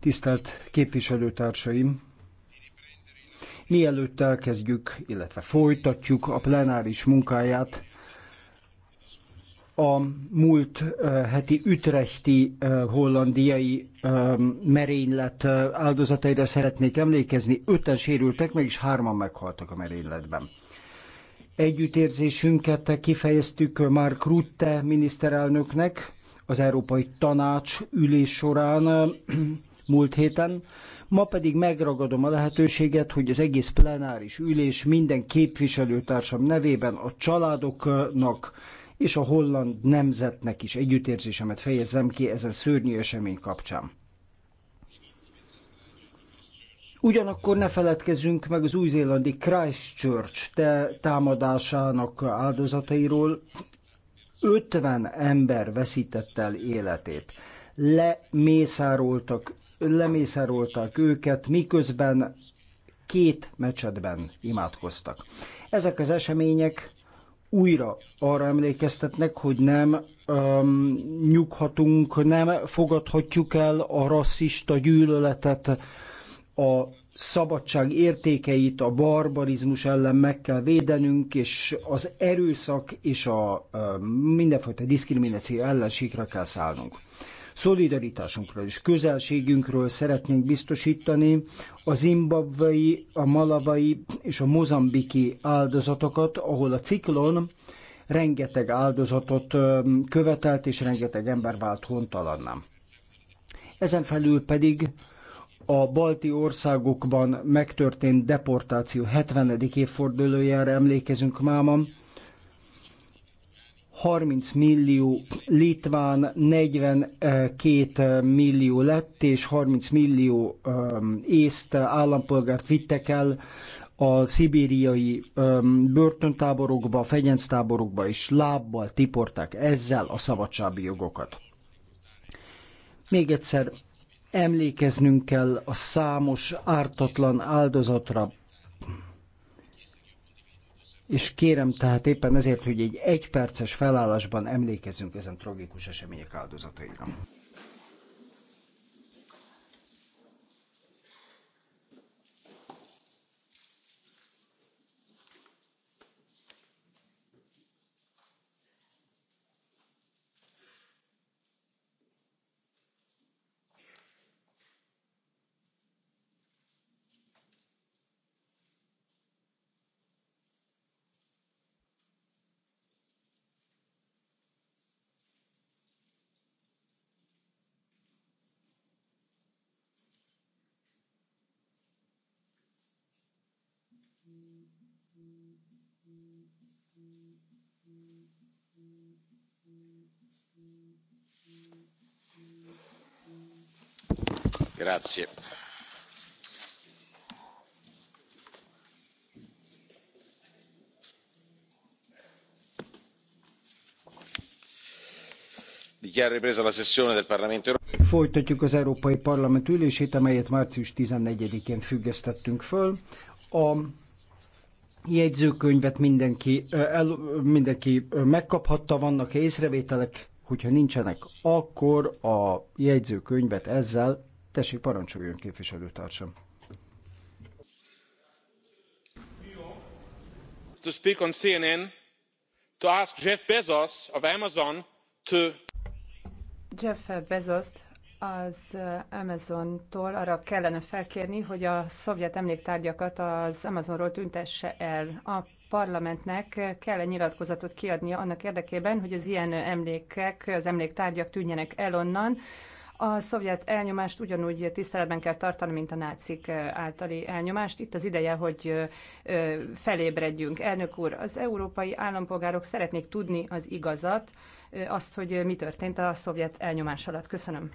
Tisztelt képviselőtársaim! Mielőtt elkezdjük, illetve folytatjuk a plenáris munkáját, a múlt eh, heti ütrechti eh, hollandiai eh, merénylet áldozataira szeretnék emlékezni. Öten sérültek meg, és hárman meghaltak a merényletben. Együttérzésünket kifejeztük Mark Rutte miniszterelnöknek az Európai Tanács ülés során múlt héten. Ma pedig megragadom a lehetőséget, hogy az egész plenáris ülés minden képviselőtársam nevében a családoknak és a holland nemzetnek is együttérzésemet fejezzem ki ezen szörnyű esemény kapcsán. Ugyanakkor ne feledkezzünk meg az új-zélandi Christchurch te támadásának áldozatairól. 50 ember veszített el életét. Lemészároltak, lemészároltak őket, miközben két mecsetben imádkoztak. Ezek az események újra arra emlékeztetnek, hogy nem um, nyughatunk, nem fogadhatjuk el a rasszista gyűlöletet, a szabadság értékeit a barbarizmus ellen meg kell védenünk, és az erőszak és a mindenfajta diszkrimináció ellen síkra kell szállnunk. Szolidaritásunkról és közelségünkről szeretnénk biztosítani a zimbabvai, a malavai és a mozambiki áldozatokat, ahol a ciklon rengeteg áldozatot követelt és rengeteg ember vált hontalannám. Ezen felül pedig a balti országokban megtörtént deportáció 70. évfordulójára emlékezünk mámam. 30 millió litván, 42 millió lett, és 30 millió észt állampolgárt vittek el a szibériai börtöntáborokba, fegyenztáborokba, és lábbal tiporták ezzel a szabadsági jogokat. Még egyszer Emlékeznünk kell a számos ártatlan áldozatra, és kérem tehát éppen ezért, hogy egy egyperces felállásban emlékezzünk ezen tragikus események áldozataira. grazie. dichiaro ripresa la sessione del parlamento europeo. folytatjuk az európai parlament ülését amelyet március 14-én függesztettünk föl. a jegyzőkönyvet mindenki, el, mindenki megkaphatta, vannak észrevételek, hogyha nincsenek, akkor a jegyzőkönyvet ezzel, tessék parancsoljon képviselőtársam. To speak on CNN, to ask Jeff Bezos of Amazon to Jeff bezos az Amazontól arra kellene felkérni, hogy a szovjet emléktárgyakat az Amazonról tüntesse el. A parlamentnek kell egy nyilatkozatot kiadnia annak érdekében, hogy az ilyen emlékek, az emléktárgyak tűnjenek el onnan. A szovjet elnyomást ugyanúgy tiszteletben kell tartani, mint a nácik általi elnyomást. Itt az ideje, hogy felébredjünk. Elnök úr, az európai állampolgárok szeretnék tudni az igazat, azt, hogy mi történt a szovjet elnyomás alatt. Köszönöm.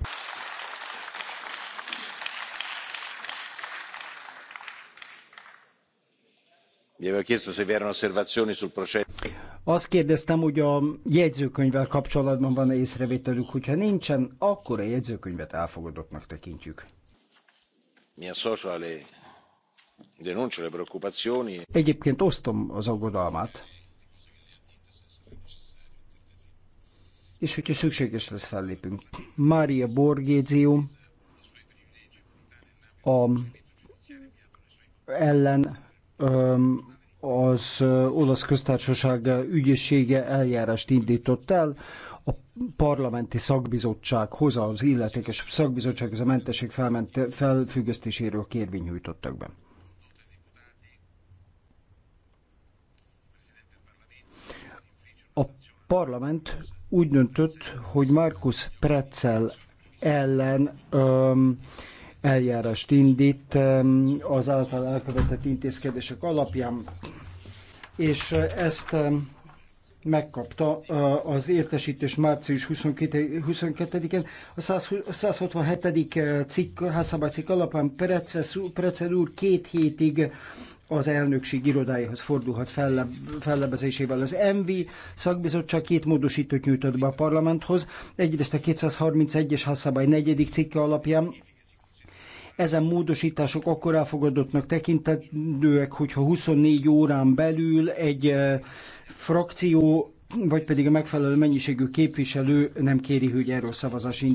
Azt kérdeztem, hogy a jegyzőkönyvvel kapcsolatban van-e észrevételük, hogyha nincsen, akkor a jegyzőkönyvet elfogadottnak tekintjük. Mi a Egyébként osztom az aggodalmát, és hogyha szükséges lesz, fellépünk. Mária Borgézió a, ellen az olasz köztársaság ügyessége eljárást indított el, a parlamenti szakbizottsághoz, az illetékes szakbizottsághoz a mentesség felment, felfüggesztéséről kérvény nyújtottak be. A parlament úgy döntött, hogy Markus Pretzel ellen um, eljárást indít um, az által elkövetett intézkedések alapján, és ezt um, megkapta az értesítés március 22-én. A 167. cikk, cikk alapján Pretzel úr két hétig az elnökség irodájához fordulhat felleb, fellebezésével. Az MV szakbizottság két módosítót nyújtott be a parlamenthoz, egyrészt a 231-es Hasszabály negyedik cikke alapján, ezen módosítások akkor elfogadottnak tekintetőek, hogyha 24 órán belül egy eh, frakció vagy pedig a megfelelő mennyiségű képviselő nem kéri, hogy erről szavazás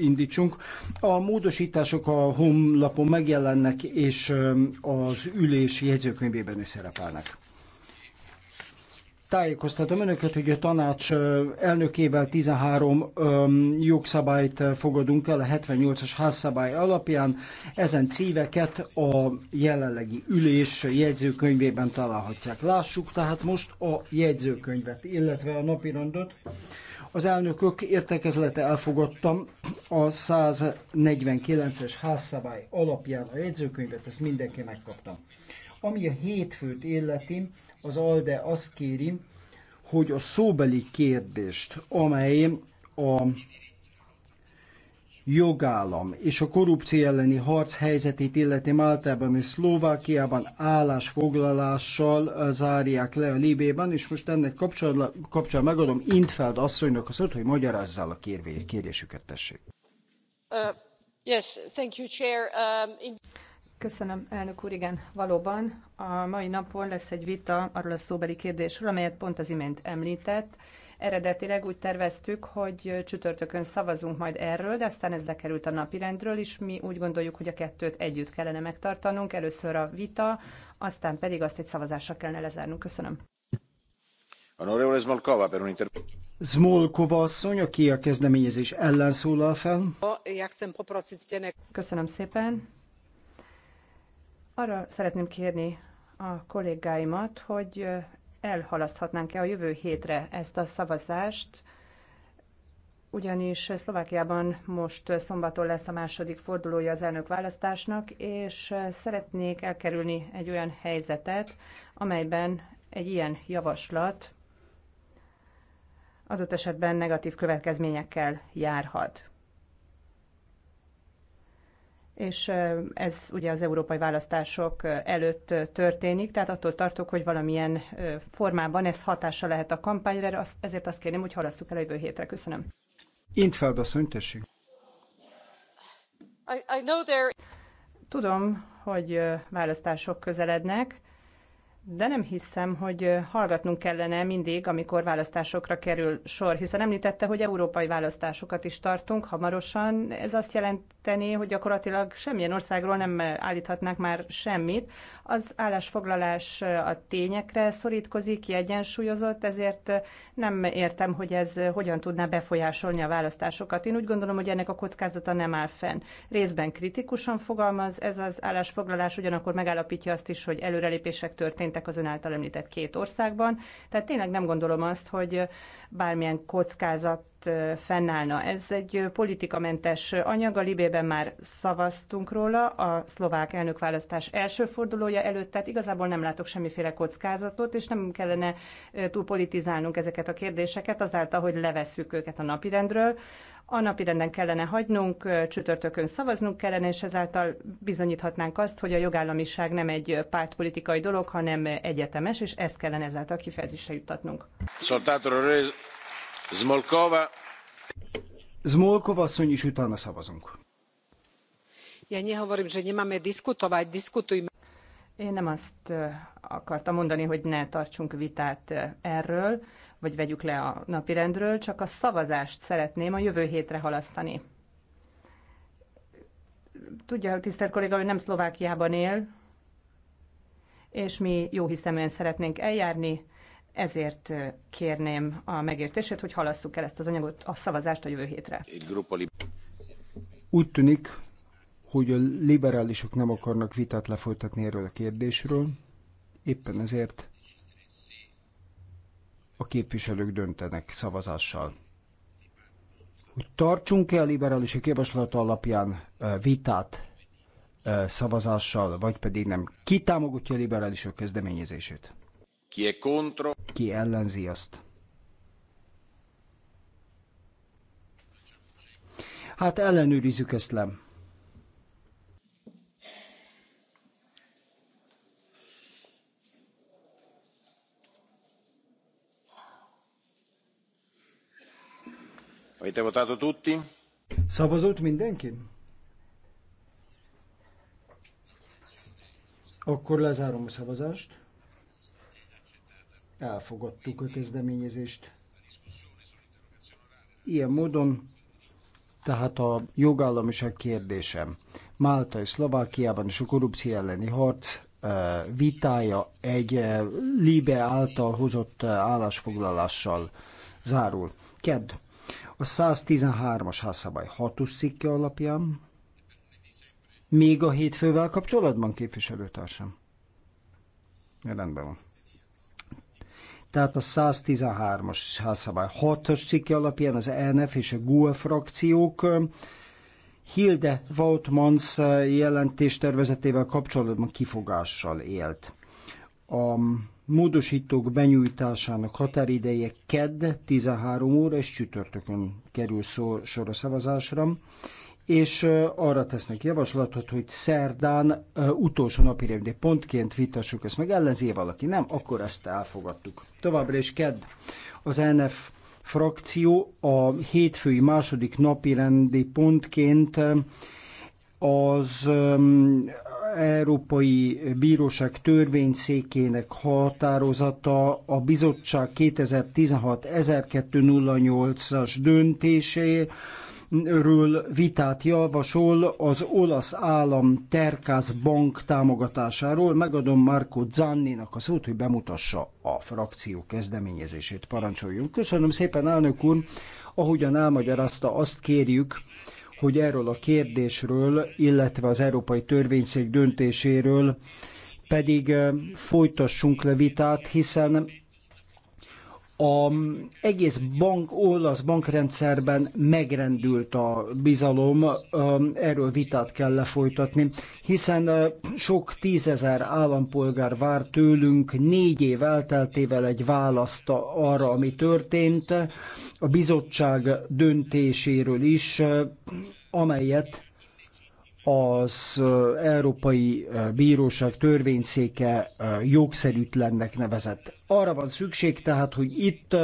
indítsunk. A módosítások a homlapon megjelennek, és az ülés jegyzőkönyvében is szerepelnek. Tájékoztatom önöket, hogy a tanács elnökével 13 öm, jogszabályt fogadunk el a 78-as házszabály alapján. Ezen cíveket a jelenlegi ülés jegyzőkönyvében találhatják. Lássuk tehát most a jegyzőkönyvet, illetve a napirendot. Az elnökök értekezlete elfogadtam a 149-es házszabály alapján a jegyzőkönyvet, ezt mindenki megkaptam. Ami a hétfőt illeti, az ALDE azt kéri, hogy a szóbeli kérdést, amely a jogállam és a korrupció elleni harc helyzetét illeti Máltában és Szlovákiában állásfoglalással eh, zárják le a Libében, és most ennek kapcsán, megadom Intfeld asszonynak a szót, hogy magyarázzál a kérdésüket tessék. Uh, yes, thank you, chair. Um, in... Köszönöm, elnök úr, igen, valóban. A mai napon lesz egy vita arról a szóbeli kérdésről, amelyet pont az imént említett. Eredetileg úgy terveztük, hogy csütörtökön szavazunk majd erről, de aztán ez lekerült a napirendről is. Mi úgy gondoljuk, hogy a kettőt együtt kellene megtartanunk. Először a vita, aztán pedig azt egy szavazásra kellene lezárnunk. Köszönöm. Smolkova, Zmolkova asszony, aki a kezdeményezés ellen szólal fel. Köszönöm szépen arra szeretném kérni a kollégáimat, hogy elhalaszthatnánk-e a jövő hétre ezt a szavazást, ugyanis Szlovákiában most szombaton lesz a második fordulója az elnökválasztásnak, és szeretnék elkerülni egy olyan helyzetet, amelyben egy ilyen javaslat adott esetben negatív következményekkel járhat és ez ugye az európai választások előtt történik, tehát attól tartok, hogy valamilyen formában ez hatása lehet a kampányra, ezért azt kérném, hogy halasszuk el a jövő hétre. Köszönöm. Intfeld a tessék. I, I there... Tudom, hogy választások közelednek, de nem hiszem, hogy hallgatnunk kellene mindig, amikor választásokra kerül sor, hiszen említette, hogy európai választásokat is tartunk hamarosan. Ez azt jelenteni, hogy gyakorlatilag semmilyen országról nem állíthatnák már semmit. Az állásfoglalás a tényekre szorítkozik, kiegyensúlyozott, ezért nem értem, hogy ez hogyan tudná befolyásolni a választásokat. Én úgy gondolom, hogy ennek a kockázata nem áll fenn. Részben kritikusan fogalmaz ez az állásfoglalás, ugyanakkor megállapítja azt is, hogy előrelépések történtek érintettek az ön által említett két országban. Tehát tényleg nem gondolom azt, hogy bármilyen kockázat fennállna. Ez egy politikamentes anyag, a Libében már szavaztunk róla, a szlovák elnökválasztás első fordulója előtt, tehát igazából nem látok semmiféle kockázatot, és nem kellene túl politizálnunk ezeket a kérdéseket azáltal, hogy levesszük őket a napirendről a renden kellene hagynunk, csütörtökön szavaznunk kellene, és ezáltal bizonyíthatnánk azt, hogy a jogállamiság nem egy pártpolitikai dolog, hanem egyetemes, és ezt kellene ezáltal kifejezésre juttatnunk. Zmolkova. Zmolkova asszony is utána szavazunk. Ja ne hovorím, že nemáme diskutovať, diskutujme. Én nem azt akartam mondani, hogy ne tartsunk vitát erről, vagy vegyük le a napirendről, csak a szavazást szeretném a jövő hétre halasztani. Tudja, tisztelt kolléga, hogy nem Szlovákiában él, és mi jó hiszeműen szeretnénk eljárni, ezért kérném a megértését, hogy halasszuk el ezt az anyagot, a szavazást a jövő hétre. Úgy tűnik, hogy a liberálisok nem akarnak vitát lefolytatni erről a kérdésről, éppen ezért a képviselők döntenek szavazással. Hogy tartsunk-e a liberálisok javaslata alapján vitát szavazással, vagy pedig nem. Ki támogatja a liberálisok kezdeményezését? Ki è contro? Ki ellenzi azt? Hát ellenőrizzük ezt le. Avete votato tutti? Szavazott mindenki? Akkor lezárom a szavazást. Elfogadtuk a kezdeményezést. Ilyen módon, tehát a jogállamiság kérdésem. Málta és Szlovákiában és a korrupció elleni harc eh, vitája egy eh, Libe által hozott eh, állásfoglalással zárul. Kedd a 113-as házszabály 6 cikke alapján, még a hétfővel kapcsolatban, képviselőtársam? Ja, rendben van. Tehát a 113-as házszabály 6-as cikke alapján az ENF és a GUE frakciók Hilde jelentés tervezetével kapcsolatban kifogással élt. A módosítók benyújtásának határideje kedd 13 óra és csütörtökön kerül szó, sor a szavazásra, és arra tesznek javaslatot, hogy szerdán utolsó napi pontként vitassuk ezt meg, ellenzi valaki, nem, akkor ezt elfogadtuk. Továbbra is kedd az NF frakció a hétfői második napi rendi pontként az Európai Bíróság törvényszékének határozata a bizottság 2016 1208-as döntéséről vitát javasol az olasz állam Terkász bank támogatásáról. Megadom Marco Zanninak a szót, hogy bemutassa a frakció kezdeményezését. Parancsoljon. Köszönöm szépen, elnök úr. Ahogyan elmagyarázta, azt kérjük, hogy erről a kérdésről, illetve az Európai Törvényszék döntéséről pedig folytassunk le vitát, hiszen a egész bank, olasz bankrendszerben megrendült a bizalom, erről vitát kell lefolytatni, hiszen sok tízezer állampolgár vár tőlünk négy év elteltével egy választ arra, ami történt, a bizottság döntéséről is, amelyet az Európai Bíróság törvényszéke jogszerűtlennek nevezett. Arra van szükség tehát, hogy itt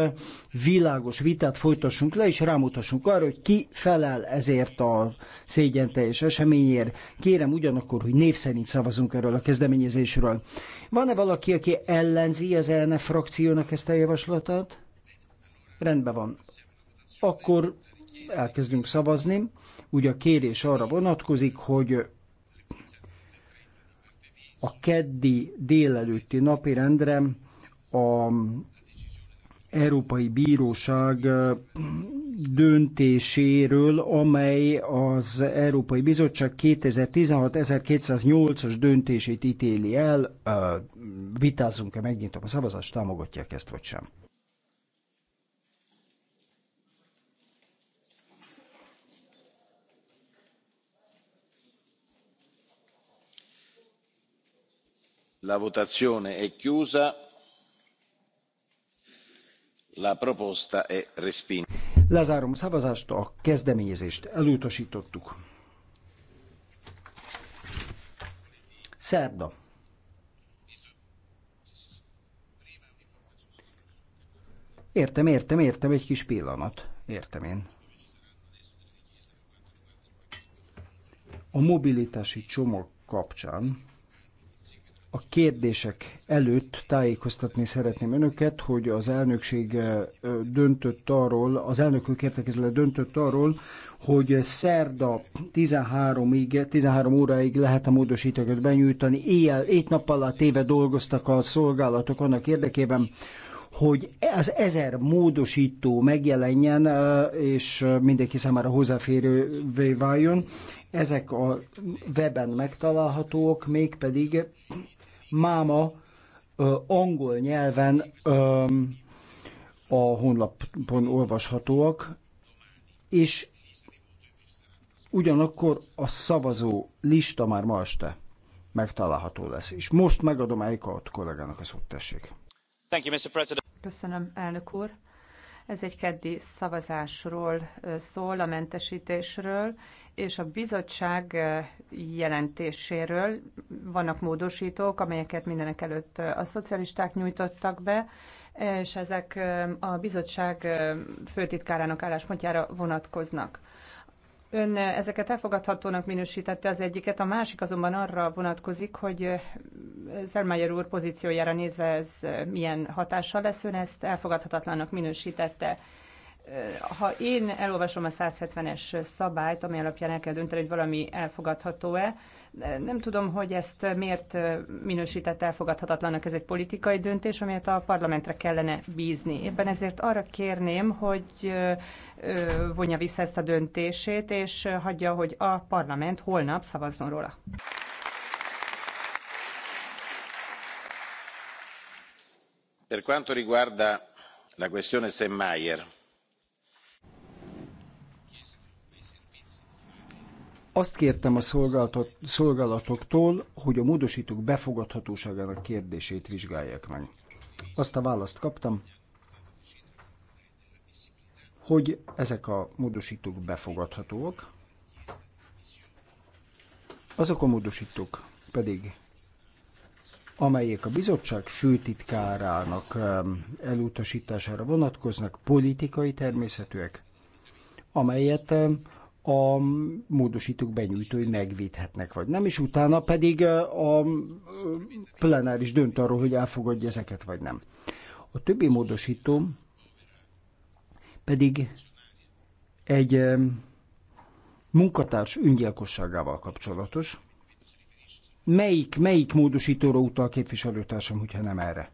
világos vitát folytassunk le, és rámutassunk arra, hogy ki felel ezért a szégyen teljes eseményért. Kérem ugyanakkor, hogy név szerint szavazunk erről a kezdeményezésről. Van-e valaki, aki ellenzi az ELNE frakciónak ezt a javaslatát? Rendben van. Akkor elkezdünk szavazni. Ugye a kérés arra vonatkozik, hogy a keddi délelőtti napi rendre a Európai Bíróság döntéséről, amely az Európai Bizottság 2016-1208-as döntését ítéli el. Vitázzunk-e, megnyitom a szavazást, támogatják ezt vagy sem. la votazione è chiusa la proposta è respinta. szerda Értem, értem, értem, egy kis pillanat. Értem én. A mobilitási csomag kapcsán a kérdések előtt tájékoztatni szeretném önöket, hogy az elnökség döntött arról, az elnökök értekezle döntött arról, hogy szerda 13-ig, 13 óráig lehet a módosítókat benyújtani. Éjjel, ét alatt éve dolgoztak a szolgálatok annak érdekében, hogy az ezer módosító megjelenjen, és mindenki számára hozzáférővé váljon. Ezek a weben megtalálhatóak, mégpedig máma angol nyelven a honlapon olvashatóak, és ugyanakkor a szavazó lista már ma este megtalálható lesz. És most megadom Eichhardt kollégának a szót, tessék. Thank you, Mr. President. Köszönöm, elnök úr. Ez egy keddi szavazásról szól, a mentesítésről, és a bizottság eh, jelentéséről vannak módosítók, amelyeket mindenek előtt eh, a szocialisták nyújtottak be, és ezek eh, a bizottság főtitkárának álláspontjára vonatkoznak. Ön ezeket elfogadhatónak minősítette az egyiket, a másik azonban arra vonatkozik, hogy Szelmájer úr pozíciójára nézve ez milyen hatással lesz, ön ezt elfogadhatatlannak minősítette ha én elolvasom a 170-es szabályt, ami alapján el kell dönteni, hogy valami elfogadható-e, nem tudom, hogy ezt miért minősített elfogadhatatlanak. Ez egy politikai döntés, amelyet a parlamentre kellene bízni. Éppen ezért arra kérném, hogy vonja vissza ezt a döntését, és hagyja, hogy a parlament holnap szavazzon róla. Per quanto riguarda la questione Semmeier, Azt kértem a szolgálatoktól, hogy a módosítók befogadhatóságának kérdését vizsgálják meg. Azt a választ kaptam, hogy ezek a módosítók befogadhatóak, azok a módosítók pedig, amelyek a bizottság főtitkárának elutasítására vonatkoznak, politikai természetűek, amelyet a módosítók benyújtói megvédhetnek, vagy nem, és utána pedig a plenáris dönt arról, hogy elfogadja ezeket, vagy nem. A többi módosító pedig egy munkatárs öngyilkosságával kapcsolatos. Melyik, melyik módosítóra utal képviselőtársam, hogyha nem erre?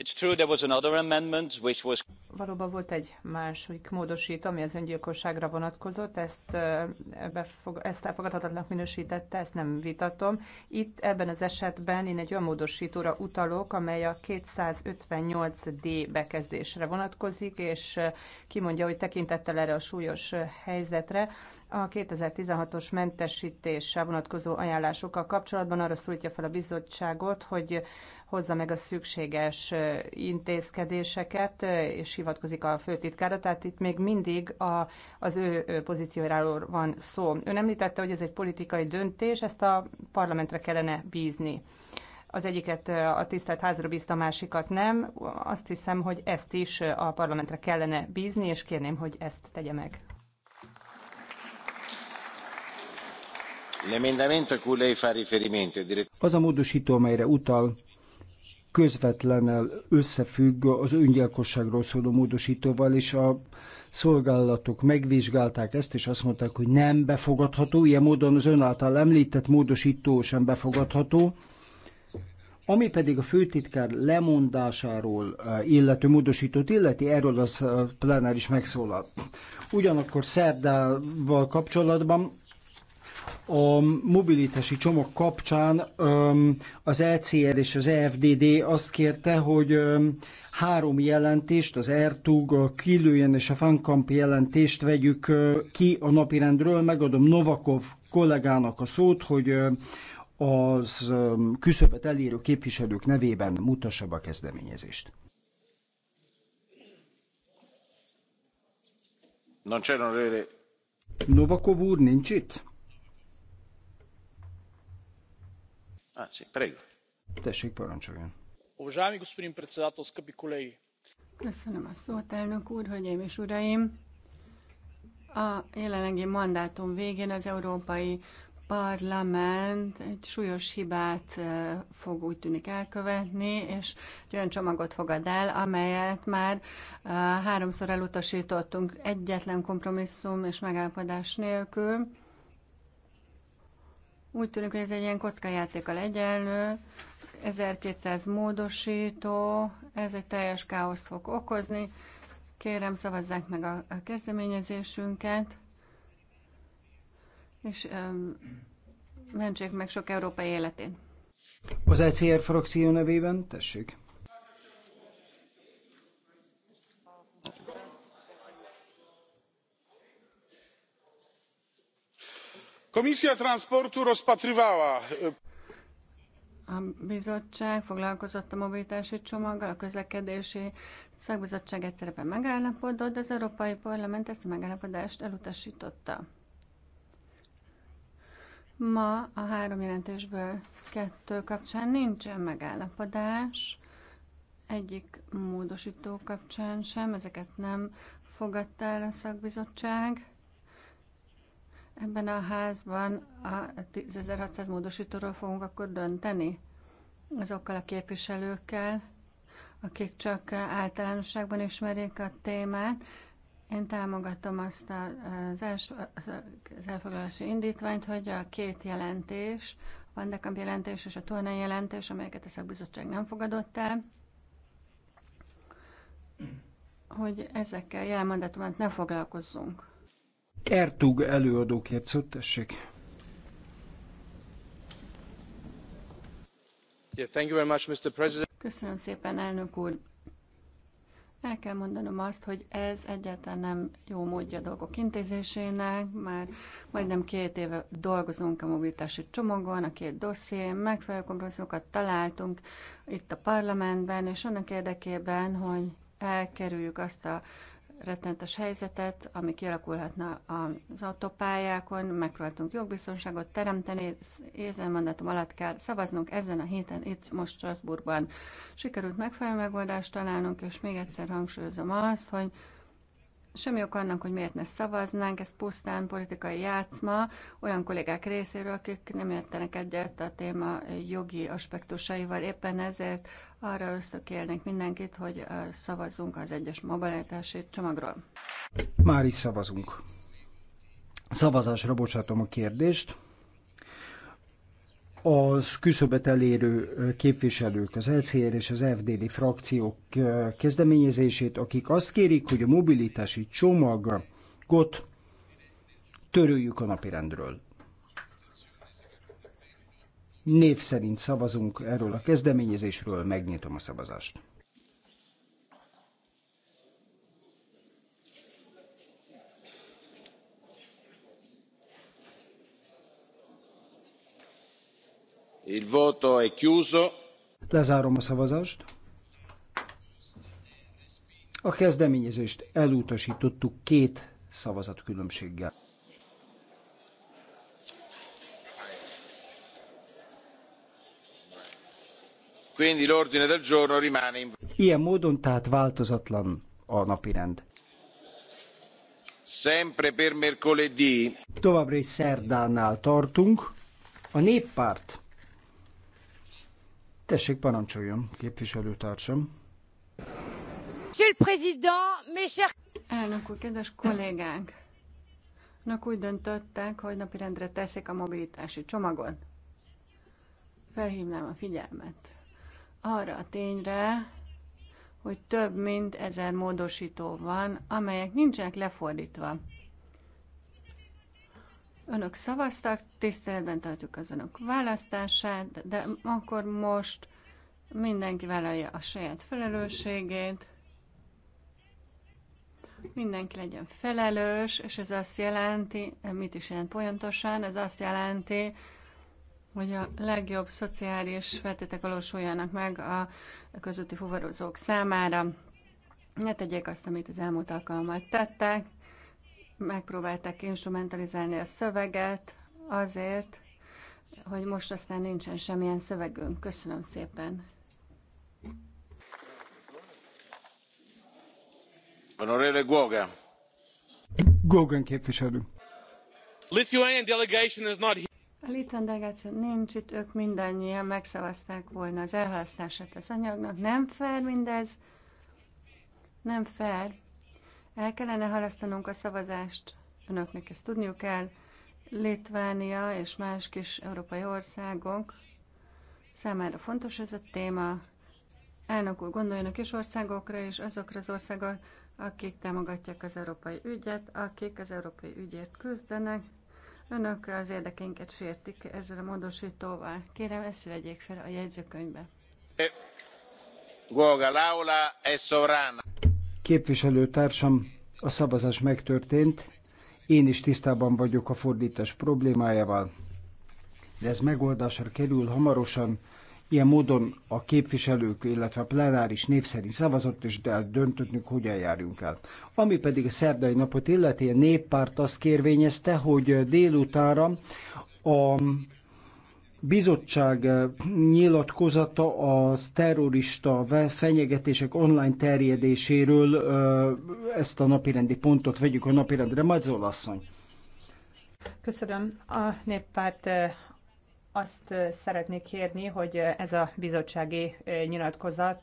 It's true there was another amendment which was Valóban volt egy másik módosító, ami az öngyilkosságra vonatkozott, ezt, befog, ezt elfogadhatatlanak minősítette, ezt nem vitatom. Itt ebben az esetben én egy olyan módosítóra utalok, amely a 258D bekezdésre vonatkozik, és kimondja, hogy tekintettel erre a súlyos helyzetre, a 2016-os mentesítéssel vonatkozó ajánlásokkal kapcsolatban arra szólítja fel a bizottságot, hogy hozza meg a szükséges intézkedéseket, és hivatkozik a főtitkára, tehát itt még mindig a, az ő pozícióiráról van szó. Ön említette, hogy ez egy politikai döntés, ezt a parlamentre kellene bízni az egyiket a tisztelt házra bízta, a másikat nem. Azt hiszem, hogy ezt is a parlamentre kellene bízni, és kérném, hogy ezt tegye meg. Az a módosító, amelyre utal, közvetlenel összefügg az öngyilkosságról szóló módosítóval, és a szolgálatok megvizsgálták ezt, és azt mondták, hogy nem befogadható, ilyen módon az ön által említett módosító sem befogadható, ami pedig a főtitkár lemondásáról eh, illető módosítót illeti, erről az eh, plenáris megszólalt. Ugyanakkor szerdával kapcsolatban a mobilitási csomag kapcsán az ECR és az EFDD azt kérte, hogy három jelentést, az Ertug, a Kilőjen és a Fankamp jelentést vegyük ki a napirendről. Megadom Novakov kollégának a szót, hogy az küszöbet elérő képviselők nevében mutassa be a kezdeményezést. Novakov úr nincs itt? Ah, Tessék, parancsoljon. Köszönöm szót, elnök úr, hölgyeim és uraim! A jelenlegi mandátum végén az Európai Parlament egy súlyos hibát eh, fog úgy tűnik elkövetni, és egy olyan csomagot fogad el, amelyet már eh, háromszor elutasítottunk egyetlen kompromisszum és megállapodás nélkül úgy tűnik, hogy ez egy ilyen a egyenlő, 1200 módosító, ez egy teljes káoszt fog okozni. Kérem, szavazzák meg a, a kezdeményezésünket, és öm, mentsék meg sok európai életén. Az ECR frakció nevében, tessék. komisja transportu rozpatrywała. A bizottság foglalkozott a mobilitási csomaggal, a közlekedési szakbizottság egyszerűen megállapodott, de az Európai Parlament ezt a megállapodást elutasította. Ma a három jelentésből kettő kapcsán nincsen megállapodás, egyik módosító kapcsán sem, ezeket nem fogadta el a szakbizottság. Ebben a házban a 1600 módosítóról fogunk akkor dönteni azokkal a képviselőkkel, akik csak általánosságban ismerik a témát. Én támogatom azt az, els, az elfoglalási indítványt, hogy a két jelentés, a Vandekamp jelentés és a Tolna jelentés, amelyeket a szakbizottság nem fogadott el, hogy ezekkel jelmondatomat ne foglalkozzunk. Ertug előadókért szót tessék. Köszönöm szépen, elnök úr. El kell mondanom azt, hogy ez egyáltalán nem jó módja a dolgok intézésének, már majdnem két éve dolgozunk a mobilitási csomagon, a két dosszién, megfelelő kompromisszumokat találtunk itt a parlamentben, és annak érdekében, hogy elkerüljük azt a rettenetes helyzetet, ami kialakulhatna az autópályákon, megpróbáltunk jogbiztonságot teremteni, ézen mandátum alatt kell szavaznunk ezen a héten itt most Strasbourgban. Sikerült megfelelő megoldást találnunk, és még egyszer hangsúlyozom azt, hogy Semmi ok annak, hogy miért ne szavaznánk, ez pusztán politikai játszma olyan kollégák részéről, akik nem értenek egyet a téma jogi aspektusaival. Éppen ezért arra ösztökélnék mindenkit, hogy szavazzunk az egyes mobilitási csomagról. Már is szavazunk. Szavazásra bocsátom a kérdést az küszöbet elérő képviselők, az LCR és az FDD frakciók kezdeményezését, akik azt kérik, hogy a mobilitási csomagot törőjük a napirendről. Név szerint szavazunk erről a kezdeményezésről, megnyitom a szavazást. Il voto è chiuso. Lezárom a szavazást. A kezdeményezést elutasítottuk két szavazat különbséggel. Quindi l'ordine del giorno rimane in... Ilyen módon tehát változatlan a napirend. Sempre per mercoledì. Továbbra is szerdánál tartunk. A néppárt Tessék, parancsoljon, képviselőtársam. Monsieur le Président, mes chers... Elnök úr, kedves kollégánk! Nak úgy döntöttek, hogy napirendre teszik a mobilitási csomagot. Felhívnám a figyelmet arra a tényre, hogy több mint ezer módosító van, amelyek nincsenek lefordítva. Önök szavaztak, tiszteletben tartjuk az önök választását, de akkor most mindenki vállalja a saját felelősségét, mindenki legyen felelős, és ez azt jelenti, mit is jelent pontosan, ez azt jelenti, hogy a legjobb szociális feltétek valósuljanak meg a közötti fuvarozók számára. Ne tegyék azt, amit az elmúlt alkalommal tettek, megpróbálták instrumentalizálni a szöveget azért, hogy most aztán nincsen semmilyen szövegünk. Köszönöm szépen. Honorable Gogan. Gogan képviselő. Lithuanian delegation is not here. A litván delegáció nincs itt, ők mindannyian megszavazták volna az elhalasztását az anyagnak. Nem fair mindez, nem fair. El kellene halasztanunk a szavazást, önöknek ezt tudniuk kell. Litvánia és más kis európai országok számára fontos ez a téma. Elnök úr, gondoljon a kis országokra és azokra az országokra, akik támogatják az európai ügyet, akik az európai ügyért küzdenek. Önök az érdekeinket sértik ezzel a módosítóval. Kérem, ezt vegyék fel a jegyzőkönyvbe. Guoga, l'aula è e sovrana. Képviselőtársam, a szavazás megtörtént, én is tisztában vagyok a fordítás problémájával, de ez megoldásra kerül hamarosan. Ilyen módon a képviselők, illetve a plenáris név szerint szavazott, és de hát döntöttünk, hogyan járjunk el. Ami pedig a szerdai napot illeti, a néppárt azt kérvényezte, hogy délutára a bizottság eh, nyilatkozata a terrorista fenyegetések online terjedéséről eh, ezt a napirendi pontot vegyük a napirendre. Majd asszony. Köszönöm. A néppárt eh, azt szeretnék kérni, hogy ez a bizottsági nyilatkozat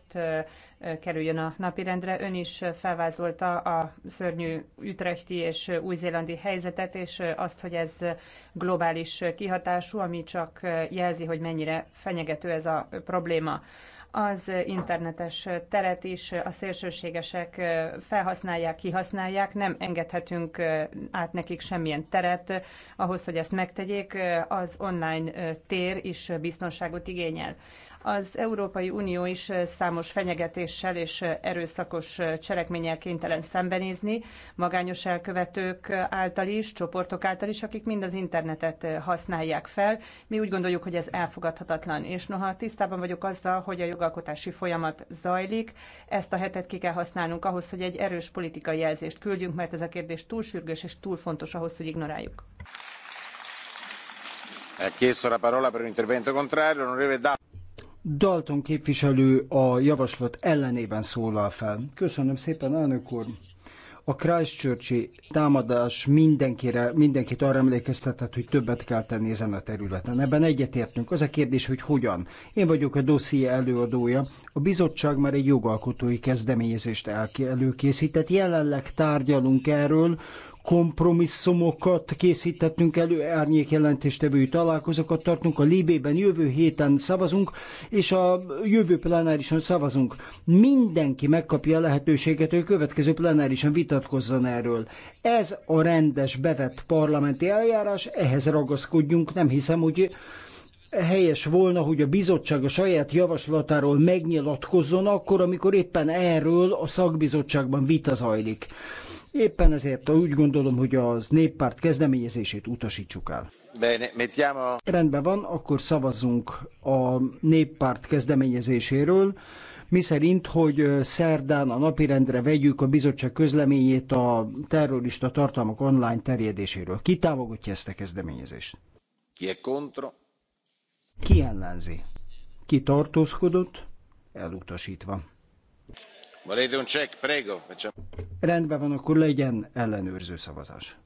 kerüljön a napirendre. Ön is felvázolta a szörnyű ütrechti és új-zélandi helyzetet, és azt, hogy ez globális kihatású, ami csak jelzi, hogy mennyire fenyegető ez a probléma az internetes teret is a szélsőségesek felhasználják, kihasználják, nem engedhetünk át nekik semmilyen teret ahhoz, hogy ezt megtegyék. Az online tér is biztonságot igényel. Az Európai Unió is számos fenyegetéssel és erőszakos cselekménnyel kénytelen szembenézni, magányos elkövetők által is, csoportok által is, akik mind az internetet használják fel. Mi úgy gondoljuk, hogy ez elfogadhatatlan, és noha tisztában vagyok azzal, hogy a jogalkotási folyamat zajlik, ezt a hetet ki kell használnunk ahhoz, hogy egy erős politikai jelzést küldjünk, mert ez a kérdés túl sürgős és túl fontos ahhoz, hogy ignoráljuk. Ha chiesto la parola per un intervento contrario, deve dare. Dalton képviselő a javaslat ellenében szólal fel. Köszönöm szépen, elnök úr! A christchurch támadás mindenkire, mindenkit arra emlékeztetett, hogy többet kell tenni ezen a területen. Ebben egyetértünk. Az a kérdés, hogy hogyan. Én vagyok a dosszié előadója. A bizottság már egy jogalkotói kezdeményezést előkészített. Jelenleg tárgyalunk erről, kompromisszumokat készítettünk elő, árnyék jelentéstevői találkozókat tartunk, a Libében jövő héten szavazunk, és a jövő plenárison szavazunk. Mindenki megkapja a lehetőséget, hogy a következő plenárison vitatkozzon erről. Ez a rendes, bevett parlamenti eljárás, ehhez ragaszkodjunk, nem hiszem, hogy helyes volna, hogy a bizottság a saját javaslatáról megnyilatkozzon akkor, amikor éppen erről a szakbizottságban vita zajlik. Éppen ezért úgy gondolom, hogy az néppárt kezdeményezését utasítsuk el. Rendben van, akkor szavazzunk a néppárt kezdeményezéséről, Mi szerint, hogy szerdán a napirendre vegyük a bizottság közleményét a terrorista tartalmak online terjedéséről. Ki támogatja ezt a kezdeményezést? Ki è contro? Ki ellenzi? Ki tartózkodott? Elutasítva. Volete un check? Prego. Rendben van, akkor legyen ellenőrző szavazás.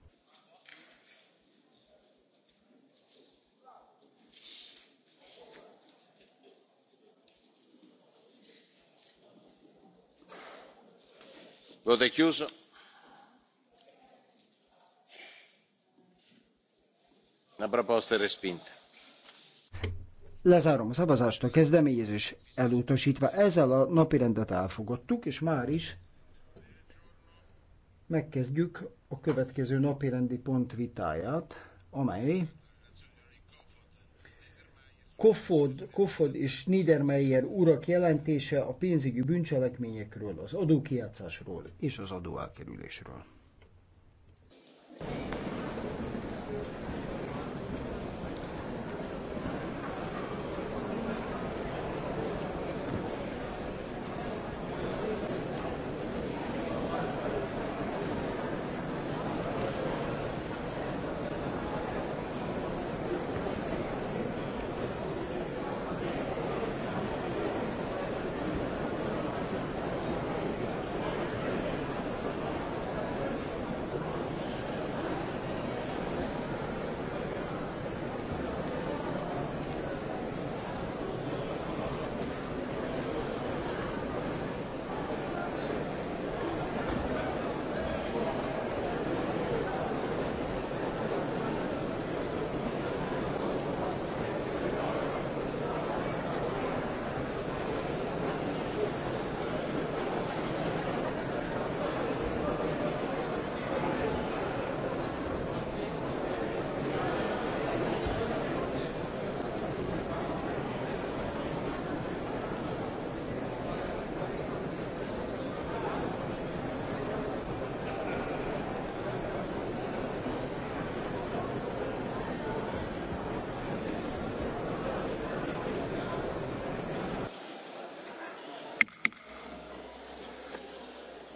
voto è chiuso la proposta Lezárom a szavazást, a kezdeményezés elutasítva. Ezzel a napirendet elfogadtuk, és már is megkezdjük a következő napirendi pont vitáját, amely Koffod, Kofod és Niedermeyer urak jelentése a pénzügyi bűncselekményekről, az adókijátszásról és az adóelkerülésről.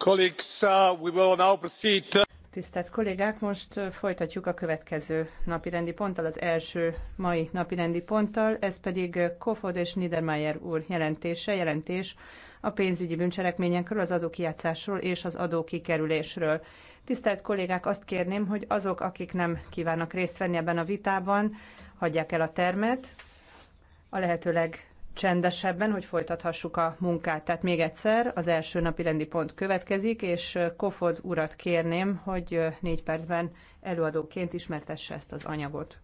Uh, Tisztelt kollégák, most uh, folytatjuk a következő napirendi ponttal, az első mai napirendi ponttal, ez pedig uh, Kofod és Niedermayer úr jelentése, jelentés a pénzügyi bűncselekményekről, az adókijátszásról és az adókikerülésről. Tisztelt kollégák, azt kérném, hogy azok, akik nem kívánnak részt venni ebben a vitában, hagyják el a termet, a lehetőleg csendesebben, hogy folytathassuk a munkát. Tehát még egyszer az első napi rendi pont következik, és Kofod urat kérném, hogy négy percben előadóként ismertesse ezt az anyagot.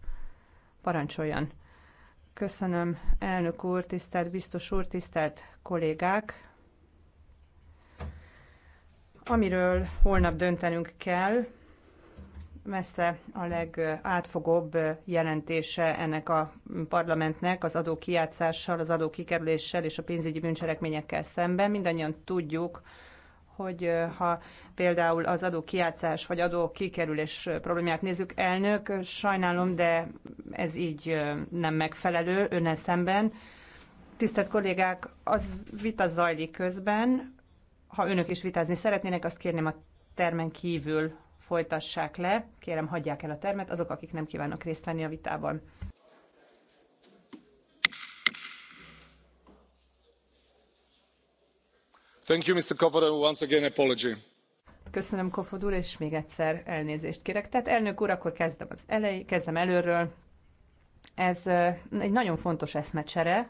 Parancsoljon! Köszönöm, elnök úr, tisztelt biztos úr, tisztelt kollégák! Amiről holnap döntenünk kell, messze a legátfogóbb jelentése ennek a parlamentnek az kiátszással, az kikerüléssel és a pénzügyi bűncselekményekkel szemben. Mindannyian tudjuk, hogy ha például az kiátszás vagy adókikerülés problémát nézzük, elnök, sajnálom, de ez így nem megfelelő önnel szemben. Tisztelt kollégák, az vita zajlik közben. Ha önök is vitázni szeretnének, azt kérném a termen kívül folytassák le. Kérem, hagyják el a termet azok, akik nem kívánnak részt venni a vitában. Thank you, Mr. Kofod, and once again apology. Köszönöm, Kofod úr, és még egyszer elnézést kérek. Tehát elnök úr, akkor kezdem, az elej, kezdem előről. Ez egy nagyon fontos eszmecsere,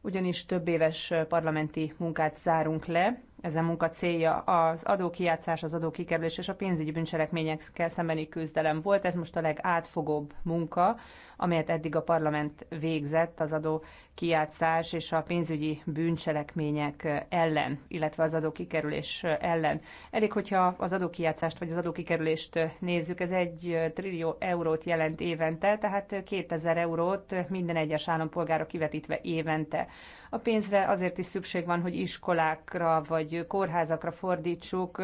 ugyanis több éves parlamenti munkát zárunk le, ezen munka célja az adókijátszás, az adókikerülés és a pénzügyi bűncselekményekkel szembeni küzdelem volt. Ez most a legátfogóbb munka, amelyet eddig a parlament végzett az adókijátszás és a pénzügyi bűncselekmények ellen, illetve az adókikerülés ellen. Elég, hogyha az adókijátszást vagy az adókikerülést nézzük, ez egy trillió eurót jelent évente, tehát 2000 eurót minden egyes állampolgára kivetítve évente. A pénzre azért is szükség van, hogy iskolákra vagy kórházakra fordítsuk,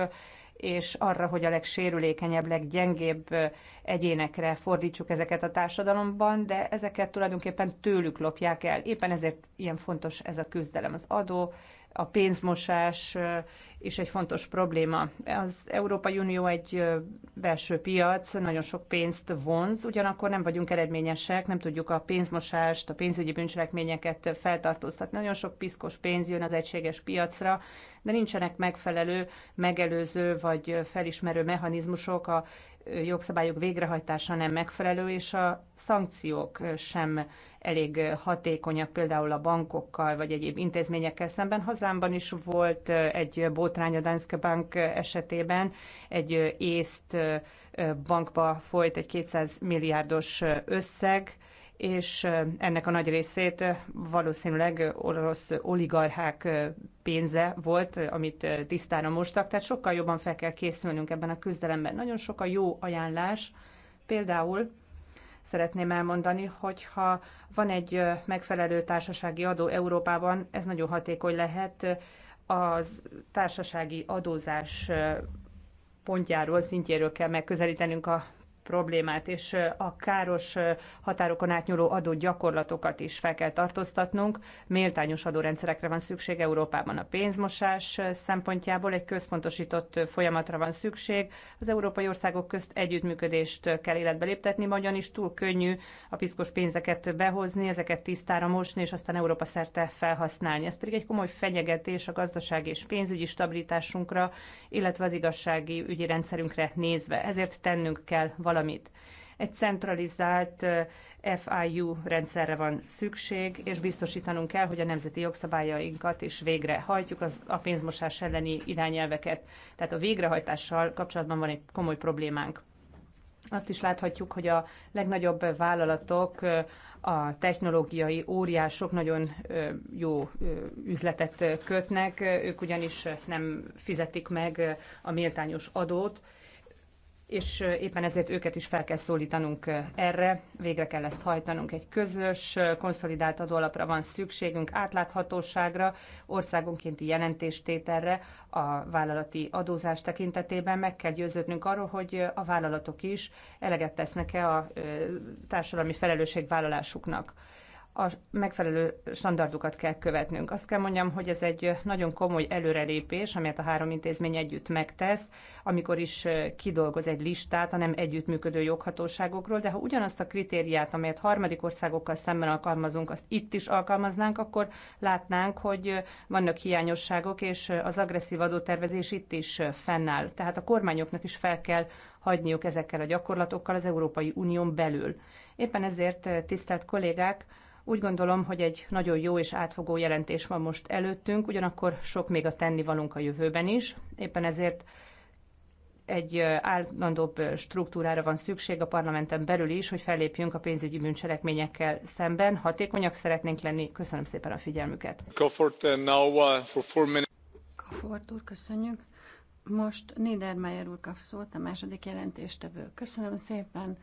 és arra, hogy a legsérülékenyebb, leggyengébb egyénekre fordítsuk ezeket a társadalomban, de ezeket tulajdonképpen tőlük lopják el. Éppen ezért ilyen fontos ez a küzdelem. Az adó a pénzmosás is egy fontos probléma. Az Európai Unió egy belső piac, nagyon sok pénzt vonz, ugyanakkor nem vagyunk eredményesek, nem tudjuk a pénzmosást, a pénzügyi bűncselekményeket feltartóztatni. Nagyon sok piszkos pénz jön az egységes piacra, de nincsenek megfelelő, megelőző vagy felismerő mechanizmusok a jogszabályok végrehajtása nem megfelelő, és a szankciók sem elég hatékonyak, például a bankokkal vagy egyéb intézményekkel szemben. Hazámban is volt egy botrány a Danske Bank esetében, egy észt bankba folyt egy 200 milliárdos összeg, és ennek a nagy részét valószínűleg orosz oligarchák pénze volt, amit tisztára mostak, tehát sokkal jobban fel kell készülnünk ebben a küzdelemben. Nagyon sok a jó ajánlás, például szeretném elmondani, hogyha van egy megfelelő társasági adó Európában, ez nagyon hatékony lehet az társasági adózás pontjáról, szintjéről kell megközelítenünk a problémát, és a káros határokon átnyúló adó gyakorlatokat is fel kell tartóztatnunk. Méltányos adórendszerekre van szükség Európában a pénzmosás szempontjából, egy központosított folyamatra van szükség. Az európai országok közt együttműködést kell életbe léptetni, ugyanis túl könnyű a piszkos pénzeket behozni, ezeket tisztára mosni, és aztán Európa szerte felhasználni. Ez pedig egy komoly fenyegetés a gazdaság és pénzügyi stabilitásunkra, illetve az igazsági ügyi rendszerünkre nézve. Ezért tennünk kell valamit valamit. Egy centralizált FIU rendszerre van szükség, és biztosítanunk kell, hogy a nemzeti jogszabályainkat is végrehajtjuk, az a pénzmosás elleni irányelveket. Tehát a végrehajtással kapcsolatban van egy komoly problémánk. Azt is láthatjuk, hogy a legnagyobb vállalatok a technológiai óriások nagyon jó üzletet kötnek, ők ugyanis nem fizetik meg a méltányos adót, és éppen ezért őket is fel kell szólítanunk erre, végre kell ezt hajtanunk. Egy közös, konszolidált adóalapra van szükségünk, átláthatóságra, országonkénti jelentéstételre, a vállalati adózás tekintetében meg kell győződnünk arról, hogy a vállalatok is eleget tesznek-e a társadalmi felelősségvállalásuknak a megfelelő standardokat kell követnünk. Azt kell mondjam, hogy ez egy nagyon komoly előrelépés, amelyet a három intézmény együtt megtesz, amikor is kidolgoz egy listát a nem együttműködő joghatóságokról, de ha ugyanazt a kritériát, amelyet harmadik országokkal szemben alkalmazunk, azt itt is alkalmaznánk, akkor látnánk, hogy vannak hiányosságok, és az agresszív adótervezés itt is fennáll. Tehát a kormányoknak is fel kell hagyniuk ezekkel a gyakorlatokkal az Európai Unión belül. Éppen ezért, tisztelt kollégák, úgy gondolom, hogy egy nagyon jó és átfogó jelentés van most előttünk, ugyanakkor sok még a tennivalónk a jövőben is. Éppen ezért egy állandóbb struktúrára van szükség a parlamenten belül is, hogy fellépjünk a pénzügyi bűncselekményekkel szemben. Hatékonyak szeretnénk lenni. Köszönöm szépen a figyelmüket. Kofort uh, now uh, for four minutes. Comfort úr, köszönjük. Most Niedermeyer úr kap szót, a második jelentéstevő. Köszönöm szépen.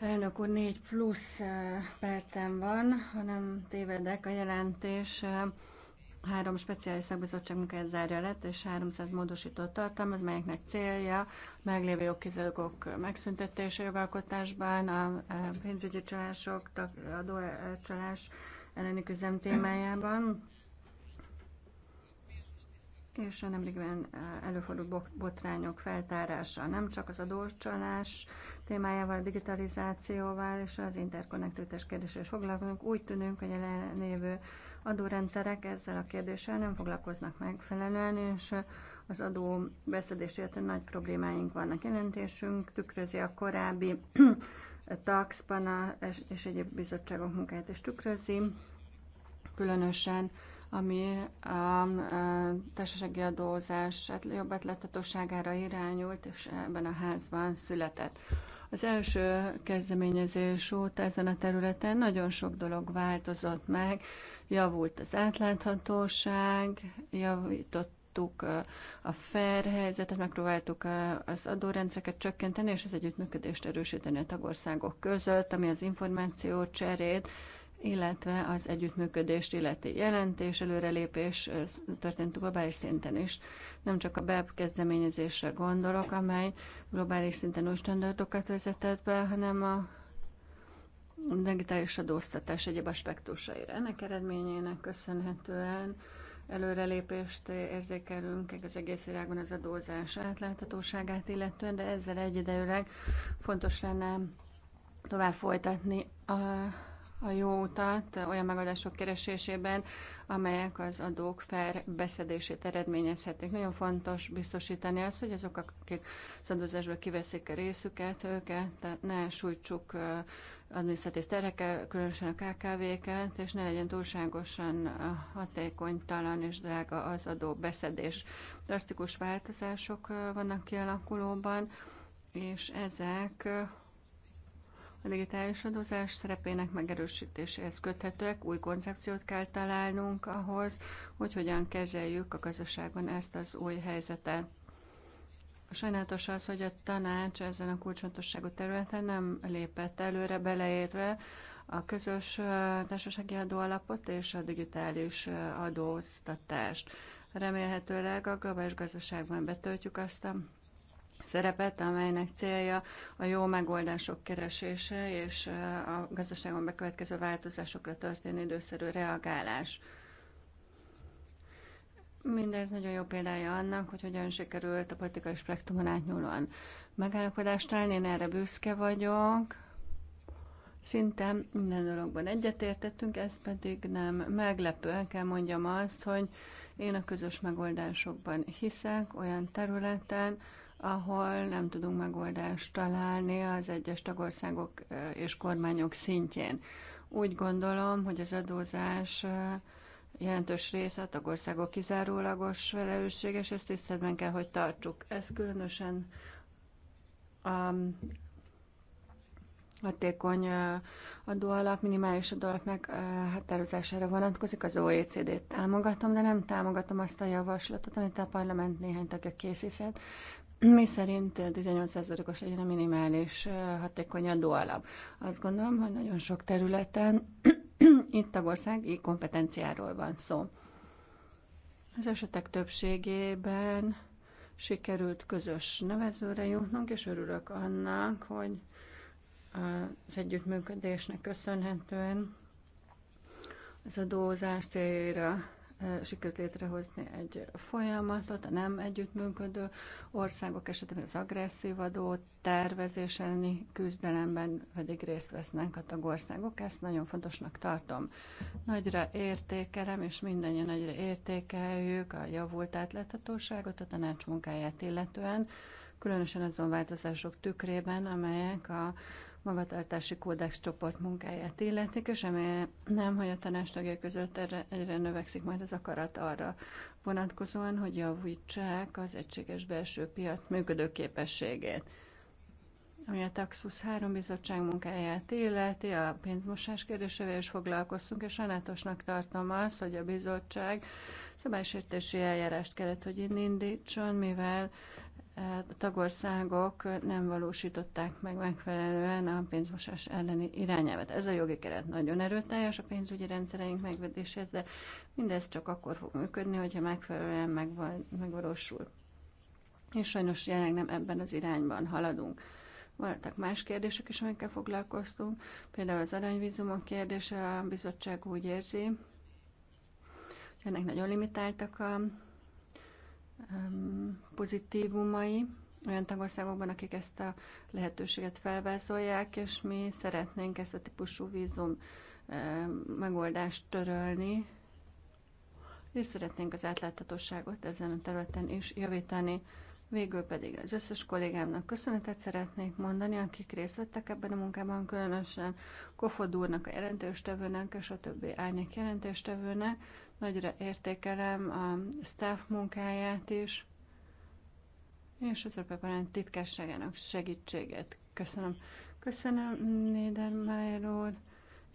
Elnök úr, négy plusz eh, percem van, hanem tévedek, a jelentés eh, három speciális szakbizottság munkáját zárja lett, és 300 módosított tartalmaz, melyeknek célja meglévő jogkizagok megszüntetése jogalkotásban, a eh, pénzügyi csalások, adócsalás elleni küzdelem témájában és a nemrégben eh, előfordult botrányok feltárása nem csak az adócsalás témájával, a digitalizációval és az interkonnektivitás kérdéssel is foglalkozunk. Úgy tűnünk, hogy a jelenlévő adórendszerek ezzel a kérdéssel nem foglalkoznak megfelelően, és az adó beszedés nagy problémáink vannak. Jelentésünk tükrözi a korábbi TAX, és egyéb bizottságok munkáját is tükrözi, különösen ami a társasági adózás jobb átláthatóságára irányult, és ebben a házban született. Az első kezdeményezés óta ezen a területen nagyon sok dolog változott meg, javult az átláthatóság, javított a fair helyzetet, megpróbáltuk az adórendszereket csökkenteni, és az együttműködést erősíteni a tagországok között, ami az információ cserét, illetve az együttműködést illeti jelentés, előrelépés történt globális szinten is. Nem csak a BEP kezdeményezésre gondolok, amely globális szinten új standardokat vezetett be, hanem a digitális adóztatás egyéb aspektusaira. Ennek eredményének köszönhetően előrelépést érzékelünk az egész világon az adózás átláthatóságát illetően, de ezzel egyidejűleg fontos lenne tovább folytatni a a jó utat olyan megoldások keresésében, amelyek az adók fair beszedését eredményezhetik. Nagyon fontos biztosítani azt, hogy azok, akik az adózásból kiveszik a részüket, őket ne sújtsuk adminisztratív terhekkel, különösen a KKV-ket, és ne legyen túlságosan hatékonytalan és drága az adó beszedés. Drasztikus változások vannak kialakulóban, és ezek a digitális adózás szerepének megerősítéséhez köthetőek, új koncepciót kell találnunk ahhoz, hogy hogyan kezeljük a gazdaságban ezt az új helyzetet. Sajnálatos az, hogy a tanács ezen a kulcsfontosságú területen nem lépett előre beleérve a közös társasági adóalapot és a digitális adóztatást. Remélhetőleg a globális gazdaságban betöltjük azt a szerepet, amelynek célja a jó megoldások keresése és a gazdaságon bekövetkező változásokra történő időszerű reagálás. Mindez nagyon jó példája annak, hogy hogyan sikerült a politikai spektrumon átnyúlóan megállapodást állni, én erre büszke vagyok. Szinte minden dologban egyetértettünk, ez pedig nem meglepő. El kell mondjam azt, hogy én a közös megoldásokban hiszek olyan területen, ahol nem tudunk megoldást találni az egyes tagországok és kormányok szintjén. Úgy gondolom, hogy az adózás jelentős része a tagországok kizárólagos felelősséges, ezt tiszteletben kell, hogy tartsuk. Ez különösen a hatékony adóalap, minimális adóalap meghatározására vonatkozik, az OECD-t támogatom, de nem támogatom azt a javaslatot, amit a parlament néhány tagja készített, mi szerint 18%-os legyen a minimális hatékony adóalap. Azt gondolom, hogy nagyon sok területen itt tagországi kompetenciáról van szó. Az esetek többségében sikerült közös nevezőre jutnunk, és örülök annak, hogy az együttműködésnek köszönhetően az adózás céljára sikerült létrehozni egy folyamatot, a nem együttműködő országok esetében az agresszív adó tervezéselni küzdelemben pedig részt vesznek a tagországok. Ezt nagyon fontosnak tartom. Nagyra értékelem, és mindannyian nagyra értékeljük a javult átláthatóságot a tanács munkáját illetően, különösen azon változások tükrében, amelyek a magatartási kódex csoport munkáját illetik, és nem hogy a tanács tagjai között erre, egyre növekszik majd az akarat arra vonatkozóan, hogy javítsák az egységes belső piac működőképességét. Ami a Taxus 3 bizottság munkáját illeti, a pénzmosás kérdésével is foglalkoztunk, és sajnálatosnak tartom azt, hogy a bizottság szabálysértési eljárást kellett, hogy indítson, mivel a tagországok nem valósították meg megfelelően a pénzmosás elleni irányelvet. Ez a jogi keret nagyon erőteljes a pénzügyi rendszereink megvedéséhez, de mindez csak akkor fog működni, hogyha megfelelően megvalósul. És sajnos jelenleg nem ebben az irányban haladunk. Voltak más kérdések is, amikkel foglalkoztunk, például az aranyvízumok kérdése, a bizottság úgy érzi, hogy ennek nagyon limitáltak a pozitívumai olyan tagországokban, akik ezt a lehetőséget felvázolják, és mi szeretnénk ezt a típusú vízum megoldást törölni, és szeretnénk az átláthatóságot ezen a területen is javítani. Végül pedig az összes kollégámnak köszönetet szeretnék mondani, akik részt vettek ebben a munkában, különösen Kofod úrnak, a jelentéstevőnek és a többi árnyék jelentéstevőnek, Nagyra értékelem a staff munkáját is, és az Európai titkásságának segítséget. Köszönöm. Köszönöm, Néder úr.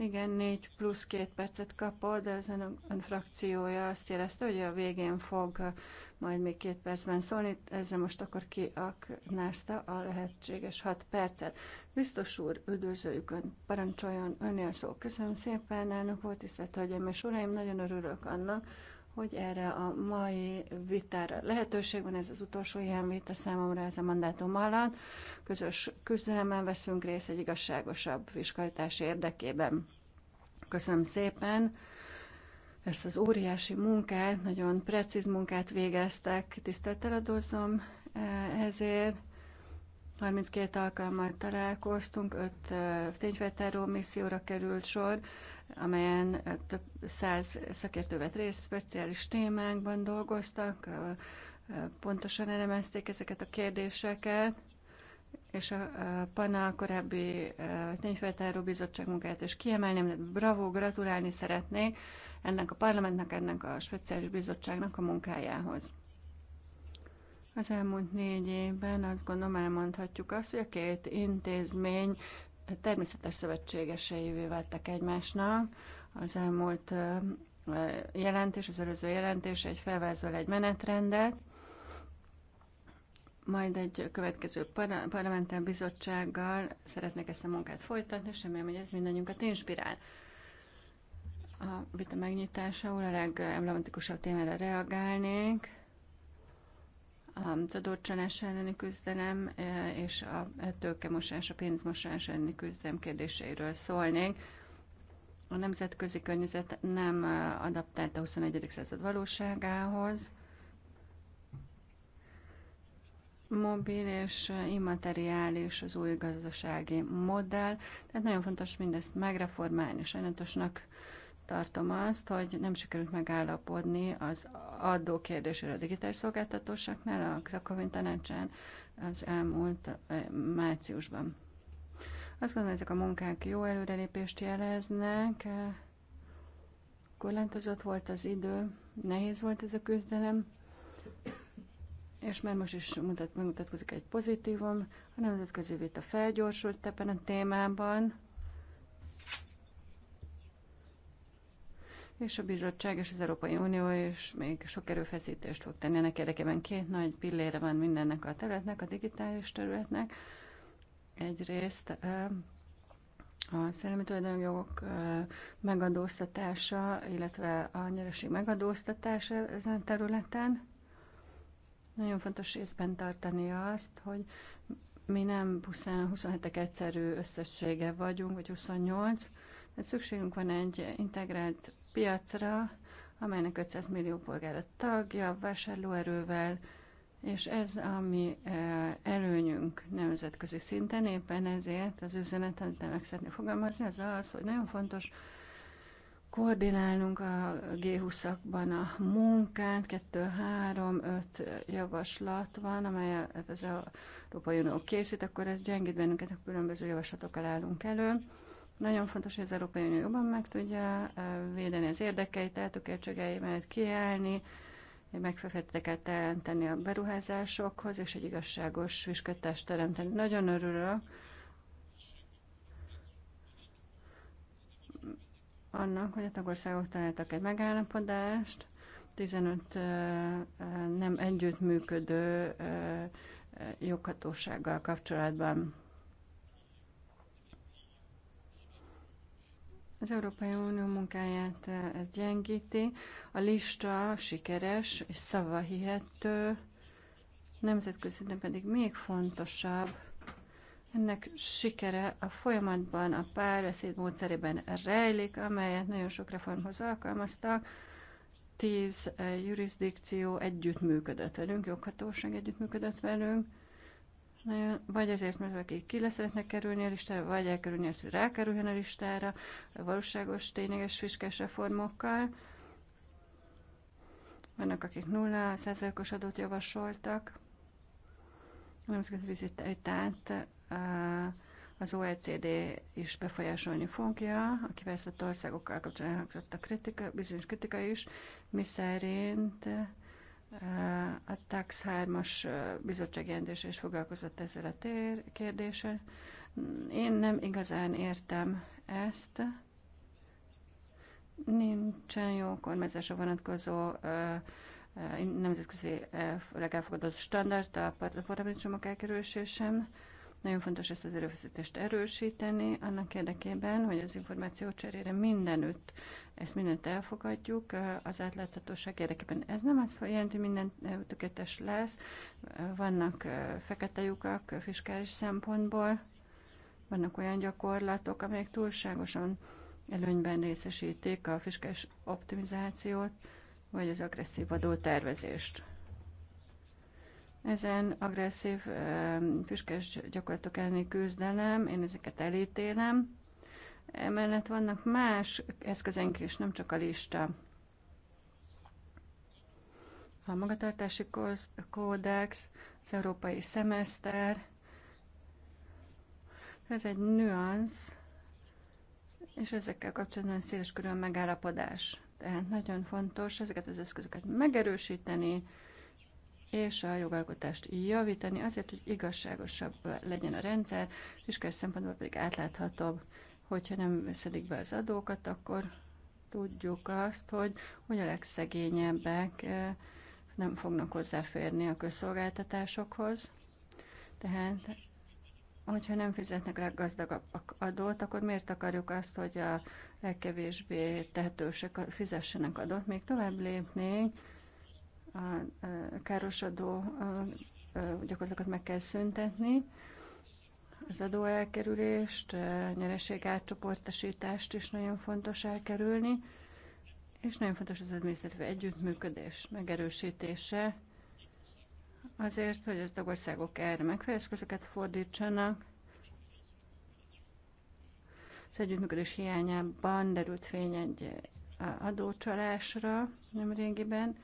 Igen, négy plusz két percet kapod, de az ön, ön frakciója azt jelezte, hogy a végén fog majd még két percben szólni. Ezzel most akkor kiaknázta a lehetséges hat percet. Biztos úr, üdvözöljük ön, parancsoljon önnél szó. Köszönöm szépen, elnök volt, tisztelt hölgyeim és uraim, nagyon örülök annak, hogy erre a mai vitára lehetőség van, ez az utolsó ilyen vita számomra, ez a mandátum alatt közös küzdelemben veszünk részt egy igazságosabb fiskalitás érdekében. Köszönöm szépen! Ezt az óriási munkát, nagyon precíz munkát végeztek, tisztelettel adózom eh, ezért. 32 alkalommal találkoztunk, 5 eh, tényfeltáró misszióra került sor, amelyen eh, több száz szakértő vett részt, speciális témánkban dolgoztak, pontosan elemezték ezeket a kérdéseket és a, a PANA korábbi e, tényfeltáró bizottság munkáját is kiemelném, de bravo, gratulálni szeretnék ennek a parlamentnek, ennek a speciális bizottságnak a munkájához. Az elmúlt négy évben azt gondolom elmondhatjuk azt, hogy a két intézmény természetes szövetségeseivé váltak egymásnak. Az elmúlt e, e, jelentés, az előző jelentés egy felvázol egy menetrendet, majd egy következő parlamenten bizottsággal szeretnek ezt a munkát folytatni, és remélem, hogy ez mindannyiunkat inspirál. A vita megnyitásául a legemblematikusabb témára reagálnék, A adócsalás elleni küzdelem e, és a tőkemosás, a pénzmosás elleni küzdelem kérdéseiről szólnék. A nemzetközi környezet nem adaptált a 21. század valóságához, mobil és immateriális az új gazdasági modell, tehát nagyon fontos mindezt megreformálni. Sajnálatosnak tartom azt, hogy nem sikerült megállapodni az adó kérdésére a digitális szolgáltatóságnál, a Krakovin tanácsán az elmúlt márciusban. Azt gondolom, ezek a munkák jó előrelépést jeleznek, korlátozott volt az idő, nehéz volt ez a küzdelem, és már most is mutat, megmutatkozik egy pozitívum, a nemzetközi vita felgyorsult ebben a témában, és a bizottság és az Európai Unió is még sok erőfeszítést fog tenni. Ennek érdekében két nagy pillére van mindennek a területnek, a digitális területnek. Egyrészt a szellemi tulajdonjogok megadóztatása, illetve a nyereség megadóztatása ezen a területen. Nagyon fontos részben tartani azt, hogy mi nem pusztán a 27-ek egyszerű összessége vagyunk, vagy 28, mert szükségünk van egy integrált piacra, amelynek 500 millió polgára tagja, vásárlóerővel, és ez a mi e, előnyünk nemzetközi szinten, éppen ezért az üzenetet, amit meg szeretném fogalmazni, az az, hogy nagyon fontos koordinálnunk a g 20 a munkát, 2, 3, 5 javaslat van, amelyet hát az Európai Unió készít, akkor ez gyengít bennünket, a különböző javaslatokkal állunk elő. Nagyon fontos, hogy az Európai Unió jobban meg tudja védeni az érdekeit, eltökéltségei mellett kiállni, megfeketteket teremteni a beruházásokhoz, és egy igazságos viskötást teremteni. Nagyon örülök, annak, hogy a tagországok találtak egy megállapodást, 15 nem együttműködő joghatósággal kapcsolatban. Az Európai Unió munkáját ez gyengíti. A lista sikeres és szavahihető, nemzetközi pedig még fontosabb, ennek sikere a folyamatban a párbeszéd módszerében rejlik, amelyet nagyon sok reformhoz alkalmaztak. Tíz eh, jurisdikció együttműködött velünk, joghatóság együttműködött velünk, Nagyon vagy azért, mert akik ki leszeretnek kerülni a listára, vagy elkerülni azt, hogy rákerüljön a listára a valóságos, tényleges fiskes reformokkal. Vannak, akik nulla százalékos adót javasoltak. A nemzetközi vitát az OECD is befolyásolni fogja, a kiválasztott országokkal kapcsolatban hangzott a kritika, bizonyos kritika is, mi szerint eh, a TAX 3-as eh, bizottság jelentése is foglalkozott ezzel a tér kérdéssel. Én nem igazán értem ezt. Nincsen jó kormányzásra vonatkozó eh, nemzetközi legelfogadott standard a parlamentsomok elkerülésé sem. Nagyon fontos ezt az erőfeszítést erősíteni, annak érdekében, hogy az információ cserére mindenütt ezt mindent elfogadjuk, az átláthatóság érdekében. Ez nem azt jelenti, hogy minden eh, tökéletes lesz, vannak eh, fekete lyukak fiskális szempontból, vannak olyan gyakorlatok, amelyek túlságosan előnyben részesítik a fiskális optimizációt, vagy az agresszív adótervezést. Ezen agresszív püskes gyakorlatok elleni küzdelem, én ezeket elítélem. Emellett vannak más eszközenk is, nem csak a lista. A magatartási kódex, az európai szemeszter, ez egy nüansz, és ezekkel kapcsolatban széles körül megállapodás. Tehát nagyon fontos ezeket az eszközöket megerősíteni, és a jogalkotást javítani azért, hogy igazságosabb legyen a rendszer, fiskális szempontból pedig átláthatóbb. Hogyha nem szedik be az adókat, akkor tudjuk azt, hogy, hogy a legszegényebbek eh, nem fognak hozzáférni a közszolgáltatásokhoz. Tehát, hogyha nem fizetnek a leggazdagabbak adót, akkor miért akarjuk azt, hogy a legkevésbé tehetősek fizessenek adót? Még tovább lépnénk, a károsodó gyakorlatokat meg kell szüntetni, az adóelkerülést, nyereség átcsoportosítást is nagyon fontos elkerülni, és nagyon fontos az adminisztratív együttműködés megerősítése, azért, hogy az tagországok erre megfelelő eszközöket fordítsanak. Az együttműködés hiányában derült fény egy adócsalásra nemrégiben, régiben,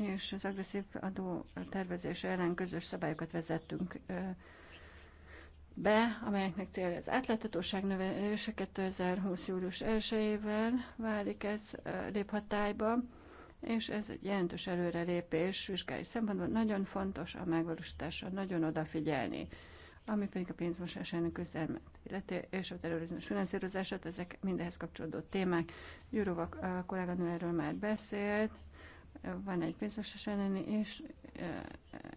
és az agresszív adó tervezés ellen közös szabályokat vezettünk be, amelyeknek célja az átláthatóság növelése 2020. július 1-ével válik ez léphatályba, és ez egy jelentős előrelépés vizsgálói szempontból. Nagyon fontos a megvalósításra nagyon odafigyelni, ami pedig a pénzmosás elleni küzdelmet illeti, és a terrorizmus finanszírozását, ezek mindehez kapcsolódó témák. Jurova kolléganő erről már beszélt, van egy pénztársaság és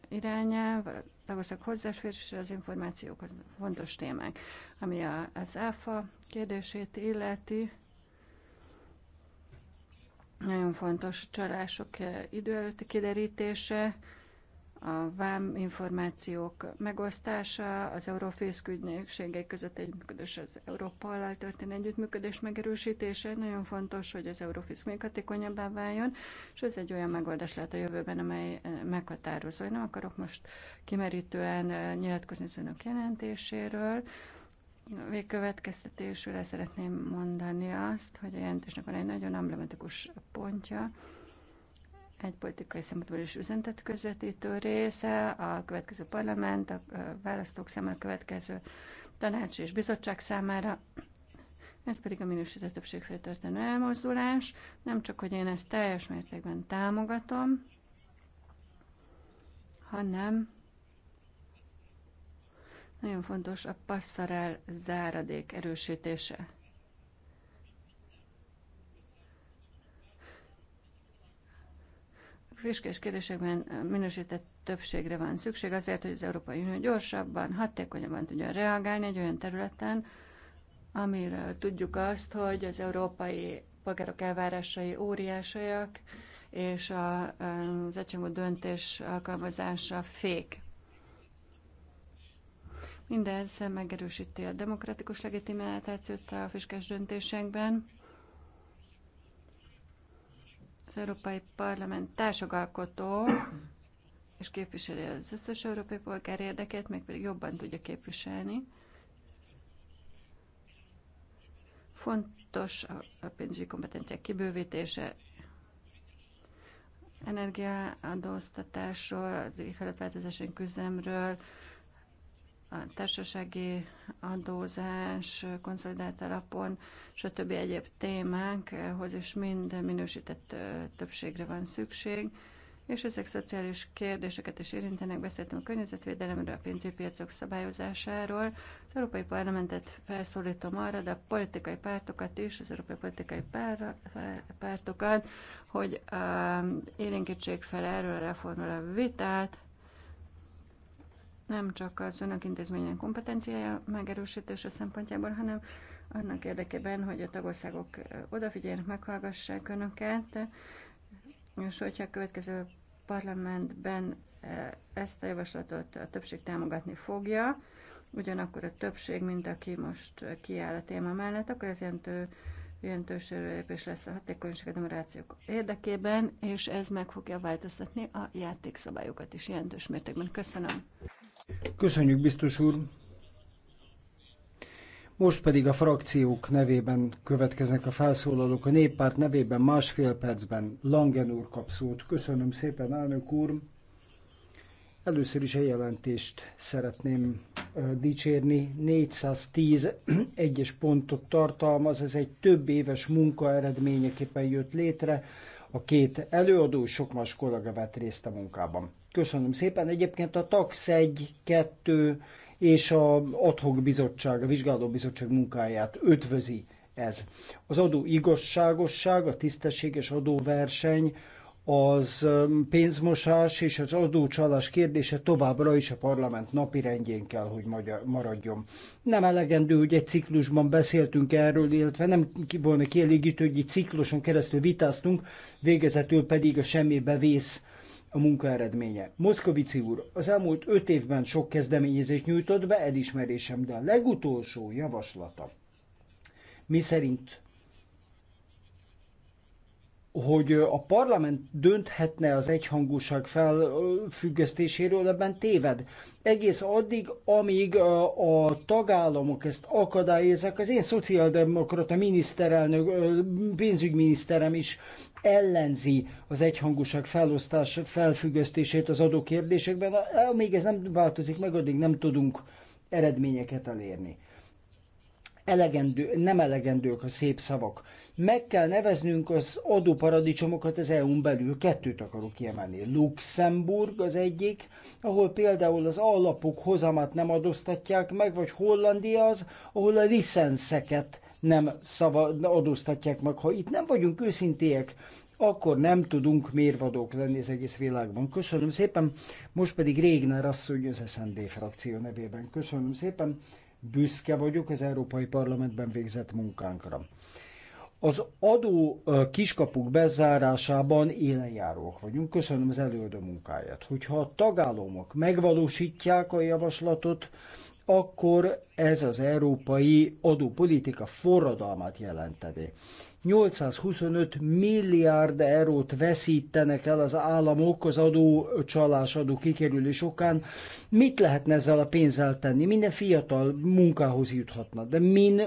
irányelv, tagország és az információkhoz fontos témák, ami az ÁFA kérdését illeti. Nagyon fontos a csalások idő előtti kiderítése, a vám információk megosztása, az Eurofészk ügynökségei között együttműködés az Európallal történő együttműködés megerősítése. Nagyon fontos, hogy az Eurofészk még hatékonyabbá váljon, és ez egy olyan megoldás lehet a jövőben, amely eh, meghatározó. Én nem akarok most kimerítően eh, nyilatkozni az önök jelentéséről, Végkövetkeztetésül szeretném mondani azt, hogy a jelentésnek van egy nagyon emblematikus pontja, egy politikai szempontból is üzentett közvetítő része, a következő parlament, a választók számára a következő tanács és bizottság számára, ez pedig a minősített többség felé történő elmozdulás. Nem csak, hogy én ezt teljes mértékben támogatom, hanem nagyon fontos a passzarel záradék erősítése. fiskés kérdésekben minősített többségre van szükség azért, hogy az Európai Unió gyorsabban, hatékonyabban tudjon reagálni egy olyan területen, amiről tudjuk azt, hogy az európai polgárok elvárásai óriásaiak, és a, az egyhangú döntés alkalmazása fék. Mindez megerősíti a demokratikus legitimációt a fiskás döntésekben az Európai Parlament társogalkotó és képviseli az összes európai polgár érdekét, még pedig jobban tudja képviselni. Fontos a pénzügyi kompetenciák kibővítése, energiaadóztatásról, az éghajlatváltozási küzdelemről, a társasági adózás, konszolidált alapon, stb. egyéb témánkhoz is mind minősített többségre van szükség, és ezek szociális kérdéseket is érintenek. Beszéltem a környezetvédelemről, a pénzügypiacok szabályozásáról. Az Európai Parlamentet felszólítom arra, de a politikai pártokat is, az európai politikai pár, pártokat, hogy uh, élénkítsék fel erről a reformról a vitát, nem csak az önök intézményen kompetenciája megerősítése szempontjából, hanem annak érdekében, hogy a tagországok odafigyeljenek, meghallgassák önöket, és hogyha a következő parlamentben ezt a javaslatot a többség támogatni fogja, ugyanakkor a többség, mint aki most kiáll a téma mellett, akkor ez jelentő, jelentős lépés lesz a hatékonyság a demorációk érdekében, és ez meg fogja változtatni a játékszabályokat is jelentős mértékben. Köszönöm. Köszönjük, biztos úr! Most pedig a frakciók nevében következnek a felszólalók. A néppárt nevében másfél percben Langen úr kap szót. Köszönöm szépen, elnök úr! Először is a jelentést szeretném dicsérni. 410 egyes pontot tartalmaz, ez egy több éves munka eredményeképpen jött létre. A két előadó sok más kollega vett részt a munkában. Köszönöm szépen. Egyébként a TAX 1, 2 és a adhok bizottság, a bizottság munkáját ötvözi ez. Az adó igazságosság, a tisztességes adóverseny, az um, pénzmosás és az adócsalás kérdése továbbra is a parlament napi rendjén kell, hogy maradjon. Nem elegendő, hogy egy ciklusban beszéltünk erről, illetve nem volna kielégítő, hogy egy cikluson keresztül vitáztunk, végezetül pedig a semmibe vész a munka eredménye. Moszkovici úr, az elmúlt öt évben sok kezdeményezést nyújtott be, elismerésem, de a legutolsó javaslata, mi szerint hogy a parlament dönthetne az egyhangúság felfüggesztéséről, ebben téved. Egész addig, amíg a tagállamok ezt akadályozzák, az én szociáldemokrata miniszterelnök, pénzügyminiszterem is ellenzi az egyhangúság felosztás felfüggesztését az adókérdésekben, amíg ez nem változik meg, addig nem tudunk eredményeket elérni. Elegendő, nem elegendők a szép szavak. Meg kell neveznünk az adóparadicsomokat az EU-n belül. Kettőt akarok kiemelni. Luxemburg az egyik, ahol például az alapok hozamát nem adóztatják meg, vagy Hollandia az, ahol a licenszeket nem szabad, adóztatják meg. Ha itt nem vagyunk őszintiek, akkor nem tudunk mérvadók lenni az egész világban. Köszönöm szépen, most pedig Régner asszony az SND frakció nevében. Köszönöm szépen, büszke vagyok az Európai Parlamentben végzett munkánkra. Az adó kiskapuk bezárásában élenjárók vagyunk. Köszönöm az előadó munkáját. Hogyha a tagállamok megvalósítják a javaslatot, akkor ez az európai adópolitika forradalmat jelenteni. 825 milliárd eurót veszítenek el az államok az adó csalás, adó kikerülés okán. Mit lehetne ezzel a pénzzel tenni? Minden fiatal munkához juthatna, de min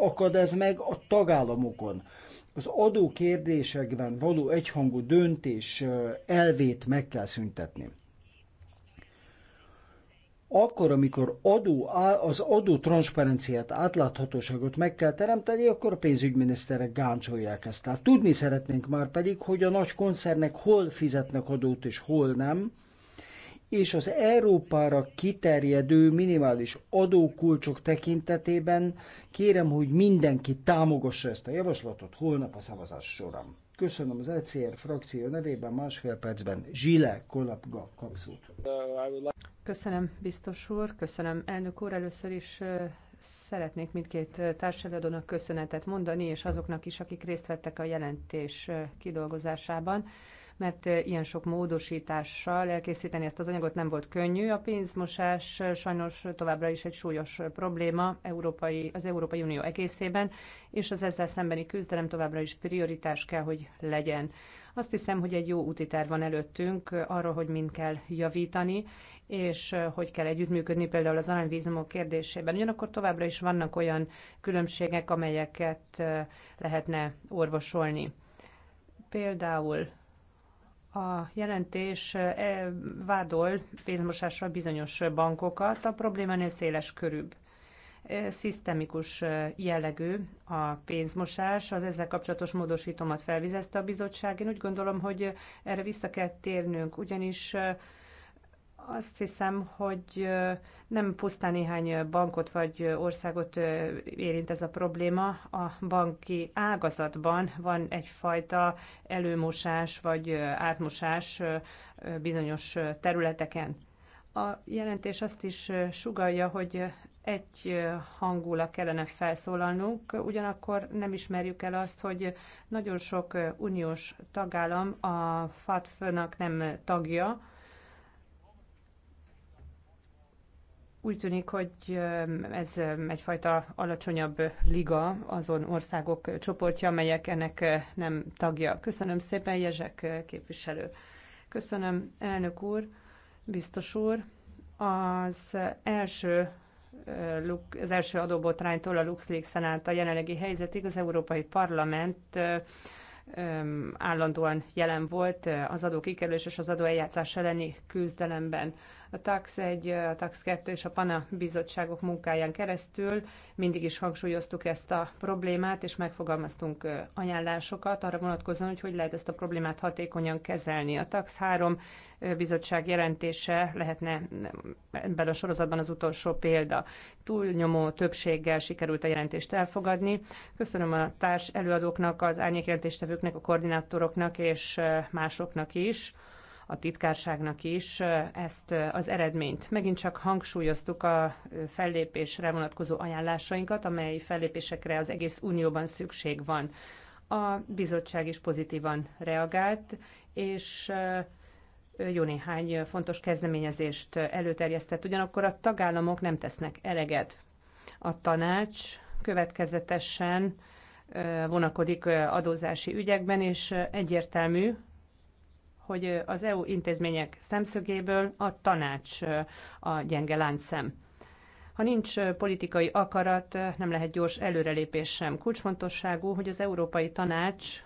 akad ez meg a tagállamokon? Az adó kérdésekben való egyhangú döntés elvét meg kell szüntetni akkor, amikor adó, az adó transzparenciát, átláthatóságot meg kell teremteni, akkor a pénzügyminiszterek gáncsolják ezt. Tehát tudni szeretnénk már pedig, hogy a nagy koncernek hol fizetnek adót és hol nem, és az Európára kiterjedő minimális adókulcsok tekintetében kérem, hogy mindenki támogassa ezt a javaslatot holnap a szavazás során. Köszönöm az ECR frakció nevében másfél percben Zsile Kolapga kapszót. Köszönöm, biztos úr, köszönöm, elnök úr. Először is szeretnék mindkét társadalomnak köszönetet mondani, és azoknak is, akik részt vettek a jelentés kidolgozásában mert ilyen sok módosítással elkészíteni ezt az anyagot nem volt könnyű. A pénzmosás sajnos továbbra is egy súlyos probléma európai, az Európai Unió egészében, és az ezzel szembeni küzdelem továbbra is prioritás kell, hogy legyen. Azt hiszem, hogy egy jó úti terv van előttünk arról, hogy mind kell javítani, és hogy kell együttműködni például az aranyvízumok kérdésében. Ugyanakkor továbbra is vannak olyan különbségek, amelyeket lehetne orvosolni. Például a jelentés e, vádol pénzmosásra bizonyos bankokat, a problémánél széles körűbb szisztemikus jellegű a pénzmosás. Az ezzel kapcsolatos módosítomat felvizezte a bizottság. Én úgy gondolom, hogy erre vissza kell térnünk, ugyanis azt hiszem, hogy nem pusztán néhány bankot vagy országot érint ez a probléma. A banki ágazatban van egyfajta előmosás vagy átmosás bizonyos területeken. A jelentés azt is sugalja, hogy egy hangula kellene felszólalnunk, ugyanakkor nem ismerjük el azt, hogy nagyon sok uniós tagállam a FATF-nak nem tagja, Úgy tűnik, hogy ez egyfajta alacsonyabb liga azon országok csoportja, amelyek ennek nem tagja. Köszönöm szépen, Jezsek képviselő. Köszönöm, elnök úr, biztos úr. Az első az első adóbotránytól a luxleaks át a jelenlegi helyzetig az Európai Parlament állandóan jelen volt az adókikerülés és az adóeljátszás elleni küzdelemben. A TAX 1, a TAX 2 és a PANA bizottságok munkáján keresztül mindig is hangsúlyoztuk ezt a problémát, és megfogalmaztunk ajánlásokat arra vonatkozóan, hogy hogy lehet ezt a problémát hatékonyan kezelni. A TAX 3 bizottság jelentése lehetne ebben a sorozatban az utolsó példa. Túlnyomó többséggel sikerült a jelentést elfogadni. Köszönöm a társ előadóknak, az árnyékjelentéstevőknek, a koordinátoroknak és másoknak is a titkárságnak is ezt az eredményt. Megint csak hangsúlyoztuk a fellépésre vonatkozó ajánlásainkat, amely fellépésekre az egész unióban szükség van. A bizottság is pozitívan reagált, és jó néhány fontos kezdeményezést előterjesztett. Ugyanakkor a tagállamok nem tesznek eleget. A tanács következetesen vonakodik adózási ügyekben, és egyértelmű, hogy az EU intézmények szemszögéből a tanács a gyenge láncszem. Ha nincs politikai akarat, nem lehet gyors előrelépés sem. Kulcsfontosságú, hogy az Európai Tanács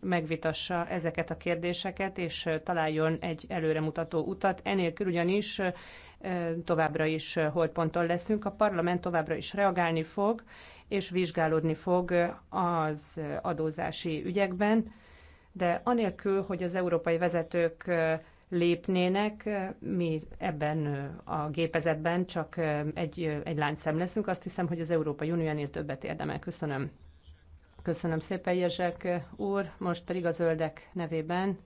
megvitassa ezeket a kérdéseket, és találjon egy előremutató utat. Enélkül ugyanis továbbra is holdponton leszünk. A parlament továbbra is reagálni fog, és vizsgálódni fog az adózási ügyekben de anélkül, hogy az európai vezetők lépnének, mi ebben a gépezetben csak egy, egy láncszem leszünk. Azt hiszem, hogy az Európai Uniónél többet érdemel. Köszönöm. Köszönöm szépen, Jezsek úr. Most pedig a zöldek nevében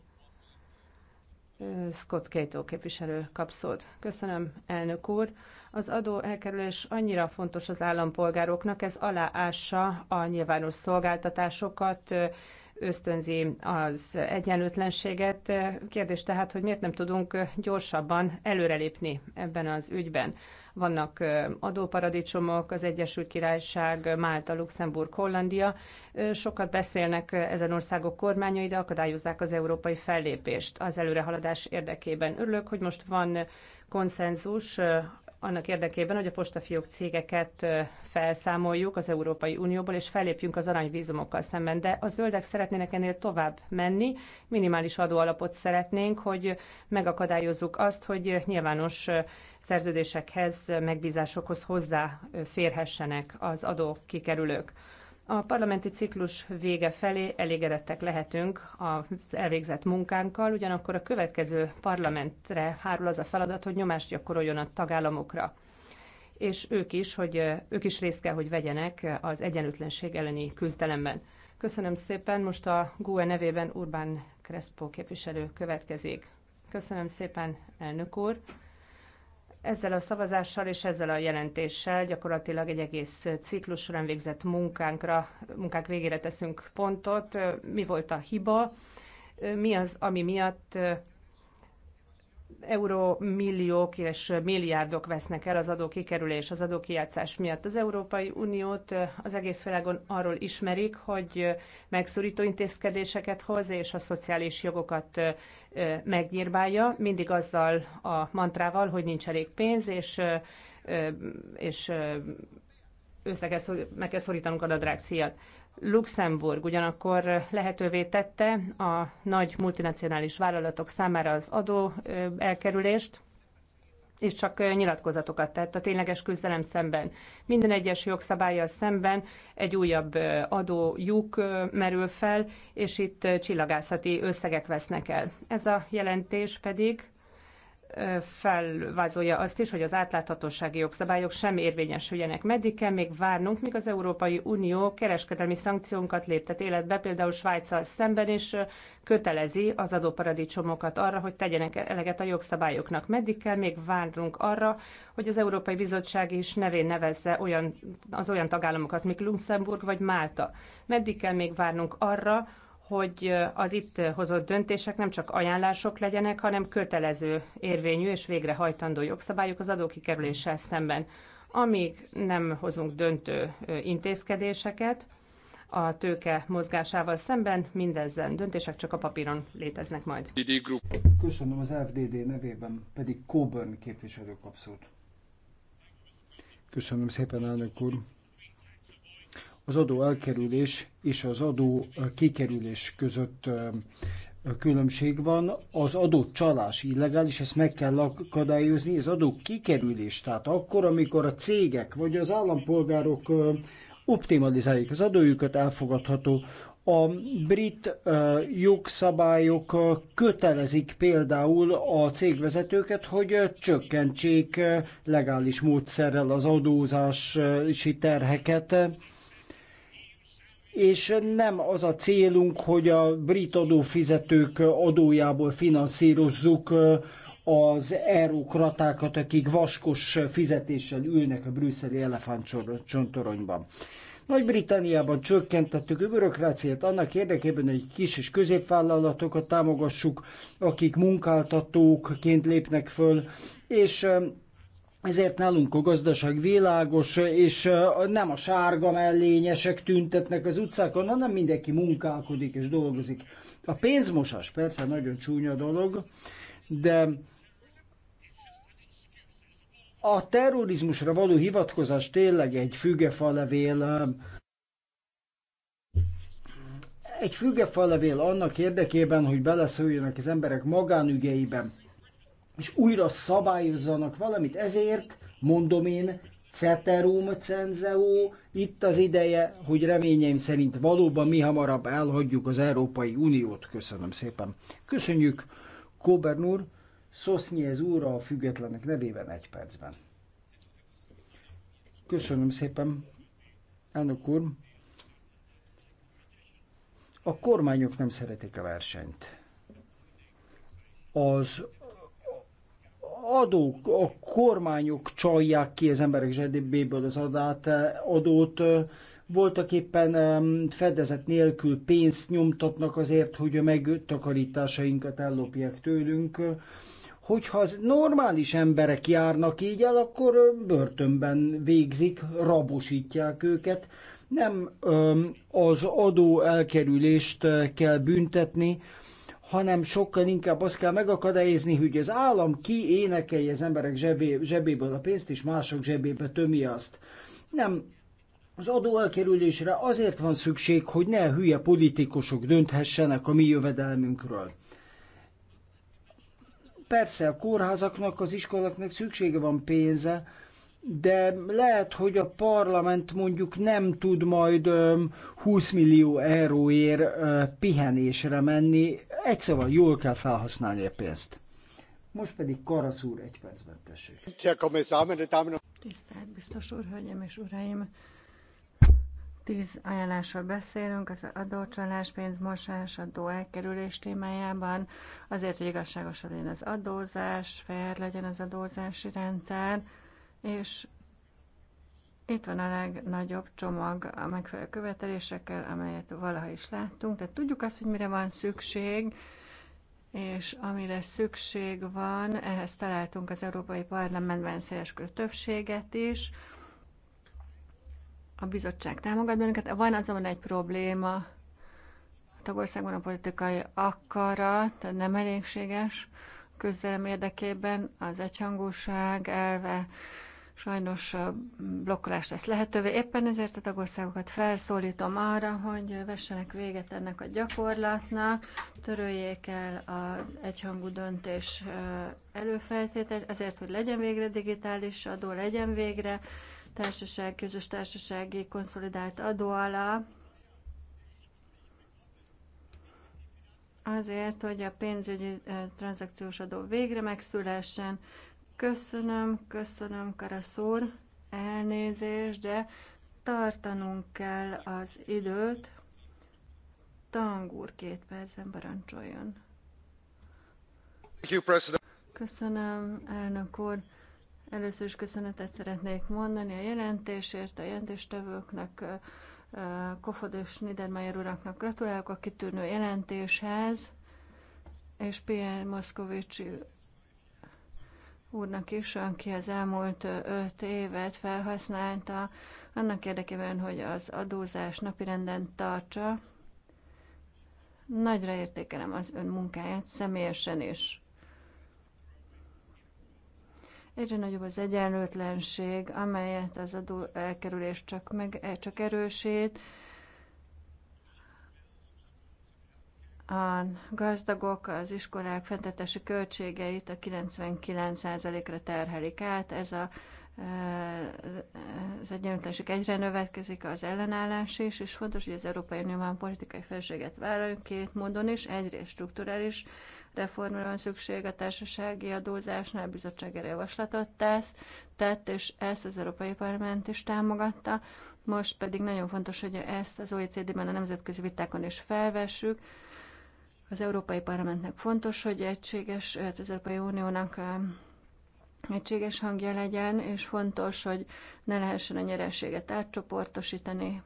Scott Cato képviselő kap Köszönöm, elnök úr. Az adó elkerülés annyira fontos az állampolgároknak, ez aláássa a nyilvános szolgáltatásokat, ösztönzi az egyenlőtlenséget. Kérdés tehát, hogy miért nem tudunk gyorsabban előrelépni ebben az ügyben. Vannak adóparadicsomok, az Egyesült Királyság, Málta, Luxemburg, Hollandia. Sokat beszélnek ezen országok kormányai, de akadályozzák az európai fellépést az előrehaladás érdekében. Örülök, hogy most van konszenzus annak érdekében, hogy a postafiók cégeket felszámoljuk az Európai Unióból, és fellépjünk az aranyvízumokkal szemben. De a zöldek szeretnének ennél tovább menni, minimális adóalapot szeretnénk, hogy megakadályozzuk azt, hogy nyilvános szerződésekhez, megbízásokhoz hozzáférhessenek az adókikerülők. A parlamenti ciklus vége felé elégedettek lehetünk az elvégzett munkánkkal, ugyanakkor a következő parlamentre hárul az a feladat, hogy nyomást gyakoroljon a tagállamokra és ők is, hogy ők is részt kell, hogy vegyenek az egyenlőtlenség elleni küzdelemben. Köszönöm szépen, most a GUE nevében Urbán Crespo képviselő következik. Köszönöm szépen, elnök úr! Ezzel a szavazással és ezzel a jelentéssel gyakorlatilag egy egész ciklus során végzett munkánkra, munkák végére teszünk pontot. Mi volt a hiba? Mi az, ami miatt eurómilliók és milliárdok vesznek el az adókikerülés, az adókijátszás miatt. Az Európai Uniót az egész világon arról ismerik, hogy megszorító intézkedéseket hoz, és a szociális jogokat megnyírbálja, mindig azzal a mantrával, hogy nincs elég pénz, és, és össze kell, meg kell szorítanunk a nadrágszíjat. Luxemburg ugyanakkor lehetővé tette a nagy multinacionális vállalatok számára az adó elkerülést, és csak nyilatkozatokat tett a tényleges küzdelem szemben. Minden egyes jogszabályjal szemben egy újabb adójuk merül fel, és itt csillagászati összegek vesznek el. Ez a jelentés pedig felvázolja azt is, hogy az átláthatósági jogszabályok sem érvényesüljenek. Meddig kell még várnunk, míg az Európai Unió kereskedelmi szankciónkat léptet életbe, például Svájccal szemben, és kötelezi az adóparadicsomokat arra, hogy tegyenek eleget a jogszabályoknak. Meddig kell még várnunk arra, hogy az Európai Bizottság is nevén nevezze olyan, az olyan tagállamokat, mint Luxemburg vagy Málta. Meddig kell még várnunk arra, hogy az itt hozott döntések nem csak ajánlások legyenek, hanem kötelező érvényű és végrehajtandó jogszabályok az adókikerüléssel szemben. Amíg nem hozunk döntő intézkedéseket a tőke mozgásával szemben, mindezen döntések csak a papíron léteznek majd. Köszönöm az FDD nevében, pedig Coburn képviselő kapszót. Köszönöm szépen, elnök úr az adó elkerülés és az adó kikerülés között különbség van. Az adó csalás illegális, ezt meg kell akadályozni, az adó kikerülés, tehát akkor, amikor a cégek vagy az állampolgárok optimalizálják az adójukat, elfogadható. A brit jogszabályok kötelezik például a cégvezetőket, hogy csökkentsék legális módszerrel az adózási terheket, és nem az a célunk, hogy a brit adófizetők adójából finanszírozzuk az eurokratákat, akik vaskos fizetéssel ülnek a brüsszeli elefántcsontoronyban. Nagy-Britanniában csökkentettük a bürokráciát annak érdekében, hogy kis és középvállalatokat támogassuk, akik munkáltatókként lépnek föl, és ezért nálunk a gazdaság világos, és nem a sárga mellényesek tüntetnek az utcákon, hanem mindenki munkálkodik és dolgozik. A pénzmosás persze nagyon csúnya dolog, de a terrorizmusra való hivatkozás tényleg egy fügefalevél, egy fügefalevél annak érdekében, hogy beleszóljanak az emberek magánügyeiben és újra szabályozzanak valamit. Ezért mondom én, ceterum cenzeó, itt az ideje, hogy reményeim szerint valóban mi hamarabb elhagyjuk az Európai Uniót. Köszönöm szépen. Köszönjük Kóbern úr, Szosznyéz úr a függetlenek nevében egy percben. Köszönöm szépen, elnök úr. A kormányok nem szeretik a versenyt. Az adók, a kormányok csalják ki az emberek zsebéből az adát, eh, adót, voltak éppen fedezet nélkül pénzt nyomtatnak azért, hogy a megtakarításainkat ellopják tőlünk. Hogyha az normális emberek járnak így el, akkor eh, börtönben végzik, rabosítják őket. Nem az adó elkerülést eh, kell büntetni, hanem sokkal inkább azt kell megakadályozni, hogy az állam kiénekelje az emberek zsebé, zsebéből a pénzt, és mások zsebébe tömi azt. Nem, az adó elkerülésre azért van szükség, hogy ne hülye politikusok dönthessenek a mi jövedelmünkről. Persze a kórházaknak, az iskolaknak szüksége van pénze, de lehet, hogy a parlament mondjuk nem tud majd 20 millió euróért pihenésre menni, egyszerűen szóval jól kell felhasználni a pénzt. Most pedig Karasz úr egy percben tessék. Tisztelt biztos úr, hölgyem és uraim! Tíz ajánlásról beszélünk az adócsalás, pénzmosás, adó elkerülés témájában, azért, hogy igazságos legyen az adózás, fejed legyen az adózási rendszer, és itt van a legnagyobb csomag a megfelelő követelésekkel, amelyet valaha is láttunk. Tehát tudjuk azt, hogy mire van szükség, és amire szükség van, ehhez találtunk az Európai Parlamentben széleskörű többséget is. A bizottság támogat bennünket. Van azonban egy probléma. A tagországban a politikai akarat nem elégséges. közelem érdekében az egyhangúság elve sajnos blokkolás lesz lehetővé. Éppen ezért a tagországokat felszólítom arra, hogy vessenek véget ennek a gyakorlatnak, töröljék el az egyhangú döntés előfeltételét, azért, hogy legyen végre digitális adó, legyen végre társaság, közös társasági konszolidált adó alá, azért, hogy a pénzügyi eh, tranzakciós adó végre megszülessen, Köszönöm, köszönöm, Karaszúr, elnézést, de tartanunk kell az időt. Tangúr két percen parancsoljon. Köszönöm, elnök úr. Először is köszönetet szeretnék mondani a jelentésért, a jelentéstevőknek, Kofod és Niedermayer uraknak gratulálok a kitűnő jelentéshez, és Pierre Moszkovicsi úrnak is, aki az elmúlt öt évet felhasználta annak érdekében, hogy az adózás napirenden tartsa. Nagyra értékelem az ön munkáját személyesen is. Egyre nagyobb az egyenlőtlenség, amelyet az adó elkerülés csak, meg, csak erősít, a gazdagok az iskolák fenntetési költségeit a 99%-ra terhelik át. Ez a, e, az egyenlőtlenség egyre növekszik az ellenállás is, és fontos, hogy az Európai Unióban politikai felséget vállaljunk két módon is. Egyrészt strukturális reformra van szükség a társasági adózásnál, a bizottság erre javaslatot tesz, tett, és ezt az Európai Parlament is támogatta. Most pedig nagyon fontos, hogy ezt az OECD-ben a nemzetközi vitákon is felvessük, az Európai Parlamentnek fontos, hogy egységes, az Európai Uniónak egységes hangja legyen, és fontos, hogy ne lehessen a nyerességet átcsoportosítani.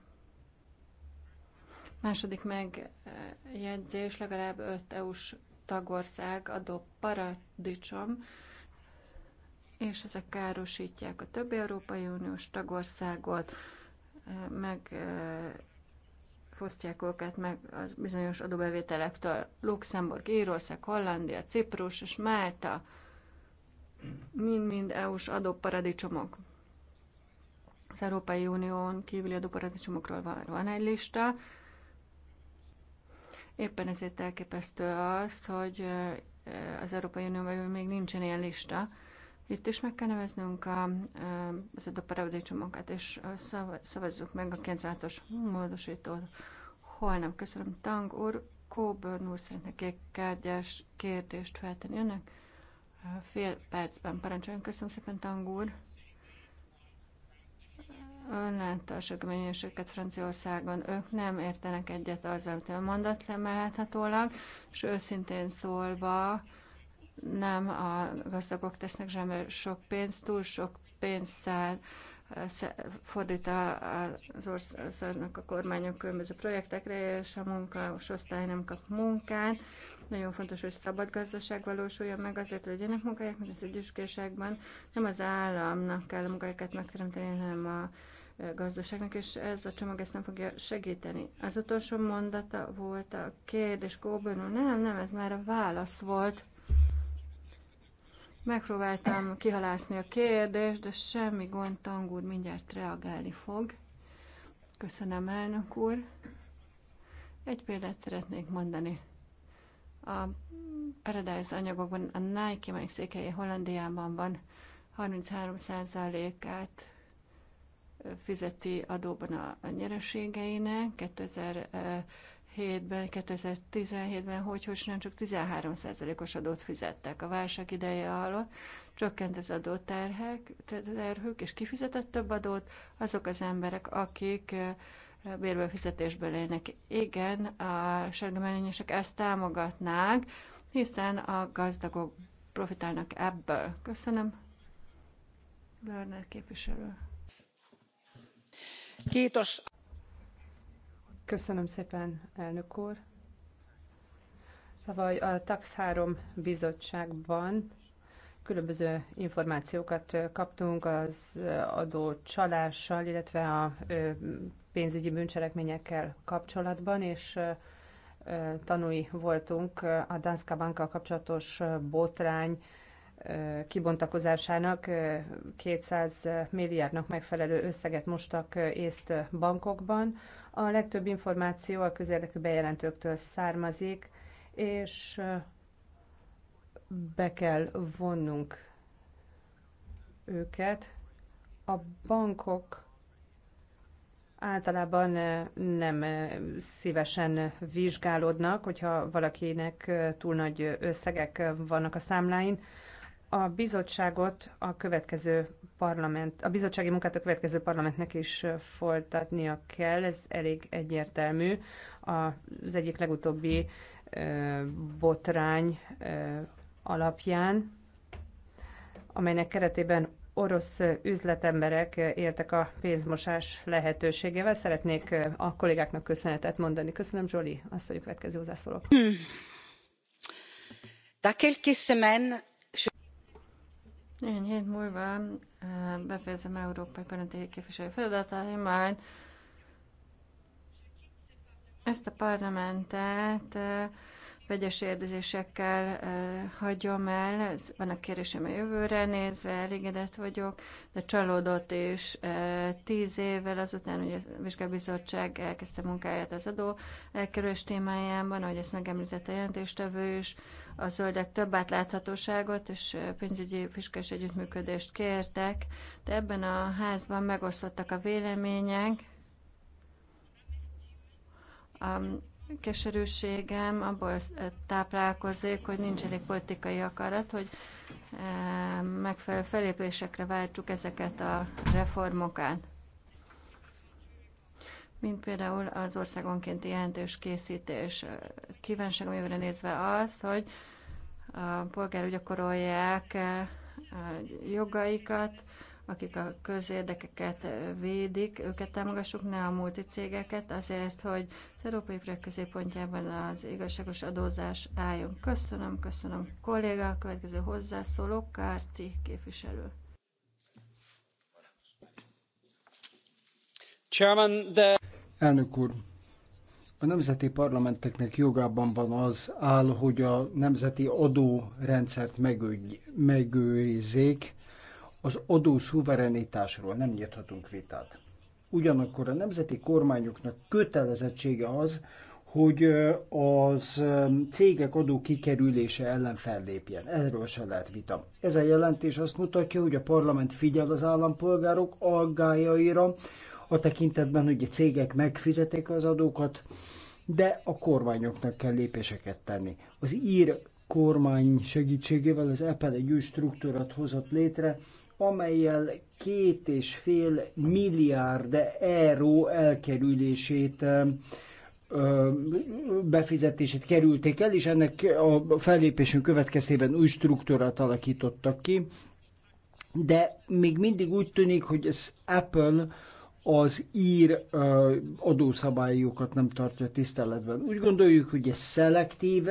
Második megjegyzés, legalább öt EU-s tagország adó paradicsom, és ezek károsítják a többi Európai Uniós tagországot, meg fosztják őket meg az bizonyos adóbevételektől. Luxemburg, Írország, Hollandia, Ciprus és Málta mind-mind EU-s adóparadicsomok. Az Európai Unión kívüli adóparadicsomokról van, van egy lista. Éppen ezért elképesztő azt, hogy az Európai Unión belül még nincsen ilyen lista. Itt is meg kell neveznünk a, az a paradicsomokat, és szavazzuk meg a 96-os módosítót. Holnap köszönöm, Tang úr. Coburn úr szeretne kékkártyás kérdést feltenni önnek. Fél percben parancsoljon. Köszönöm szépen, Tang úr. Ön látta a sökeményeseket Franciaországon. Ők nem értenek egyet azzal, amit ön mondott le, láthatólag, és őszintén szólva, nem a gazdagok tesznek zsemre sok pénzt, túl sok pénzt fordít az országnak a kormányok különböző projektekre, és a munkás osztály nem kap munkát. Nagyon fontos, hogy szabad gazdaság valósuljon meg azért, hogy legyenek munkahelyek, mert az együskésekben nem az államnak kell a munkahelyeket megteremteni, hanem a gazdaságnak, és ez a csomag ezt nem fogja segíteni. Az utolsó mondata volt a kérdés, Góbor nem, nem, ez már a válasz volt. Megpróbáltam kihalászni a kérdést, de semmi gond, Tang úr mindjárt reagálni fog. Köszönöm, elnök úr. Egy példát szeretnék mondani. A Paradise anyagokban a Nike meg székhelye Hollandiában van 33%-át fizeti adóban a nyereségeinek, 2000 2017 ben 2017-ben, hogy, hogy nem csak 13%-os adót fizettek. A válság ideje alatt csökkent az adóterhek, terhük, és kifizetett több adót azok az emberek, akik bérből fizetésből élnek. Igen, a sárgamányosok ezt támogatnák, hiszen a gazdagok profitálnak ebből. Köszönöm. Lerner képviselő. Kétos Köszönöm szépen, elnök úr. Tavaly a TAX 3 bizottságban különböző információkat kaptunk az adó csalással, illetve a pénzügyi bűncselekményekkel kapcsolatban, és tanúi voltunk a Danska Bankkal kapcsolatos botrány kibontakozásának 200 milliárdnak megfelelő összeget mostak észt bankokban. A legtöbb információ a közérdekű bejelentőktől származik, és be kell vonnunk őket. A bankok általában nem szívesen vizsgálódnak, hogyha valakinek túl nagy összegek vannak a számláin. A bizottságot a következő parlament, a bizottsági munkát a következő parlamentnek is folytatnia kell, ez elég egyértelmű. Az egyik legutóbbi botrány alapján, amelynek keretében orosz üzletemberek éltek a pénzmosás lehetőségével. Szeretnék a kollégáknak köszönetet mondani. Köszönöm, Zsoli, azt, hogy a következő hozzászólok. Hmm. Da quelques semaines, néhány hét múlva eh, befejezem Európai Parlamenti Képviselő feladatai, majd ezt a parlamentet eh, vegyes érdezésekkel hagyom el. Ez van a kérdésem a jövőre nézve, elégedett vagyok, de csalódott is. Tíz évvel azután, hogy a vizsgábizottság elkezdte munkáját az adó elkerülés témájában, ahogy ezt megemlítette a jelentéstevő is, a zöldek több átláthatóságot és pénzügyi fiskás együttműködést kértek, de ebben a házban megosztottak a vélemények keserűségem abból eh, táplálkozik, hogy nincs elég politikai akarat, hogy eh, megfelelő felépésekre váltsuk ezeket a reformokat. Mint például az országonkénti jelentős készítés. Kívánságom jövőre nézve azt, hogy a polgár gyakorolják eh, jogaikat, akik a közérdekeket védik, őket támogassuk, ne a multi cégeket, azért, hogy az európai projekt középpontjában az igazságos adózás álljon. Köszönöm, köszönöm. Kolléga, a következő hozzászóló, Kárti képviselő. Chairman, de... Elnök úr, a nemzeti parlamenteknek jogában van az áll, hogy a nemzeti adórendszert megőrizzék, az adó szuverenitásról nem nyithatunk vitát. Ugyanakkor a nemzeti kormányoknak kötelezettsége az, hogy az cégek adó kikerülése ellen fellépjen. Erről se lehet vita. Ez a jelentés azt mutatja, hogy a parlament figyel az állampolgárok aggájaira, a tekintetben, hogy a cégek megfizetik az adókat, de a kormányoknak kell lépéseket tenni. Az ír kormány segítségével az Apple egy új struktúrát hozott létre, amelyel két és fél milliárd euró elkerülését befizetését kerülték el, és ennek a fellépésünk következtében új struktúrát alakítottak ki. De még mindig úgy tűnik, hogy az Apple az ír adószabályokat nem tartja tiszteletben. Úgy gondoljuk, hogy ez szelektív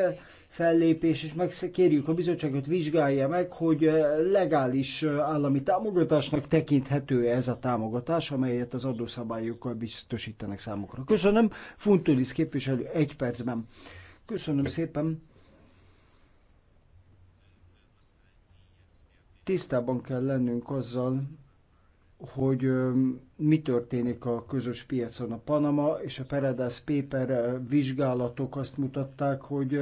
fellépés, és megkérjük a bizottságot vizsgálja meg, hogy legális állami támogatásnak tekinthető ez a támogatás, amelyet az adószabályokkal biztosítanak számukra. Köszönöm, Funtulis képviselő, egy percben. Köszönöm szépen. Tisztában kell lennünk azzal, hogy mi történik a közös piacon. A Panama és a Paradise Paper vizsgálatok azt mutatták, hogy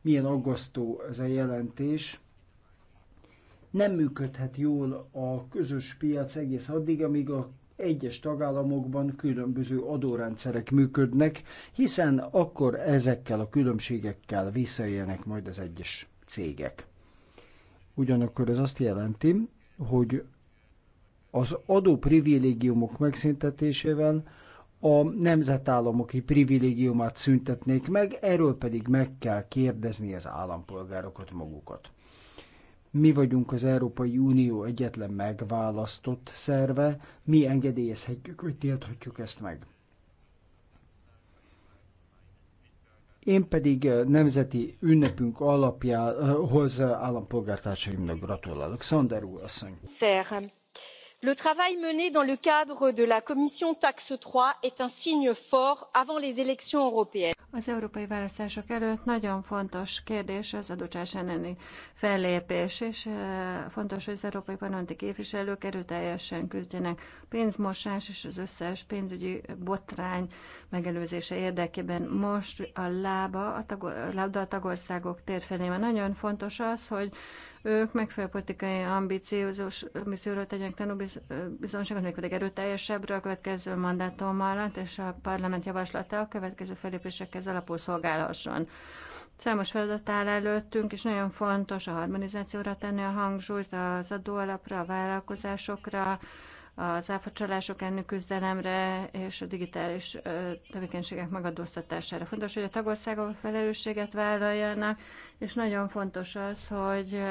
milyen aggasztó ez a jelentés. Nem működhet jól a közös piac egész addig, amíg a egyes tagállamokban különböző adórendszerek működnek, hiszen akkor ezekkel a különbségekkel visszaélnek majd az egyes cégek. Ugyanakkor ez azt jelenti, hogy az adó privilégiumok megszüntetésével a nemzetállamoki privilégiumát szüntetnék meg, erről pedig meg kell kérdezni az állampolgárokat magukat. Mi vagyunk az Európai Unió egyetlen megválasztott szerve, mi engedélyezhetjük, hogy tilthatjuk ezt meg. Én pedig eh, nemzeti ünnepünk alapjához eh, eh, állampolgártársaimnak gratulálok. Szander úr asszony. Szépen le travail mené dans le cadre de la commission taxe trois est un signe fort avant les élections européennes. az európai választások előtt nagyon fontos kérdés az adócsalás elleni fellépés és fontos hogy az európai parlamenti képviselők erőteljesen küzdjenek pénzmosás és az összes pénzügyi botrány megelőzése érdekében. most a lába a, tag, a labda a tagországok térfelé nagyon fontos az hogy ők megfelelő politikai ambíciózus, misszióról tegyenek tanúbizonságot, pedig erőteljesebbre a következő mandátum alatt, és a parlament javaslata a következő felépésekhez alapul szolgálhasson. Számos feladat áll előttünk, és nagyon fontos a harmonizációra tenni a hangsúlyt, az adóalapra, a vállalkozásokra, az áfacsalások elleni küzdelemre és a digitális tevékenységek megadóztatására. Fontos, hogy a tagországok felelősséget vállaljanak, és nagyon fontos az, hogy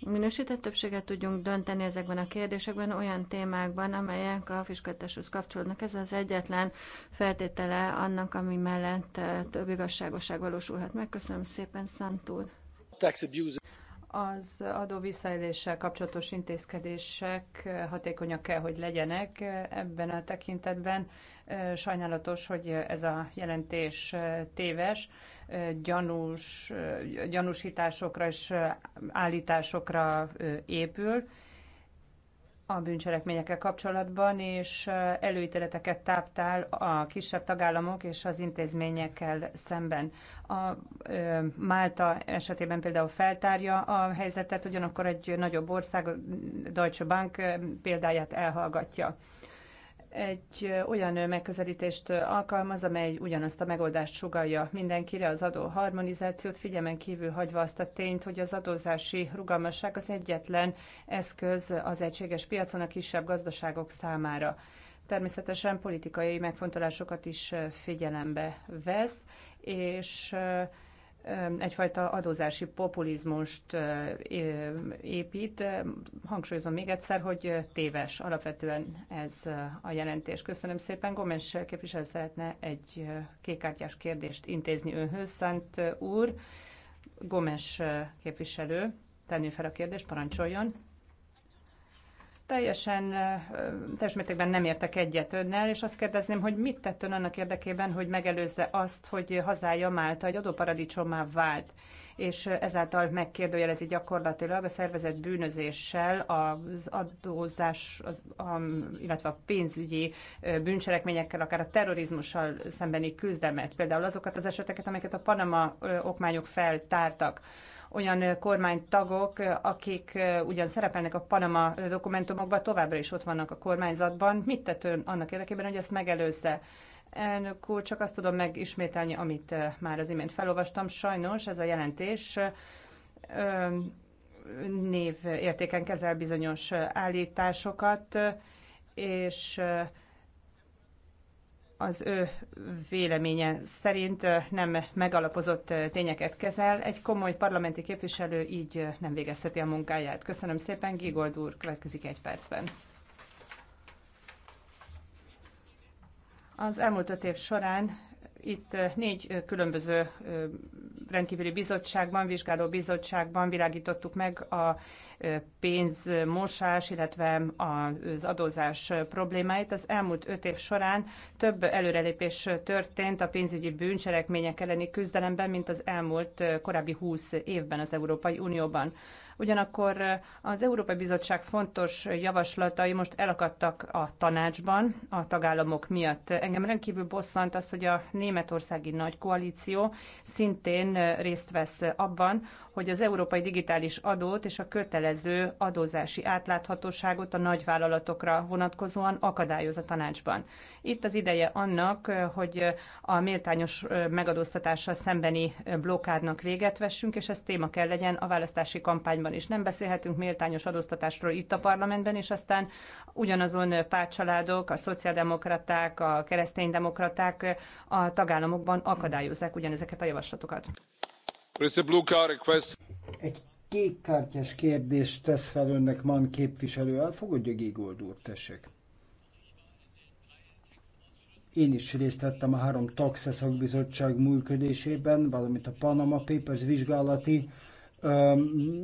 minősített többséget tudjunk dönteni ezekben a kérdésekben, olyan témákban, amelyek a fiskatáshoz kapcsolódnak. Ez az egyetlen feltétele annak, ami mellett több igazságoság valósulhat meg. Köszönöm szépen, Szantúr! Az adó visszaéléssel kapcsolatos intézkedések hatékonyak kell, hogy legyenek ebben a tekintetben. Sajnálatos, hogy ez a jelentés téves, gyanús, gyanúsításokra és állításokra épül a bűncselekményekkel kapcsolatban, és előítéleteket táptál a kisebb tagállamok és az intézményekkel szemben. A Málta esetében például feltárja a helyzetet, ugyanakkor egy nagyobb ország, Deutsche Bank példáját elhallgatja egy olyan megközelítést alkalmaz, amely ugyanazt a megoldást sugalja mindenkire, az adó harmonizációt figyelmen kívül hagyva azt a tényt, hogy az adózási rugalmasság az egyetlen eszköz az egységes piacon a kisebb gazdaságok számára. Természetesen politikai megfontolásokat is figyelembe vesz, és egyfajta adózási populizmust épít. Hangsúlyozom még egyszer, hogy téves alapvetően ez a jelentés. Köszönöm szépen. Gomes képviselő szeretne egy kékártyás kérdést intézni önhöz. Szent úr, Gomes képviselő, tenni fel a kérdést, parancsoljon teljesen teljes mértékben nem értek egyet önnel, és azt kérdezném, hogy mit tett ön annak érdekében, hogy megelőzze azt, hogy hazája Málta egy adóparadicsomá vált, és ezáltal megkérdőjelezi gyakorlatilag a szervezet bűnözéssel az adózás, az, a, illetve a pénzügyi bűncselekményekkel, akár a terrorizmussal szembeni küzdelmet, például azokat az eseteket, amelyeket a Panama okmányok feltártak olyan kormánytagok, akik ugyan szerepelnek a Panama dokumentumokban, továbbra is ott vannak a kormányzatban. Mit tett ön annak érdekében, hogy ezt megelőzze? Elnök úr, csak azt tudom megismételni, amit már az imént felolvastam. Sajnos ez a jelentés névértéken kezel bizonyos állításokat, és az ő véleménye szerint nem megalapozott tényeket kezel. Egy komoly parlamenti képviselő így nem végezheti a munkáját. Köszönöm szépen, Gigold úr, következik egy percben. Az elmúlt öt év során itt négy különböző rendkívüli bizottságban, vizsgáló bizottságban világítottuk meg a pénzmosás, illetve az adózás problémáit. Az elmúlt öt év során több előrelépés történt a pénzügyi bűncselekmények elleni küzdelemben, mint az elmúlt korábbi húsz évben az Európai Unióban. Ugyanakkor az Európai Bizottság fontos javaslatai most elakadtak a tanácsban a tagállamok miatt. Engem rendkívül bosszant az, hogy a németországi nagy koalíció szintén részt vesz abban, hogy az európai digitális adót és a kötelező adózási átláthatóságot a nagyvállalatokra vonatkozóan akadályoz a tanácsban. Itt az ideje annak, eh, hogy a méltányos eh, megadóztatással szembeni eh, blokádnak véget vessünk, és ez téma kell legyen a választási kampányban is. Nem beszélhetünk méltányos adóztatásról itt a parlamentben, és aztán ugyanazon pártcsaládok, a szociáldemokraták, a kereszténydemokraták a tagállamokban akadályozzák ugyanezeket a javaslatokat. Egy kékkártyás kérdést tesz fel önnek man képviselő. Elfogadja Gégold úr, tessék. Én is részt vettem a három taxa szakbizottság működésében, valamint a Panama Papers vizsgálati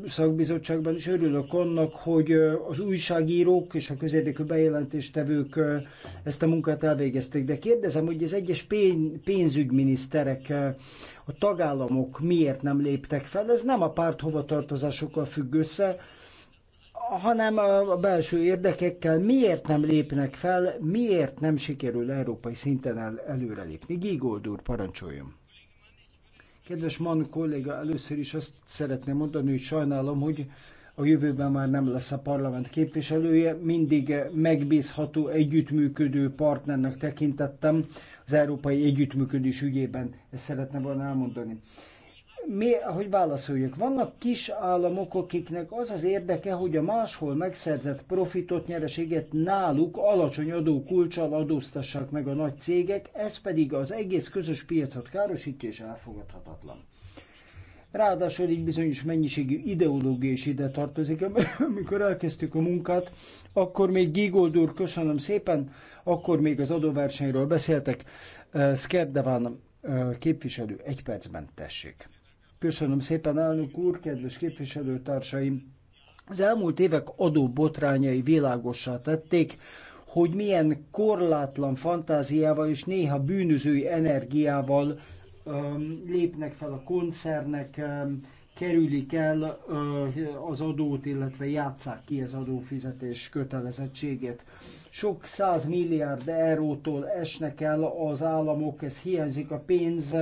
szakbizottságban, és örülök annak, hogy az újságírók és a közérdekű bejelentéstevők ezt a munkát elvégezték. De kérdezem, hogy az egyes pénzügyminiszterek, a tagállamok miért nem léptek fel? Ez nem a párt hovatartozásokkal függ össze, hanem a belső érdekekkel miért nem lépnek fel, miért nem sikerül európai szinten el, előrelépni. Gigold úr, parancsoljon! Kedves manu kolléga, először is azt szeretném mondani, hogy sajnálom, hogy a jövőben már nem lesz a parlament képviselője, mindig megbízható, együttműködő partnernek tekintettem az európai együttműködés ügyében. Ezt szeretném volna elmondani mi, hogy válaszoljuk, vannak kis államok, akiknek az az érdeke, hogy a máshol megszerzett profitot, nyereséget náluk alacsony adókulcsal adóztassák meg a nagy cégek, ez pedig az egész közös piacot károsítja és elfogadhatatlan. Ráadásul így bizonyos mennyiségű ideológia is ide tartozik. Amikor elkezdtük a munkát, akkor még Gigold úr, köszönöm szépen, akkor még az adóversenyről beszéltek. Eh, Szkerdeván eh, képviselő, egy percben tessék. Köszönöm szépen, elnök úr, kedves képviselőtársaim! Az elmúlt évek adóbotrányai világossá tették, hogy milyen korlátlan fantáziával és néha bűnözői energiával um, lépnek fel a koncernek, um, kerülik el uh, az adót, illetve játszák ki az adófizetés kötelezettségét. Sok száz milliárd eurótól esnek el az államok, ez hiányzik a pénz,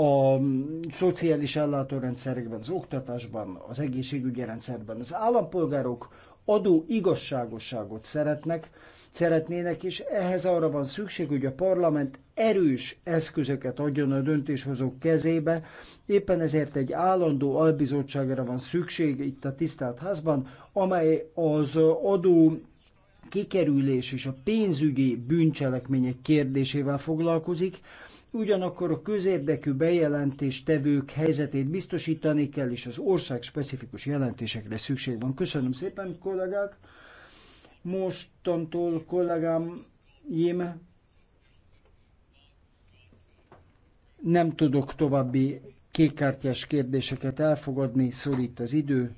a szociális ellátórendszerekben, az oktatásban, az egészségügyi rendszerben. Az állampolgárok adó igazságosságot szeretnek, szeretnének, és ehhez arra van szükség, hogy a parlament erős eszközöket adjon a döntéshozók kezébe, éppen ezért egy állandó albizottságra van szükség itt a tisztelt házban, amely az adó kikerülés és a pénzügyi bűncselekmények kérdésével foglalkozik, ugyanakkor a közérdekű tevők helyzetét biztosítani kell, és az ország specifikus jelentésekre szükség van. Köszönöm szépen, kollégák! Mostantól kollégám Jim nem tudok további kékkártyás kérdéseket elfogadni, szorít az idő,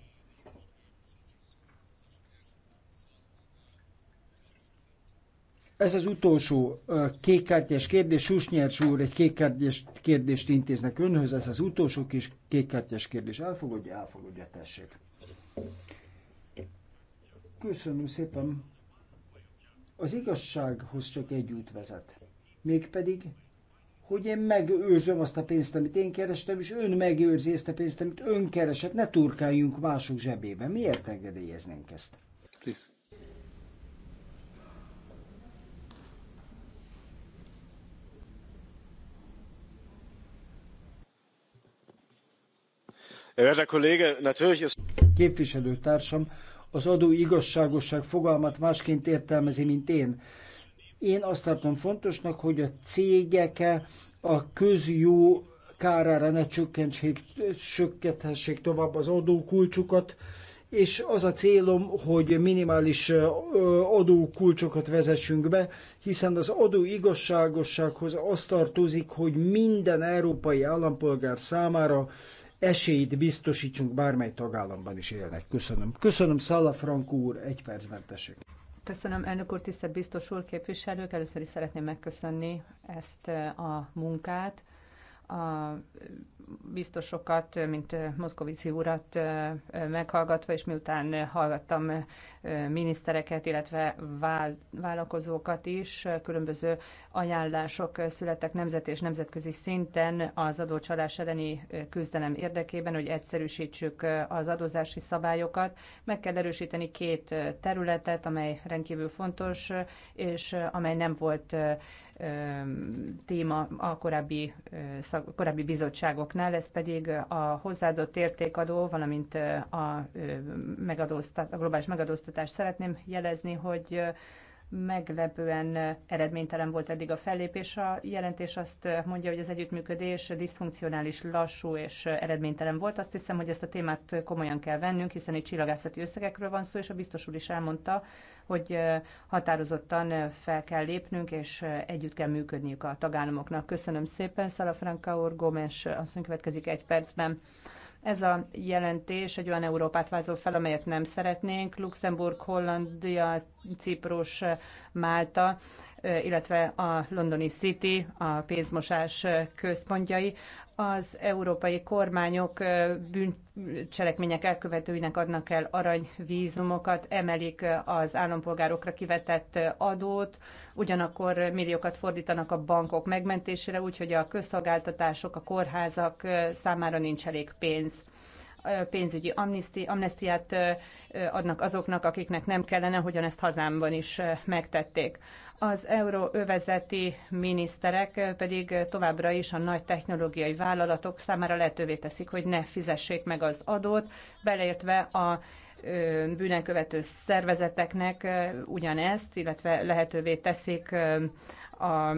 Ez az utolsó kékkártyás kérdés. Susnyers úr egy kékkártyás kérdést intéznek önhöz. Ez az utolsó kis kékkártyás kérdés. Elfogadja, elfogadja, tessék. Köszönöm szépen. Az igazsághoz csak egy út vezet. Mégpedig, hogy én megőrzöm azt a pénzt, amit én kerestem, és ön megőrzi ezt a pénzt, amit ön keresett. Ne turkáljunk mások zsebébe. Miért engedélyeznénk ezt? Please. Képviselőtársam, az adó igazságosság fogalmat másként értelmezi, mint én. Én azt tartom fontosnak, hogy a cégek a közjó kárára ne csökkenthessék tovább az adókulcsukat, és az a célom, hogy minimális adókulcsokat vezessünk be, hiszen az adó igazságossághoz az tartozik, hogy minden európai állampolgár számára esélyt biztosítsunk bármely tagállamban is élnek. Köszönöm. Köszönöm, Szala Frank úr, egy percben tessék. Köszönöm, elnök úr, tisztelt biztos úr, képviselők. Először is szeretném megköszönni ezt eh, a munkát. A biztosokat, mint Moszkovici urat meghallgatva, és miután hallgattam minisztereket, illetve vállalkozókat is, különböző ajánlások születtek nemzet és nemzetközi szinten az adócsalás elleni küzdelem érdekében, hogy egyszerűsítsük az adózási szabályokat. Meg kell erősíteni két területet, amely rendkívül fontos, és amely nem volt téma a korábbi, korábbi bizottságoknál, ez pedig a hozzáadott értékadó, valamint a, megadóztat, a globális megadóztatás. Szeretném jelezni, hogy meglepően eredménytelen volt eddig a fellépés. A jelentés azt mondja, hogy az együttműködés diszfunkcionális, lassú és eredménytelen volt. Azt hiszem, hogy ezt a témát komolyan kell vennünk, hiszen itt csillagászati összegekről van szó, és a biztos úr is elmondta, hogy határozottan fel kell lépnünk, és együtt kell működniük a tagállamoknak. Köszönöm szépen, Szalafranka úr, Gómez asszony következik egy percben. Ez a jelentés egy olyan Európát vázol fel, amelyet nem szeretnénk. Luxemburg, Hollandia, Ciprus, Málta illetve a londoni City, a pénzmosás központjai, az európai kormányok bűncselekmények elkövetőinek adnak el aranyvízumokat, emelik az állampolgárokra kivetett adót, ugyanakkor milliókat fordítanak a bankok megmentésére, úgyhogy a közszolgáltatások, a kórházak számára nincs elég pénz pénzügyi amnestiát adnak azoknak, akiknek nem kellene, hogyan ezt hazámban is megtették. Az euróövezeti miniszterek pedig továbbra is a nagy technológiai vállalatok számára lehetővé teszik, hogy ne fizessék meg az adót, beleértve a bűnelkövető szervezeteknek ugyanezt, illetve lehetővé teszik a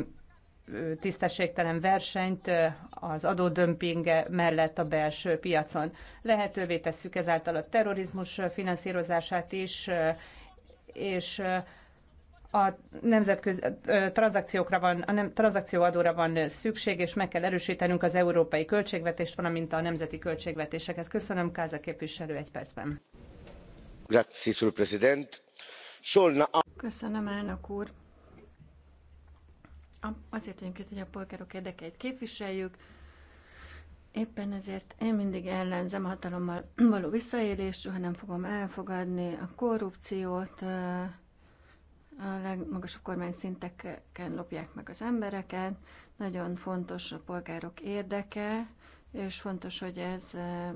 tisztességtelen versenyt az adódömpinge mellett a belső piacon. Lehetővé tesszük ezáltal a terrorizmus finanszírozását is, és a nemzetközi tranzakciókra van, a nem, tranzakcióadóra van szükség, és meg kell erősítenünk az európai költségvetést, valamint a nemzeti költségvetéseket. Köszönöm, Káza képviselő, egy percben. Grazie, Köszönöm, elnök úr azért vagyunk itt, hogy a polgárok érdekeit képviseljük, Éppen ezért én mindig ellenzem a hatalommal való visszaélést, soha nem fogom elfogadni a korrupciót, a legmagasabb kormány szinteken lopják meg az embereket. Nagyon fontos a polgárok érdeke, és fontos, hogy ez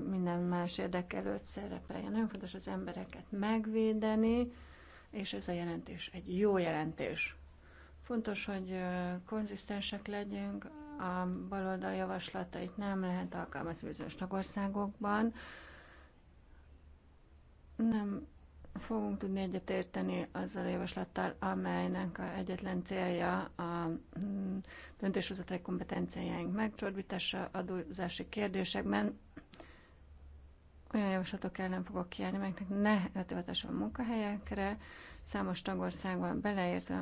minden más érdek előtt szerepeljen. Nagyon fontos az embereket megvédeni, és ez a jelentés egy jó jelentés. Fontos, hogy konzisztensek legyünk, a baloldal javaslatait nem lehet alkalmazni bizonyos tagországokban. Nem fogunk tudni egyetérteni azzal a javaslattal, amelynek a egyetlen célja a mm, döntéshozatai kompetenciáink megcsorbítása adózási kérdésekben. Olyan javaslatok ellen fogok kiállni, melyeknek ne hatása a munkahelyekre, Számos tagországban beleértve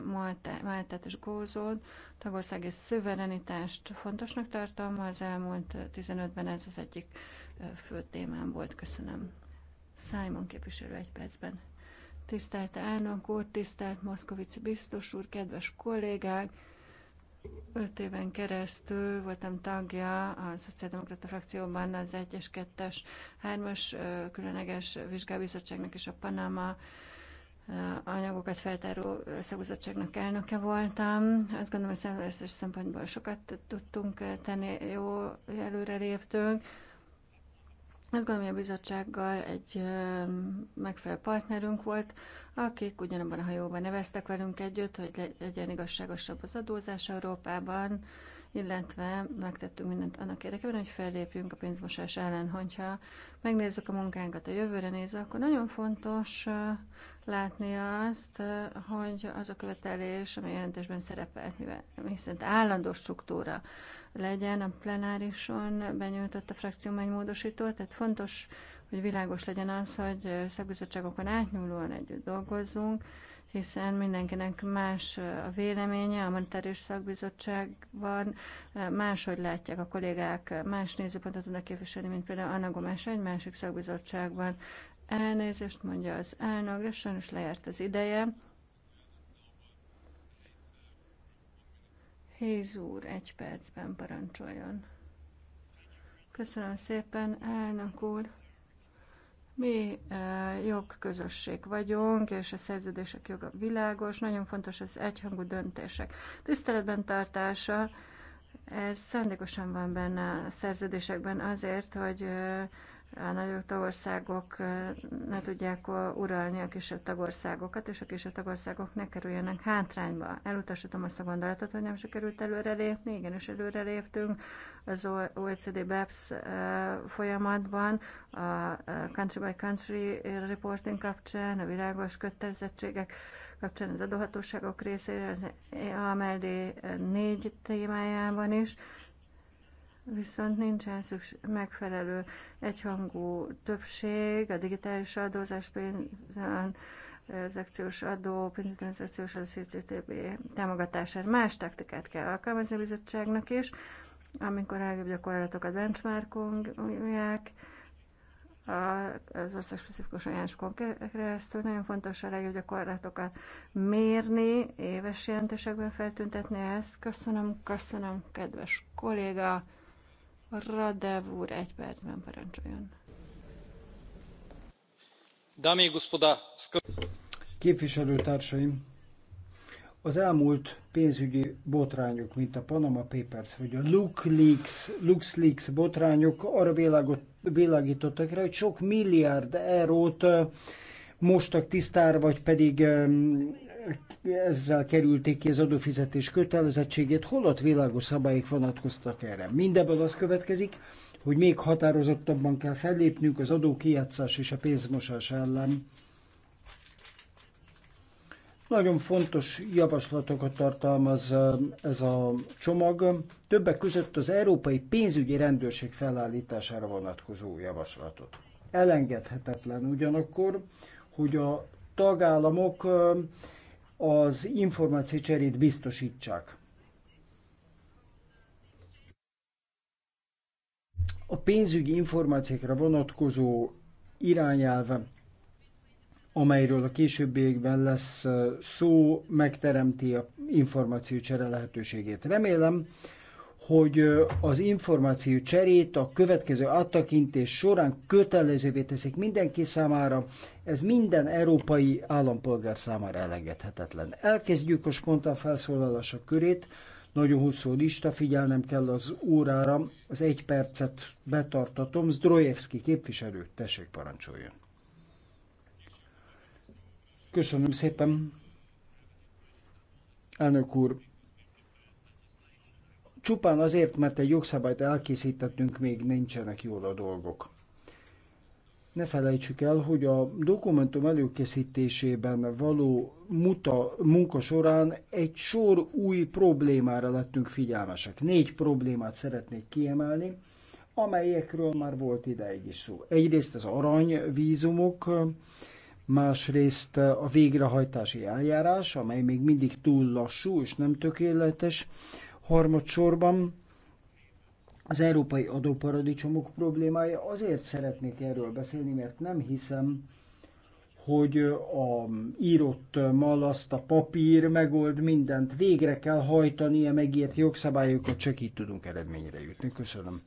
Máltát és Gózót, tagországi szuverenitást fontosnak tartom, az elmúlt 15-ben ez az egyik fő témám volt. Köszönöm. Simon képviselő egy percben. Tisztelt elnök úr, tisztelt Moszkovici biztos úr, kedves kollégák! Öt éven keresztül voltam tagja a Szociáldemokrata frakcióban az 1-es, 2-es, 3-as különleges vizsgálbizottságnak és a Panama anyagokat feltáró szakbizottságnak elnöke voltam. Azt gondolom, hogy szemléletes szempontból sokat tudtunk tenni, jó előre léptünk. Azt gondolom, hogy a bizottsággal egy megfelelő partnerünk volt, akik ugyanabban a hajóban neveztek velünk együtt, hogy legyen igazságosabb az adózás Európában, illetve megtettünk mindent annak érdekében, hogy fellépjünk a pénzmosás ellen. Hogyha megnézzük a munkánkat a jövőre nézve, akkor nagyon fontos látni azt, hogy az a követelés, ami jelentésben szerepelt, mivel hiszen állandó struktúra legyen a plenárison, benyújtott a frakció módosító, tehát fontos, hogy világos legyen az, hogy szakbizottságokon átnyúlóan együtt dolgozzunk, hiszen mindenkinek más a véleménye, a Monetáris van, máshogy látják a kollégák, más nézőpontot tudnak képviselni, mint például Anna Gomes egy másik szakbizottságban. Elnézést mondja az elnök, de sajnos lejárt az ideje. Héz úr, egy percben parancsoljon. Köszönöm szépen, elnök úr. Mi eh, jogközösség vagyunk, és a szerződések joga világos, nagyon fontos az egyhangú döntések tiszteletben tartása. Ez szándékosan van benne a szerződésekben azért, hogy eh, a nagyobb tagországok ne tudják uralni a kisebb tagországokat, és a kisebb tagországok ne kerüljenek hátrányba. Elutasítom azt a gondolatot, hogy nem sikerült előrelépni, igenis előreléptünk az OECD BEPS folyamatban, a country by country reporting kapcsán, a világos kötelezettségek kapcsán az adóhatóságok részére, az AMLD négy témájában is, viszont nincsen szükség, megfelelő egyhangú többség a digitális adózás pénzen, eh, akciós adó, pénztranzakciós adó, CCTB támogatására. Más taktikát kell alkalmazni a bizottságnak is, amikor elgőbb gyakorlatokat benchmarkolják, az ország specifikus olyan keresztül nagyon fontos a legjobb gyakorlatokat mérni, éves jelentésekben feltüntetni ezt. Köszönöm, köszönöm, kedves kolléga! Radev egy percben parancsoljon. Képviselőtársaim, az elmúlt pénzügyi botrányok, mint a Panama Papers vagy a LuxLeaks, LuxLeaks botrányok arra világítottak rá, hogy sok milliárd eurót mostak tisztára, vagy pedig ezzel kerülték ki az adófizetés kötelezettségét, holott világos szabályok vonatkoztak erre. Mindebből az következik, hogy még határozottabban kell fellépnünk az adókijátszás és a pénzmosás ellen. Nagyon fontos javaslatokat tartalmaz ez a csomag, többek között az Európai Pénzügyi Rendőrség felállítására vonatkozó javaslatot. Elengedhetetlen ugyanakkor, hogy a tagállamok az cserét biztosítsák. A pénzügyi információkra vonatkozó irányelv, amelyről a későbbiekben lesz szó, megteremti a információcsere lehetőségét. Remélem, hogy az információ cserét a következő áttakintés során kötelezővé teszik mindenki számára, ez minden európai állampolgár számára elengedhetetlen. Elkezdjük a spontán felszólalások körét, nagyon hosszú lista, figyelnem kell az órára, az egy percet betartatom. Zdrojevski képviselő, tessék parancsoljon. Köszönöm szépen. Elnök úr, Csupán azért, mert egy jogszabályt elkészítettünk, még nincsenek jól a dolgok. Ne felejtsük el, hogy a dokumentum előkészítésében való muta, munka során egy sor új problémára lettünk figyelmesek. Négy problémát szeretnék kiemelni, amelyekről már volt ideig is szó. Egyrészt az aranyvízumok, másrészt a végrehajtási eljárás, amely még mindig túl lassú és nem tökéletes, Harmadsorban az európai adóparadicsomok problémája. Azért szeretnék erről beszélni, mert nem hiszem, hogy a írott malaszt, a papír megold mindent. Végre kell hajtani a megírt jogszabályokat, csak így tudunk eredményre jutni. Köszönöm.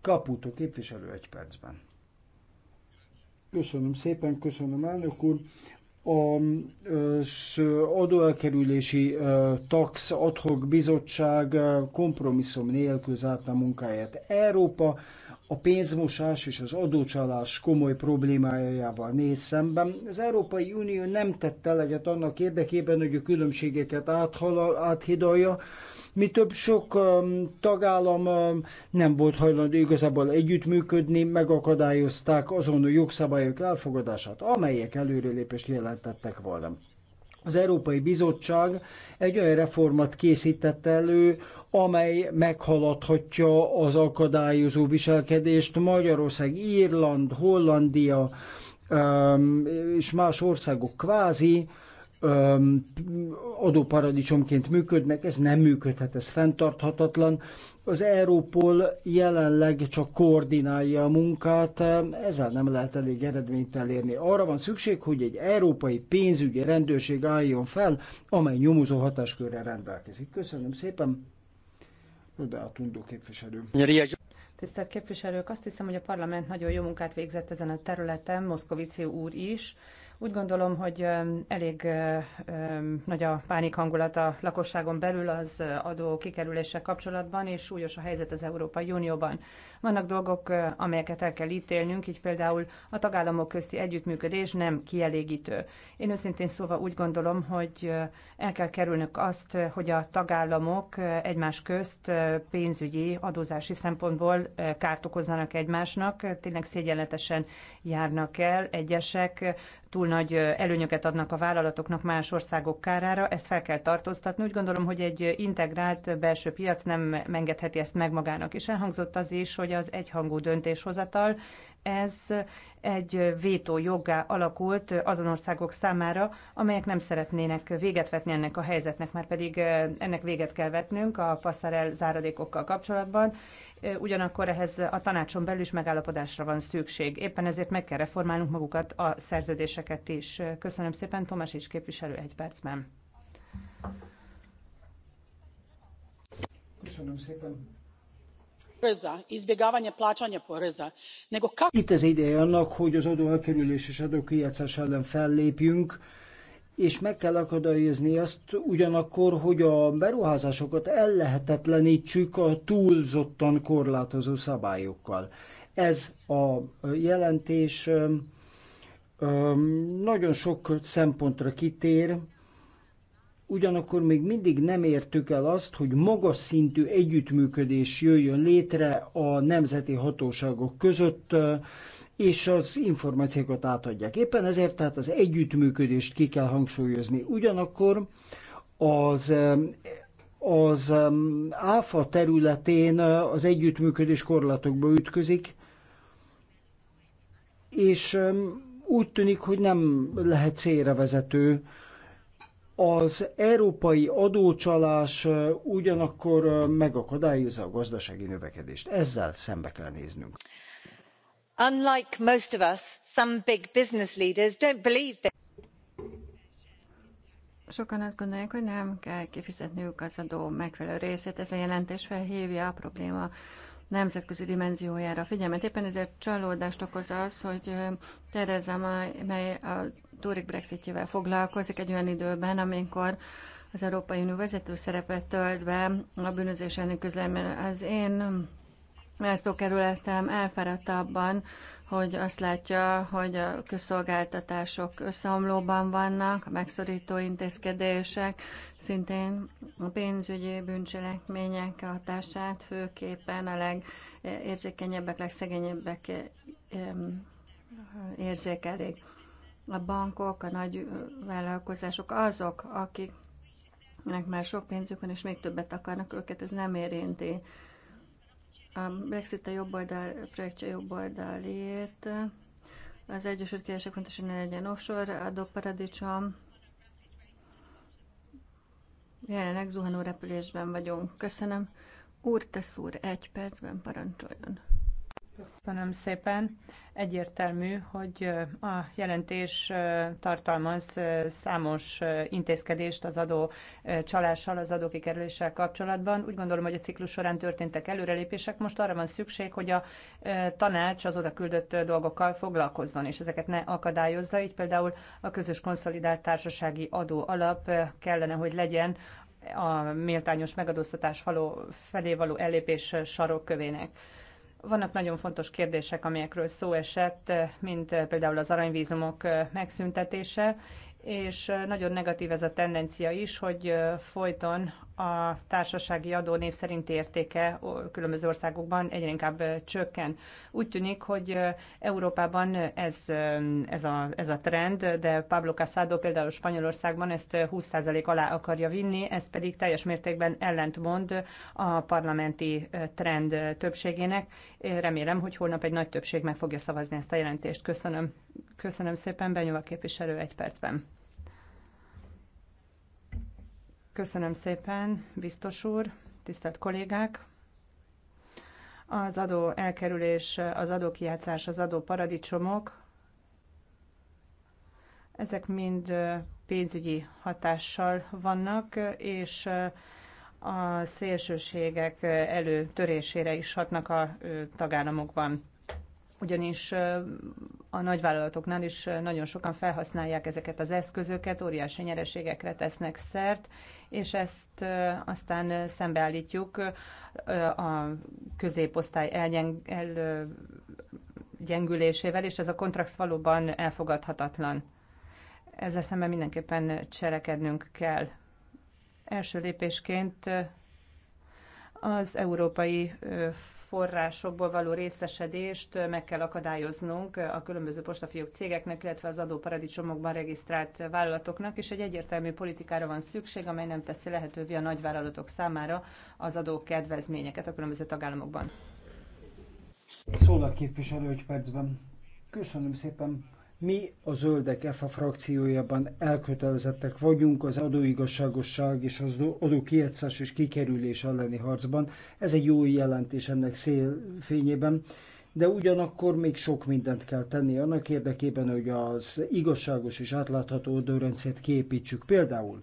Kaputó képviselő egy percben. Köszönöm szépen, köszönöm elnök úr az adóelkerülési tax adhok bizottság kompromisszum nélkül zárta munkáját. Európa a pénzmosás és az adócsalás komoly problémájával néz szemben. Az Európai Unió nem tett eleget annak érdekében, hogy a különbségeket áthidalja, mi több sok tagállam nem volt hajlandó igazából együttműködni, megakadályozták azon a jogszabályok elfogadását, amelyek előrelépést jelentettek volna. Az Európai Bizottság egy olyan reformat készített elő, amely meghaladhatja az akadályozó viselkedést Magyarország, Írland, Hollandia és más országok kvázi adóparadicsomként működnek, ez nem működhet, ez fenntarthatatlan. Az Európol jelenleg csak koordinálja a munkát, ezzel nem lehet elég eredményt elérni. Arra van szükség, hogy egy európai pénzügyi rendőrség álljon fel, amely nyomozó hatáskörre rendelkezik. Köszönöm szépen, Rodá Tundó képviselő. Tisztelt képviselők, azt hiszem, hogy a parlament nagyon jó munkát végzett ezen a területen, Moszkovici úr is úgy gondolom, hogy elég nagy a pánik hangulat a lakosságon belül az adó kikerülése kapcsolatban, és súlyos a helyzet az Európai Unióban. Vannak dolgok, amelyeket el kell ítélnünk, így például a tagállamok közti együttműködés nem kielégítő. Én őszintén szóval úgy gondolom, hogy el kell kerülnök azt, hogy a tagállamok egymás közt pénzügyi, adózási szempontból kárt okozzanak egymásnak, tényleg szégyenletesen járnak el egyesek, túl nagy előnyöket adnak a vállalatoknak más országok kárára, ezt fel kell tartóztatni. Úgy gondolom, hogy egy integrált belső piac nem engedheti ezt meg magának. És elhangzott az is, hogy vagy az egyhangú döntéshozatal, ez egy vétó joggá alakult azon országok számára, amelyek nem szeretnének véget vetni ennek a helyzetnek, már pedig eh, ennek véget kell vetnünk a passzarel záradékokkal kapcsolatban. Eh, ugyanakkor ehhez a tanácson belül is megállapodásra van szükség. Éppen ezért meg kell reformálnunk magukat a szerződéseket is. Köszönöm szépen, Tomás is képviselő egy percben. Köszönöm szépen. Itt az ideje annak, hogy az adóelkerülés és adókijátszás ellen fellépjünk, és meg kell akadályozni azt ugyanakkor, hogy a beruházásokat ellehetetlenítsük a túlzottan korlátozó szabályokkal. Ez a jelentés nagyon sok szempontra kitér, ugyanakkor még mindig nem értük el azt, hogy magas szintű együttműködés jöjjön létre a nemzeti hatóságok között, eh, és az információkat átadják. Éppen ezért tehát az együttműködést ki kell hangsúlyozni. Ugyanakkor az eh, az eh, áfa területén az együttműködés korlátokba ütközik, és úgy tűnik, hogy nem lehet célra vezető az európai adócsalás ugyanakkor megakadályozza a gazdasági növekedést. Ezzel szembe kell néznünk. Unlike most of us, some big business leaders don't believe that sokan azt gondolják, hogy nem kell kifizetniük az adó megfelelő részét. Ez a jelentés felhívja a probléma nemzetközi dimenziójára a figyelmet. Éppen ezért csalódást okoz az, hogy Tereza, mely a Turik Brexitjével foglalkozik egy olyan időben, amikor az Európai Unió vezető szerepet tölt be a bűnözés elleni küzdelemben. Az én kerületem elfáradt abban, hogy azt látja, hogy a közszolgáltatások összeomlóban vannak, a megszorító intézkedések, szintén a pénzügyi bűncselekmények hatását főképpen a legérzékenyebbek, legszegényebbek érzékelik a bankok, a nagy vállalkozások azok, akiknek már sok pénzük van, és még többet akarnak, őket ez nem érinti. A Brexit a a projektje jobboldalért. Az Egyesült Királyság fontos, hogy ne legyen offshore paradicsom. Jelenleg zuhanó repülésben vagyunk. Köszönöm. Úr, tesz úr, egy percben parancsoljon. Köszönöm szépen. Egyértelmű, hogy a jelentés tartalmaz számos intézkedést az adó csalással, az adókikerüléssel kapcsolatban. Úgy gondolom, hogy a ciklus során történtek előrelépések. Most arra van szükség, hogy a tanács az oda küldött dolgokkal foglalkozzon, és ezeket ne akadályozza. Így például a közös konszolidált társasági adó alap kellene, hogy legyen a méltányos megadóztatás felé való ellépés sarokkövének vannak nagyon fontos kérdések, amelyekről szó esett, mint eh, például az aranyvízumok eh, megszüntetése, és eh, nagyon negatív ez a tendencia is, hogy folyton a társasági adó név szerint értéke különböző országokban egyre inkább csökken. Úgy tűnik, hogy Európában ez, ez, a, ez a trend, de Pablo Casado például Spanyolországban ezt 20% alá akarja vinni, ez pedig teljes mértékben ellentmond a parlamenti trend többségének. Remélem, hogy holnap egy nagy többség meg fogja szavazni ezt a jelentést. Köszönöm. Köszönöm szépen, Benyova képviselő egy percben. Köszönöm szépen, biztos úr, tisztelt kollégák! Az adó elkerülés, az adókijátszás, az adó paradicsomok ezek mind pénzügyi hatással vannak, és a szélsőségek előtörésére is hatnak a tagállamokban. Ugyanis a nagyvállalatoknál is nagyon sokan felhasználják ezeket az eszközöket, óriási nyereségekre tesznek szert, és ezt aztán szembeállítjuk a középosztály elgyeng, elgyengülésével, és ez a kontrakt valóban elfogadhatatlan. Ezzel szemben mindenképpen cselekednünk kell. Első lépésként az európai forrásokból való részesedést meg kell akadályoznunk a különböző postafiók cégeknek, illetve az adóparadicsomokban regisztrált vállalatoknak, és egy egyértelmű politikára van szükség, amely nem teszi lehetővé a nagyvállalatok számára az kedvezményeket a különböző tagállamokban. a képviselő egy percben. Köszönöm szépen. Mi a zöldek EFA frakciójában elkötelezettek vagyunk az adóigazságosság és az adókijátszás és kikerülés elleni harcban. Ez egy jó jelentés ennek szélfényében, de ugyanakkor még sok mindent kell tenni annak érdekében, hogy az igazságos és átlátható adórendszert képítsük Például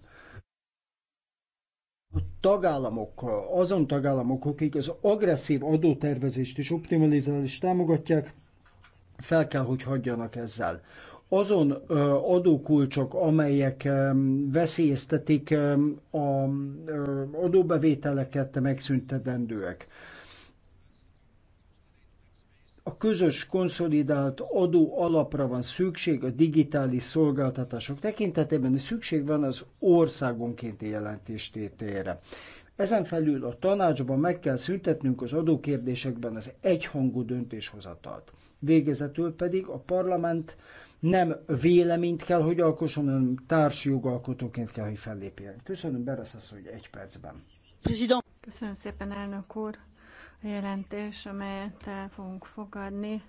a tagállamok, azon tagállamok, akik az agresszív adótervezést és optimalizálást támogatják, fel kell, hogy hagyjanak ezzel. Azon adókulcsok, amelyek veszélyeztetik az adóbevételeket, megszüntetendőek a közös konszolidált adó alapra van szükség a digitális szolgáltatások tekintetében, szükség van az országonkénti jelentéstétére. Ezen felül a tanácsban meg kell szüntetnünk az adókérdésekben az egyhangú döntéshozatalt. Végezetül pedig a parlament nem véleményt kell, hogy alkosson, hanem jogalkotóként kell, hogy fellépjen. Köszönöm, Beresz hogy egy percben. Köszönöm szépen, elnök úr. A jelentés, amelyet el fogunk fogadni,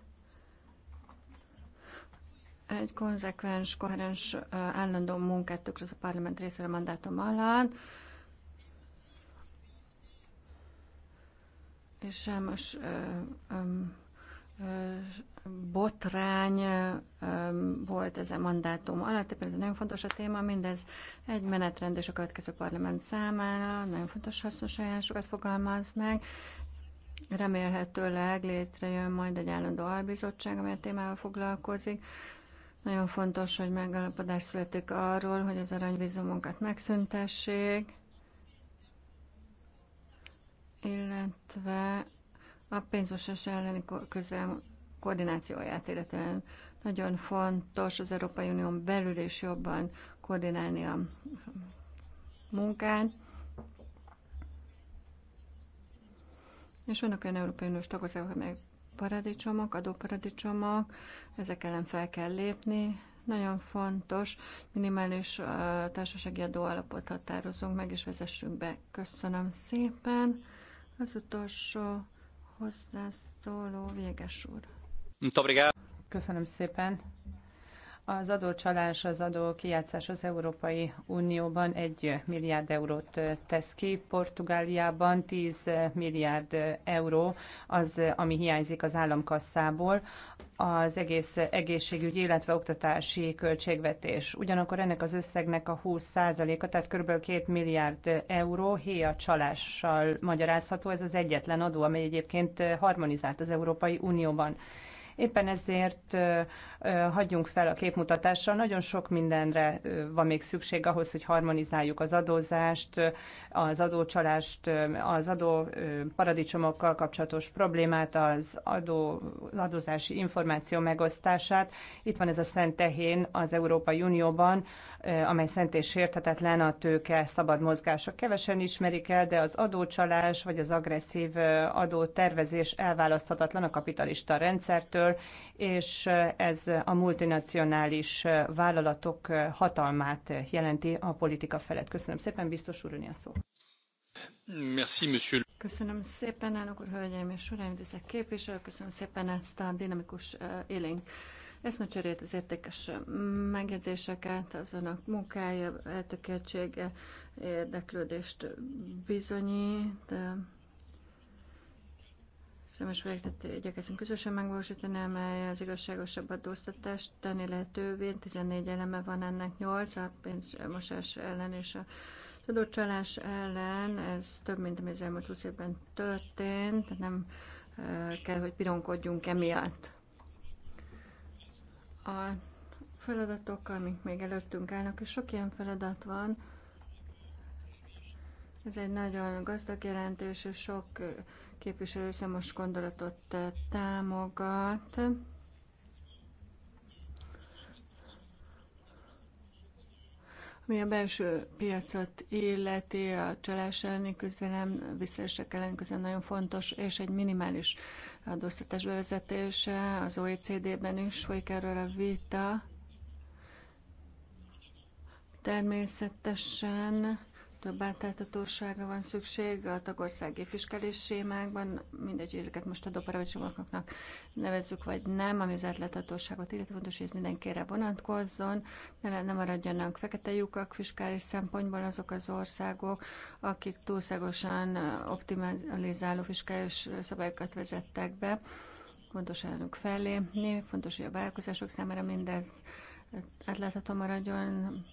egy konzekvens, koherens állandó munkát tükröz a parlament részéről a mandátum alatt és sámos botrány volt ez a mandátum alatt, éppen ez nagyon fontos a téma, mindez egy menetrend és a következő parlament számára nagyon fontos hasznos ajánlásokat fogalmaz meg. Remélhetőleg létrejön majd egy állandó albizottság, amely a témával foglalkozik. Nagyon fontos, hogy megalapodás születik arról, hogy az aranyvízumunkat megszüntessék, illetve a pénzosos elleni közel koordinációját, illetően nagyon fontos az Európai Unión belül is jobban koordinálni a munkát. És vannak olyan Európai Uniós tagországok, amelyek paradicsomok, adóparadicsomok, ezek ellen fel kell lépni. Nagyon fontos, minimális társasági adóalapot határozunk meg és vezessünk be. Köszönöm szépen! Az utolsó hozzászóló Véges úr. Köszönöm szépen. Az adócsalás, az adó kijátszás az Európai Unióban 1 milliárd eurót tesz ki, Portugáliában 10 milliárd euró az, ami hiányzik az államkasszából, az egész egészségügyi, illetve oktatási költségvetés. Ugyanakkor ennek az összegnek a 20%-a, tehát kb. 2 milliárd euró héja csalással magyarázható. Ez az egyetlen adó, amely egyébként harmonizált az Európai Unióban. Éppen ezért hagyjunk fel a képmutatással. Nagyon sok mindenre van még szükség ahhoz, hogy harmonizáljuk az adózást, az adócsalást, az adó paradicsomokkal kapcsolatos problémát, az, adó, az adózási információ megosztását. Itt van ez a szent tehén az Európai Unióban, Eh, amely szent és sérthetetlen a tőke szabad mozgása. Kevesen ismerik el, de az adócsalás vagy az agresszív eh, tervezés elválaszthatatlan a kapitalista rendszertől, és eh, ez a multinacionális vállalatok hatalmát jelenti a politika felett. Köszönöm szépen, biztos úr, a szó. Merci, monsieur. Köszönöm szépen, elnök úr, hölgyeim és uraim, tisztelt képviselő, köszönöm szépen ezt a dinamikus élénk eszmecserét, az értékes megjegyzéseket, az önök munkája, eltökéltsége, érdeklődést bizonyít. Szemes projektet igyekezünk közösen megvalósítani, amely az igazságosabb adóztatást tenni lehetővé. 14 eleme van ennek, 8 a pénzmosás ellen és a tudócsalás ellen. Ez több, mint ami az elmúlt 20 évben történt, nem eh, kell, hogy pironkodjunk emiatt a feladatokkal, amik még előttünk állnak, és sok ilyen feladat van. Ez egy nagyon gazdag jelentés, és sok képviselő számos gondolatot eh, támogat. Ami a belső piacot illeti, a csalás elleni küzdelem, visszaesek ellen küzdelem nagyon fontos, és egy minimális adóztatás bevezetése, az OECD-ben is folyik erről a vita. Természetesen több átláthatóságra van szükség a tagország fiskális sémákban, mindegy, ezeket most a doparavicsomoknak nevezzük, vagy nem, ami az átláthatóságot illetve fontos, hogy ez mindenkire vonatkozzon, ne, ne maradjanak fekete lyukak fiskális szempontból azok az országok, akik túlságosan optimalizáló fiskális szabályokat vezettek be. Fontos ellenük felé, fontos, hogy a vállalkozások számára mindez átlátható maradjon,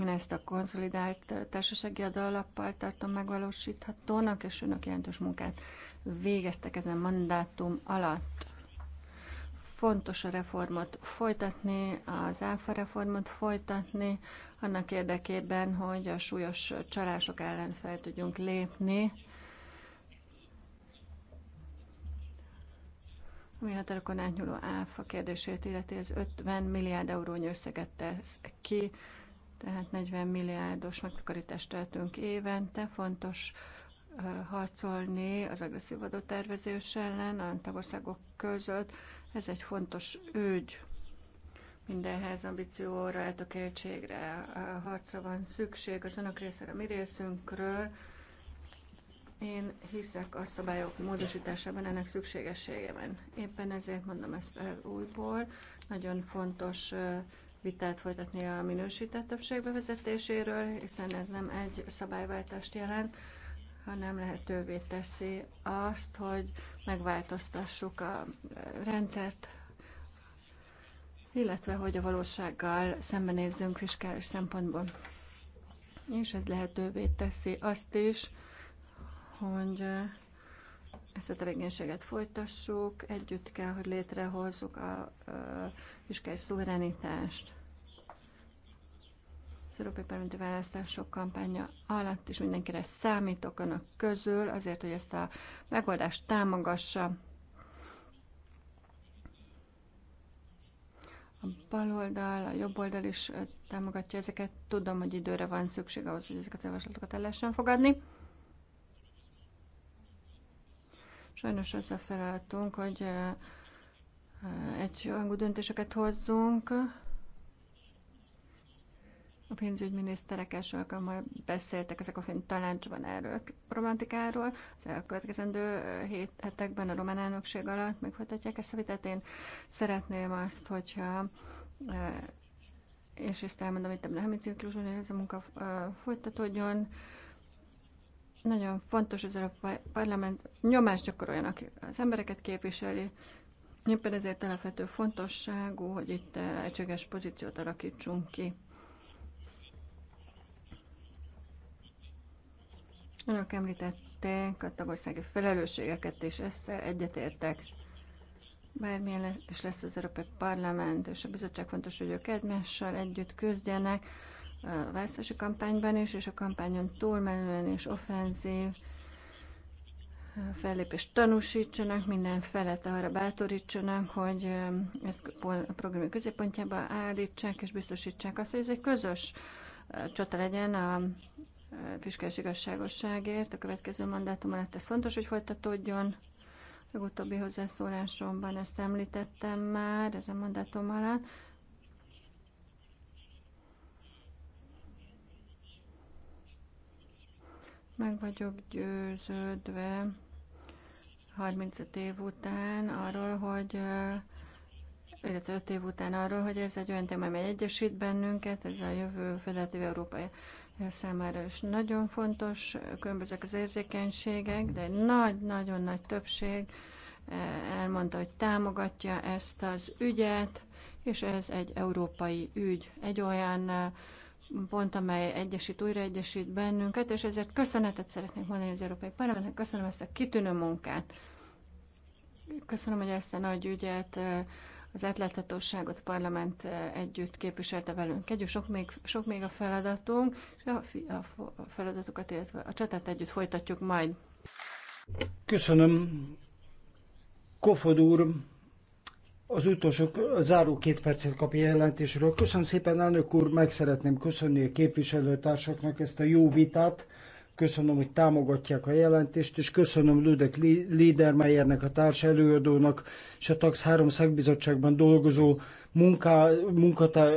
én ezt a konszolidált társasági adalappal tartom megvalósíthatónak, és önök jelentős munkát végeztek ezen mandátum alatt. Fontos a reformot folytatni, az áfa reformot folytatni, annak érdekében, hogy a súlyos csalások ellen fel tudjunk lépni. ami határokon átnyúló áfa kérdését illeti, ez 50 milliárd eurónyi összeget tesz ki tehát 40 milliárdos megtakarítást töltünk évente. Fontos harcolni az agresszív adótervezés ellen a tagországok között. Ez egy fontos ügy. Mindenhez ambícióra, eltökéltségre, harcra van szükség. Az önök részére, mi részünkről. Én hiszek a szabályok módosításában, ennek szükségességében. Éppen ezért mondom ezt el újból. Nagyon fontos vitát folytatni a minősített többség bevezetéséről, hiszen ez nem egy szabályváltást jelent, hanem lehetővé teszi azt, hogy megváltoztassuk a rendszert, illetve hogy a valósággal szembenézzünk fiskális szempontból. És ez lehetővé teszi azt is, hogy ezt a tevékenységet folytassuk, együtt kell, hogy létrehozzuk a vizsgás szuverenitást. Az Európai Parlamenti Választások kampánya alatt is mindenkire számítok önök közül, azért, hogy ezt a megoldást támogassa. a baloldal, a jobb oldal is támogatja ezeket. Tudom, hogy időre van szükség ahhoz, hogy ezeket a javaslatokat el lehessen fogadni. Sajnos az a feladatunk, hogy egy hangú döntéseket hozzunk. A pénzügyminiszterek első alkalommal beszéltek ezek a tanácsban erről a problematikáról. Az elkövetkezendő hét hetekben a román elnökség alatt megfolytatják ezt a vitát. Én szeretném azt, hogyha és ezt elmondom itt a Nehemi ciklusban, hogy ez a munka folytatódjon, nagyon fontos, az a parlament nyomást gyakoroljanak az embereket képviseli. Éppen ezért alapvető fontosságú, hogy itt eh, egységes pozíciót alakítsunk ki. Önök említették a tagországi felelősségeket, és ezzel egyetértek. Bármilyen is lesz az Európai Parlament és a bizottság fontos, hogy ők egymással együtt küzdjenek választási kampányban is, és a kampányon túlmenően és offenzív eh, fellépést tanúsítsanak, minden felet arra bátorítsanak, hogy eh, ezt a program középpontjába állítsák, és biztosítsák azt, hogy ez egy közös eh, csata legyen a fiskális igazságosságért. A következő mandátum alatt ez fontos, hogy folytatódjon. Legutóbbi hozzászólásomban ezt említettem már, ez a mandátum alatt. Meg vagyok győződve 35 év után arról, hogy illetve 5 év után arról, hogy ez egy olyan téma, amely egyesít bennünket, ez a jövő Federatív Európai számára is nagyon fontos, különbözők az érzékenységek, de egy nagy, nagyon nagy többség elmondta, hogy támogatja ezt az ügyet, és ez egy európai ügy, egy olyan pont, amely egyesít, újraegyesít bennünket, és ezért köszönetet szeretnék mondani az Európai Parlamentnek, köszönöm ezt a kitűnő munkát. Köszönöm, hogy ezt a nagy ügyet, eh, az átláthatóságot a parlament eh, együtt képviselte velünk. Együtt sok még, sok még a feladatunk, és a, a feladatokat, illetve a csatát együtt folytatjuk majd. Köszönöm. Kofod úr, az utolsó záró két percet kapja jelentésről. Köszönöm szépen, elnök úr, meg szeretném köszönni a képviselőtársaknak ezt a jó vitát. Köszönöm, hogy támogatják a jelentést, és köszönöm Ludek Liedermeyernek, a társ előadónak, és a TAX 3 szakbizottságban dolgozó munká, munkatá,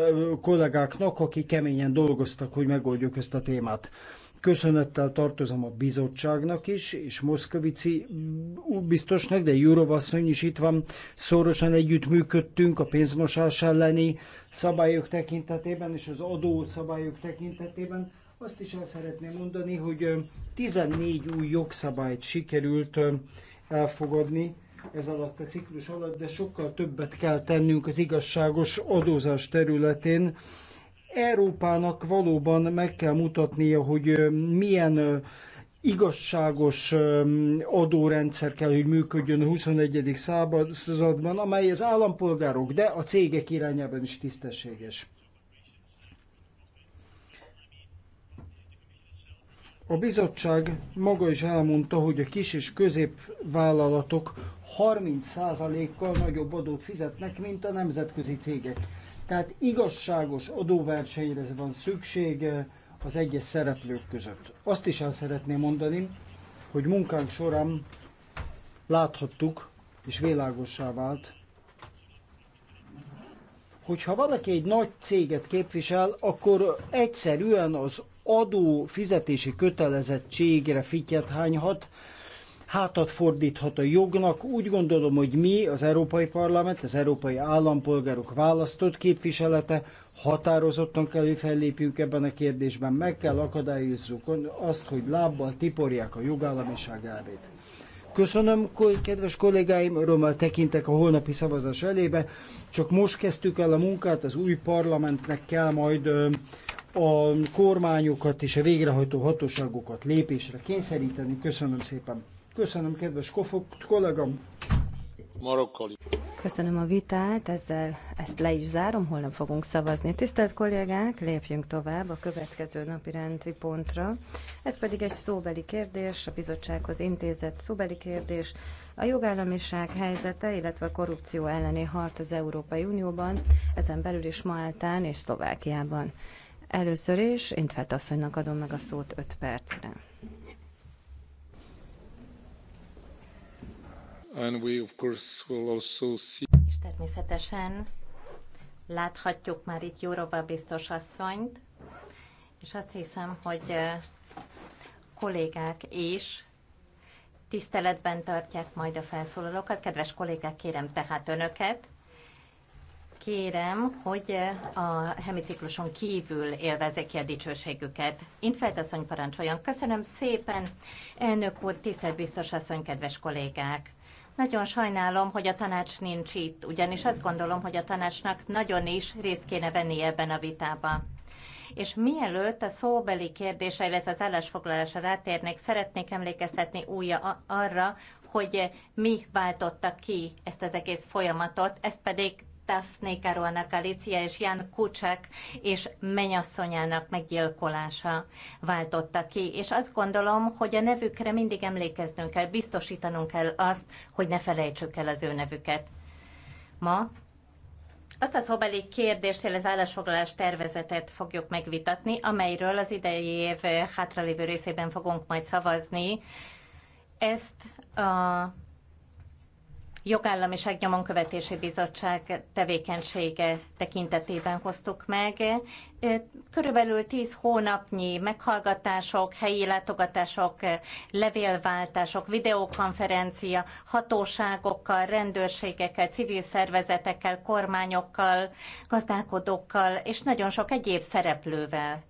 kollégáknak, akik keményen dolgoztak, hogy megoldjuk ezt a témát. Köszönettel tartozom a bizottságnak is, és Moszkvici biztosnak, de Jurov asszony is itt van. Szorosan együttműködtünk a pénzmosás elleni szabályok tekintetében és az adó szabályok tekintetében. Azt is el szeretném mondani, hogy 14 új jogszabályt sikerült elfogadni ez alatt a ciklus alatt, de sokkal többet kell tennünk az igazságos adózás területén Európának valóban meg kell mutatnia, hogy milyen igazságos adórendszer kell, hogy működjön a 21. században, amely az állampolgárok, de a cégek irányában is tisztességes. A bizottság maga is elmondta, hogy a kis és középvállalatok 30%-kal nagyobb adót fizetnek, mint a nemzetközi cégek. Tehát igazságos adóversenyre van szükség az egyes szereplők között. Azt is el szeretném mondani, hogy munkánk során láthattuk, és világossá vált, hogyha valaki egy nagy céget képvisel, akkor egyszerűen az adó fizetési kötelezettségre fityet hányhat, hátat fordíthat a jognak. Úgy gondolom, hogy mi, az Európai Parlament, az európai állampolgárok választott képviselete, határozottan kell, hogy fellépjünk ebben a kérdésben, meg kell akadályozzuk azt, hogy lábbal tiporják a jogállamiság elvét. Köszönöm, kedves kollégáim, örömmel tekintek a holnapi szavazás elébe. Csak most kezdtük el a munkát, az új parlamentnek kell majd a kormányokat és a végrehajtó hatóságokat lépésre kényszeríteni. Köszönöm szépen! Köszönöm, kedves Kofok, kollégám! Marokkali. Köszönöm a vitát, ezzel ezt le is zárom, holnap fogunk szavazni. Tisztelt kollégák, lépjünk tovább a következő napi rendi pontra. Ez pedig egy szóbeli kérdés, a bizottsághoz intézett szóbeli kérdés. A jogállamiság helyzete, illetve a korrupció elleni harc az Európai Unióban, ezen belül is Maltán és Szlovákiában. Először is Intfelt asszonynak adom meg a szót 5 percre. És természetesen láthatjuk már itt Jóroba biztos asszonyt, és azt hiszem, hogy kollégák is tiszteletben tartják majd a felszólalókat. Kedves kollégák, kérem tehát önöket, kérem, hogy a hemicikluson kívül élvezzék ki a dicsőségüket. Infelt asszony parancsoljon. Köszönöm szépen, elnök úr, tisztelt biztos asszony, kedves kollégák! Nagyon sajnálom, hogy a tanács nincs itt, ugyanis azt gondolom, hogy a tanácsnak nagyon is részt kéne venni ebben a vitában. És mielőtt a szóbeli kérdése, illetve az állásfoglalásra rátérnék, szeretnék emlékeztetni újra arra, hogy mi váltotta ki ezt az egész folyamatot, ez pedig Daphne Caruana Galizia és Jan Kucsek és menyasszonyának meggyilkolása váltotta ki. És azt gondolom, hogy a nevükre mindig emlékeznünk kell, biztosítanunk kell azt, hogy ne felejtsük el az ő nevüket. Ma azt a szobeli kérdést, illetve állásfoglalás tervezetet fogjuk megvitatni, amelyről az idei év hátralévő részében fogunk majd szavazni. Ezt a jogállamiság nyomonkövetési bizottság tevékenysége tekintetében hoztuk meg. Körülbelül 10 hónapnyi meghallgatások, helyi látogatások, levélváltások, videokonferencia, hatóságokkal, rendőrségekkel, civil szervezetekkel, kormányokkal, gazdálkodókkal és nagyon sok egyéb szereplővel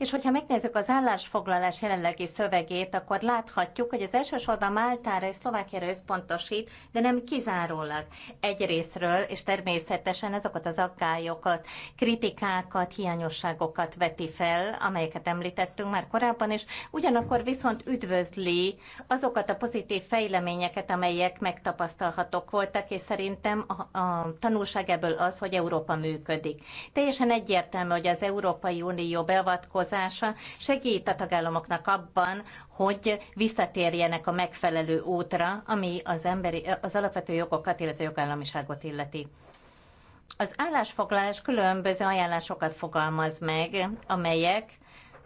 és hogyha megnézzük az állásfoglalás jelenlegi szövegét, akkor láthatjuk, hogy az elsősorban Máltára és Szlovákiára összpontosít, de nem kizárólag egyrésztről, és természetesen azokat az aggályokat, kritikákat, hiányosságokat veti fel, amelyeket említettünk már korábban is, ugyanakkor viszont üdvözli azokat a pozitív fejleményeket, amelyek megtapasztalhatók voltak, és szerintem a, a tanulság ebből az, hogy Európa működik. Teljesen egyértelmű, hogy az Európai Unió beavatkozik, változása segít a tagállamoknak abban, hogy visszatérjenek a megfelelő útra, ami az, emberi, az alapvető jogokat, illetve jogállamiságot illeti. Az állásfoglalás különböző ajánlásokat fogalmaz meg, amelyek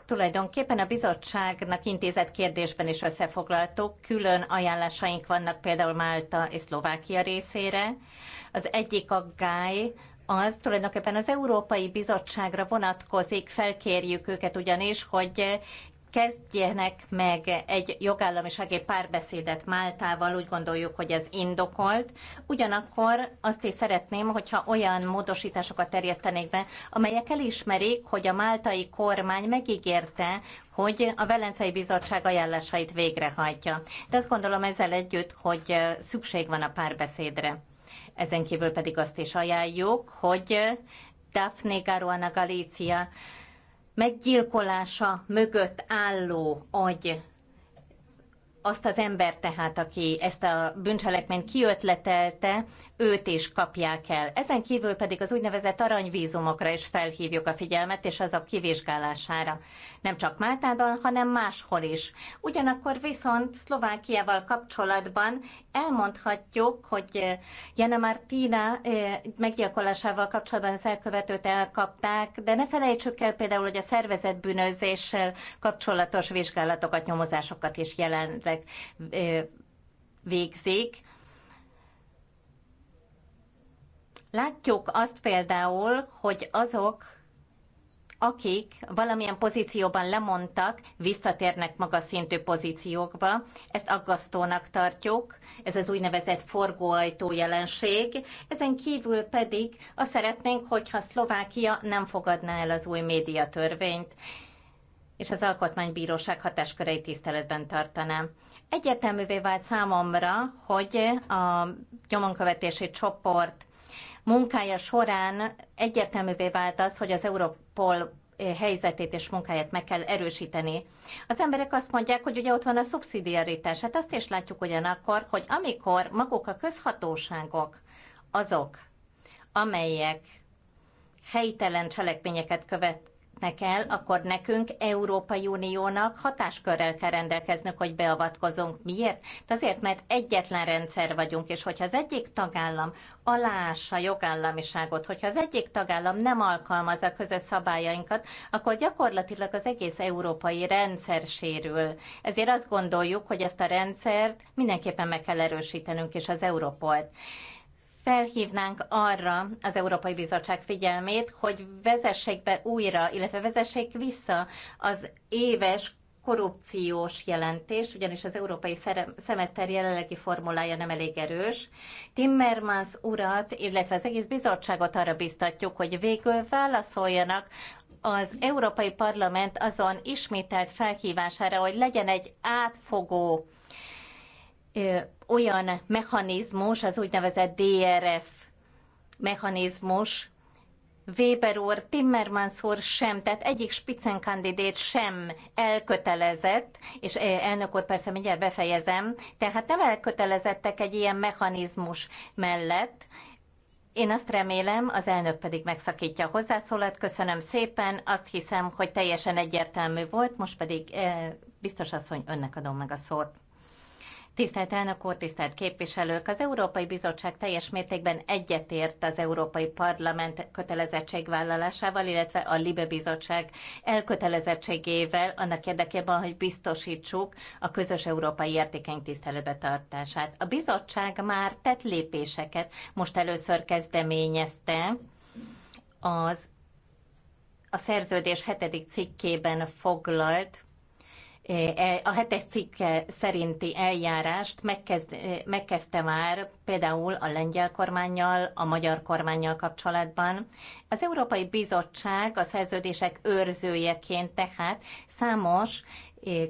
Tulajdonképpen a bizottságnak intézett kérdésben is összefoglaltuk. Külön ajánlásaink vannak például Málta és Szlovákia részére. Az egyik aggály az tulajdonképpen az Európai Bizottságra vonatkozik, felkérjük őket ugyanis, hogy kezdjenek meg egy jogállamisági párbeszédet Máltával, úgy gondoljuk, hogy ez indokolt. Ugyanakkor azt is szeretném, hogyha olyan módosításokat terjesztenék be, amelyek elismerik, hogy a máltai kormány megígérte, hogy a Velencei Bizottság ajánlásait végrehajtja. De azt gondolom ezzel együtt, hogy szükség van a párbeszédre. Ezen kívül pedig azt is ajánljuk, hogy Daphne Caruana Galícia meggyilkolása mögött álló agy azt az ember tehát, aki ezt a bűncselekményt kiötletelte, őt is kapják el. Ezen kívül pedig az úgynevezett aranyvízumokra is felhívjuk a figyelmet, és azok kivizsgálására. Nem csak Máltában, hanem máshol is. Ugyanakkor viszont Szlovákiával kapcsolatban elmondhatjuk, hogy Jana Martina meggyilkolásával kapcsolatban az elkövetőt elkapták, de ne felejtsük el például, hogy a szervezetbűnözéssel kapcsolatos vizsgálatokat, nyomozásokat is jelenleg végzik. Látjuk azt például, hogy azok, akik valamilyen pozícióban lemondtak, visszatérnek magas szintű pozíciókba. Ezt aggasztónak tartjuk, ez az úgynevezett forgóajtó jelenség. Ezen kívül pedig azt szeretnénk, hogyha Szlovákia nem fogadná el az új médiatörvényt és az Alkotmánybíróság hatáskörei tiszteletben tartaná. Egyeteművé vált számomra, hogy a nyomonkövetési csoport munkája során egyértelművé vált az, hogy az Europol eh, helyzetét és munkáját meg kell erősíteni. Az emberek azt mondják, hogy ugye ott van a szubszidiaritás. Hát azt is látjuk ugyanakkor, hogy amikor maguk a közhatóságok azok, amelyek helytelen cselekményeket követ, követnek el, akkor nekünk, Európai Uniónak hatáskörrel kell rendelkeznünk, hogy beavatkozunk. Miért? De hát azért, mert egyetlen rendszer vagyunk, és hogyha az egyik tagállam alássa jogállamiságot, hogyha az egyik tagállam nem alkalmazza közös szabályainkat, akkor gyakorlatilag az egész európai rendszer sérül. Ezért azt gondoljuk, hogy ezt a rendszert mindenképpen meg kell erősítenünk, és az Európolt felhívnánk arra az Európai Bizottság figyelmét, hogy vezessék be újra, illetve vezessék vissza az éves korrupciós jelentés, ugyanis az európai szemeszter jelenlegi formulája nem elég erős. Timmermans urat, illetve az egész bizottságot arra biztatjuk, hogy végül válaszoljanak az Európai Parlament azon ismételt felhívására, hogy legyen egy átfogó olyan mechanizmus, az úgynevezett DRF mechanizmus, Weber úr, Timmermans úr sem, tehát egyik spitzenkandidét sem elkötelezett, és eh, elnök úr persze mindjárt befejezem, tehát nem elkötelezettek egy ilyen mechanizmus mellett, én azt remélem, az elnök pedig megszakítja a hozzászólat. Köszönöm szépen, azt hiszem, hogy teljesen egyértelmű volt, most pedig eh, biztos asszony, önnek adom meg a szót. Tisztelt elnök úr, tisztelt képviselők! Az Európai Bizottság teljes mértékben egyetért az Európai Parlament kötelezettségvállalásával, illetve a Libe Bizottság elkötelezettségével annak érdekében, hogy biztosítsuk a közös európai értékeink tisztelőbe tartását. A bizottság már tett lépéseket, most először kezdeményezte az a szerződés hetedik cikkében foglalt E, e, a hetes cikke szerinti eljárást megkezd, e, megkezdte már például a lengyel kormányjal, a magyar kormányjal kapcsolatban. Az Európai Bizottság a szerződések őrzőjeként tehát számos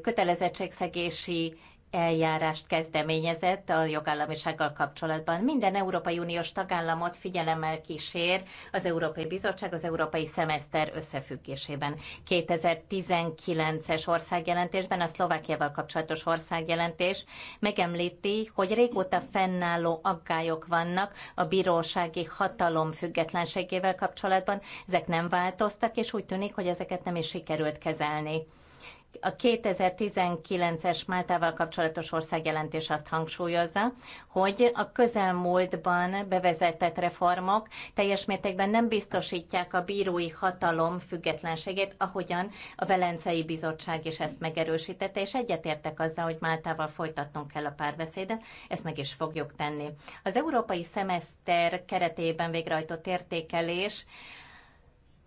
kötelezettségszegési eljárást kezdeményezett a jogállamisággal kapcsolatban. Minden Európai Uniós tagállamot figyelemmel kísér az Európai Bizottság az Európai Szemeszter összefüggésében. 2019-es országjelentésben a Szlovákiával kapcsolatos országjelentés megemlíti, hogy régóta fennálló aggályok vannak a bírósági hatalom függetlenségével kapcsolatban. Ezek nem változtak, és úgy tűnik, hogy ezeket nem is sikerült kezelni a 2019-es Máltával kapcsolatos országjelentés azt hangsúlyozza, hogy a közelmúltban bevezetett reformok teljes mértékben nem biztosítják a bírói hatalom függetlenségét, ahogyan a Velencei Bizottság is ezt megerősítette, és egyetértek azzal, hogy Máltával folytatnunk kell a párbeszédet, ezt meg is fogjuk tenni. Az európai szemeszter keretében végrehajtott értékelés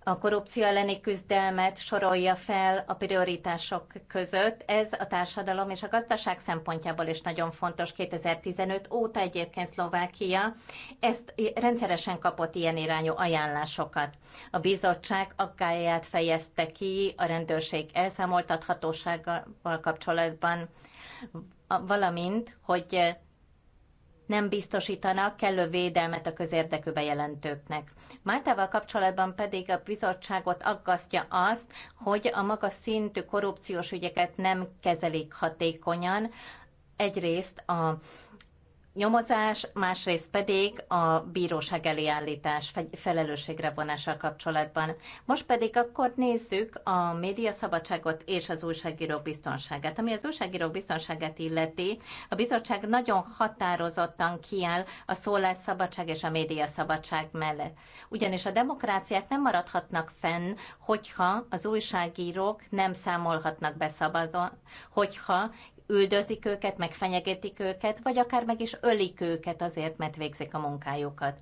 a korrupció elleni küzdelmet sorolja fel a prioritások között. Ez a társadalom és a gazdaság szempontjából is nagyon fontos. 2015 óta egyébként Szlovákia ezt rendszeresen kapott ilyen irányú ajánlásokat. A bizottság aggáját fejezte ki a rendőrség elszámoltathatósággal kapcsolatban, valamint, hogy nem biztosítanak kellő védelmet a közérdekű bejelentőknek. Máltával kapcsolatban pedig a bizottságot aggasztja azt, hogy a magas szintű korrupciós ügyeket nem kezelik hatékonyan, egyrészt a nyomozás, másrészt pedig a bíróság elé állítás felelősségre vonása kapcsolatban. Most pedig akkor nézzük a médiaszabadságot és az újságíró biztonságát. Ami az újságíró biztonságát illeti, a bizottság nagyon határozottan kiáll a szólásszabadság és a médiaszabadság mellett. Ugyanis a demokráciák nem maradhatnak fenn, hogyha az újságírók nem számolhatnak be szabadon, hogyha üldözik őket, megfenyegetik őket, vagy akár meg is ölik őket azért, mert végzik a munkájukat.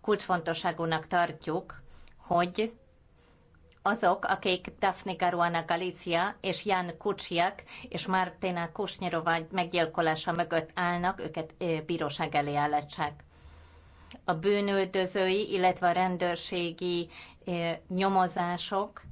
Kulcsfontosságúnak tartjuk, hogy azok, akik Daphne Garuana Galicia és Jan Kucsiak és Martina Kusnyirova meggyilkolása mögött állnak, őket bíróság elé állítsák. A bűnöldözői, illetve a rendőrségi nyomozások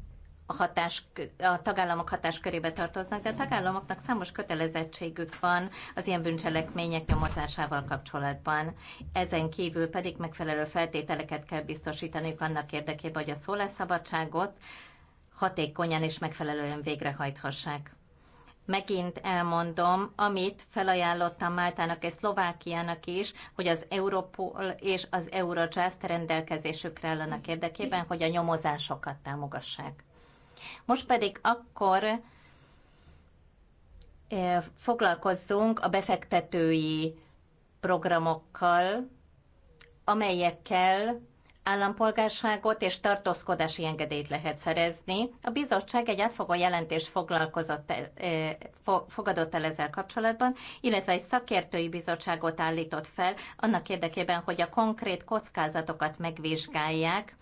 a, hatás, a tagállamok hatáskörébe tartoznak, de a tagállamoknak számos kötelezettségük van az ilyen bűncselekmények nyomozásával kapcsolatban. Ezen kívül pedig megfelelő feltételeket kell biztosítaniuk annak érdekében, hogy a szólásszabadságot hatékonyan és megfelelően végrehajthassák. Megint elmondom, amit felajánlottam Máltának és Szlovákiának is, hogy az Europol és az Eurojust rendelkezésükre állnak érdekében, hogy a nyomozásokat támogassák. Most pedig akkor foglalkozzunk a befektetői programokkal, amelyekkel állampolgárságot és tartózkodási engedélyt lehet szerezni. A bizottság egy átfogó jelentést foglalkozott, e, fogadott el ezzel kapcsolatban, illetve egy szakértői bizottságot állított fel annak érdekében, hogy a konkrét kockázatokat megvizsgálják,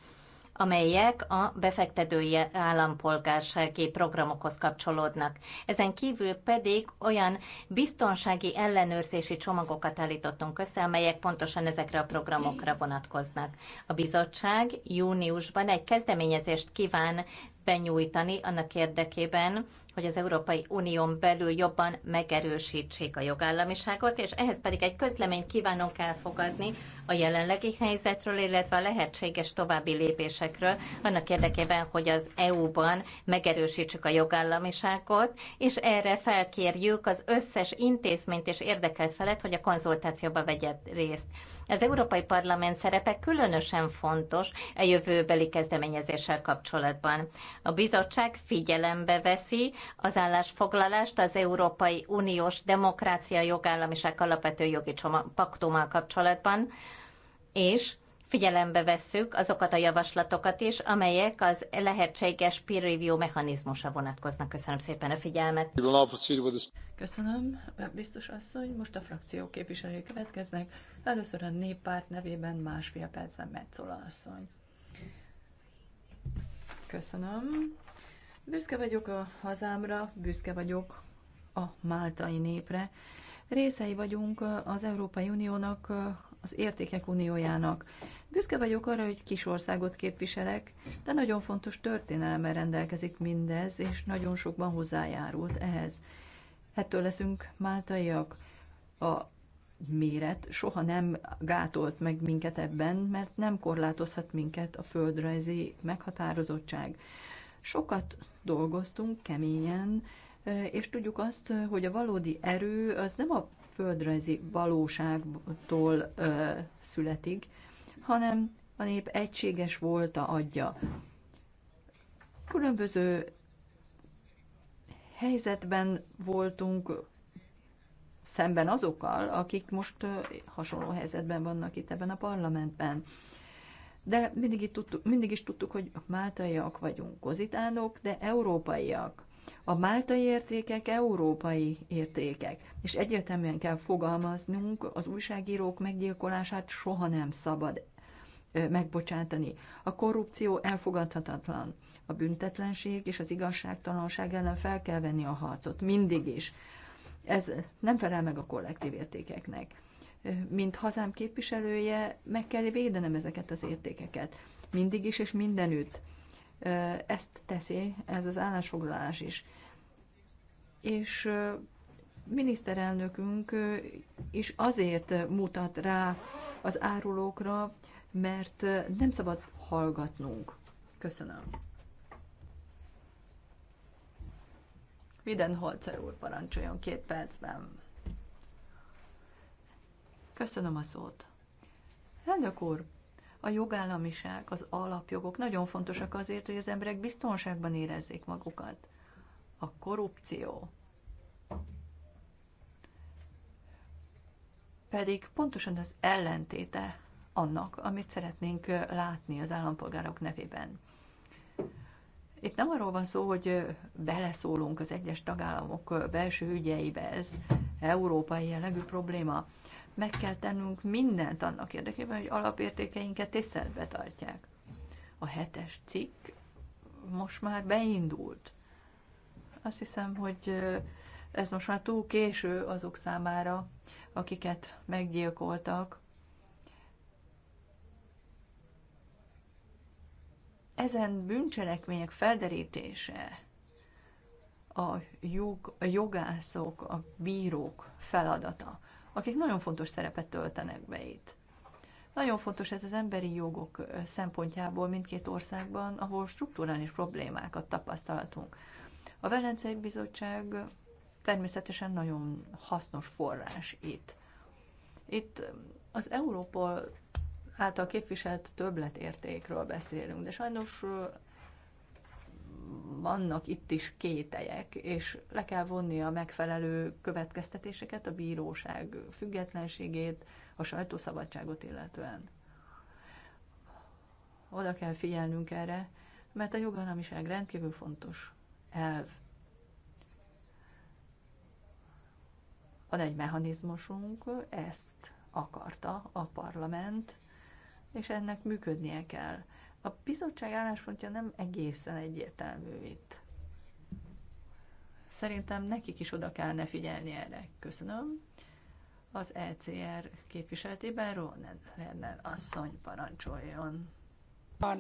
amelyek a befektetői állampolgársági programokhoz kapcsolódnak. Ezen kívül pedig olyan biztonsági ellenőrzési csomagokat állítottunk össze, amelyek pontosan ezekre a programokra vonatkoznak. A bizottság júniusban egy kezdeményezést kíván benyújtani annak érdekében, hogy az Európai Unión belül jobban megerősítsék a jogállamiságot, és ehhez pedig egy közleményt kívánunk elfogadni a jelenlegi helyzetről, illetve a lehetséges további lépésekről, annak érdekében, hogy az EU-ban megerősítsük a jogállamiságot, és erre felkérjük az összes intézményt és érdekelt felet, hogy a konzultációba vegyet részt. Az Európai Parlament szerepe különösen fontos a jövőbeli kezdeményezéssel kapcsolatban. A bizottság figyelembe veszi az állásfoglalást az Európai Uniós Demokrácia, Jogállamiság Alapvető Jogi Paktummal kapcsolatban, és figyelembe vesszük azokat a javaslatokat is, amelyek az lehetséges peer review mechanizmusa vonatkoznak. Köszönöm szépen a figyelmet. Köszönöm, biztos asszony. Most a frakció képviselői következnek. Először a néppárt nevében másfél percben Metzola asszony. Köszönöm. Büszke vagyok a hazámra, büszke vagyok a máltai népre. Részei vagyunk az Európai Uniónak, az Értékek Uniójának. Büszke vagyok arra, hogy kis országot képviselek, de nagyon fontos történelemmel rendelkezik mindez, és nagyon sokban hozzájárult ehhez. Ettől leszünk máltaiak. A méret soha nem gátolt meg minket ebben, mert nem korlátozhat minket a földrajzi meghatározottság. Sokat dolgoztunk keményen, és tudjuk azt, hogy a valódi erő az nem a földrajzi valóságtól születik, hanem a nép egységes volta adja. Különböző helyzetben voltunk szemben azokkal, akik most hasonló helyzetben vannak itt ebben a parlamentben de mindig, itt tudtuk, mindig is tudtuk, hogy máltaiak vagyunk, kozitánok, de európaiak. A máltai értékek európai értékek, és egyértelműen kell fogalmaznunk, az újságírók meggyilkolását soha nem szabad megbocsátani. A korrupció elfogadhatatlan. A büntetlenség és az igazságtalanság ellen fel kell venni a harcot, mindig is. Ez nem felel meg a kollektív értékeknek mint hazám képviselője meg kell védenem ezeket az értékeket. Mindig is és mindenütt. Ezt teszi ez az állásfoglalás is. És miniszterelnökünk is azért mutat rá az árulókra, mert nem szabad hallgatnunk. Köszönöm. Viden Holzer úr parancsoljon két percben. Köszönöm a szót. Elnök úr, a jogállamiság, az alapjogok nagyon fontosak azért, hogy az emberek biztonságban érezzék magukat. A korrupció pedig pontosan az ellentéte annak, amit szeretnénk látni az állampolgárok nevében. Itt nem arról van szó, hogy beleszólunk az egyes tagállamok belső ügyeibe, ez európai jellegű probléma meg kell tennünk mindent annak érdekében, hogy alapértékeinket tiszteletbe tartják. A hetes cikk most már beindult. Azt hiszem, hogy ez most már túl késő azok számára, akiket meggyilkoltak. Ezen bűncselekmények felderítése a, jog, a jogászok, a bírók feladata akik nagyon fontos szerepet töltenek be itt. Nagyon fontos ez az emberi jogok szempontjából mindkét országban, ahol strukturális problémákat tapasztalatunk. A Velencei Bizottság természetesen nagyon hasznos forrás itt. Itt az Európol által képviselt többletértékről beszélünk, de sajnos vannak itt is kételyek, és le kell vonni a megfelelő következtetéseket, a bíróság függetlenségét, a sajtószabadságot illetően. Oda kell figyelnünk erre, mert a jogállamiság rendkívül fontos elv. Van egy mechanizmusunk, ezt akarta a parlament, és ennek működnie kell. A bizottság álláspontja nem egészen egyértelmű itt. Szerintem nekik is oda kellene figyelni erre. Köszönöm. Az ECR képviseletében Ronen Lennel asszony parancsoljon.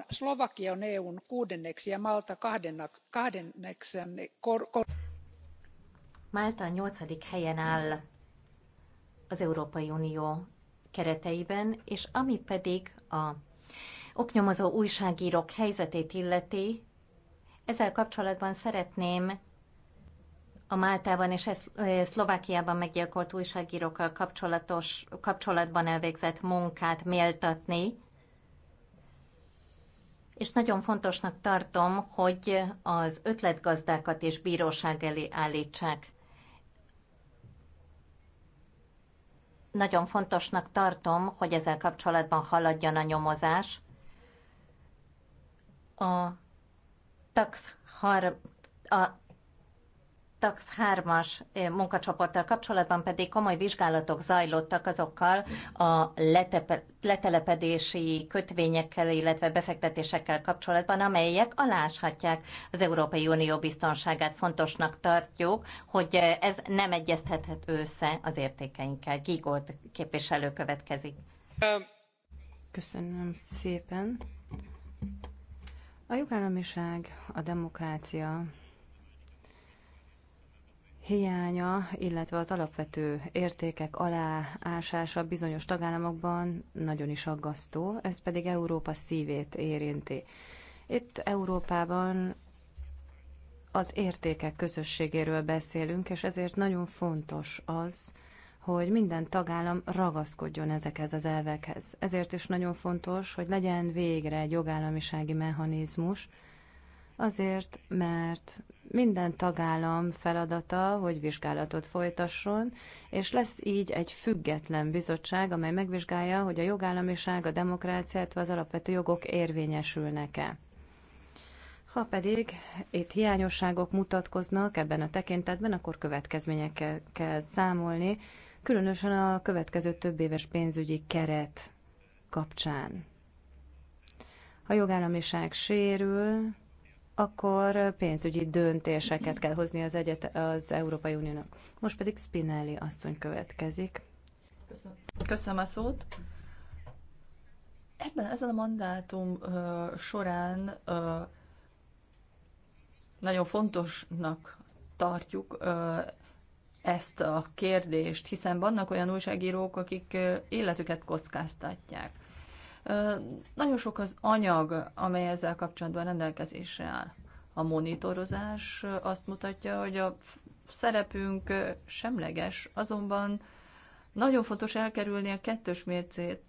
Szlovakia on EU-n kuudenneksi ja Malta kahdenneksen kor, kor... Málta a nyolcadik helyen áll az Európai Unió kereteiben, és ami pedig a oknyomozó újságírók helyzetét illeti, ezzel kapcsolatban szeretném a Máltában és Szlovákiában meggyilkolt újságírókkal kapcsolatos, kapcsolatban elvégzett munkát méltatni, és nagyon fontosnak tartom, hogy az ötletgazdákat és bíróság elé állítsák. Nagyon fontosnak tartom, hogy ezzel kapcsolatban haladjon a nyomozás, a TAX, har- a TAX 3-as eh, munkacsoporttal kapcsolatban pedig komoly vizsgálatok zajlottak azokkal a letepe- letelepedési kötvényekkel, illetve befektetésekkel kapcsolatban, amelyek aláshatják az Európai Unió biztonságát. Fontosnak tartjuk, hogy ez nem egyeztethet össze az értékeinkkel. Gigold képviselő következik. Köszönöm szépen. A jogállamiság, a demokrácia hiánya, illetve az alapvető értékek aláásása bizonyos tagállamokban nagyon is aggasztó, ez pedig Európa szívét érinti. Itt Európában az értékek közösségéről beszélünk, és ezért nagyon fontos az, hogy minden tagállam ragaszkodjon ezekhez az elvekhez. Ezért is nagyon fontos, hogy legyen végre egy jogállamisági mechanizmus, azért, mert minden tagállam feladata, hogy vizsgálatot folytasson, és lesz így egy független bizottság, amely megvizsgálja, hogy a jogállamiság, a demokrácia, illetve az alapvető jogok érvényesülnek-e. Ha pedig itt hiányosságok mutatkoznak ebben a tekintetben, akkor következményekkel kell számolni, különösen a következő több éves pénzügyi keret kapcsán. Ha jogállamiság sérül, akkor pénzügyi döntéseket kell hozni az, egyet, az Európai Uniónak. Most pedig Spinelli asszony következik. Köszönöm, Köszönöm a szót. Ebben, ezen a mandátum uh, során uh, nagyon fontosnak tartjuk uh, ezt a kérdést, hiszen vannak olyan újságírók, akik életüket kockáztatják. Nagyon sok az anyag, amely ezzel kapcsolatban rendelkezésre áll. A monitorozás azt mutatja, hogy a szerepünk semleges, azonban nagyon fontos elkerülni a kettős mércét.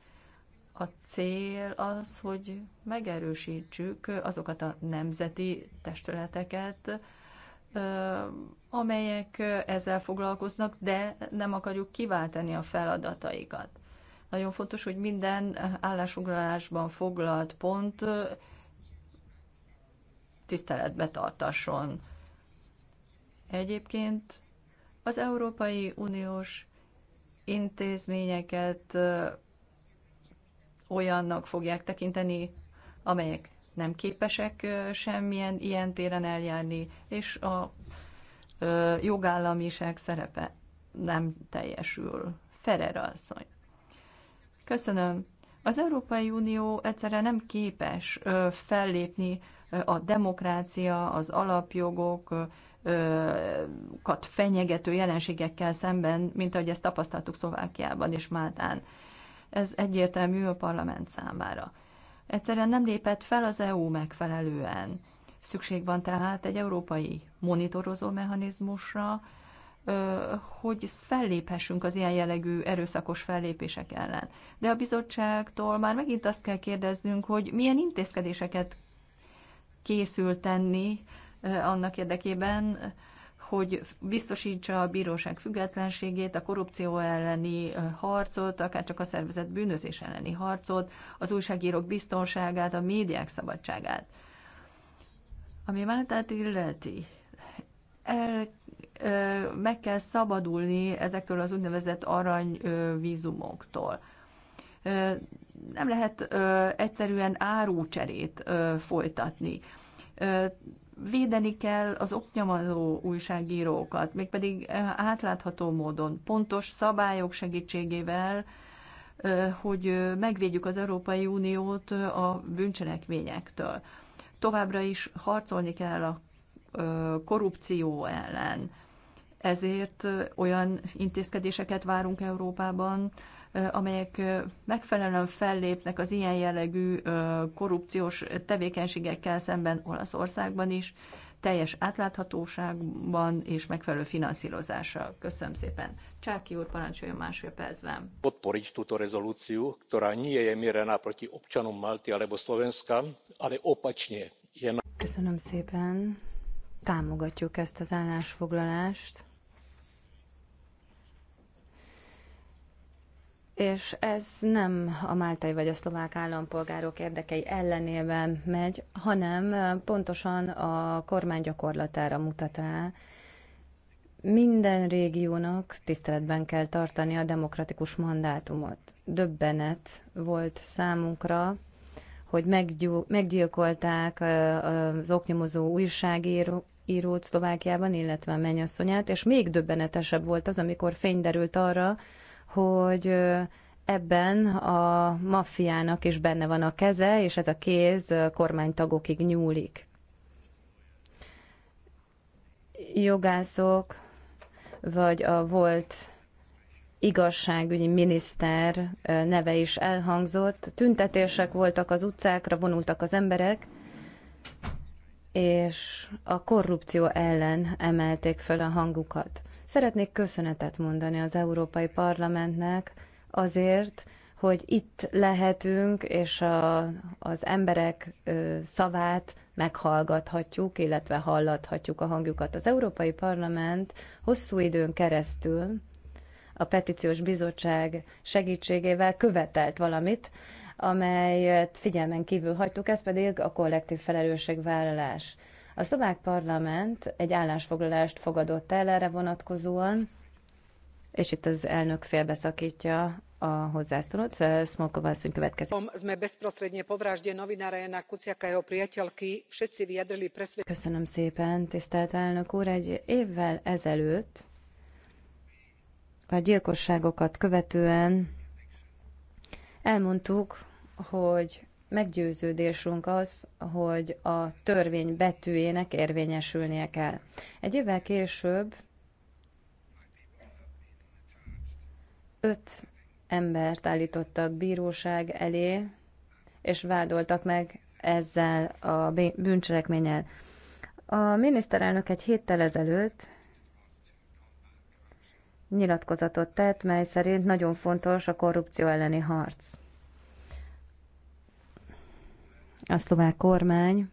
A cél az, hogy megerősítsük azokat a nemzeti testületeket, amelyek ezzel foglalkoznak, de nem akarjuk kiváltani a feladataikat. Nagyon fontos, hogy minden állásfoglalásban foglalt pont tiszteletbe tartasson. Egyébként az Európai Uniós intézményeket olyannak fogják tekinteni, amelyek nem képesek semmilyen ilyen téren eljárni, és a jogállamiság szerepe nem teljesül. Ferrer asszony. Köszönöm. Az Európai Unió egyszerre nem képes fellépni a demokrácia, az alapjogokat fenyegető jelenségekkel szemben, mint ahogy ezt tapasztaltuk Szlovákiában és Máltán. Ez egyértelmű a parlament számára. Egyszerűen nem lépett fel az EU megfelelően. Szükség van tehát egy európai monitorozó mechanizmusra, hogy felléphessünk az ilyen jellegű erőszakos fellépések ellen. De a bizottságtól már megint azt kell kérdeznünk, hogy milyen intézkedéseket készül tenni annak érdekében, hogy biztosítsa a bíróság függetlenségét, a korrupció elleni harcot, akár csak a szervezet bűnözés elleni harcot, az újságírók biztonságát, a médiák szabadságát. Ami Máltát illeti, el, ö, meg kell szabadulni ezektől az úgynevezett aranyvízumoktól. Nem lehet ö, egyszerűen árucserét ö, folytatni. Ö, védeni kell az oknyomozó újságírókat, mégpedig átlátható módon, pontos szabályok segítségével, hogy megvédjük az Európai Uniót a bűncselekményektől. Továbbra is harcolni kell a korrupció ellen. Ezért olyan intézkedéseket várunk Európában, amelyek megfelelően fellépnek az ilyen jellegű korrupciós tevékenységekkel szemben Olaszországban is, teljes átláthatóságban és megfelelő finanszírozással. Köszönöm szépen. Csáki úr, parancsoljon másfél percben. Podporiť túto rezolúciu, ktorá nie je mierená proti občanom Malty alebo Slovenska, ale opačne je... Köszönöm szépen. Támogatjuk ezt az állásfoglalást és ez nem a máltai vagy a szlovák állampolgárok érdekei ellenében megy, hanem pontosan a kormány gyakorlatára mutat rá. Minden régiónak tiszteletben kell tartani a demokratikus mandátumot. Döbbenet volt számunkra, hogy meggyilkolták az oknyomozó újságíró, írót Szlovákiában, illetve a mennyasszonyát, és még döbbenetesebb volt az, amikor fény derült arra, hogy ebben a maffiának is benne van a keze, és ez a kéz kormánytagokig nyúlik. Jogászok, vagy a volt igazságügyi miniszter neve is elhangzott. Tüntetések voltak az utcákra, vonultak az emberek, és a korrupció ellen emelték föl a hangukat. Szeretnék köszönetet mondani az Európai Parlamentnek azért, hogy itt lehetünk, és a, az emberek szavát meghallgathatjuk, illetve hallathatjuk a hangjukat. Az Európai Parlament hosszú időn keresztül a petíciós bizottság segítségével követelt valamit, amelyet figyelmen kívül hagytuk, ez pedig a kollektív felelősségvállalás. A szlovák parlament egy állásfoglalást fogadott el erre vonatkozóan, és itt az elnök félbeszakítja a hozzászólót. Smolkov asszony következik. Sme bezprostredne po vražde novinára Jana Kuciaka jeho priateľky všetci vyjadrili presvedčenie. Köszönöm szépen, tisztelt elnök úr. Egy évvel ezelőtt a gyilkosságokat követően elmondtuk, hogy meggyőződésünk az, hogy a törvény betűjének érvényesülnie kell. Egy évvel később öt embert állítottak bíróság elé, és vádoltak meg ezzel a bűncselekménnyel. A miniszterelnök egy héttel ezelőtt nyilatkozatot tett, mely szerint nagyon fontos a korrupció elleni harc a szlovák kormány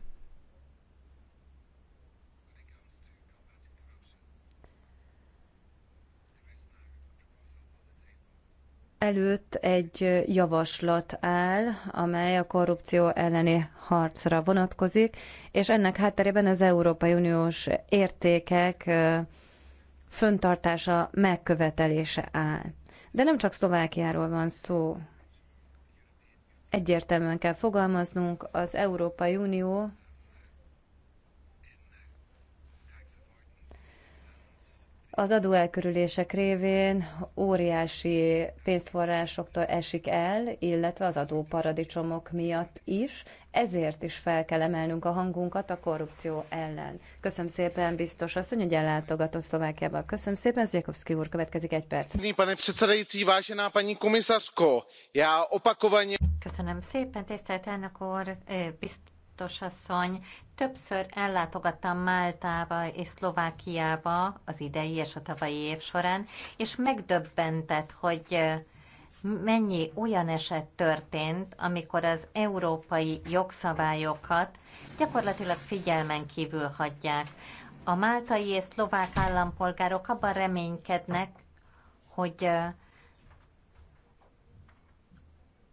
előtt egy javaslat áll, amely a korrupció elleni harcra vonatkozik, és ennek hátterében az Európai Uniós értékek föntartása, megkövetelése áll. De nem csak Szlovákiáról van szó. Egyértelműen kell fogalmaznunk, az Európai Unió az adóelkörülések révén óriási pénzforrásoktól esik el, illetve az adóparadicsomok miatt is, ezért is fel kell emelnünk a hangunkat a korrupció ellen. Köszönöm szépen, biztos asszony, hogy ellátogatott Szlovákiába. Köszönöm szépen, Zsikovszki úr, következik egy perc. Köszönöm szépen, tisztelt elnök úr, eh, bizt, biztos asszony, többször ellátogattam Máltába és Szlovákiába az idei és a tavalyi év során, és megdöbbentett, hogy mennyi olyan eset történt, amikor az európai jogszabályokat gyakorlatilag figyelmen kívül hagyják. A máltai és szlovák állampolgárok abban reménykednek, hogy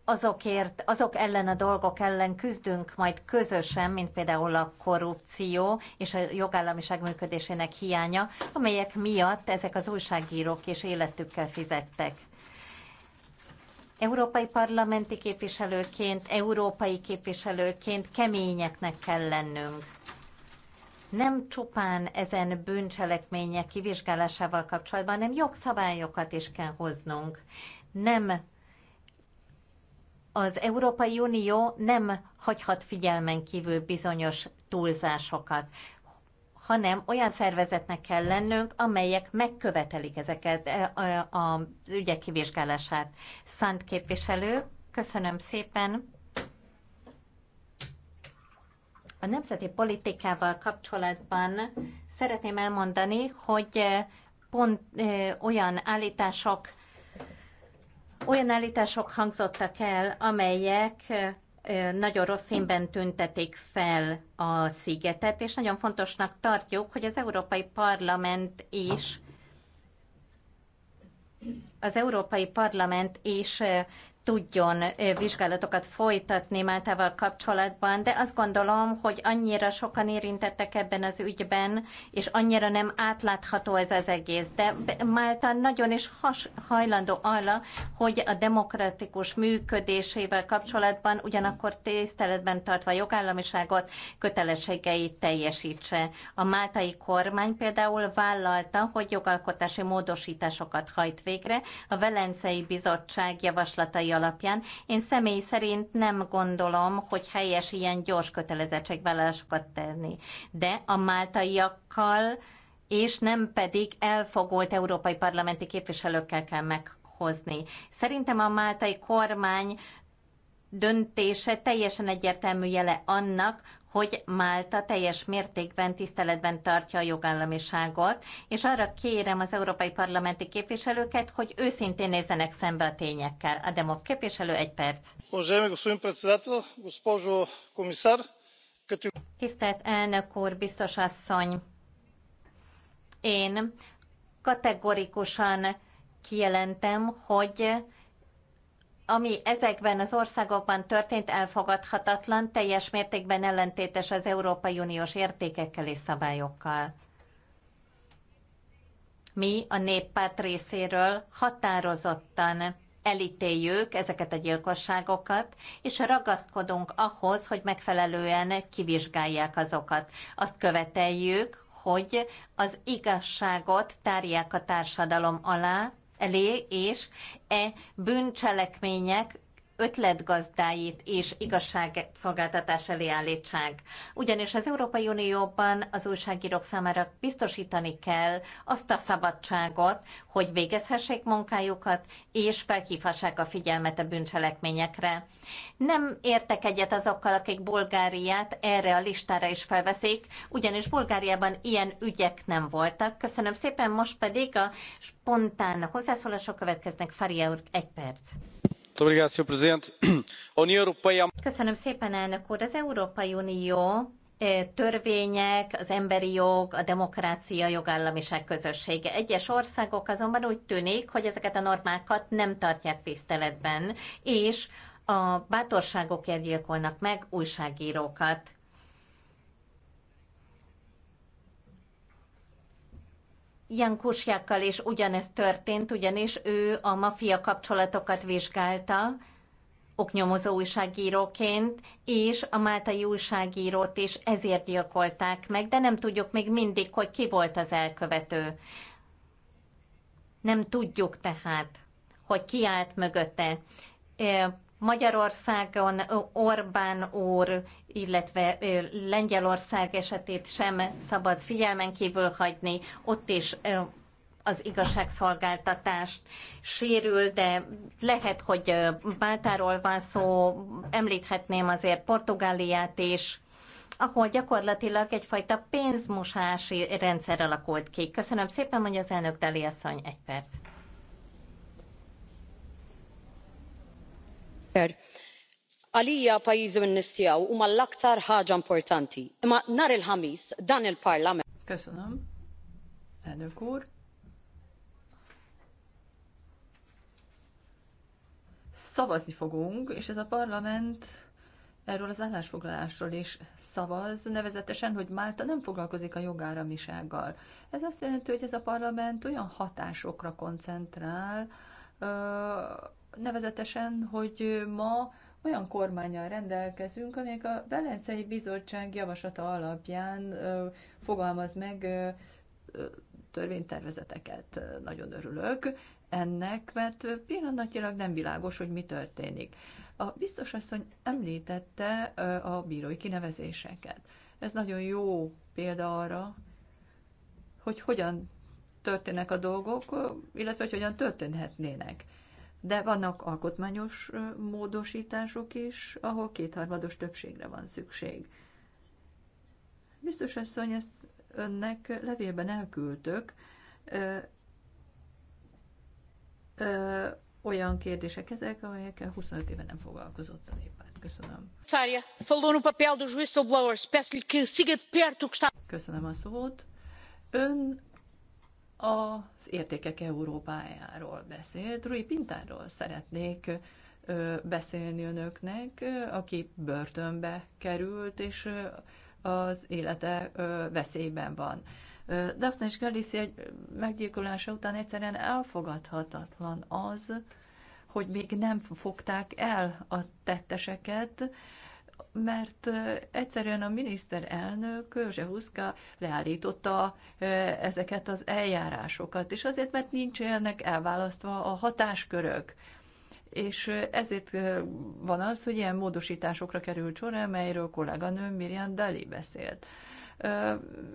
azokért, azok ellen a dolgok ellen küzdünk majd közösen, mint például a korrupció és a jogállamiság működésének hiánya, amelyek miatt ezek az újságírók és életükkel fizettek. Európai parlamenti képviselőként, európai képviselőként keményeknek kell lennünk. Nem csupán ezen bűncselekmények kivizsgálásával kapcsolatban, hanem jogszabályokat is kell hoznunk. Nem az Európai Unió nem hagyhat figyelmen kívül bizonyos túlzásokat, hanem olyan szervezetnek kell lennünk, amelyek megkövetelik ezeket e, az ügyek kivizsgálását. Szent képviselő, köszönöm szépen. A nemzeti politikával kapcsolatban szeretném elmondani, hogy e, pont e, olyan állítások, olyan állítások hangzottak el, amelyek nagyon rossz színben tüntetik fel a szigetet, és nagyon fontosnak tartjuk, hogy az Európai Parlament is az Európai Parlament is tudjon vizsgálatokat folytatni Máltával kapcsolatban, de azt gondolom, hogy annyira sokan érintettek ebben az ügyben, és annyira nem átlátható ez az egész. De Málta nagyon is has, hajlandó arra, hogy a demokratikus működésével kapcsolatban ugyanakkor tiszteletben tartva a jogállamiságot kötelességeit teljesítse. A máltai kormány például vállalta, hogy jogalkotási módosításokat hajt végre, a Velencei Bizottság javaslatai alapján. Én személy szerint nem gondolom, hogy helyes ilyen gyors kötelezettségvállalásokat tenni. De a máltaiakkal és nem pedig elfogolt európai parlamenti képviselőkkel kell meghozni. Szerintem a máltai kormány döntése teljesen egyértelmű jele annak, hogy Málta teljes mértékben tiszteletben tartja a jogállamiságot, és arra kérem az európai parlamenti képviselőket, hogy őszintén nézzenek szembe a tényekkel. demok képviselő, egy perc. Tisztelt elnök úr, biztos asszony! Én kategorikusan kijelentem, hogy ami ezekben az országokban történt, elfogadhatatlan, teljes mértékben ellentétes az Európai Uniós értékekkel és szabályokkal. Mi a néppárt részéről határozottan elítéljük ezeket a gyilkosságokat, és ragaszkodunk ahhoz, hogy megfelelően kivizsgálják azokat. Azt követeljük, hogy az igazságot tárják a társadalom alá, elé, és e bűncselekmények ötletgazdáit és igazságszolgáltatás elé állítsák. Ugyanis az Európai Unióban az újságírók számára biztosítani kell azt a szabadságot, hogy végezhessék munkájukat, és felhívhassák a figyelmet a bűncselekményekre. Nem értek egyet azokkal, akik Bulgáriát erre a listára is felveszik, ugyanis Bulgáriában ilyen ügyek nem voltak. Köszönöm szépen, most pedig a spontán hozzászólások következnek. Faria úr, egy perc. Köszönöm szépen, elnök úr. Az Európai Unió eh, törvények, az emberi jog, a demokrácia, jogállamiság közössége. Egyes országok azonban úgy tűnik, hogy ezeket a normákat nem tartják tiszteletben, és a bátorságokért gyilkolnak meg újságírókat. Jan Kusjákkal is ugyanezt történt, ugyanis ő a mafia kapcsolatokat vizsgálta, oknyomozó újságíróként, és a máltai újságírót is ezért gyilkolták meg, de nem tudjuk még mindig, hogy ki volt az elkövető. Nem tudjuk tehát, hogy ki állt mögötte. Magyarországon Orbán úr illetve Lengyelország esetét sem szabad figyelmen kívül hagyni. Ott is az igazságszolgáltatást sérül, de lehet, hogy Báltáról van szó, említhetném azért Portugáliát is, ahol gyakorlatilag egyfajta pénzmosási rendszer alakult ki. Köszönöm szépen, hogy az elnök Dali asszony egy perc għalija pajjiżi minnistjaw huma l-aktar ħaġa importanti imma nhar il-ħamis dan il-parlament. Szavazni fogunk, és ez a parlament erről az állásfoglalásról is szavaz, nevezetesen, hogy Málta nem foglalkozik a jogáramisággal. Ez azt jelenti, hogy ez a parlament olyan hatásokra koncentrál, nevezetesen, hogy ma olyan kormányjal rendelkezünk, amelyek a Velencei Bizottság javaslata alapján ö, fogalmaz meg ö, törvénytervezeteket. Nagyon örülök ennek, mert pillanatnyilag nem világos, hogy mi történik. A biztos asszony említette ö, a bírói kinevezéseket. Ez nagyon jó példa arra, hogy hogyan történnek a dolgok, illetve hogy hogyan történhetnének de vannak alkotmányos módosítások is, ahol kétharmados többségre van szükség. Biztos asszony, ezt önnek levélben elküldtök ö, ö, olyan kérdések ezek, amelyekkel 25 éve nem foglalkozott a néppárt. Köszönöm. no papel lhe que siga de perto que está... Köszönöm a szót. Ön az értékek Európájáról beszélt. Rui Pintáról szeretnék beszélni önöknek, aki börtönbe került, és az élete veszélyben van. Daphne és Galicia egy meggyilkolása után egyszerűen elfogadhatatlan az, hogy még nem fogták el a tetteseket, mert egyszerűen a miniszterelnök, Huszka leállította ezeket az eljárásokat, és azért, mert nincsenek elválasztva a hatáskörök. És ezért van az, hogy ilyen módosításokra került sor, amelyről kolléganőm Miriam Dali beszélt.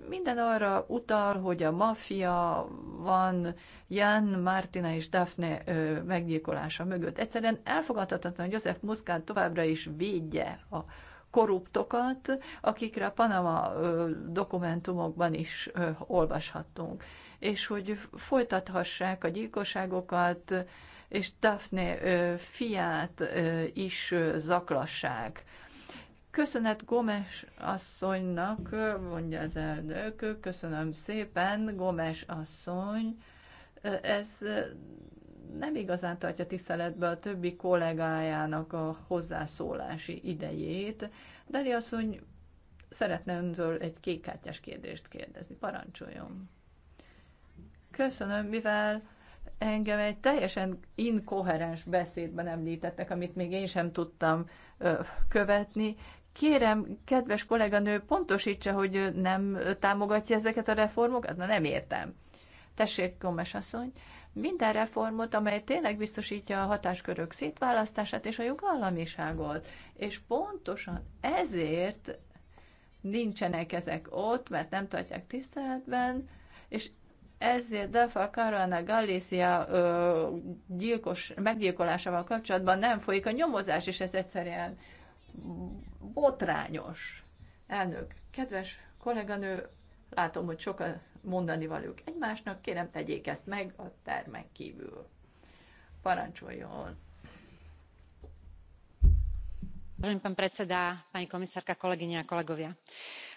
Minden arra utal, hogy a maffia van Jan, Martina és Daphne meggyilkolása mögött. Egyszerűen elfogadhatatlan, hogy József Muszkán továbbra is védje a korruptokat, akikre a Panama dokumentumokban is olvashattunk. És hogy folytathassák a gyilkosságokat, és Daphne fiát is zaklassák. Köszönet Gomes asszonynak, mondja az elnök, köszönöm szépen, Gomes asszony. Ez nem igazán tartja tiszteletbe a többi kollégájának a hozzászólási idejét. Dali asszony szeretne öntől egy kékkártyás kérdést kérdezni. Parancsoljon. Köszönöm, mivel engem egy teljesen inkoherens beszédben említettek, amit még én sem tudtam ö, követni. Kérem, kedves kolléganő, pontosítsa, hogy nem támogatja ezeket a reformokat? Na nem értem. Tessék, Gomes asszony, minden reformot, amely tényleg biztosítja a hatáskörök szétválasztását és a jogállamiságot. És pontosan ezért nincsenek ezek ott, mert nem tartják tiszteletben, és ezért Delfa Caruana Galicia ö, gyilkos, meggyilkolásával kapcsolatban nem folyik a nyomozás, és ez egyszerűen botrányos. Elnök, kedves kolléganő, látom, hogy sokan mondani valók egymásnak, kérem tegyék ezt meg a termek kívül. Parancsoljon! vážený pán predseda pani komisárka kolegyne a kolegovia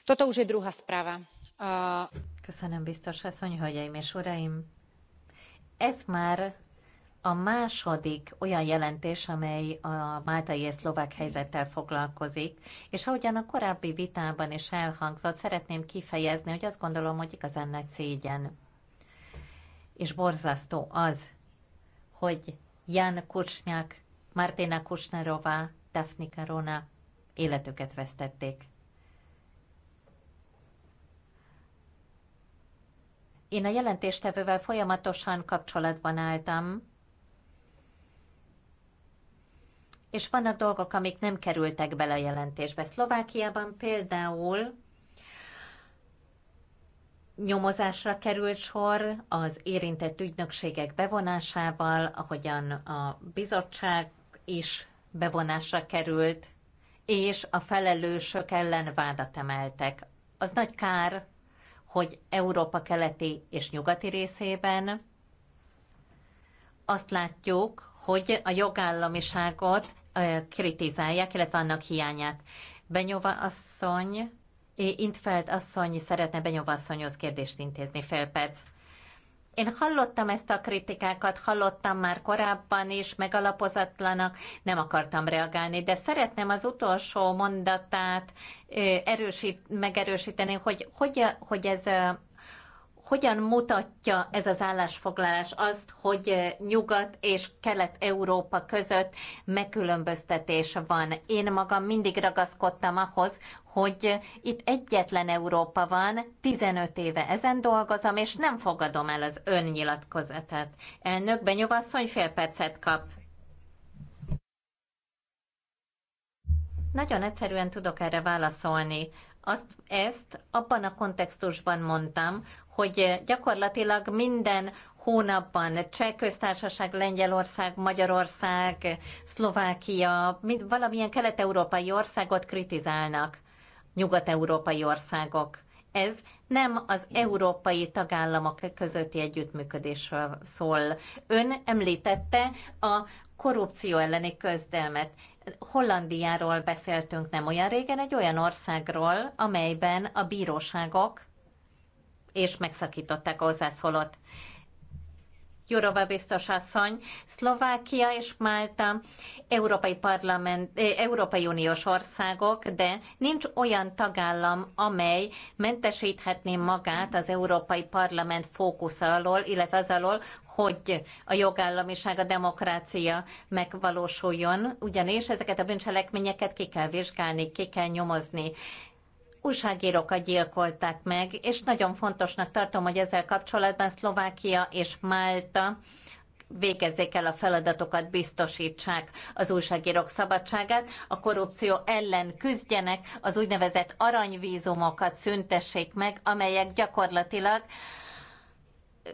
toto už je druhá správa. köszönöm biztos asszony hölgyeim és uraim ez már a második olyan jelentés, amely a máltai és szlovák helyzettel foglalkozik, és ahogyan a korábbi vitában is elhangzott, szeretném kifejezni, hogy azt gondolom, hogy igazán nagy szégyen. És borzasztó az, hogy Jan Kucsnyák, Martina Kucsnerová, Daphne Karona életüket vesztették. Én a jelentéstevővel folyamatosan kapcsolatban álltam, és vannak dolgok, amik nem kerültek bele a jelentésbe. Szlovákiában például nyomozásra került sor az érintett ügynökségek bevonásával, ahogyan a bizottság is bevonásra került, és a felelősök ellen vádat emeltek. Az nagy kár, hogy Európa keleti és nyugati részében azt látjuk, hogy a jogállamiságot kritizálják, illetve annak hiányát. Benyova asszony, Intfeld asszony szeretne Benyova asszonyhoz kérdést intézni, fél perc. Én hallottam ezt a kritikákat, hallottam már korábban is, megalapozatlanak, nem akartam reagálni, de szeretném az utolsó mondatát erősít, megerősíteni, hogy, hogy, hogy ez hogyan mutatja ez az állásfoglalás azt, hogy Nyugat és Kelet-Európa között megkülönböztetés van? Én magam mindig ragaszkodtam ahhoz, hogy itt egyetlen Európa van, 15 éve ezen dolgozom, és nem fogadom el az önnyilatkozatát. Elnök Benyovasszony fél percet kap. Nagyon egyszerűen tudok erre válaszolni azt, ezt abban a kontextusban mondtam, hogy eh, gyakorlatilag minden hónapban Cseh köztársaság, Lengyelország, Magyarország, Szlovákia, mind, valamilyen kelet-európai országot kritizálnak, nyugat-európai országok. Ez nem az európai tagállamok közötti együttműködésről szól. Ön említette a korrupció elleni közdelmet. Hollandiáról beszéltünk nem olyan régen, egy olyan országról, amelyben a bíróságok és megszakították a hozzászólót. Jurova biztos asszony, Szlovákia és Málta Európai, Parlament, eh, Európai Uniós országok, de nincs olyan tagállam, amely mentesíthetné magát az Európai Parlament fókusz alól, illetve az alól, hogy a jogállamiság, a demokrácia megvalósuljon, ugyanis ezeket a bűncselekményeket ki kell vizsgálni, ki kell nyomozni újságírókat gyilkolták meg, és nagyon fontosnak tartom, hogy ezzel kapcsolatban Szlovákia és Málta végezzék el a feladatokat, biztosítsák az újságírók szabadságát, a korrupció ellen küzdjenek, az úgynevezett aranyvízumokat szüntessék meg, amelyek gyakorlatilag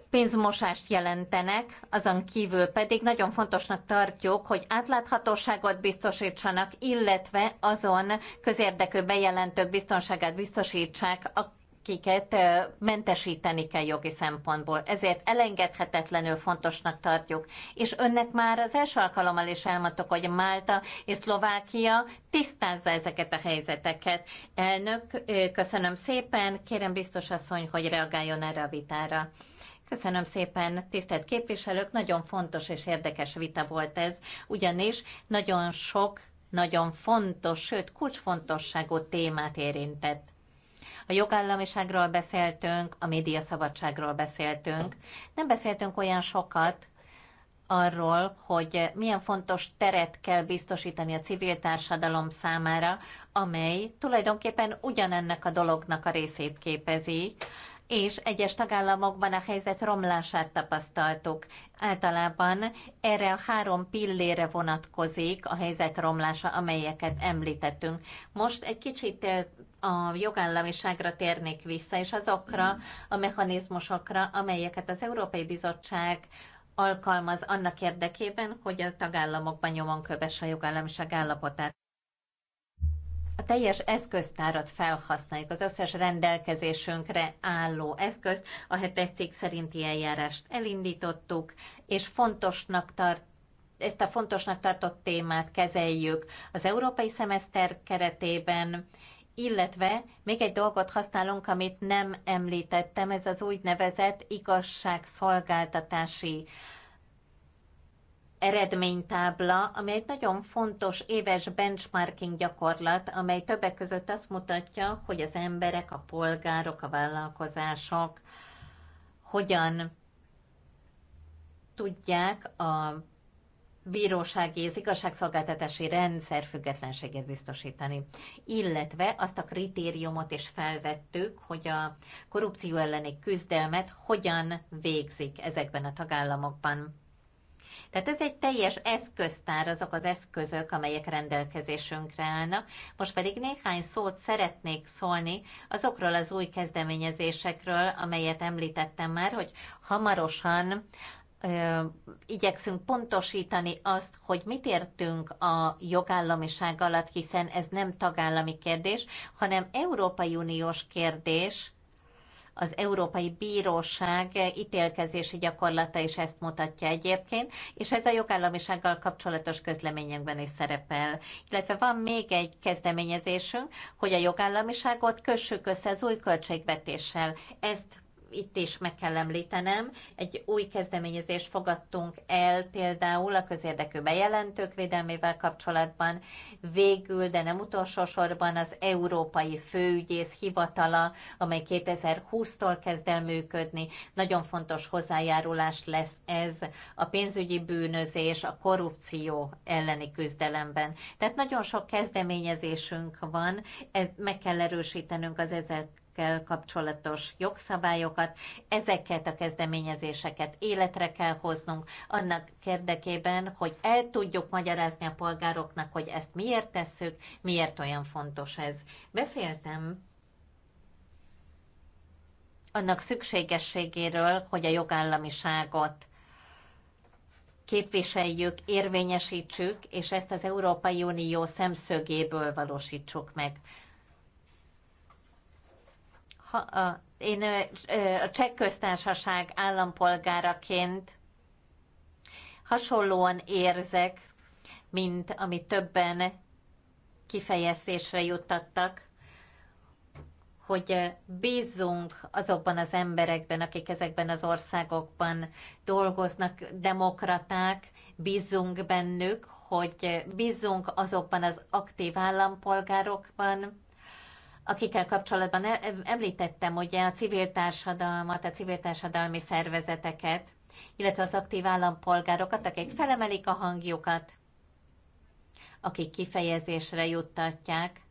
pénzmosást jelentenek, azon kívül pedig nagyon fontosnak tartjuk, hogy átláthatóságot biztosítsanak, illetve azon közérdekű bejelentők biztonságát biztosítsák, akiket mentesíteni kell jogi szempontból. Ezért elengedhetetlenül fontosnak tartjuk. És önnek már az első alkalommal is elmondtuk, hogy Málta és Szlovákia tisztázza ezeket a helyzeteket. Elnök, köszönöm szépen, kérem biztos asszony, hogy reagáljon erre a vitára. Köszönöm szépen, tisztelt képviselők, nagyon fontos és érdekes vita volt ez, ugyanis nagyon sok, nagyon fontos, sőt kulcsfontosságú témát érintett. A jogállamiságról beszéltünk, a szabadságról beszéltünk, nem beszéltünk olyan sokat arról, hogy milyen fontos teret kell biztosítani a civil társadalom számára, amely tulajdonképpen ugyanennek a dolognak a részét képezi, és egyes tagállamokban a helyzet romlását tapasztaltuk. Általában erre a három pillére vonatkozik a helyzet romlása, amelyeket említettünk. Most egy kicsit a jogállamiságra térnék vissza, és azokra a mechanizmusokra, amelyeket az Európai Bizottság alkalmaz annak érdekében, hogy a tagállamokban nyomon kövesse a jogállamiság állapotát a teljes eszköztárat felhasználjuk, az összes rendelkezésünkre álló eszközt, a hetes cikk szerinti eljárást elindítottuk, és fontosnak tart ezt a fontosnak tartott témát kezeljük az európai szemeszter keretében, illetve még egy dolgot használunk, amit nem említettem, ez az úgynevezett igazságszolgáltatási eredménytábla, ami egy nagyon fontos éves benchmarking gyakorlat, amely többek között azt mutatja, hogy az emberek, a polgárok, a vállalkozások hogyan tudják a bírósági és igazságszolgáltatási rendszer függetlenségét biztosítani. Illetve azt a kritériumot is felvettük, hogy a korrupció elleni küzdelmet hogyan végzik ezekben a tagállamokban. Tehát ez egy teljes eszköztár, azok az eszközök, amelyek rendelkezésünkre állnak. Most pedig néhány szót szeretnék szólni azokról az új kezdeményezésekről, amelyet említettem már, hogy hamarosan ö, igyekszünk pontosítani azt, hogy mit értünk a jogállamiság alatt, hiszen ez nem tagállami kérdés, hanem Európai Uniós kérdés, az Európai Bíróság ítélkezési gyakorlata is ezt mutatja egyébként, és ez a jogállamisággal kapcsolatos közleményekben is szerepel. Illetve van még egy kezdeményezésünk, hogy a jogállamiságot kössük össze az új költségvetéssel. Ezt itt is meg kell említenem, egy új kezdeményezést fogadtunk el például a közérdekű bejelentők védelmével kapcsolatban. Végül, de nem utolsó sorban az Európai Főügyész Hivatala, amely 2020-tól kezd el működni. Nagyon fontos hozzájárulás lesz ez a pénzügyi bűnözés, a korrupció elleni küzdelemben. Tehát nagyon sok kezdeményezésünk van, e- meg kell erősítenünk az ezzel kell kapcsolatos jogszabályokat, ezeket a kezdeményezéseket életre kell hoznunk, annak érdekében, hogy el tudjuk magyarázni a polgároknak, hogy ezt miért tesszük, miért olyan fontos ez. Beszéltem annak szükségességéről, hogy a jogállamiságot képviseljük, érvényesítsük, és ezt az Európai Unió szemszögéből valósítsuk meg ha, a, én a cseh köztársaság állampolgáraként hasonlóan érzek, mint amit többen kifejezésre juttattak, hogy bízzunk azokban az emberekben, akik ezekben az országokban dolgoznak, demokraták, bízzunk bennük, hogy bízzunk azokban az aktív állampolgárokban, akikkel kapcsolatban e- említettem ugye a civil társadalmat, a civil társadalmi szervezeteket, illetve az aktív állampolgárokat, akik felemelik a hangjukat, akik kifejezésre juttatják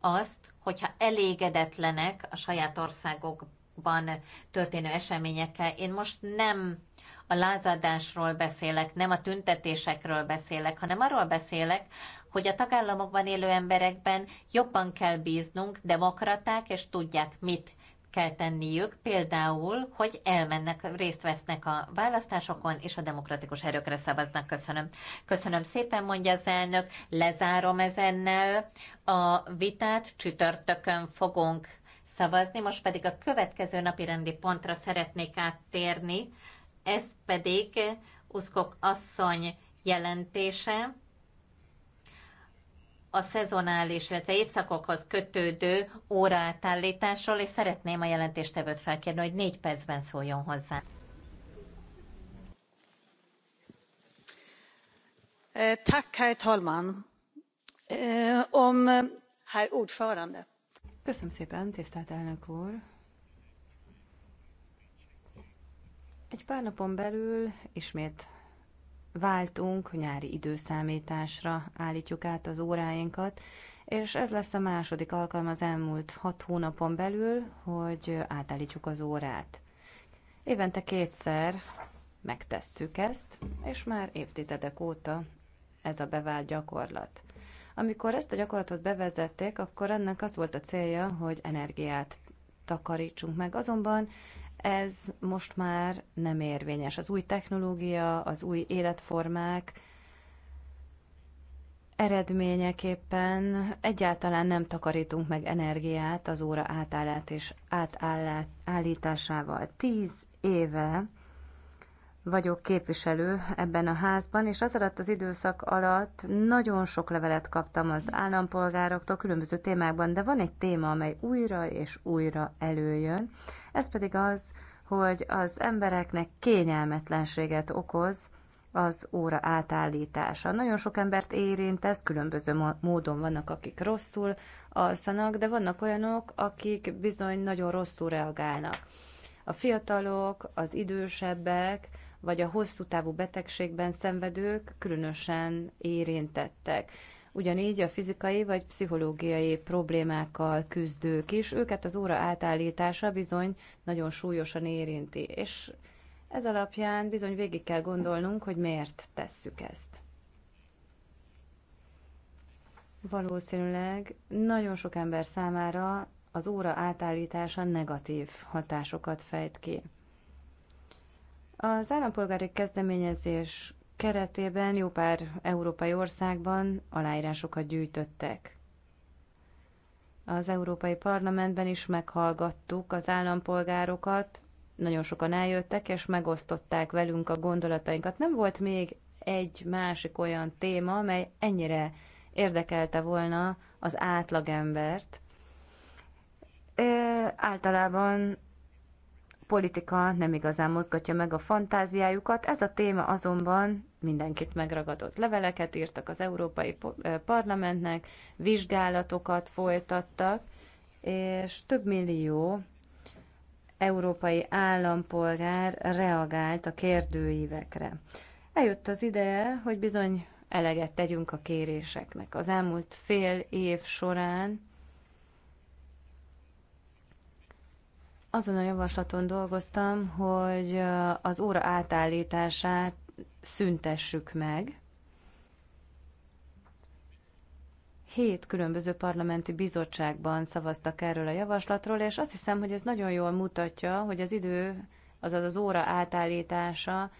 azt, hogyha elégedetlenek a saját országokban történő eseményekkel. Én most nem a lázadásról beszélek, nem a tüntetésekről beszélek, hanem arról beszélek, hogy a tagállamokban élő emberekben jobban kell bíznunk, demokraták, és tudják, mit kell tenniük, például, hogy elmennek, részt vesznek a választásokon, és a demokratikus erőkre szavaznak. Köszönöm. Köszönöm szépen, mondja az elnök. Lezárom ezennel a vitát. Csütörtökön fogunk szavazni. Most pedig a következő napi rendi pontra szeretnék áttérni. Ez pedig Uszkok asszony jelentése a szezonális, illetve évszakokhoz kötődő óraátállításról, és szeretném a jelentéstevőt felkérni, hogy négy percben szóljon hozzá. Eh, eh, Köszönöm szépen, tisztelt elnök úr. Egy pár napon belül ismét váltunk, nyári időszámításra állítjuk át az óráinkat, és ez lesz a második alkalom az elmúlt hat hónapon belül, hogy átállítjuk az órát. Évente kétszer megtesszük ezt, és már évtizedek óta ez a bevált gyakorlat. Amikor ezt a gyakorlatot bevezették, akkor ennek az volt a célja, hogy energiát takarítsunk meg. Azonban ez most már nem érvényes. Az új technológia, az új életformák eredményeképpen egyáltalán nem takarítunk meg energiát az óra átállát és átállításával. Tíz éve vagyok képviselő ebben a házban, és az alatt az időszak alatt nagyon sok levelet kaptam az állampolgároktól különböző témákban, de van egy téma, amely újra és újra előjön, ez pedig az, hogy az embereknek kényelmetlenséget okoz az óra átállítása. Nagyon sok embert érint ez, különböző módon vannak, akik rosszul alszanak, de vannak olyanok, akik bizony nagyon rosszul reagálnak. A fiatalok, az idősebbek, vagy a hosszú távú betegségben szenvedők különösen érintettek. Ugyanígy a fizikai vagy pszichológiai problémákkal küzdők is, őket az óra átállítása bizony nagyon súlyosan érinti, és ez alapján bizony végig kell gondolnunk, hogy miért tesszük ezt. Valószínűleg nagyon sok ember számára az óra átállítása negatív hatásokat fejt ki. Az állampolgári kezdeményezés keretében jó pár európai országban aláírásokat gyűjtöttek. Az Európai Parlamentben is meghallgattuk az állampolgárokat, nagyon sokan eljöttek, és megosztották velünk a gondolatainkat. Nem volt még egy másik olyan téma, amely ennyire érdekelte volna az átlagembert. Általában politika nem igazán mozgatja meg a fantáziájukat, ez a téma azonban mindenkit megragadott. Leveleket írtak az Európai eh, Parlamentnek, vizsgálatokat folytattak, és több millió európai állampolgár reagált a kérdőívekre. Eljött az ideje, hogy bizony eleget tegyünk a kéréseknek. Az elmúlt fél év során azon a javaslaton dolgoztam, hogy az óra átállítását szüntessük meg. Hét különböző parlamenti bizottságban szavaztak erről a javaslatról, és azt hiszem, hogy ez nagyon jól mutatja, hogy az idő, azaz az óra átállítása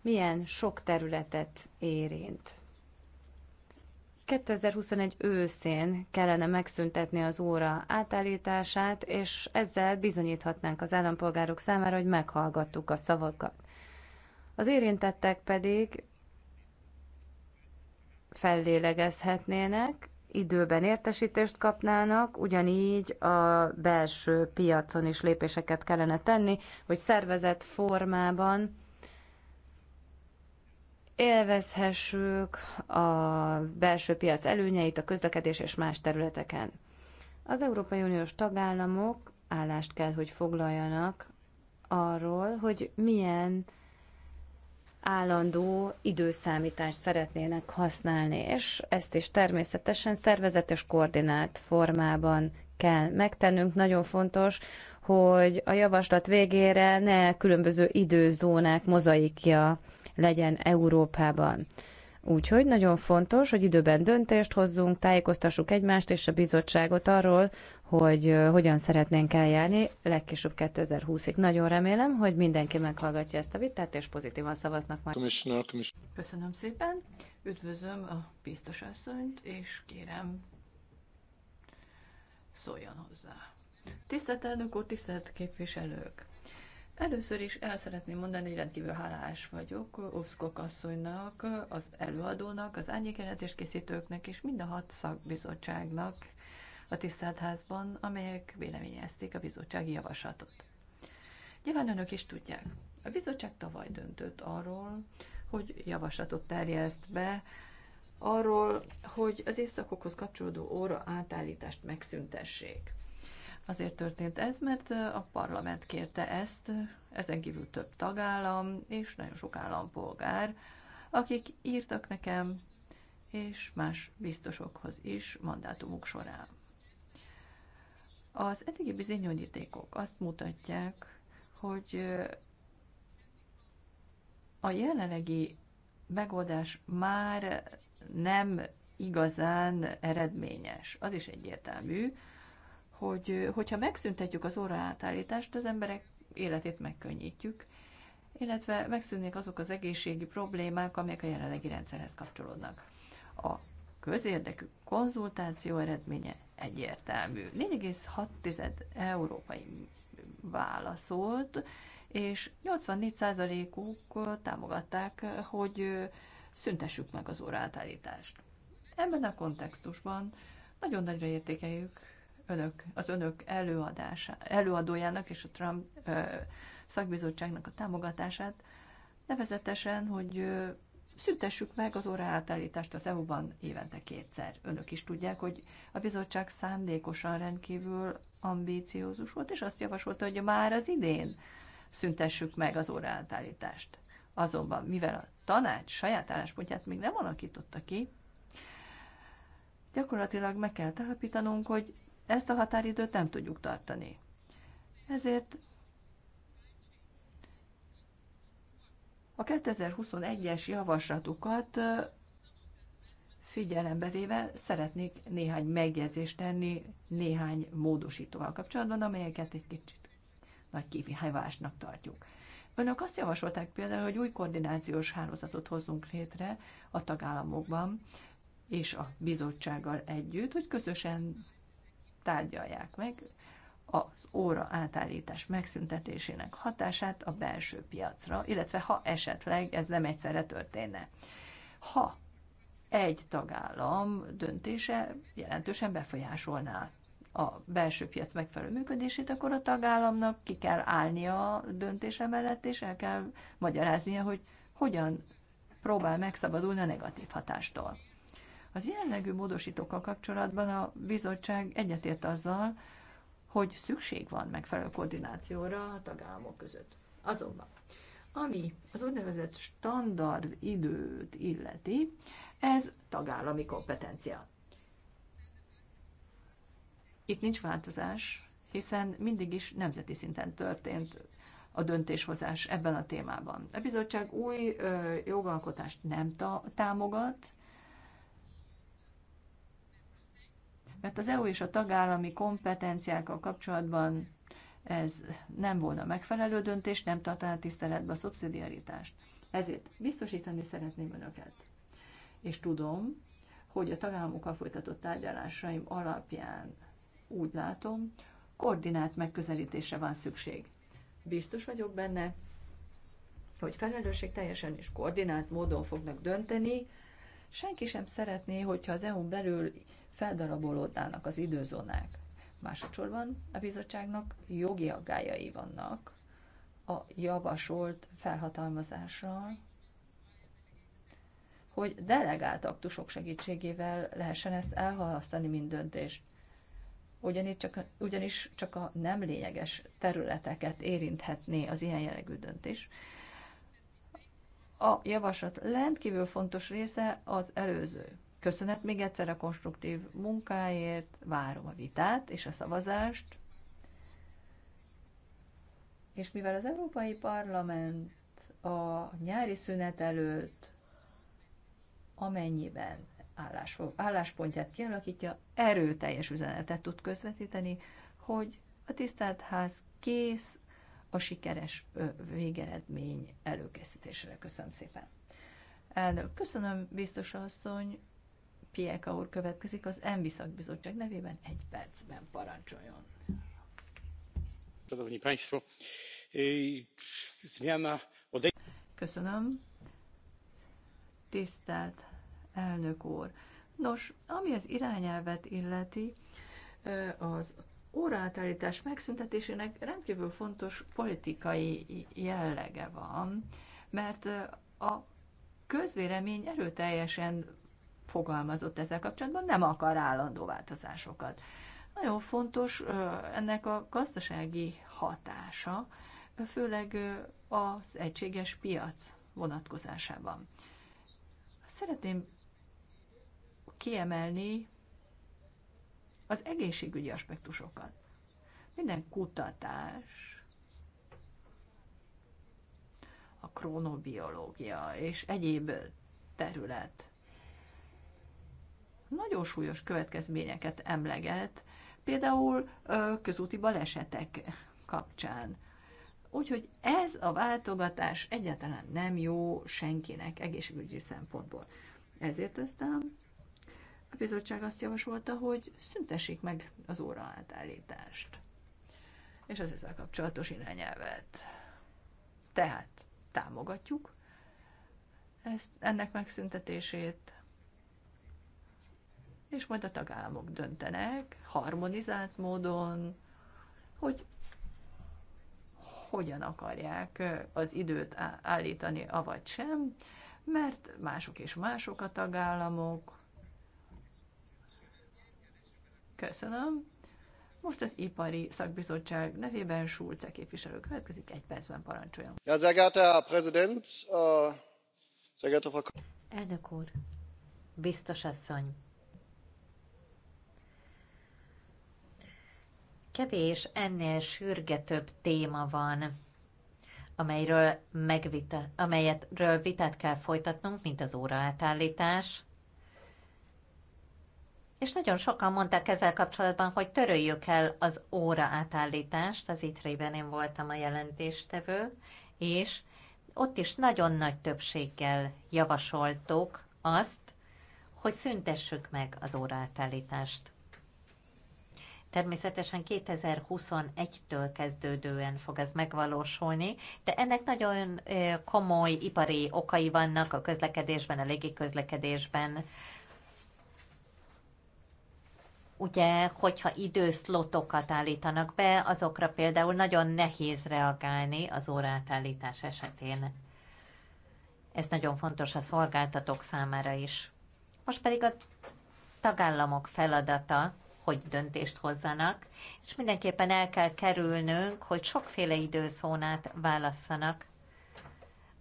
milyen sok területet érint. 2021 őszén kellene megszüntetni az óra átállítását, és ezzel bizonyíthatnánk az állampolgárok számára, hogy meghallgattuk a szavakat. Az érintettek pedig fellélegezhetnének, időben értesítést kapnának, ugyanígy a belső piacon is lépéseket kellene tenni, hogy szervezett formában élvezhessük a belső piac előnyeit a közlekedés és más területeken. Az Európai Uniós tagállamok állást kell, hogy foglaljanak arról, hogy milyen állandó időszámítást szeretnének használni, és ezt is természetesen szervezetes koordinált formában kell megtennünk. Nagyon fontos, hogy a javaslat végére ne különböző időzónák mozaikja legyen Európában. Úgyhogy nagyon fontos, hogy időben döntést hozzunk, tájékoztassuk egymást és a bizottságot arról, hogy hogyan szeretnénk eljárni legkésőbb 2020-ig. Nagyon remélem, hogy mindenki meghallgatja ezt a vitát, és pozitívan szavaznak majd. Köszönöm szépen, üdvözlöm a biztos asszonyt, és kérem, szóljon hozzá. Tisztelt elnök úr, tisztelt képviselők! Először is el szeretném mondani, hogy rendkívül hálás vagyok Ovszkok asszonynak, az előadónak, az és készítőknek és mind a hat szakbizottságnak a tisztelt házban, amelyek véleményezték a bizottsági javaslatot. Nyilván önök is tudják, a bizottság tavaly döntött arról, hogy javaslatot terjeszt be, arról, hogy az évszakokhoz kapcsolódó óra átállítást megszüntessék. Azért történt ez, mert a parlament kérte ezt, ezen kívül több tagállam és nagyon sok állampolgár, akik írtak nekem, és más biztosokhoz is mandátumuk során. Az eddigi bizonyítékok azt mutatják, hogy a jelenlegi megoldás már nem igazán eredményes. Az is egyértelmű, hogy hogyha megszüntetjük az óra átállítást, az emberek életét megkönnyítjük, illetve megszűnnék azok az egészségi problémák, amelyek a jelenlegi rendszerhez kapcsolódnak. A közérdekű konzultáció eredménye egyértelmű. 4,6 európai válaszolt, és 84%-uk támogatták, hogy szüntessük meg az óraátállítást. Ebben a kontextusban nagyon nagyra értékeljük önök, az önök előadása, előadójának és a Trump szakbizottságnak a támogatását, nevezetesen, hogy szüntessük meg az óraátállítást az EU-ban évente kétszer. Önök is tudják, hogy a bizottság szándékosan rendkívül ambíciózus volt, és azt javasolta, hogy már az idén szüntessük meg az óraátállítást. Azonban, mivel a tanács saját álláspontját még nem alakította ki, gyakorlatilag meg kell telepítanunk, hogy ezt a határidőt nem tudjuk tartani. Ezért a 2021-es javaslatukat figyelembe véve szeretnék néhány megjegyzést tenni néhány módosítóval kapcsolatban, amelyeket egy kicsit nagy kihívásnak tartjuk. Önök azt javasolták például, hogy új koordinációs hálózatot hozzunk létre a tagállamokban és a bizottsággal együtt, hogy közösen tárgyalják meg az óra átállítás megszüntetésének hatását a belső piacra, illetve ha esetleg ez nem egyszerre történne. Ha egy tagállam döntése jelentősen befolyásolná a belső piac megfelelő működését, akkor a tagállamnak ki kell állnia a döntése mellett, és el kell magyaráznia, hogy hogyan próbál megszabadulni a negatív hatástól. Az jelenlegű módosítókkal kapcsolatban a bizottság egyetért azzal, hogy szükség van megfelelő koordinációra a tagállamok között. Azonban, ami az úgynevezett standard időt illeti, ez tagállami kompetencia. Itt nincs változás, hiszen mindig is nemzeti szinten történt a döntéshozás ebben a témában. A bizottság új ö, jogalkotást nem ta- támogat, mert az EU és a tagállami kompetenciákkal kapcsolatban ez nem volna megfelelő döntés, nem tartaná tiszteletbe a szubszidiaritást. Ezért biztosítani szeretném önöket. És tudom, hogy a tagállamokkal folytatott tárgyalásaim alapján úgy látom, koordinált megközelítésre van szükség. Biztos vagyok benne, hogy felelősség teljesen és koordinált módon fognak dönteni. Senki sem szeretné, hogyha az EU-n belül feldarabolódnának az időzónák. Másodszorban a bizottságnak jogi aggályai vannak a javasolt felhatalmazással, hogy delegált aktusok segítségével lehessen ezt elhalasztani, mint döntést. Ugyanis csak, ugyanis csak a nem lényeges területeket érinthetné az ilyen jellegű döntés. A javaslat rendkívül fontos része az előző Köszönet még egyszer a konstruktív munkáért, várom a vitát és a szavazást. És mivel az Európai Parlament a nyári szünet előtt amennyiben állás, álláspontját kialakítja, erőteljes üzenetet tud közvetíteni, hogy a tisztelt ház kész a sikeres végeredmény előkészítésére. Köszönöm szépen. Elnök, köszönöm, biztos asszony. Pieka úr következik az ENVI szakbizottság nevében egy percben parancsoljon. Köszönöm. Tisztelt elnök úr! Nos, ami az irányelvet illeti, az óraátállítás megszüntetésének rendkívül fontos politikai jellege van, mert a közvélemény erőteljesen fogalmazott ezzel kapcsolatban, nem akar állandó változásokat. Nagyon fontos ennek a gazdasági hatása, főleg az egységes piac vonatkozásában. Szeretném kiemelni az egészségügyi aspektusokat. Minden kutatás, a kronobiológia és egyéb terület nagyon súlyos következményeket emleget, például közúti balesetek kapcsán. Úgyhogy ez a váltogatás egyáltalán nem jó senkinek egészségügyi szempontból. Ezért aztán a bizottság azt javasolta, hogy szüntessék meg az óra átállítást. És az ezzel kapcsolatos irányelvet. Tehát támogatjuk ezt, ennek megszüntetését, és majd a tagállamok döntenek harmonizált módon, hogy hogyan akarják az időt állítani, avagy sem, mert mások és mások a tagállamok. Köszönöm. Most az Ipari Szakbizottság nevében Schulze képviselő következik, egy percben parancsoljon. Ja, sehr geehrter Herr Präsident, uh, sehr geehrter Frau... Elnök úr, biztos asszony, Kevés ennél sürgetőbb téma van, amelyről megvita, amelyetről vitát kell folytatnunk, mint az óra átállítás. És nagyon sokan mondták ezzel kapcsolatban, hogy töröljük el az óra átállítást, az itrében én voltam a jelentéstevő, és ott is nagyon nagy többséggel javasoltuk azt, hogy szüntessük meg az óra átállítást. Természetesen 2021-től kezdődően fog ez megvalósulni, de ennek nagyon komoly ipari okai vannak a közlekedésben, a légiközlekedésben. Ugye, hogyha időszlotokat állítanak be, azokra például nagyon nehéz reagálni az órátállítás esetén. Ez nagyon fontos a szolgáltatók számára is. Most pedig a tagállamok feladata, hogy döntést hozzanak, és mindenképpen el kell kerülnünk, hogy sokféle időszónát válasszanak.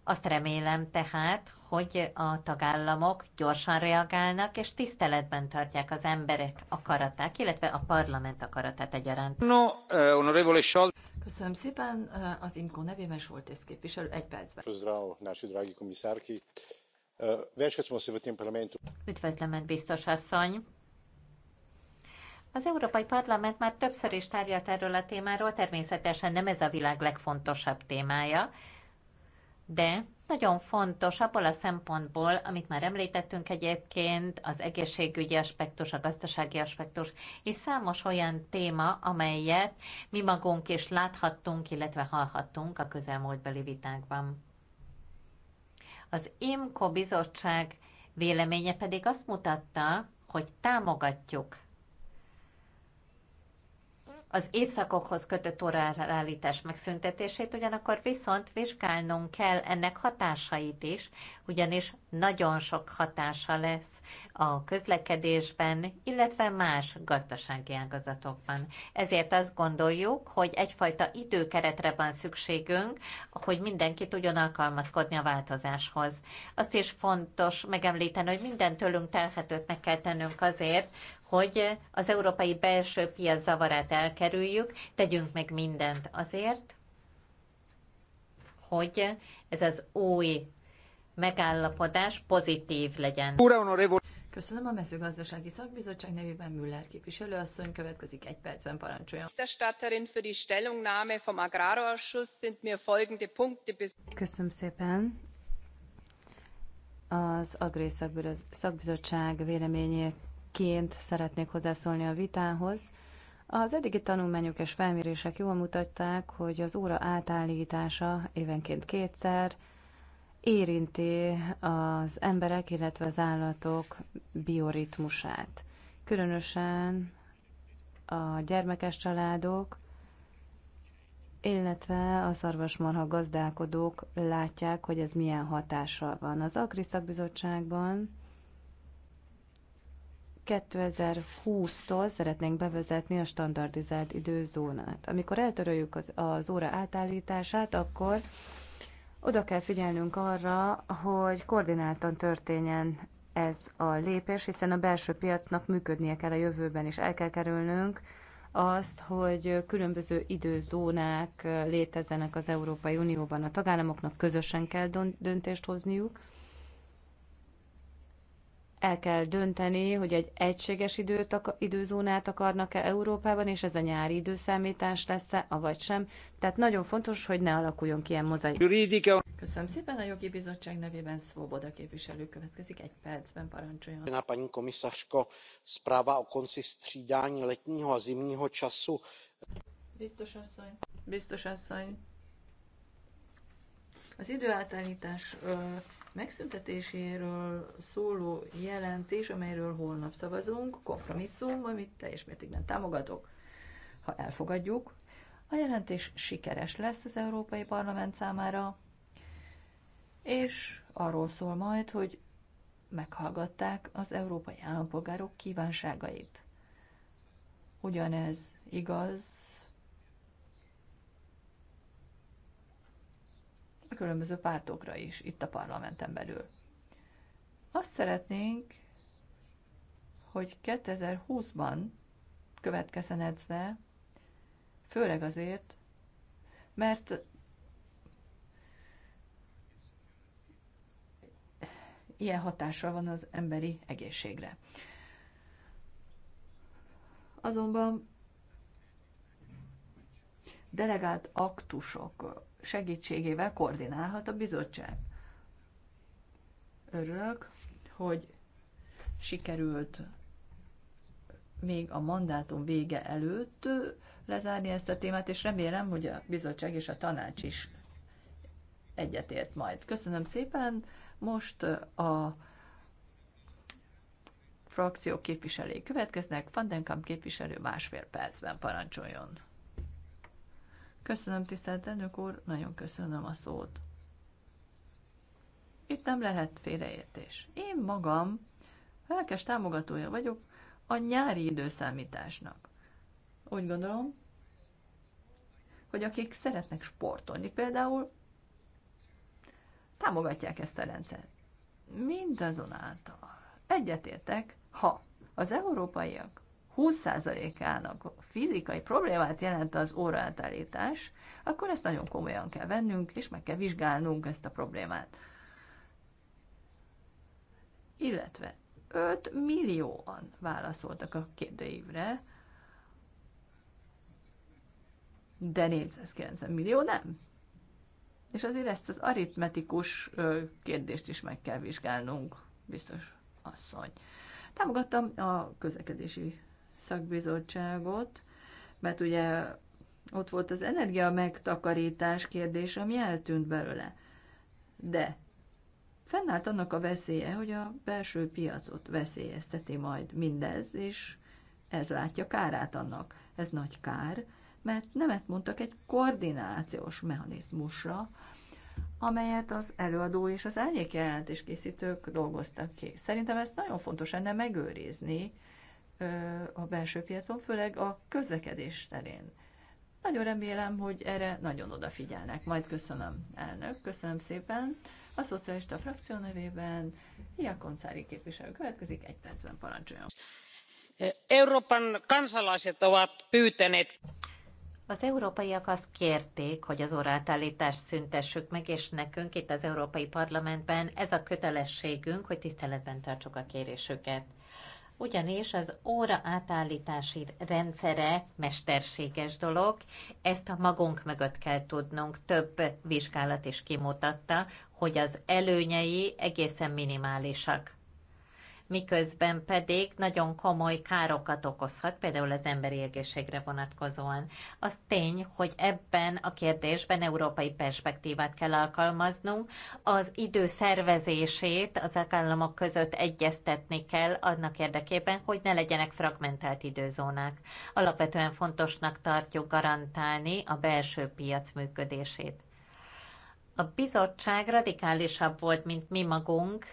Azt remélem tehát, hogy a tagállamok gyorsan reagálnak, és tiszteletben tartják az emberek akaratát, illetve a parlament akaratát egyaránt. No, eh, honorable Scholz. Köszönöm szépen, eh, az IMKO nevében Soltész képviselő, egy percben. Köszönöm, Nási drági komisárki. Eh, Večkrat smo se v tem parlamentu. Üdvözlöm, biztos asszony. Az Európai Parlament már többször is tárgyalt erről a témáról, természetesen nem ez a világ legfontosabb témája, de nagyon fontos abból a szempontból, amit már említettünk egyébként, az egészségügyi aspektus, a gazdasági aspektus, és számos olyan téma, amelyet mi magunk is láthattunk, illetve hallhattunk a közelmúltbeli vitákban. Az IMCO bizottság véleménye pedig azt mutatta, hogy támogatjuk az évszakokhoz kötött óraállítás megszüntetését, ugyanakkor viszont vizsgálnunk kell ennek hatásait is, ugyanis nagyon sok hatása lesz a közlekedésben, illetve más gazdasági ágazatokban. Ezért azt gondoljuk, hogy egyfajta időkeretre van szükségünk, hogy mindenki tudjon alkalmazkodni a változáshoz. Azt is fontos megemlíteni, hogy minden tőlünk telhetőt meg kell tennünk azért, hogy az európai belső piac zavarát elkerüljük, tegyünk meg mindent azért, hogy ez az új megállapodás pozitív legyen. Köszönöm a mezőgazdasági szakbizottság nevében Müller képviselőasszony következik egy percben parancsoljon. Köszönöm szépen. Az agrészakbizottság véleményét ként szeretnék hozzászólni a vitához. Az eddigi tanulmányok és felmérések jól mutatták, hogy az óra átállítása évenként kétszer érinti az emberek, illetve az állatok bioritmusát. Különösen a gyermekes családok, illetve a szarvasmarha gazdálkodók látják, hogy ez milyen hatással van. Az Agri Szakbizottságban 2020-tól szeretnénk bevezetni a standardizált időzónát. Amikor eltöröljük az, az óra átállítását, akkor oda kell figyelnünk arra, hogy koordináltan történjen ez a lépés, hiszen a belső piacnak működnie kell a jövőben, és el kell kerülnünk azt, hogy különböző időzónák létezzenek az Európai Unióban. A tagállamoknak közösen kell döntést hozniuk, el kell dönteni, hogy egy egységes időt, időzónát akarnak-e Európában, és ez a nyári időszámítás lesz-e, avagy sem. Tehát nagyon fontos, hogy ne alakuljon ki ilyen mozaik. Köszönöm szépen a Jogi Bizottság nevében Svoboda képviselő következik. Egy percben parancsoljon. Na, paní komisařko, zpráva o konci střídání letního a zimního času. Biztos asszony. Biztos asszony. Az időátállítás megszüntetéséről szóló jelentés, amelyről holnap szavazunk, kompromisszum, amit teljes mértékben támogatok. Ha elfogadjuk, a jelentés sikeres lesz az Európai Parlament számára, és arról szól majd, hogy meghallgatták az európai állampolgárok kívánságait. Ugyanez igaz különböző pártokra is, itt a parlamenten belül. Azt szeretnénk, hogy 2020-ban következzen ez le, főleg azért, mert ilyen hatással van az emberi egészségre. Azonban delegált aktusok segítségével koordinálhat a bizottság. Örülök, hogy sikerült még a mandátum vége előtt lezárni ezt a témát, és remélem, hogy a bizottság és a tanács is egyetért majd. Köszönöm szépen. Most a frakciók képviselői következnek. Fandenkamp képviselő másfél percben parancsoljon. Köszönöm, tisztelt elnök úr, nagyon köszönöm a szót. Itt nem lehet félreértés. Én magam lelkes támogatója vagyok a nyári időszámításnak. Úgy gondolom, hogy akik szeretnek sportolni például, támogatják ezt a rendszert. Mindazonáltal egyetértek, ha az európaiak 20%-ának fizikai problémát jelent az óraátállítás, akkor ezt nagyon komolyan kell vennünk, és meg kell vizsgálnunk ezt a problémát. Illetve 5 millióan válaszoltak a kérdőívre, de 490 millió nem. És azért ezt az aritmetikus kérdést is meg kell vizsgálnunk, biztos asszony. Támogattam a közlekedési szakbizottságot, mert ugye ott volt az energia megtakarítás kérdése, ami eltűnt belőle. De fennállt annak a veszélye, hogy a belső piacot veszélyezteti majd mindez, és ez látja kárát annak. Ez nagy kár, mert nemet mondtak egy koordinációs mechanizmusra, amelyet az előadó és az árnyék jelentés készítők dolgoztak ki. Szerintem ezt nagyon fontos ennek megőrizni, a belső piacon, főleg a közlekedés terén. Nagyon remélem, hogy erre nagyon odafigyelnek. Majd köszönöm, elnök, köszönöm szépen. A szocialista frakció nevében Jakon képviselő következik, egy percben parancsoljon. Európan kansalaiset ovat pyytäneet. Az európaiak azt kérték, hogy az orrátállítást szüntessük meg, és nekünk itt az Európai Parlamentben ez a kötelességünk, hogy tiszteletben tartsuk a kérésüket ugyanis az óra átállítási rendszere mesterséges dolog, ezt a magunk mögött kell tudnunk, több vizsgálat is kimutatta, hogy az előnyei egészen minimálisak miközben pedig nagyon komoly károkat okozhat, például az emberi egészségre vonatkozóan. Az tény, hogy ebben a kérdésben európai perspektívát kell alkalmaznunk, az idő szervezését az államok között egyeztetni kell annak érdekében, hogy ne legyenek fragmentált időzónák. Alapvetően fontosnak tartjuk garantálni a belső piac működését. A bizottság radikálisabb volt, mint mi magunk,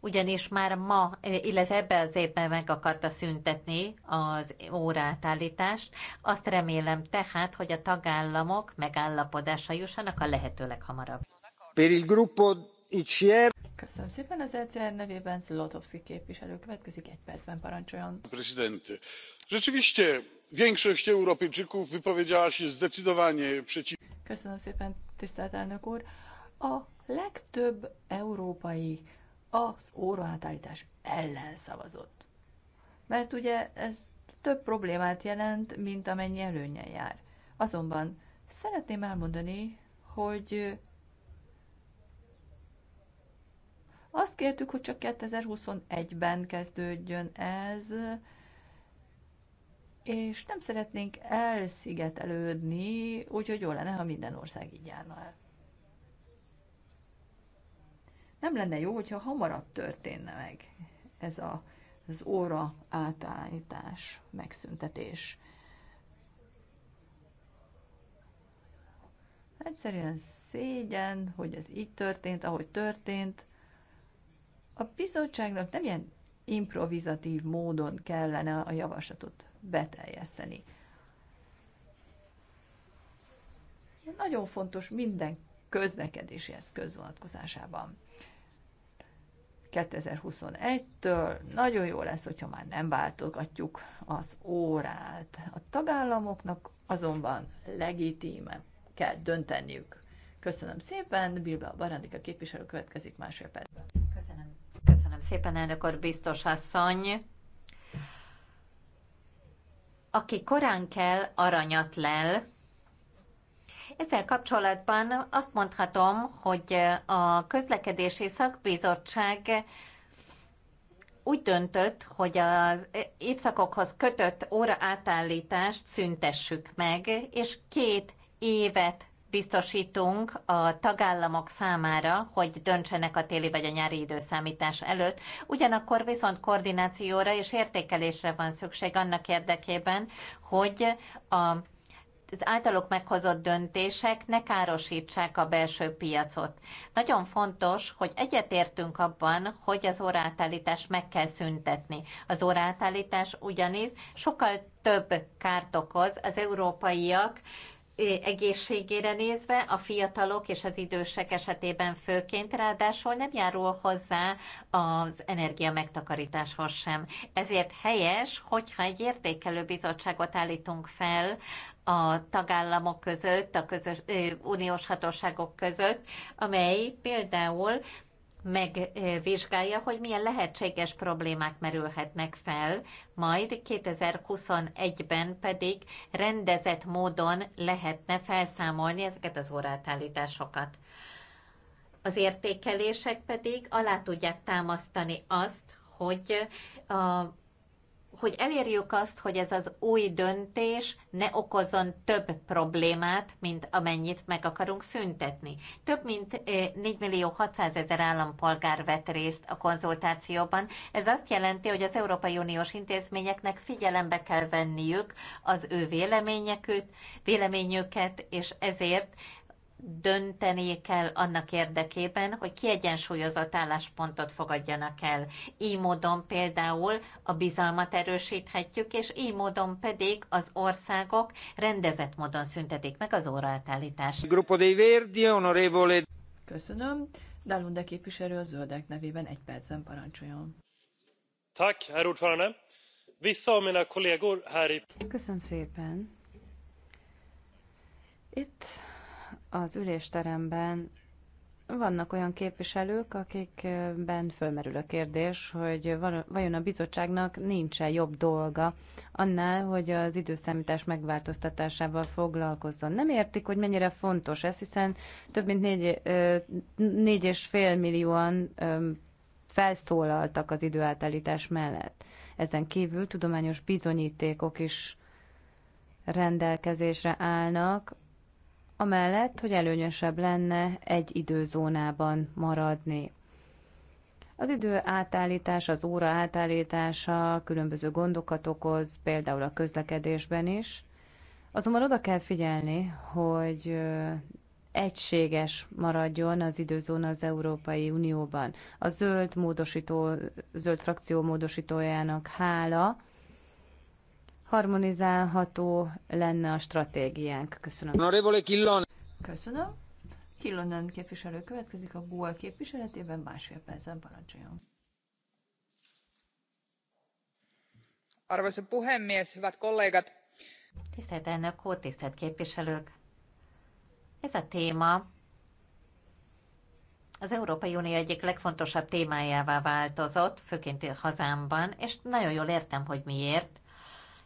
ugyanis már ma, illetve ebbe az évben meg akarta szüntetni az órátállítást. Azt remélem tehát, hogy a tagállamok megállapodásra jussanak a lehető leghamarabb. Per il gruppo ICR. Köszönöm szépen az ECR nevében, Zlotowski képviselő következik, egy percben parancsoljon. Presidente, rzeczywiście większość Europejczyków wypowiedziała się zdecydowanie przeciw. Köszönöm szépen, tisztelt elnök úr. A legtöbb európai az óraátállítás ellen szavazott. Mert ugye ez több problémát jelent, mint amennyi előnyen jár. Azonban szeretném elmondani, hogy azt kértük, hogy csak 2021-ben kezdődjön ez, és nem szeretnénk elszigetelődni, úgyhogy jó lenne, ha minden ország így járna el. Nem lenne jó, hogyha hamarabb történne meg ez a, az óra átállítás, megszüntetés. Egyszerűen szégyen, hogy ez így történt, ahogy történt. A bizottságnak nem ilyen improvizatív módon kellene a javaslatot beteljeszteni. Nagyon fontos minden közlekedési eszköz vonatkozásában. 2021-től nagyon jó lesz, hogyha már nem váltogatjuk az órát. A tagállamoknak azonban legitíme kell dönteniük. Köszönöm szépen, Bilba Barandika képviselő következik másfél percben. Köszönöm. Köszönöm szépen, elnök úr, biztos asszony. Aki korán kell, aranyat lel, ezzel kapcsolatban azt mondhatom, hogy a közlekedési szakbizottság úgy döntött, hogy az évszakokhoz kötött óra átállítást szüntessük meg, és két évet biztosítunk a tagállamok számára, hogy döntsenek a téli vagy a nyári időszámítás előtt. Ugyanakkor viszont koordinációra és értékelésre van szükség annak érdekében, hogy a az általuk meghozott döntések ne károsítsák a belső piacot. Nagyon fontos, hogy egyetértünk abban, hogy az órátállítást meg kell szüntetni. Az órátállítás ugyanis sokkal több kárt okoz az európaiak egészségére nézve, a fiatalok és az idősek esetében főként, ráadásul nem járul hozzá az energia megtakarításhoz sem. Ezért helyes, hogyha egy értékelő bizottságot állítunk fel a tagállamok között, a közös, uniós hatóságok között, amely például megvizsgálja, hogy milyen lehetséges problémák merülhetnek fel, majd 2021-ben pedig rendezett módon lehetne felszámolni ezeket az órátállításokat. Az értékelések pedig alá tudják támasztani azt, hogy a hogy elérjük azt, hogy ez az új döntés ne okozon több problémát, mint amennyit meg akarunk szüntetni. Több mint 4 millió 600 ezer állampolgár vett részt a konzultációban. Ez azt jelenti, hogy az Európai Uniós intézményeknek figyelembe kell venniük az ő véleményeket, véleményüket, és ezért dönteni kell annak érdekében, hogy kiegyensúlyozott álláspontot fogadjanak el. Így módon például a bizalmat erősíthetjük, és így módon pedig az országok rendezett módon szüntetik meg az óraátállítást. Grupo dei Verdi, onorevole. Köszönöm. Dalunde képviselő a zöldek nevében egy percben parancsoljon. Tak, herr ordförande. Vissa av kollegor Köszönöm szépen. Itt az ülésteremben vannak olyan képviselők, akikben fölmerül a kérdés, hogy vajon a bizottságnak nincs-e jobb dolga annál, hogy az időszámítás megváltoztatásával foglalkozzon. Nem értik, hogy mennyire fontos ez, hiszen több mint négy, négy és fél millióan felszólaltak az időátállítás mellett. Ezen kívül tudományos bizonyítékok is rendelkezésre állnak amellett, hogy előnyösebb lenne egy időzónában maradni. Az idő átállítása, az óra átállítása különböző gondokat okoz, például a közlekedésben is. Azonban oda kell figyelni, hogy egységes maradjon az időzóna az Európai Unióban. A zöld módosító, zöld frakció módosítójának hála, harmonizálható lenne a stratégiánk. Köszönöm. Köszönöm. Killonen képviselő következik a GUA képviseletében, másfél percen parancsoljon. Arvoisa puhemies, hyvät kollégat! Tisztelt elnök úr, tisztelt képviselők! Ez a téma az Európai Unió egyik legfontosabb témájává változott, főként hazámban, és nagyon jól értem, hogy miért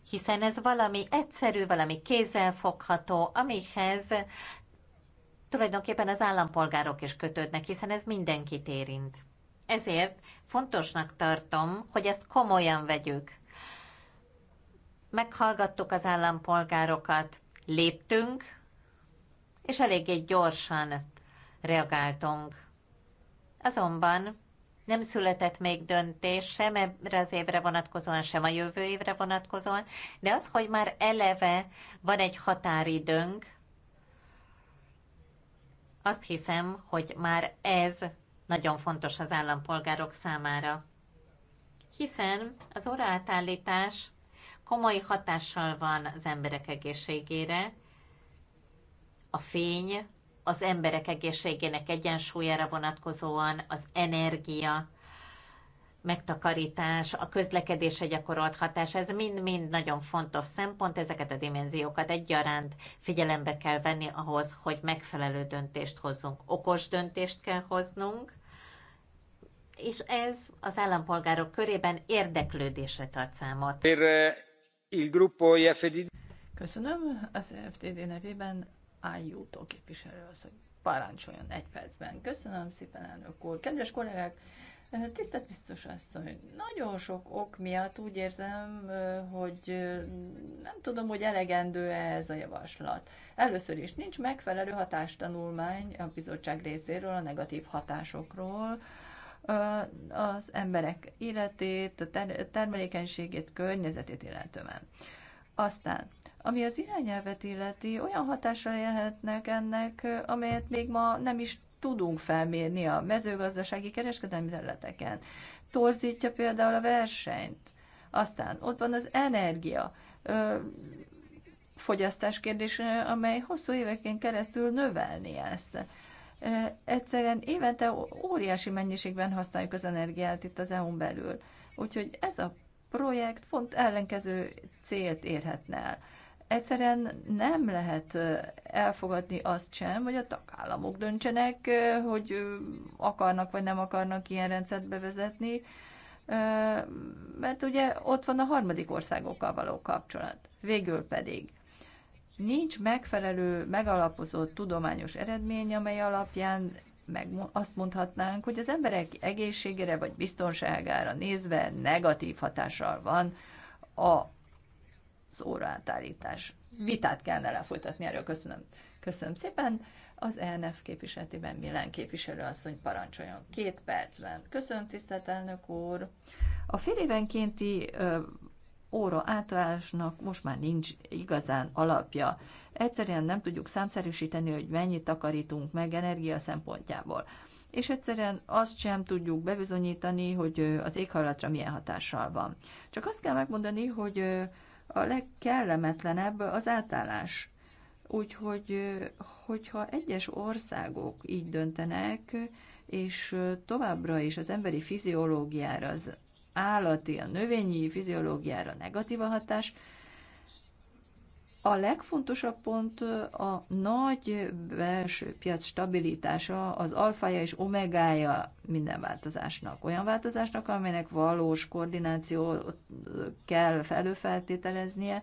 hiszen ez valami egyszerű, valami kézzelfogható, amihez tulajdonképpen az állampolgárok is kötődnek, hiszen ez mindenkit érint. Ezért fontosnak tartom, hogy ezt komolyan vegyük. Meghallgattuk az állampolgárokat, léptünk, és eléggé gyorsan reagáltunk. Azonban nem született még döntés sem erre az évre vonatkozóan, sem a jövő évre vonatkozóan, de az, hogy már eleve van egy határidőnk, azt hiszem, hogy már ez nagyon fontos az állampolgárok számára. Hiszen az óraátállítás komoly hatással van az emberek egészségére, a fény az emberek egészségének egyensúlyára vonatkozóan, az energia, megtakarítás, a közlekedésre gyakorolt hatás, ez mind-mind nagyon fontos szempont, ezeket a dimenziókat egyaránt figyelembe kell venni ahhoz, hogy megfelelő döntést hozzunk. Okos döntést kell hoznunk, és ez az állampolgárok körében érdeklődésre tart számot. Eh, Köszönöm az e FTD nevében Ájútó képviselő az, hogy parancsoljon egy percben. Köszönöm szépen, elnök úr. Kedves kollégák, tisztelt biztos asszony, nagyon sok ok miatt úgy érzem, hogy nem tudom, hogy elegendő -e ez a javaslat. Először is nincs megfelelő hatástanulmány a bizottság részéről a negatív hatásokról, az emberek életét, a termelékenységét, környezetét illetően. Aztán ami az irányelvet illeti, olyan hatásra lehetnek ennek, amelyet még ma nem is tudunk felmérni a mezőgazdasági kereskedelmi területeken. Torzítja például a versenyt. Aztán ott van az energia ö, fogyasztás kérdése, amely hosszú éveken keresztül növelni ezt. Egyszerűen évente óriási mennyiségben használjuk az energiát itt az EU-n belül. Úgyhogy ez a projekt pont ellenkező célt érhetne el egyszerűen nem lehet elfogadni azt sem, hogy a tagállamok döntsenek, hogy akarnak vagy nem akarnak ilyen rendszert bevezetni, mert ugye ott van a harmadik országokkal való kapcsolat. Végül pedig nincs megfelelő, megalapozott tudományos eredmény, amely alapján meg azt mondhatnánk, hogy az emberek egészségére vagy biztonságára nézve negatív hatással van a az óraátállítás. Vitát kellene lefolytatni erről. Köszönöm. Köszönöm szépen. Az ENF képviseletében Milán képviselő asszony parancsoljon két percben. Köszönöm, tisztelt elnök úr. A fél évenkénti óra átállásnak most már nincs igazán alapja. Egyszerűen nem tudjuk számszerűsíteni, hogy mennyit takarítunk meg energia szempontjából. És egyszerűen azt sem tudjuk bebizonyítani, hogy az éghajlatra milyen hatással van. Csak azt kell megmondani, hogy a legkellemetlenebb az átállás. Úgyhogy, hogyha egyes országok így döntenek, és továbbra is az emberi fiziológiára, az állati, a növényi fiziológiára negatív a hatás, a legfontosabb pont a nagy belső piac stabilitása, az alfája és omegája minden változásnak. Olyan változásnak, amelynek valós koordináció kell felőfeltételeznie,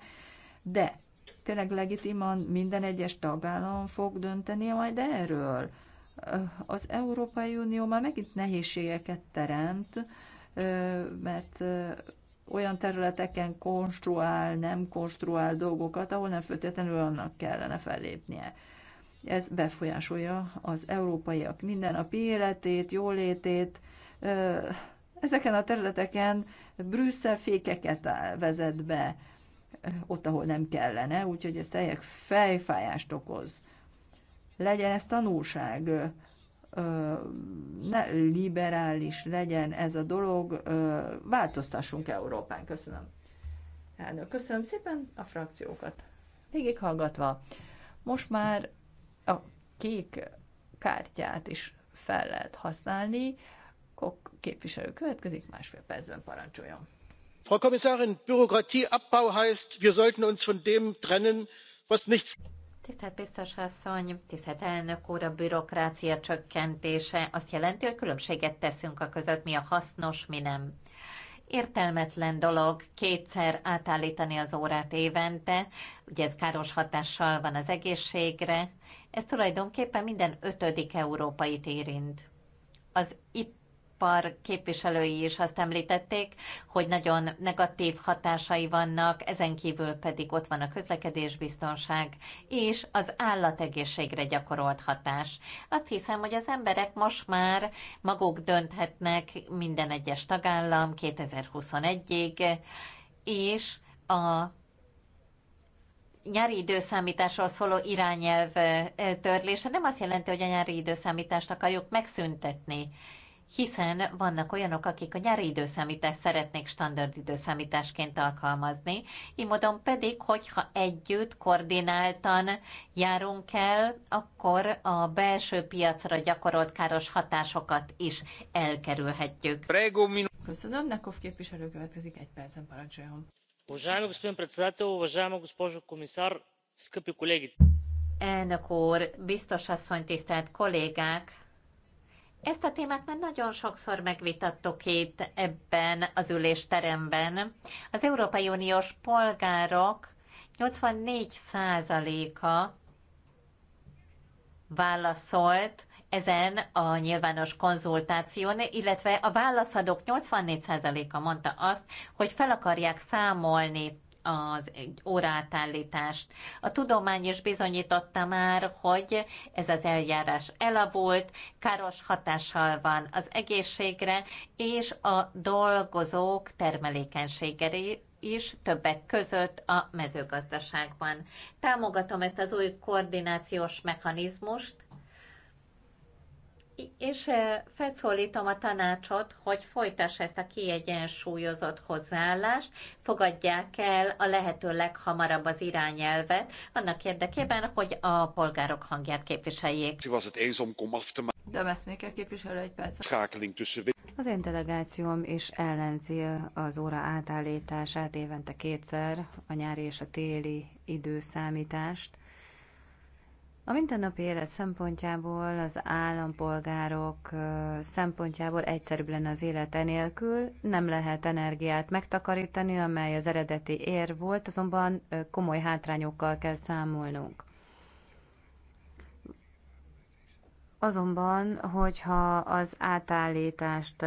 de tényleg legitiman minden egyes tagállam fog dönteni majd erről. Az Európai Unió már megint nehézségeket teremt, mert olyan területeken konstruál, nem konstruál dolgokat, ahol nem feltétlenül annak kellene fellépnie. Ez befolyásolja az európaiak mindennapi életét, jólétét. Ezeken a területeken Brüsszel fékeket vezet be, ott, ahol nem kellene, úgyhogy ez teljes fejfájást okoz. Legyen ez tanulság ne liberális legyen ez a dolog, változtassunk Európán. Köszönöm. Elnök, köszönöm szépen a frakciókat. Végig hallgatva, most már a kék kártyát is fel lehet használni. Kok képviselő következik, másfél percben parancsoljon. Frau Kommissarin, Bürokratieabbau heißt, wir sollten uns von dem trennen, was nichts Tisztelt biztos asszony, tisztelt elnök úr, a bürokrácia csökkentése azt jelenti, hogy különbséget teszünk a között, mi a hasznos, mi nem értelmetlen dolog kétszer átállítani az órát évente, ugye ez káros hatással van az egészségre, ez tulajdonképpen minden ötödik európait érint. Az IP ipar képviselői is azt említették, hogy nagyon negatív hatásai vannak, ezen kívül pedig ott van a közlekedésbiztonság és az állategészségre gyakorolt hatás. Azt hiszem, hogy az emberek most már maguk dönthetnek minden egyes tagállam 2021-ig, és a nyári időszámításról szóló irányelv eh, törlése nem azt jelenti, hogy a nyári időszámítást akarjuk megszüntetni hiszen vannak olyanok, akik a nyári időszámítást szeretnék standard időszámításként alkalmazni, így módon pedig, hogyha együtt, koordináltan járunk el, akkor a belső piacra gyakorolt káros hatásokat is elkerülhetjük. Köszönöm, Nekov képviselő következik egy percen, parancsoljon. Elnök úr, biztos asszony, tisztelt kollégák! Ezt a témát már nagyon sokszor megvitattuk itt ebben az ülésteremben. Az Európai Uniós polgárok 84%-a válaszolt ezen a nyilvános konzultáción, illetve a válaszadók 84%-a mondta azt, hogy fel akarják számolni az órátállítást. A tudomány is bizonyította már, hogy ez az eljárás elavult, káros hatással van az egészségre és a dolgozók termelékenységeré is többek között a mezőgazdaságban. Támogatom ezt az új koordinációs mechanizmust, és felszólítom a tanácsot, hogy folytassa ezt a kiegyensúlyozott hozzáállást, fogadják el a lehető leghamarabb az irányelvet, annak érdekében, hogy a polgárok hangját képviseljék. Demeszméker képviselő egy percet. Az én delegációm is ellenzi az óra átállítását évente kétszer, a nyári és a téli időszámítást. A mindennapi élet szempontjából, az állampolgárok szempontjából egyszerűbb lenne az élet enélkül, nem lehet energiát megtakarítani, amely az eredeti ér volt, azonban komoly hátrányokkal kell számolnunk. Azonban, hogyha az átállítást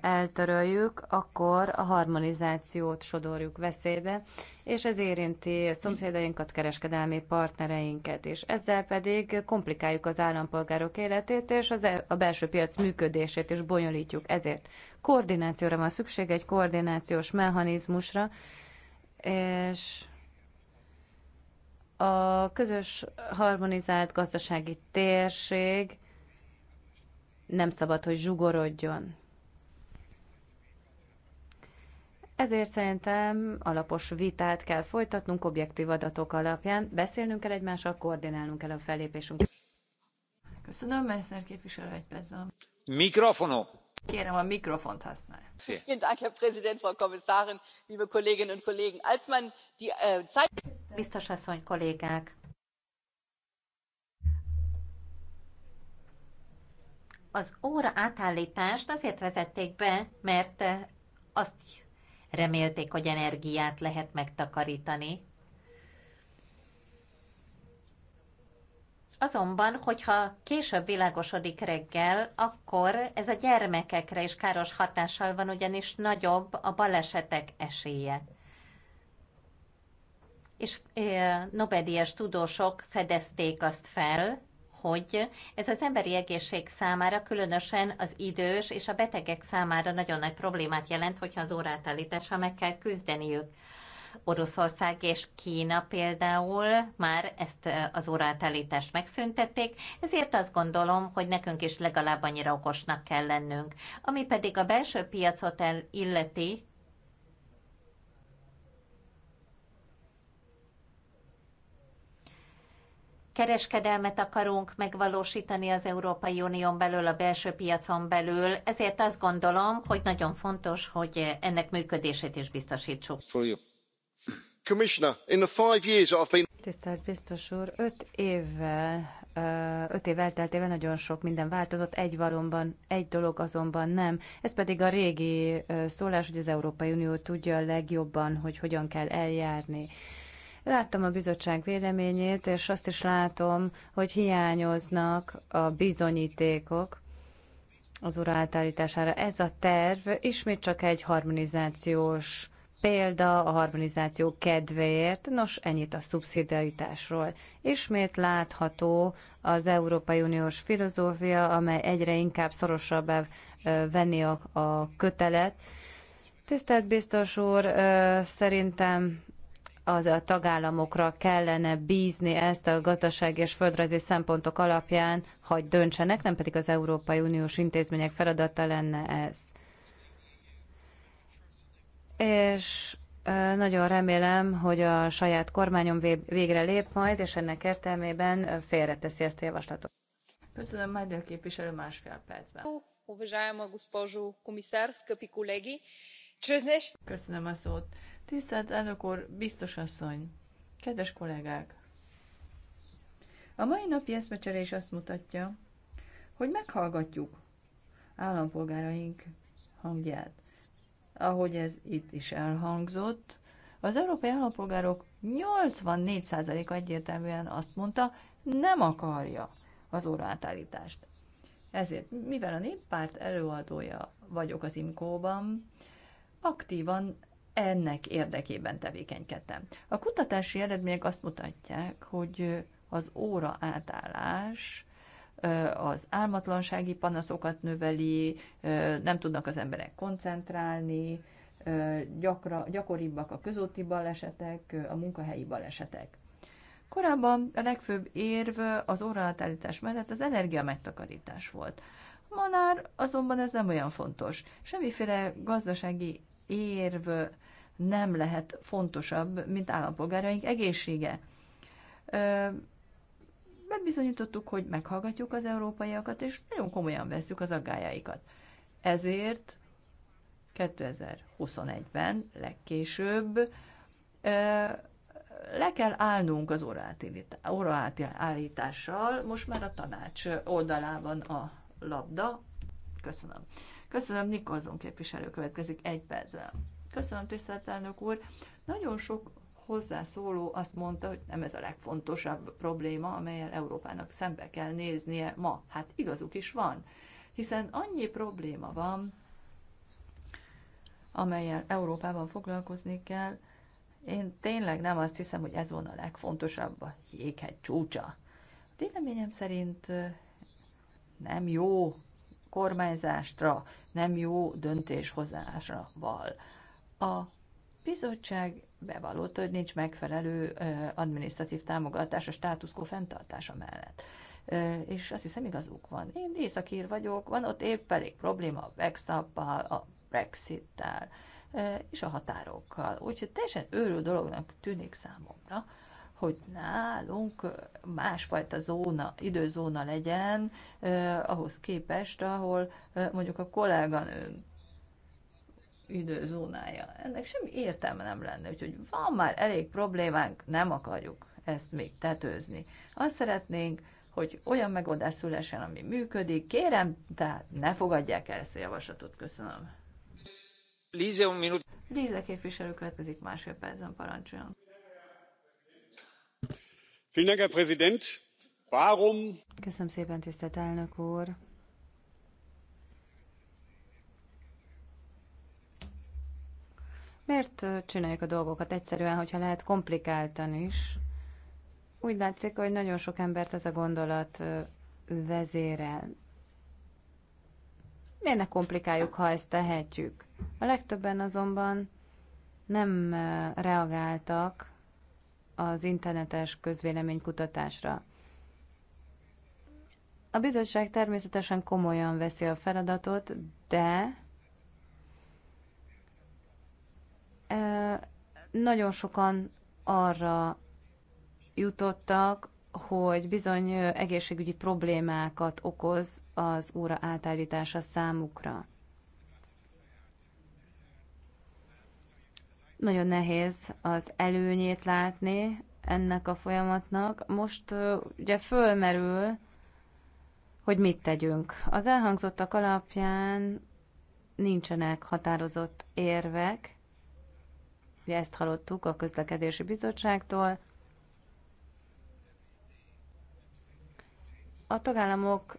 eltöröljük, akkor a harmonizációt sodorjuk veszélybe, és ez érinti szomszédainkat, kereskedelmi partnereinket is. Ezzel pedig komplikáljuk az állampolgárok életét, és az e- a belső piac működését is bonyolítjuk. Ezért koordinációra van szükség, egy koordinációs mechanizmusra, és a közös harmonizált gazdasági térség, nem szabad, hogy zsugorodjon. Ezért szerintem alapos vitát kell folytatnunk objektív adatok alapján, beszélnünk kell egymással, koordinálnunk kell a fellépésünket. Köszönöm, Messner képviselő, egy perc van. Mikrofonó. Kérem, a mikrofont használj. Vielen Dank, Herr Präsident, Frau Kommissarin, liebe Kolleginnen und Kollegen. Als man die äh, Zeit... Biztos asszony kollégák, az óra átállítást azért vezették be, mert azt remélték, hogy energiát lehet megtakarítani. Azonban, hogyha később világosodik reggel, akkor ez a gyermekekre is káros hatással van, ugyanis nagyobb a balesetek esélye. És nobel tudósok fedezték azt fel, hogy ez az emberi egészség számára, különösen az idős és a betegek számára nagyon nagy problémát jelent, hogyha az órátállítása meg kell küzdeniük. Oroszország és Kína például már ezt az órátállítást megszüntették, ezért azt gondolom, hogy nekünk is legalább annyira okosnak kell lennünk. Ami pedig a belső piacot illeti, kereskedelmet akarunk megvalósítani az Európai Unión belül, a belső piacon belül, ezért azt gondolom, hogy nagyon fontos, hogy ennek működését is biztosítsuk. Tisztelt biztos úr, öt évvel, öt év elteltével nagyon sok minden változott, egy valomban, egy dolog azonban nem. Ez pedig a régi szólás, hogy az Európai Unió tudja legjobban, hogy hogyan kell eljárni. Láttam a bizottság véleményét, és azt is látom, hogy hiányoznak a bizonyítékok az ura átállítására. Ez a terv ismét csak egy harmonizációs példa a harmonizáció kedvéért. Nos, ennyit a szubszidiaritásról. Ismét látható az Európai Uniós filozófia, amely egyre inkább szorosabbá venni a, a kötelet. Tisztelt biztos úr, szerintem az a tagállamokra kellene bízni ezt a gazdasági és földrajzi szempontok alapján, hogy döntsenek, nem pedig az Európai Uniós intézmények feladata lenne ez. És nagyon remélem, hogy a saját kormányom végre lép majd, és ennek értelmében félreteszi ezt a javaslatot. Köszönöm, majd a képviselő másfél percben. Köszönöm a szót. Tisztelt elnök úr, biztos asszony, kedves kollégák! A mai napi eszmecsere is azt mutatja, hogy meghallgatjuk állampolgáraink hangját. Ahogy ez itt is elhangzott, az európai állampolgárok 84%-a egyértelműen azt mondta, nem akarja az óraátállítást. Ezért, mivel a néppárt előadója vagyok az imkóban, aktívan ennek érdekében tevékenykedtem. A kutatási eredmények azt mutatják, hogy az óra átállás az álmatlansági panaszokat növeli, nem tudnak az emberek koncentrálni, gyakra, gyakoribbak a közúti balesetek, a munkahelyi balesetek. Korábban a legfőbb érv az óraátállítás mellett az energia megtakarítás volt. Manár azonban ez nem olyan fontos. Semmiféle gazdasági érv nem lehet fontosabb, mint állampolgáraink egészsége. Megbizonyítottuk, hogy meghallgatjuk az európaiakat, és nagyon komolyan veszük az aggájaikat. Ezért 2021-ben legkésőbb le kell állnunk az óraátállítással, most már a tanács oldalában a labda. Köszönöm. Köszönöm, Nikolzon képviselő következik egy perccel. Köszönöm, tisztelt elnök úr. Nagyon sok hozzászóló azt mondta, hogy nem ez a legfontosabb probléma, amelyel Európának szembe kell néznie ma. Hát igazuk is van, hiszen annyi probléma van, amelyel Európában foglalkozni kell. Én tényleg nem azt hiszem, hogy ez volna a legfontosabb a jéghegy csúcsa. A véleményem szerint nem jó kormányzásra, nem jó döntéshozásra val. A bizottság bevallotta, hogy nincs megfelelő administratív támogatás a státuszkó fenntartása mellett. És azt hiszem igazuk van. Én északír vagyok, van ott épp elég probléma a backstop a Brexit-tel és a határokkal. Úgyhogy teljesen őrül dolognak tűnik számomra, hogy nálunk másfajta zóna, időzóna legyen eh, ahhoz képest, ahol eh, mondjuk a kolléganő időzónája. Ennek semmi értelme nem lenne, úgyhogy van már elég problémánk, nem akarjuk ezt még tetőzni. Azt szeretnénk, hogy olyan megoldás szülesen, ami működik. Kérem, tehát ne fogadják el ezt a javaslatot. Köszönöm. Líze, un minut. Líze képviselő következik másfél percben, parancsoljon herr präsident! warum. miért csináljuk a dolgokat egyszerűen, hogyha lehet komplikáltan is? Úgy látszik, hogy nagyon sok embert ez a gondolat vezérel. Miért ne komplikáljuk, ha ezt tehetjük? A legtöbben azonban nem reagáltak az internetes közvéleménykutatásra. A bizottság természetesen komolyan veszi a feladatot, de nagyon sokan arra jutottak, hogy bizony egészségügyi problémákat okoz az óra átállítása számukra. Nagyon nehéz az előnyét látni ennek a folyamatnak. Most ugye fölmerül, hogy mit tegyünk. Az elhangzottak alapján nincsenek határozott érvek, ugye ezt hallottuk a közlekedési bizottságtól. A tagállamok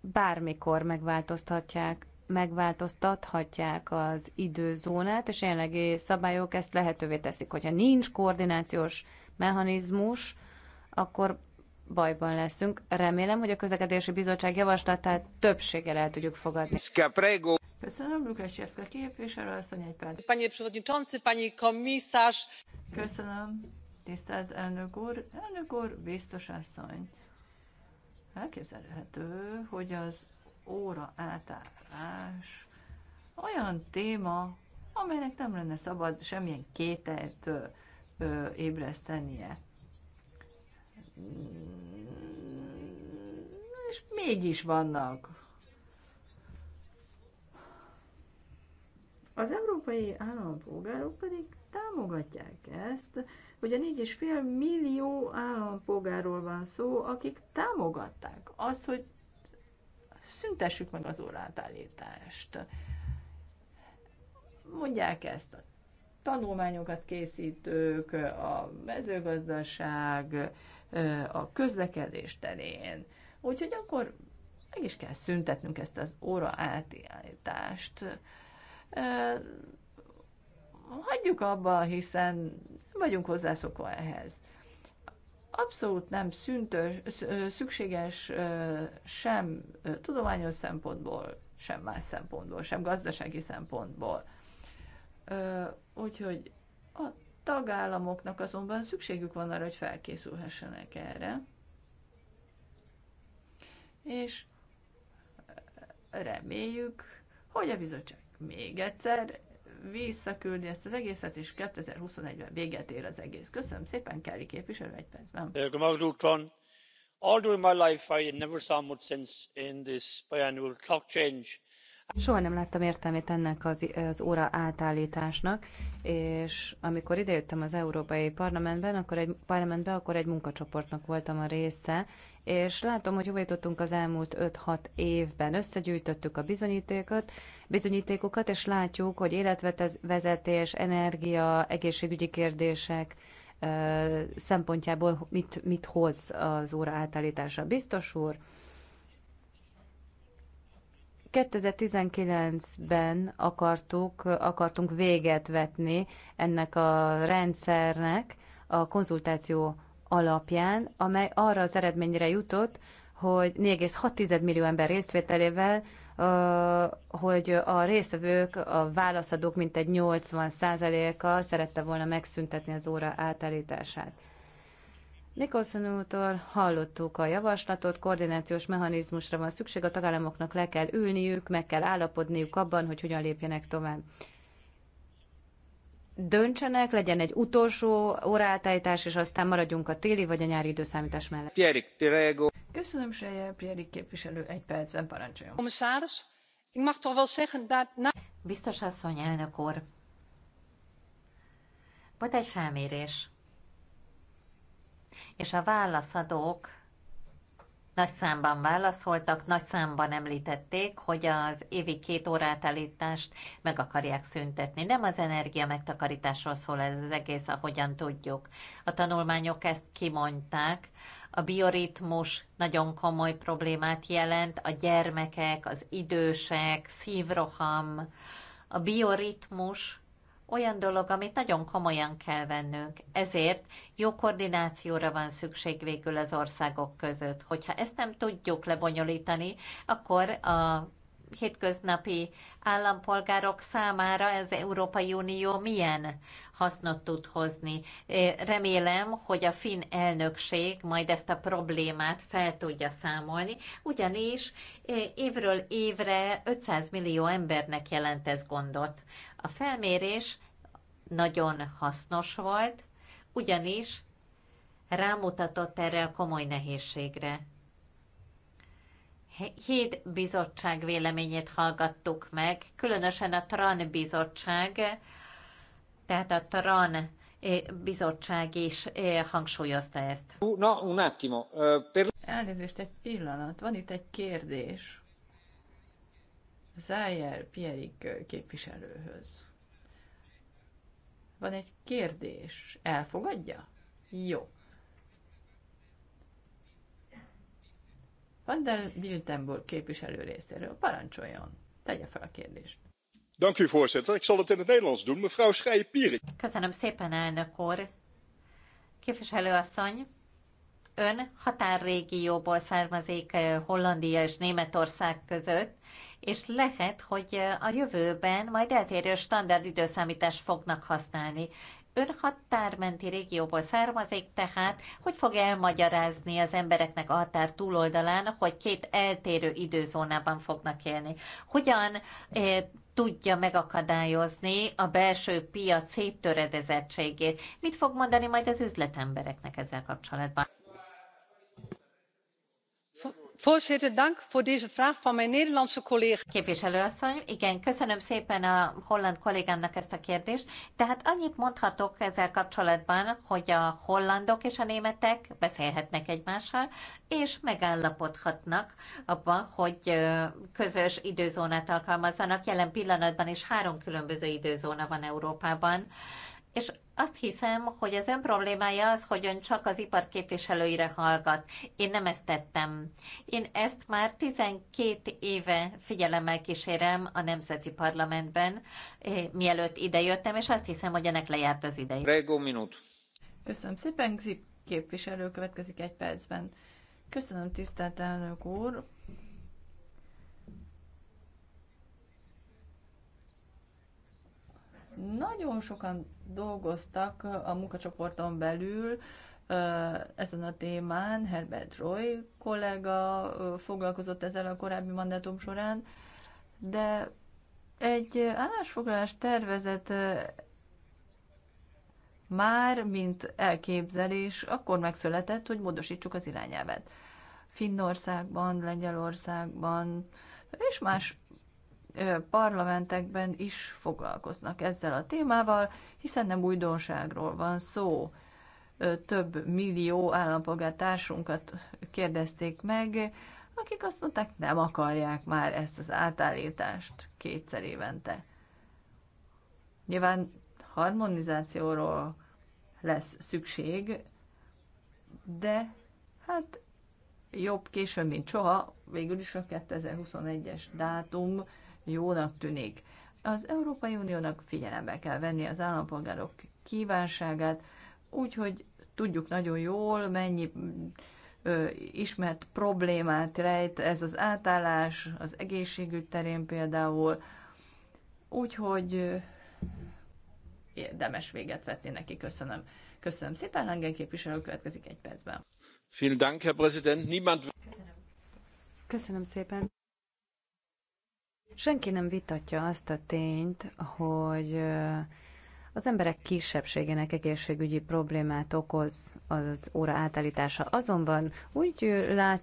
bármikor megváltoztatják megváltoztathatják az időzónát, és jelenlegi szabályok ezt lehetővé teszik. Hogyha nincs koordinációs mechanizmus, akkor bajban leszünk. Remélem, hogy a közlekedési bizottság javaslatát többséggel el tudjuk fogadni. Köszönöm, Lukács Jeszka képviselő, asszony egy perc. Panie przewodniczący, pani komisarz. Köszönöm, tisztelt elnök úr. Elnök úr, biztos asszony. Elképzelhető, hogy az óra átállás olyan téma, amelynek nem lenne szabad semmilyen kételt ö, ébresztenie. És mégis vannak. Az európai állampolgárok pedig támogatják ezt, hogy a 4,5 millió állampolgárról van szó, akik támogatták azt, hogy szüntessük meg az órátállítást. Mondják ezt a tanulmányokat készítők, a mezőgazdaság, a közlekedés terén. Úgyhogy akkor meg is kell szüntetnünk ezt az óra átiállítást. Hagyjuk abba, hiszen vagyunk hozzászokva ehhez abszolút nem szüntös, szükséges sem tudományos szempontból, sem más szempontból, sem gazdasági szempontból. Úgyhogy a tagállamoknak azonban szükségük van arra, hogy felkészülhessenek erre. És reméljük, hogy a bizottság még egyszer visszaküldi ezt az egészet, és 2021-ben véget ér az egész. Köszönöm szépen, Kelly képviselő, egy percben. Eh, All during my life I never saw much sense in this biannual clock change. Soha nem láttam értelmét ennek az, az óra átállításnak, és amikor idejöttem az Európai Parlamentben, akkor egy, parlamentben akkor egy munkacsoportnak voltam a része, és látom, hogy hova jutottunk az elmúlt 5-6 évben. Összegyűjtöttük a bizonyítékot, bizonyítékokat, és látjuk, hogy életvezetés, energia, egészségügyi kérdések szempontjából mit, mit hoz az óra átállítása. Biztos úr, 2019-ben akartuk, akartunk véget vetni ennek a rendszernek a konzultáció alapján, amely arra az eredményre jutott, hogy 4,6 millió ember részvételével, hogy a résztvevők, a válaszadók mintegy 80%-a szerette volna megszüntetni az óra átállítását. Nicholson úrtól hallottuk a javaslatot, koordinációs mechanizmusra van szükség, a tagállamoknak le kell ülniük, meg kell állapodniuk abban, hogy hogyan lépjenek tovább döntsenek, legyen egy utolsó órátájtás, és aztán maradjunk a téli vagy a nyári időszámítás mellett. Pierik, Pirego. Köszönöm, Seje, Pierik képviselő, egy percben parancsoljon. Commissaris, ik mag toch wel zeggen dat... Biztos asszony, elnök úr. Volt egy felmérés, és a válaszadók nagy számban válaszoltak, nagy számban említették, hogy az évi két órát állítást meg akarják szüntetni. Nem az energia megtakarításról szól ez az egész, ahogyan tudjuk. A tanulmányok ezt kimondták, a bioritmus nagyon komoly problémát jelent, a gyermekek, az idősek, szívroham. A bioritmus olyan dolog, amit nagyon komolyan kell vennünk. Ezért jó koordinációra van szükség végül az országok között. Hogyha ezt nem tudjuk lebonyolítani, akkor a hétköznapi állampolgárok számára az Európai Unió milyen hasznot tud hozni. Remélem, hogy a finn elnökség majd ezt a problémát fel tudja számolni, ugyanis évről évre 500 millió embernek jelent ez gondot. A felmérés nagyon hasznos volt, ugyanis rámutatott erre a komoly nehézségre. Hét bizottság véleményét hallgattuk meg, különösen a TRAN bizottság, tehát a TRAN eh, bizottság is eh, hangsúlyozta ezt. No, un attimo. Eh, per... Elnézést, egy pillanat. Van itt egy kérdés. Zájer Pierik képviselőhöz. Van egy kérdés. Elfogadja? Jó. Van der Wiltenburg képviselő részéről. Parancsoljon. Tegye fel a kérdést. Dank u, voorzitter. Ik zal het in het Nederlands doen, mevrouw Schreier-Pierik. Köszönöm szépen, elnök úr. Képviselőasszony, ön határrégióból származik Hollandia és Németország között, és lehet, hogy a jövőben majd eltérő standard időszámítást fognak használni. Ön határmenti régióból származik, tehát hogy fog elmagyarázni az embereknek a határ túloldalán, hogy két eltérő időzónában fognak élni? Hogyan eh, tudja megakadályozni a belső piac széttöredezettségét? Mit fog mondani majd az üzletembereknek ezzel kapcsolatban? Voorzitter, dank voor deze vraag van mijn Nederlandse collega. Képviselőasszony, igen, köszönöm szépen a holland kollégámnak ezt a kérdést. Tehát annyit mondhatok ezzel kapcsolatban, hogy a hollandok és a németek beszélhetnek egymással, és megállapodhatnak abban, hogy közös időzónát alkalmazzanak. Jelen pillanatban is három különböző időzóna van Európában és azt hiszem, hogy az ön problémája az, hogy ön csak az ipar képviselőire hallgat. Én nem ezt tettem. Én ezt már 12 éve figyelemmel kísérem a Nemzeti Parlamentben, eh, mielőtt idejöttem, és azt hiszem, hogy ennek lejárt az ideje. Régó minut. Köszönöm szépen, Zip képviselő következik egy percben. Köszönöm, tisztelt elnök úr. Nagyon sokan dolgoztak a munkacsoporton belül ezen a témán, Herbert Roy kollega foglalkozott ezzel a korábbi mandátum során, de egy állásfoglalás tervezet már, mint elképzelés, akkor megszületett, hogy módosítsuk az irányelvet. Finnországban, Lengyelországban és más parlamentekben is foglalkoznak ezzel a témával, hiszen nem újdonságról van szó. Több millió állampolgártársunkat kérdezték meg, akik azt mondták, nem akarják már ezt az átállítást kétszer évente. Nyilván harmonizációról lesz szükség, de hát jobb későn, mint soha, végül is a 2021-es dátum jónak tűnik. Az Európai Uniónak figyelembe kell venni az állampolgárok kívánságát, úgyhogy tudjuk nagyon jól, mennyi ö, ismert problémát rejt ez az átállás, az egészségügy terén például, úgyhogy érdemes véget vetni neki. Köszönöm. Köszönöm szépen, Lengen képviselő következik egy percben. Vielen Dank, Herr Präsident. Niemand... Köszönöm. Köszönöm szépen. Senki nem vitatja azt a tényt, hogy az emberek kisebbségének egészségügyi problémát okoz az óra átállítása. Azonban úgy lát,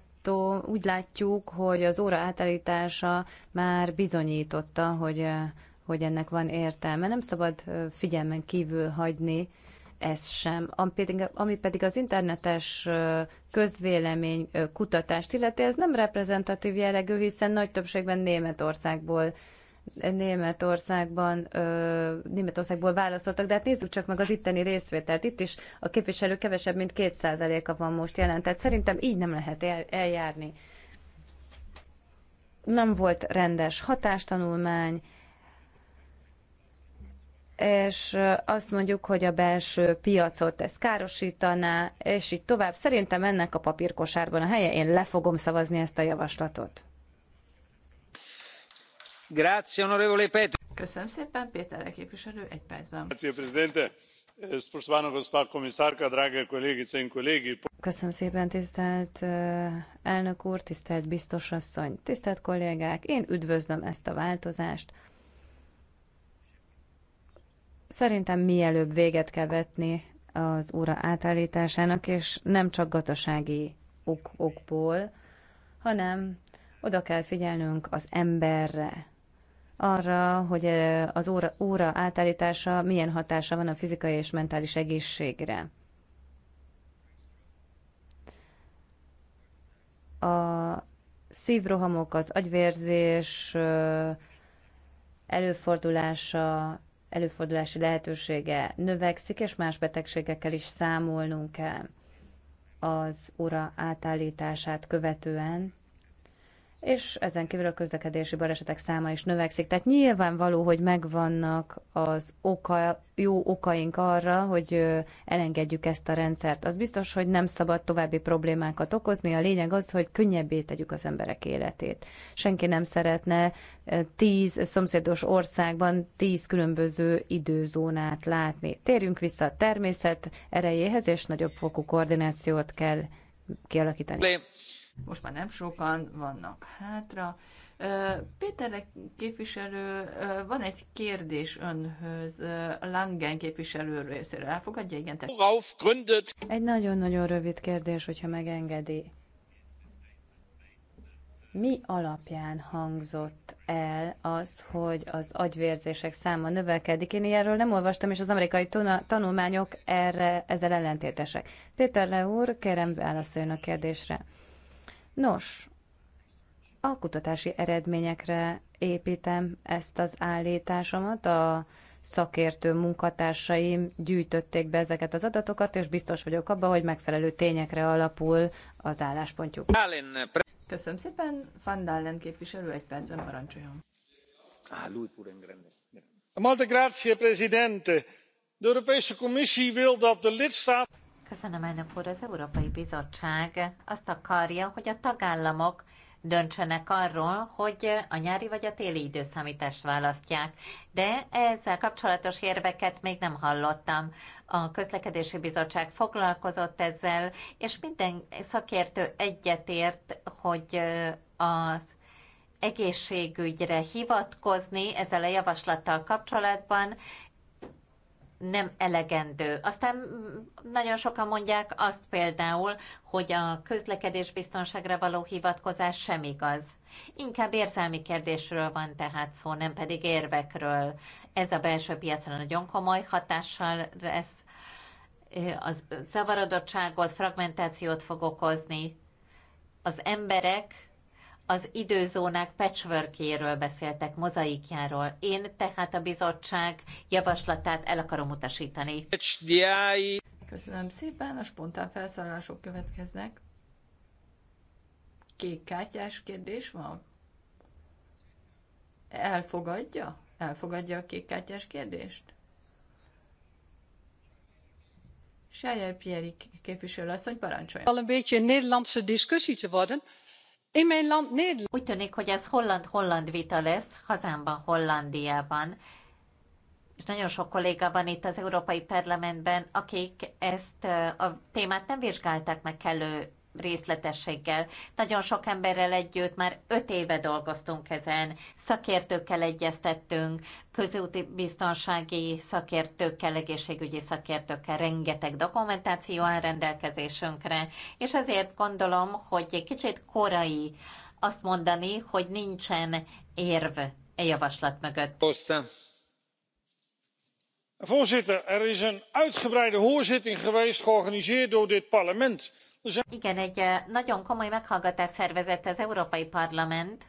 úgy látjuk, hogy az óra átállítása már bizonyította, hogy, hogy ennek van értelme. Nem szabad figyelmen kívül hagyni ezt sem. Ami pedig, ami pedig az internetes közvélemény kutatást illeti, ez nem reprezentatív jellegű, hiszen nagy többségben Németországból Németországban, Németországból válaszoltak, de hát nézzük csak meg az itteni részvételt. Itt is a képviselő kevesebb, mint 2%-a van most jelen, tehát szerintem így nem lehet eljárni. Nem volt rendes hatástanulmány, és azt mondjuk, hogy a belső piacot ez károsítaná, és így tovább. Szerintem ennek a papírkosárban a helye, én le fogom szavazni ezt a javaslatot. Grazie, onorevole Péter. Köszönöm szépen, Péter képviselő, egy percben. Grazie, presidente. Spoštovana gospa komisárka, drága kolegice in kolegi. Köszönöm szépen, tisztelt elnök úr, tisztelt biztos asszony, tisztelt kollégák. Én üdvözlöm ezt a változást Szerintem mielőbb véget kell vetni az óra átállításának, és nem csak gazdasági ok okból, hanem oda kell figyelnünk az emberre, arra, hogy e, az óra, óra átállítása milyen hatása van a fizikai és mentális egészségre. A szívrohamok, az agyvérzés előfordulása, előfordulási lehetősége növekszik, és más betegségekkel is számolnunk kell az óra átállítását követően és ezen kívül a közlekedési balesetek száma is növekszik. Tehát nyilvánvaló, hogy megvannak az oka, jó okaink arra, hogy elengedjük ezt a rendszert. Az biztos, hogy nem szabad további problémákat okozni, a lényeg az, hogy könnyebbé tegyük az emberek életét. Senki nem szeretne tíz szomszédos országban tíz különböző időzónát látni. Térjünk vissza a természet erejéhez, és nagyobb fokú koordinációt kell kialakítani. Lé most már nem sokan vannak hátra. Péter képviselő, van egy kérdés önhöz, Langen képviselő részéről. Elfogadja, igen? Te... Egy nagyon-nagyon rövid kérdés, hogyha megengedi. Mi alapján hangzott el az, hogy az agyvérzések száma növekedik? Én ilyenről nem olvastam, és az amerikai tanulmányok erre ezzel ellentétesek. Péter Le úr, kérem válaszoljon a kérdésre. Nos, a kutatási eredményekre építem ezt az állításomat. A szakértő munkatársaim gyűjtötték be ezeket az adatokat, és biztos vagyok abban, hogy megfelelő tényekre alapul az álláspontjuk. Köszönöm szépen, Van Dalen képviselő, egy percben parancsoljon. Molte grazie, presidente. De Europese Commissie wil dat de lidstaten. Köszönöm, elnök úr. Az Európai Bizottság azt akarja, hogy a tagállamok döntsenek arról, hogy a nyári vagy a téli időszámítást választják. De ezzel kapcsolatos érveket még nem hallottam. A közlekedési bizottság foglalkozott ezzel, és minden szakértő egyetért, hogy az egészségügyre hivatkozni ezzel a javaslattal kapcsolatban, nem elegendő. Aztán nagyon sokan mondják azt például, hogy a közlekedés biztonságra való hivatkozás sem igaz. Inkább érzelmi kérdésről van tehát szó, nem pedig érvekről. Ez a belső piacra nagyon komoly hatással lesz, az zavarodottságot, fragmentációt fog okozni. Az emberek az időzónák patchworkjéről beszéltek, mozaikjáról. Én tehát a bizottság javaslatát el akarom utasítani. Köszönöm szépen, a spontán felszólalások következnek. Kék kártyás kérdés van? Elfogadja? Elfogadja a kék kártyás kérdést? Sárjár Pieri képviselő asszony parancsolja. Al een beetje een Nederlandse discussie te worden, In land Nederland. Úgy tűnik, hogy ez holland-holland vita lesz, hazámban, Hollandiában. És nagyon sok kolléga van itt az Európai Parlamentben, akik ezt a témát nem vizsgálták meg kellő részletességgel. Nagyon sok emberrel együtt már öt éve dolgoztunk ezen, szakértőkkel egyeztettünk, közúti biztonsági szakértőkkel, egészségügyi szakértőkkel, rengeteg dokumentáció áll rendelkezésünkre, és ezért gondolom, hogy egy kicsit korai azt mondani, hogy nincsen érv e javaslat mögött. Posta. Voorzitter, er is een uitgebreide hoorzitting geweest georganiseerd door dit parlement igen, egy nagyon komoly meghallgatás szervezett az Európai Parlament,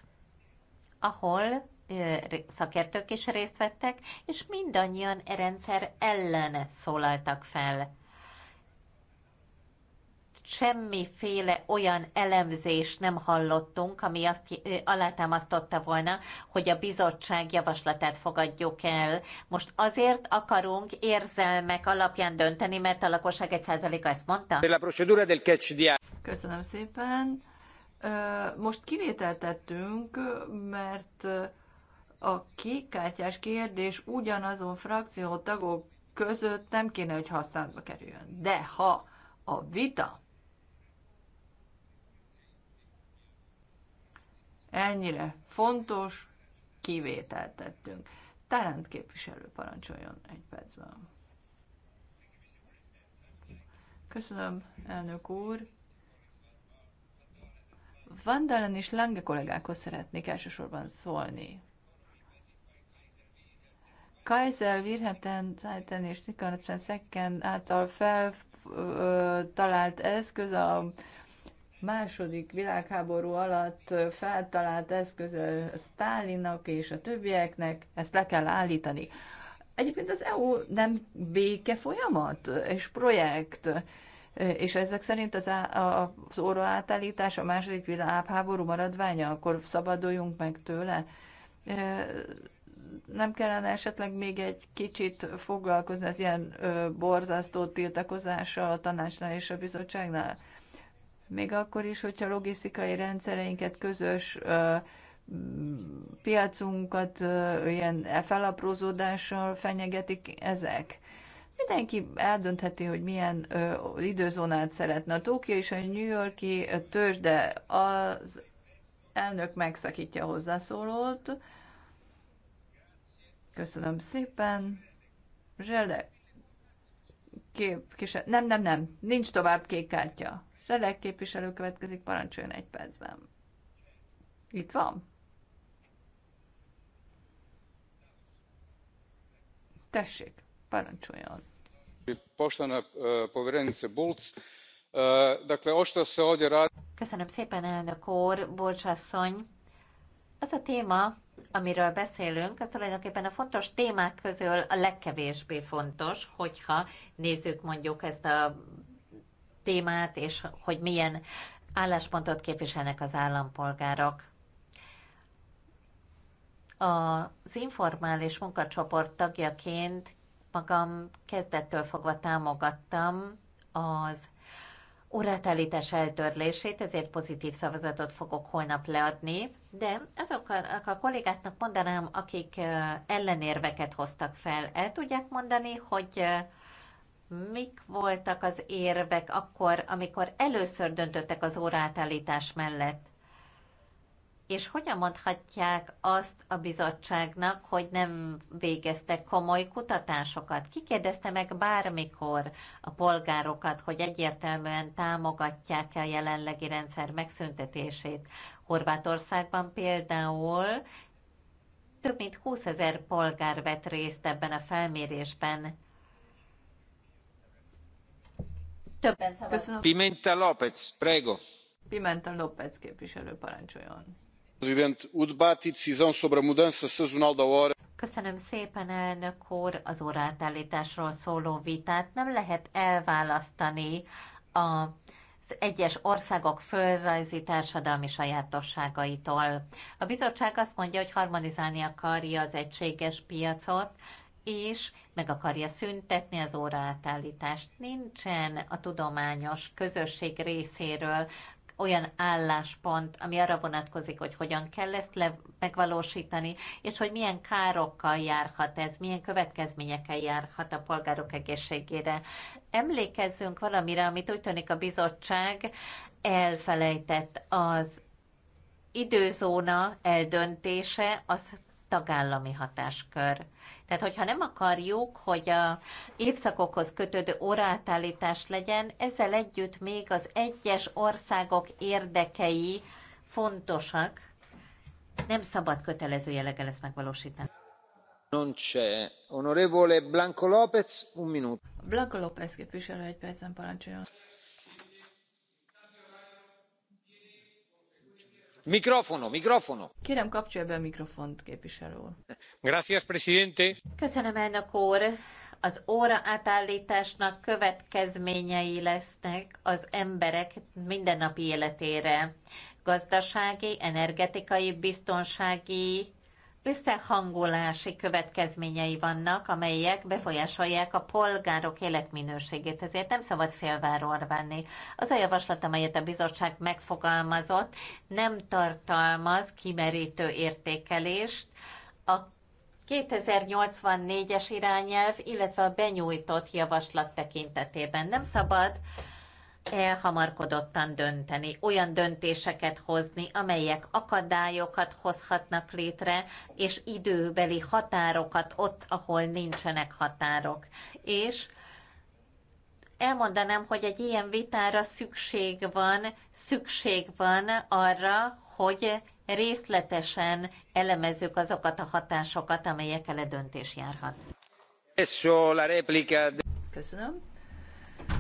ahol szakértők is részt vettek, és mindannyian e rendszer ellen szólaltak fel semmiféle olyan elemzést nem hallottunk, ami azt alátámasztotta volna, hogy a bizottság javaslatát fogadjuk el. Most azért akarunk érzelmek alapján dönteni, mert a lakosság egy százaléka ezt mondta? Köszönöm szépen. Most kivételtettünk, mert a kékkártyás kérdés ugyanazon frakció tagok között nem kéne, hogy használatba kerüljön. De ha a vita ennyire fontos kivételt tettünk. Tarant képviselő parancsoljon egy percben. Köszönöm, elnök úr. Vandalen és Lange kollégákhoz szeretnék elsősorban szólni. Kaiser, Virheten, Zeiten és Nikolson Szekken által feltalált eszköz a második világháború alatt feltalált eszköze Stálinnak és a többieknek, ezt le kell állítani. Egyébként az EU nem béke folyamat és projekt, és ezek szerint az, á, az óra átállítás a második világháború maradványa, akkor szabaduljunk meg tőle. Nem kellene esetleg még egy kicsit foglalkozni az ilyen borzasztó tiltakozással a tanácsnál és a bizottságnál? még akkor is, hogyha logisztikai rendszereinket, közös piacunkat ilyen felaprózódással fenyegetik ezek. Mindenki eldöntheti, hogy milyen ö, időzónát szeretne. A Tókia és a New Yorki tőzs, de az elnök megszakítja a hozzászólót. Köszönöm szépen. Zsele. Kép, kise... Nem, nem, nem. Nincs tovább kék kártya. Szedek képviselő következik, parancsoljon egy percben. Itt van? Tessék, parancsoljon. Poštana eh, poverenice Bulc, eh, dakle, ošto se ovdje radi... Köszönöm szépen, elnök úr, Bolcsasszony. Az a téma, amiről beszélünk, az tulajdonképpen a fontos témák közül a legkevésbé fontos, hogyha nézzük mondjuk ezt a témát, és hogy milyen álláspontot képviselnek az állampolgárok. Az informális munkacsoport tagjaként magam kezdettől fogva támogattam az órátállítás eltörlését, ezért pozitív szavazatot fogok holnap leadni, de azoknak a kollégáknak mondanám, akik ellenérveket hoztak fel, el tudják mondani, hogy mik voltak az érvek akkor, amikor először döntöttek az órátállítás mellett? És hogyan mondhatják azt a bizottságnak, hogy nem végeztek komoly kutatásokat? kérdezte meg bármikor a polgárokat, hogy egyértelműen támogatják-e a jelenlegi rendszer megszüntetését? Horvátországban például több mint 20 ezer polgár vett részt ebben a felmérésben. Többen szavaztak. Pimenta López, prego. Pimenta López képviselő parancsoljon. President, o debate e decisão a mudança sazonal da hora Köszönöm szépen, elnök úr, az órátállításról szóló vitát nem lehet elválasztani az egyes országok földrajzi társadalmi sajátosságaitól. A bizottság azt mondja, hogy harmonizálni akarja az egységes piacot, és meg akarja szüntetni az óraátállítást. Nincsen a tudományos közösség részéről olyan álláspont, ami arra vonatkozik, hogy hogyan kell ezt le- megvalósítani, és hogy milyen károkkal járhat ez, milyen következményekkel járhat a polgárok egészségére. Emlékezzünk valamire, amit úgy tűnik a bizottság elfelejtett az időzóna eldöntése, az tagállami hatáskör. Tehát, hogyha nem akarjuk, hogy a évszakokhoz kötődő órátállítás legyen, ezzel együtt még az egyes országok érdekei fontosak. Nem szabad kötelező jelleggel ezt megvalósítani. Non c'è. Onorevole Blanco López, un minuto. Blanco López képviselő egy percben parancsoljon. Mikrofono, mikrofono. Kérem, kapcsolja be a mikrofont, képviselő úr. Gracias, presidente. Köszönöm, elnök úr. Az óra átállításnak következményei lesznek az emberek mindennapi életére. Gazdasági, energetikai, biztonsági, összehangolási következményei vannak, amelyek befolyásolják a polgárok életminőségét, ezért nem szabad félváról venni. Az a javaslat, amelyet a bizottság megfogalmazott, nem tartalmaz kimerítő értékelést, a 2084-es irányelv, illetve a benyújtott javaslat tekintetében. Nem szabad elhamarkodottan dönteni, olyan döntéseket hozni, amelyek akadályokat hozhatnak létre, és időbeli határokat ott, ahol nincsenek határok. És elmondanám, hogy egy ilyen vitára szükség van, szükség van arra, hogy részletesen elemezzük azokat a hatásokat, amelyekkel a döntés járhat. Köszönöm.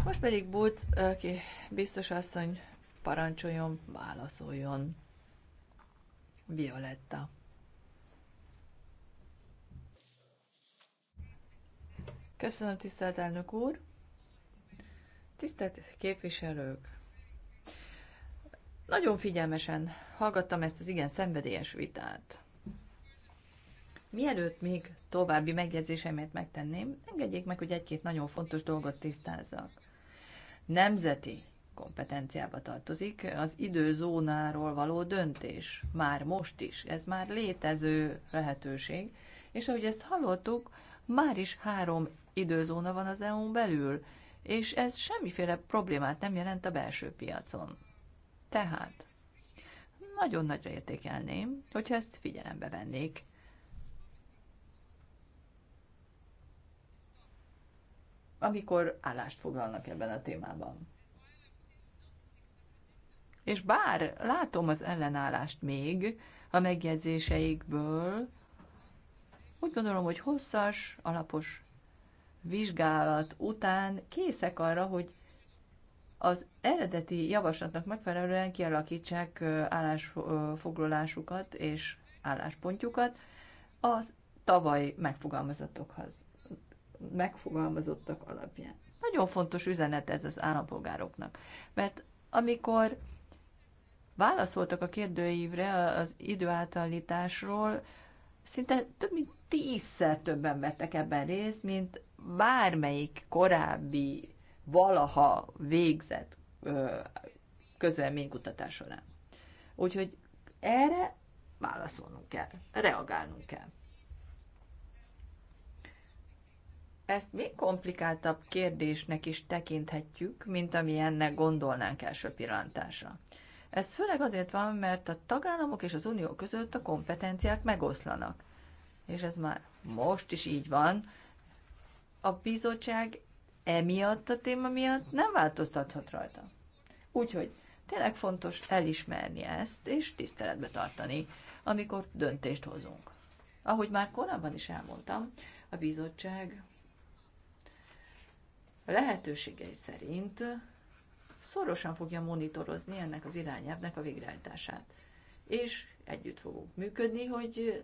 Most pedig Bút, aki biztos asszony, parancsoljon, válaszoljon. Violetta. Köszönöm, tisztelt elnök úr! Tisztelt képviselők! Nagyon figyelmesen hallgattam ezt az igen szenvedélyes vitát. Mielőtt még további megjegyzéseimet megtenném, engedjék meg, hogy egy-két nagyon fontos dolgot tisztázzak. Nemzeti kompetenciába tartozik az időzónáról való döntés. Már most is. Ez már létező lehetőség. És ahogy ezt hallottuk, már is három időzóna van az EU-n belül, és ez semmiféle problémát nem jelent a belső piacon. Tehát nagyon nagyra értékelném, hogyha ezt figyelembe vennék amikor állást foglalnak ebben a témában. És bár látom az ellenállást még a megjegyzéseikből, úgy gondolom, hogy hosszas, alapos vizsgálat után készek arra, hogy az eredeti javaslatnak megfelelően kialakítsák állásfoglalásukat és álláspontjukat az tavaly megfogalmazatokhoz megfogalmazottak alapján. Nagyon fontos üzenet ez az állampolgároknak, mert amikor válaszoltak a kérdőívre az időátállításról, szinte több mint tízszer többen vettek ebben részt, mint bármelyik korábbi valaha végzett közvéleménykutatás során. Úgyhogy erre válaszolnunk kell, reagálnunk kell. ezt még komplikáltabb kérdésnek is tekinthetjük, mint ami ennek gondolnánk első pillantásra. Ez főleg azért van, mert a tagállamok és az unió között a kompetenciák megoszlanak. És ez már most is így van. A bizottság emiatt a téma miatt nem változtathat rajta. Úgyhogy tényleg fontos elismerni ezt, és tiszteletbe tartani, amikor döntést hozunk. Ahogy már korábban is elmondtam, a bizottság lehetőségei szerint szorosan fogja monitorozni ennek az irányelvnek a végrehajtását. És együtt fogunk működni, hogy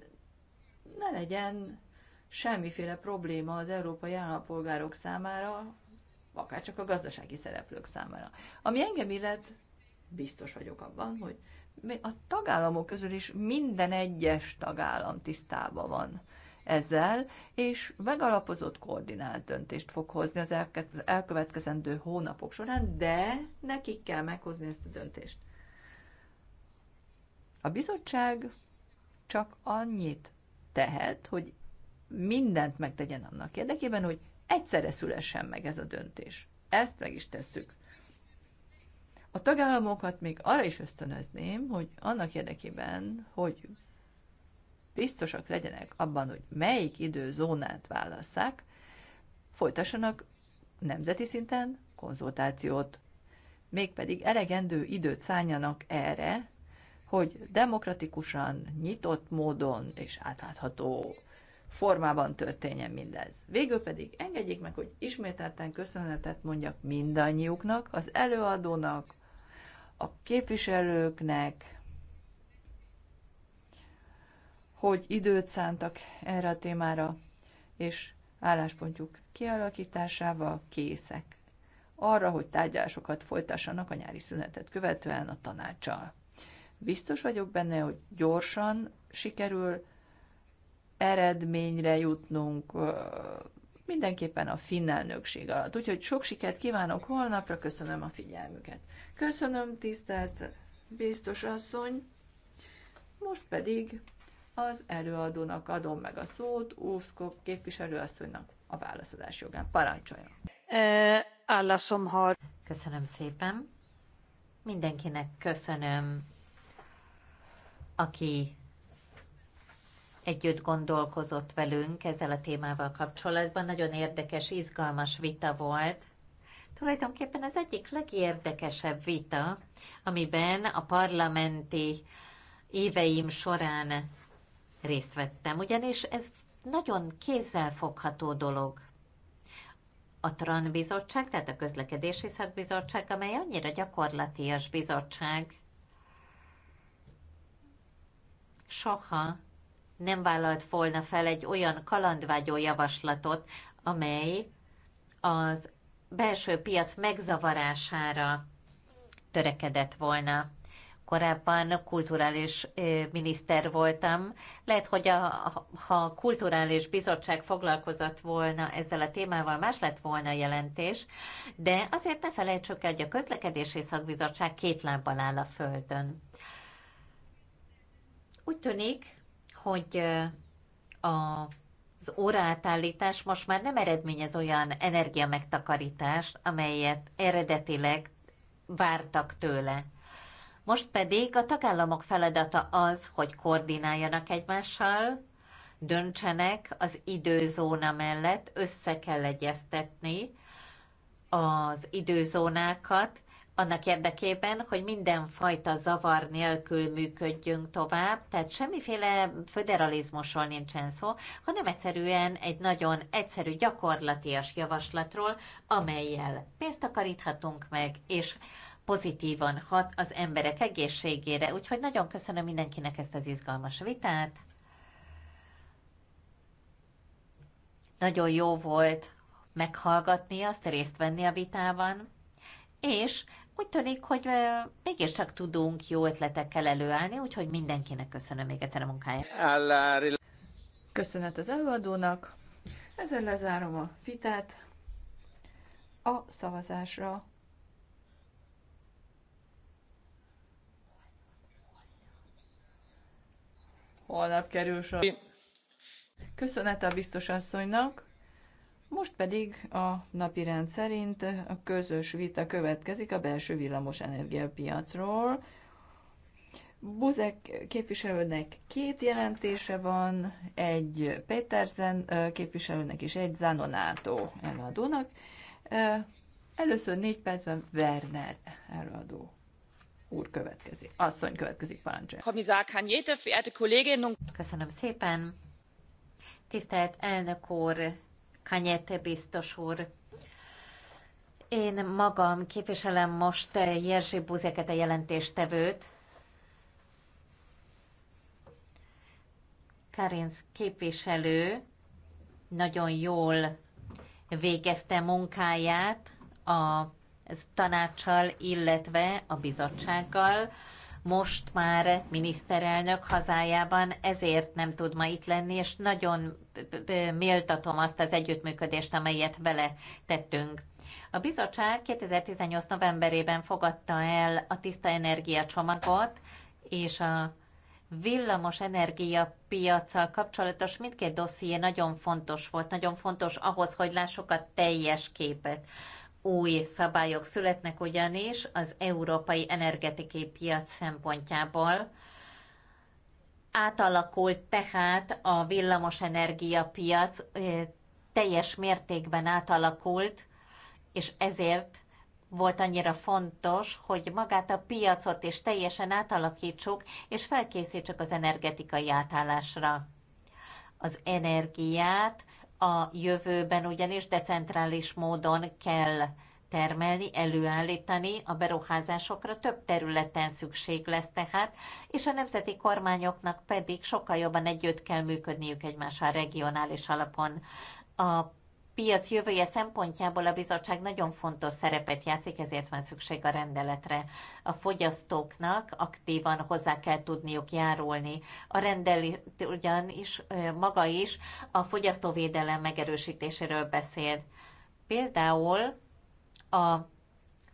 ne legyen semmiféle probléma az európai állampolgárok számára, akár csak a gazdasági szereplők számára. Ami engem illet, biztos vagyok abban, hogy a tagállamok közül is minden egyes tagállam tisztában van ezzel, és megalapozott koordinált döntést fog hozni az elkövetkezendő hónapok során, de nekik kell meghozni ezt a döntést. A bizottság csak annyit tehet, hogy mindent megtegyen annak érdekében, hogy egyszerre szülessen meg ez a döntés. Ezt meg is tesszük. A tagállamokat még arra is ösztönözném, hogy annak érdekében, hogy biztosak legyenek abban, hogy melyik időzónát válasszák, folytassanak nemzeti szinten konzultációt. Mégpedig elegendő időt szálljanak erre, hogy demokratikusan, nyitott módon és átlátható formában történjen mindez. Végül pedig engedjék meg, hogy ismételten köszönetet mondjak mindannyiuknak, az előadónak, a képviselőknek, hogy időt szántak erre a témára, és álláspontjuk kialakításával készek arra, hogy tárgyalásokat folytassanak a nyári szünetet követően a tanácsal. Biztos vagyok benne, hogy gyorsan sikerül eredményre jutnunk mindenképpen a finn elnökség alatt. Úgyhogy sok sikert kívánok holnapra, köszönöm a figyelmüket. Köszönöm, tisztelt biztos asszony, most pedig az előadónak adom meg a szót, Úszkok képviselőasszonynak a válaszadás jogán. Parancsoljon! Állaszomhar. Köszönöm szépen. Mindenkinek köszönöm, aki együtt gondolkozott velünk ezzel a témával kapcsolatban. Nagyon érdekes, izgalmas vita volt. Tulajdonképpen az egyik legérdekesebb vita, amiben a parlamenti éveim során részt vettem, ugyanis ez nagyon kézzelfogható dolog. A TRAN bizottság, tehát a közlekedési szakbizottság, amely annyira gyakorlatias bizottság, soha nem vállalt volna fel egy olyan kalandvágyó javaslatot, amely az belső piac megzavarására törekedett volna korábban kulturális miniszter voltam. Lehet, hogy a, ha a kulturális bizottság foglalkozott volna ezzel a témával, más lett volna jelentés, de azért ne felejtsük el, hogy a közlekedési szakbizottság két lábbal áll a földön. Úgy tűnik, hogy a az óraátállítás most már nem eredményez olyan energiamegtakarítást, amelyet eredetileg vártak tőle. Most pedig a tagállamok feladata az, hogy koordináljanak egymással, döntsenek az időzóna mellett, össze kell egyeztetni az időzónákat, annak érdekében, hogy mindenfajta zavar nélkül működjünk tovább, tehát semmiféle föderalizmusról nincsen szó, hanem egyszerűen egy nagyon egyszerű gyakorlatias javaslatról, amelyel pénzt takaríthatunk meg, és pozitívan hat az emberek egészségére. Úgyhogy nagyon köszönöm mindenkinek ezt az izgalmas vitát. Nagyon jó volt meghallgatni azt, részt venni a vitában, és úgy tűnik, hogy mégiscsak tudunk jó ötletekkel előállni, úgyhogy mindenkinek köszönöm még egyszer a munkáját. Köszönet az előadónak, ezzel lezárom a vitát a szavazásra holnap kerül sor. Köszönet a biztos asszonynak. Most pedig a napi rend szerint a közös vita következik a belső villamos energiapiacról. Buzek képviselőnek két jelentése van, egy Petersen képviselőnek és egy Zanonato előadónak. Először négy percben Werner előadó úr következik, asszony következik, parancsolja. Köszönöm szépen. Tisztelt elnök úr, Kanyete biztos úr, én magam képviselem most Jerzy Buzeket, a jelentéstevőt. Karinsz képviselő nagyon jól végezte munkáját a ez tanácssal, illetve a bizottsággal. Most már miniszterelnök hazájában ezért nem tud ma itt lenni, és nagyon méltatom azt az együttműködést, amelyet vele tettünk. A bizottság 2018. novemberében fogadta el a tiszta energia csomagot, és a villamos energia piacsal kapcsolatos mindkét dosszié nagyon fontos volt, nagyon fontos ahhoz, hogy lássuk a teljes képet. Új szabályok születnek ugyanis az európai energetikai piac szempontjából. Átalakult tehát a villamosenergia piac, teljes mértékben átalakult, és ezért volt annyira fontos, hogy magát a piacot is teljesen átalakítsuk, és felkészítsük az energetikai átállásra. Az energiát a jövőben ugyanis decentrális módon kell termelni, előállítani, a beruházásokra több területen szükség lesz tehát, és a nemzeti kormányoknak pedig sokkal jobban együtt kell működniük egymással regionális alapon. A piac jövője szempontjából a bizottság nagyon fontos szerepet játszik, ezért van szükség a rendeletre. A fogyasztóknak aktívan hozzá kell tudniuk járulni. A rendelet ugyanis maga is a fogyasztóvédelem megerősítéséről beszél. Például a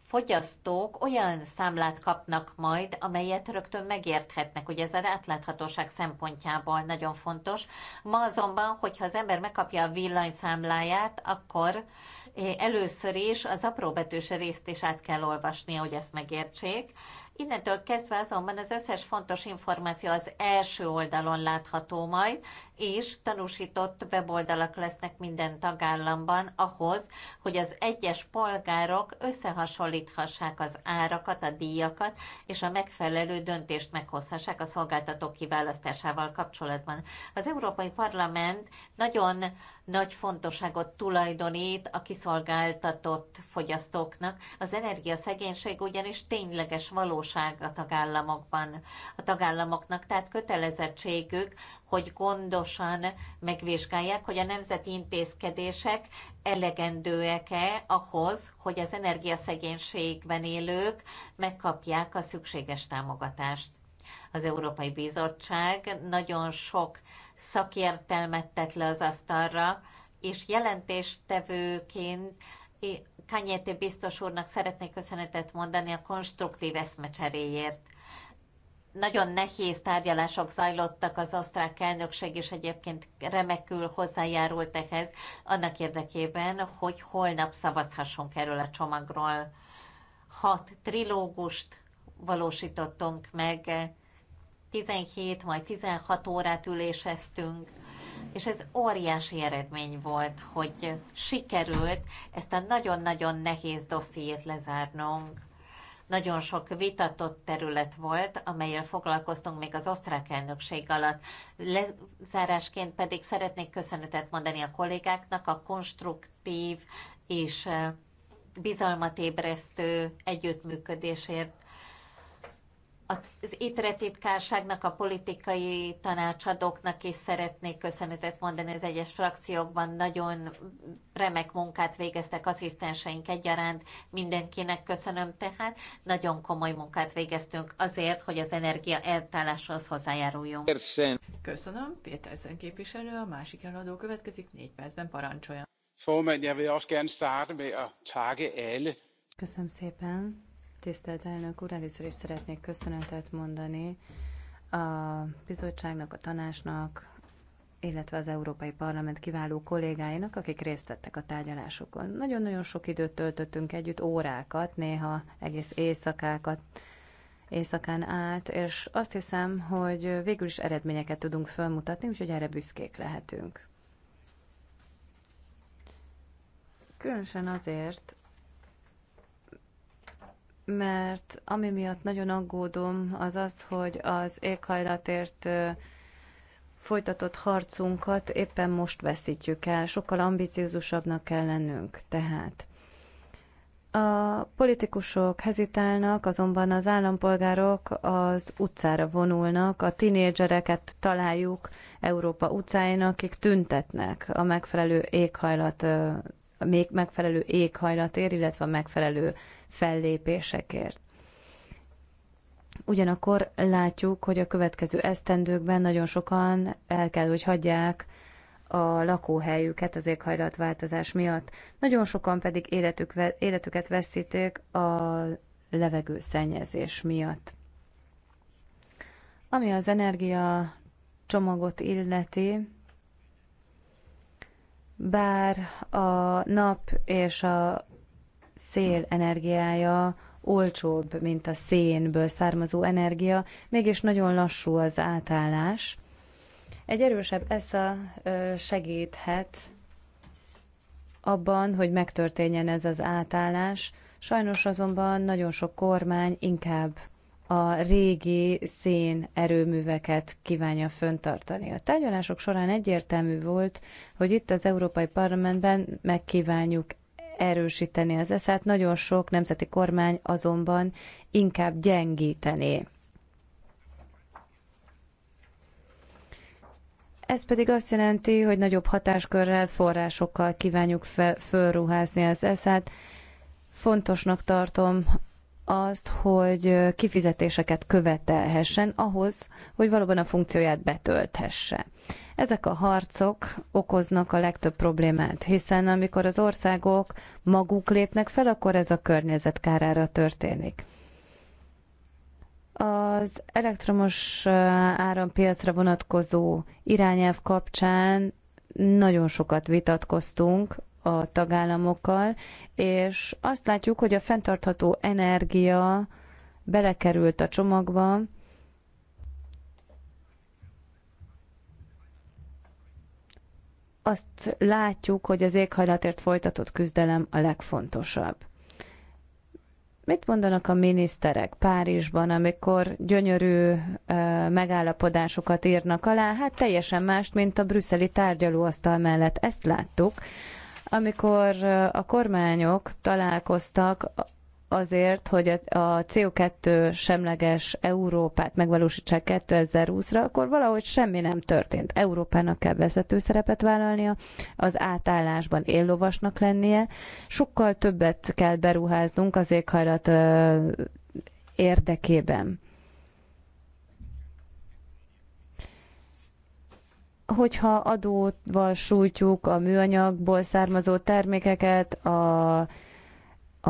fogyasztók olyan számlát kapnak majd, amelyet rögtön megérthetnek, hogy ez az átláthatóság szempontjából nagyon fontos. Ma azonban, hogyha az ember megkapja a villanyszámláját, akkor eh, először is az apróbetűs részt is át kell olvasnia, hogy ezt megértsék. Innentől kezdve azonban az összes fontos információ az első oldalon látható majd, és tanúsított weboldalak lesznek minden tagállamban ahhoz, hogy az egyes polgárok összehasonlíthassák az árakat, a díjakat, és a megfelelő döntést meghozhassák a szolgáltatók kiválasztásával kapcsolatban. Az Európai Parlament nagyon nagy fontosságot tulajdonít a kiszolgáltatott fogyasztóknak. Az energiaszegénység ugyanis tényleges valóság a tagállamokban. A tagállamoknak tehát kötelezettségük, hogy gondosan megvizsgálják, hogy a nemzeti intézkedések elegendőek-e ahhoz, hogy az energiaszegénységben élők megkapják a szükséges támogatást. Az Európai Bizottság nagyon sok szakértelmet tett le az asztalra, és jelentéstevőként Kanyete biztos úrnak szeretnék köszönetet mondani a konstruktív eszmecseréért. Nagyon nehéz tárgyalások zajlottak, az osztrák elnökség és egyébként remekül hozzájárult ehhez, annak érdekében, hogy holnap szavazhassunk erről a csomagról. Hat trilógust valósítottunk meg, 17 vagy 16 órát üléseztünk, és ez óriási eredmény volt, hogy sikerült ezt a nagyon-nagyon nehéz dossziét lezárnunk. Nagyon sok vitatott terület volt, amelyel foglalkoztunk még az osztrák elnökség alatt. Lezárásként pedig szeretnék köszönetet mondani a kollégáknak a konstruktív és eh, bizalmat ébresztő együttműködésért az ITRE titkárságnak, a politikai tanácsadóknak is szeretnék köszönetet mondani az egyes frakciókban. Nagyon remek munkát végeztek asszisztenseink egyaránt, mindenkinek köszönöm tehát. Nagyon komoly munkát végeztünk azért, hogy az energia eltálláshoz hozzájáruljunk. Köszönöm. Szent képviselő, a másik eladó következik, négy percben parancsoljon. Köszönöm szépen. Tisztelt elnök úr, először is szeretnék köszönetet mondani a bizottságnak, a tanácsnak, illetve az Európai Parlament kiváló kollégáinak, akik részt vettek a tárgyalásokon. Nagyon-nagyon sok időt töltöttünk együtt, órákat, néha egész éjszakákat, éjszakán át, és azt hiszem, hogy végül is eredményeket tudunk felmutatni, úgyhogy erre büszkék lehetünk. Különösen azért, mert ami miatt nagyon aggódom, az az, hogy az éghajlatért folytatott harcunkat éppen most veszítjük el. Sokkal ambiciózusabbnak kell lennünk tehát. A politikusok hezitálnak, azonban az állampolgárok az utcára vonulnak, a tinédzsereket találjuk Európa utcáin, akik tüntetnek a megfelelő éghajlat még megfelelő éghajlatért, illetve a megfelelő fellépésekért. Ugyanakkor látjuk, hogy a következő esztendőkben nagyon sokan el kell, hogy hagyják a lakóhelyüket az éghajlatváltozás miatt. Nagyon sokan pedig életük, életüket veszíték a levegőszennyezés miatt. Ami az energia csomagot illeti, bár a nap és a szél energiája olcsóbb, mint a szénből származó energia, mégis nagyon lassú az átállás. Egy erősebb ESZA segíthet abban, hogy megtörténjen ez az átállás, sajnos azonban nagyon sok kormány inkább a régi szén erőműveket kívánja föntartani. A tárgyalások során egyértelmű volt, hogy itt az Európai Parlamentben megkívánjuk erősíteni az eszát, nagyon sok nemzeti kormány azonban inkább gyengíteni. Ez pedig azt jelenti, hogy nagyobb hatáskörrel, forrásokkal kívánjuk fel, fölruházni az eszát. Fontosnak tartom azt, hogy kifizetéseket követelhessen ahhoz, hogy valóban a funkcióját betölthesse. Ezek a harcok okoznak a legtöbb problémát, hiszen amikor az országok maguk lépnek fel, akkor ez a környezet kárára történik. Az elektromos eh, árampiacra vonatkozó irányelv kapcsán nagyon sokat vitatkoztunk a tagállamokkal, és azt látjuk, hogy a fenntartható energia belekerült a csomagba, azt látjuk, hogy az éghajlatért folytatott küzdelem a legfontosabb. Mit mondanak a miniszterek Párizsban, amikor gyönyörű ö, megállapodásokat írnak alá? Hát teljesen mást, mint a brüsszeli tárgyalóasztal mellett. Ezt láttuk amikor a kormányok találkoztak azért, hogy a CO2 semleges Európát megvalósítsák 2020-ra, akkor valahogy semmi nem történt. Európának kell vezető szerepet vállalnia, az átállásban éllovasnak lennie, sokkal többet kell beruháznunk az éghajlat érdekében. hogyha adóval sújtjuk a műanyagból származó termékeket, a, a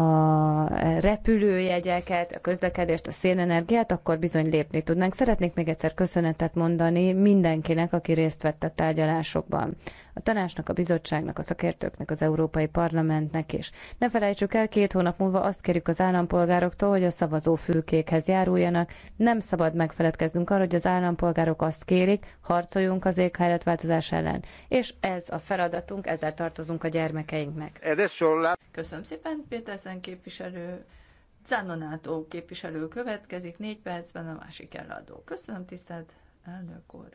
repülőjegyeket, a közlekedést, a szénenergiát, akkor bizony lépni tudnánk. Szeretnék még egyszer köszönetet mondani mindenkinek, aki részt vett a tárgyalásokban a tanácsnak, a bizottságnak, a szakértőknek, az Európai Parlamentnek is. Ne felejtsük el, két hónap múlva azt kérjük az állampolgároktól, hogy a fülkékhez járuljanak. Nem szabad megfeledkeznünk arra, hogy az állampolgárok azt kérik, harcoljunk az éghajlatváltozás ellen. És ez a feladatunk, ezzel tartozunk a gyermekeinknek. Köszönöm szépen, Pétersen képviselő. Zánonátó képviselő következik, négy percben a másik eladó. Köszönöm, tisztelt elnök úr!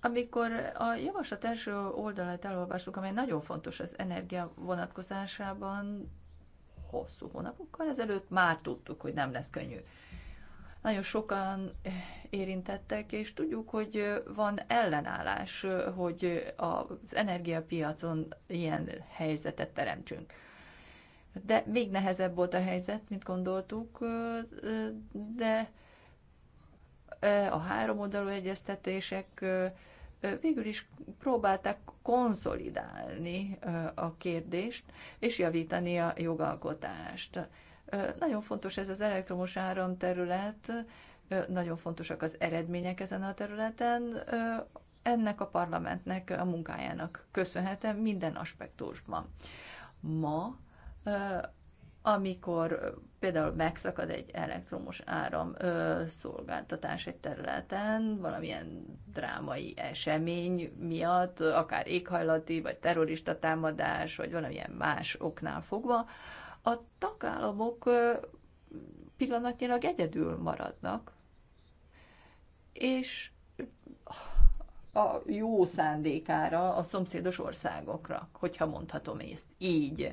Amikor a javaslat első oldalát elolvassuk, amely nagyon fontos az energia vonatkozásában, hosszú hónapokkal ezelőtt már tudtuk, hogy nem lesz könnyű. Nagyon sokan érintettek, és tudjuk, hogy van ellenállás, hogy az energiapiacon ilyen helyzetet teremtsünk. De még nehezebb volt a helyzet, mint gondoltuk, de a három oldalú egyeztetések végül is próbálták konszolidálni a kérdést, és javítani a jogalkotást. Nagyon fontos ez az elektromos áramterület, nagyon fontosak az eredmények ezen a területen. Ennek a parlamentnek a munkájának köszönhetem minden aspektusban. Ma amikor például megszakad egy elektromos áram ö, szolgáltatás egy területen, valamilyen drámai esemény miatt, akár éghajlati, vagy terrorista támadás, vagy valamilyen más oknál fogva, a tagállamok ö, pillanatnyilag egyedül maradnak, és a jó szándékára, a szomszédos országokra, hogyha mondhatom ezt így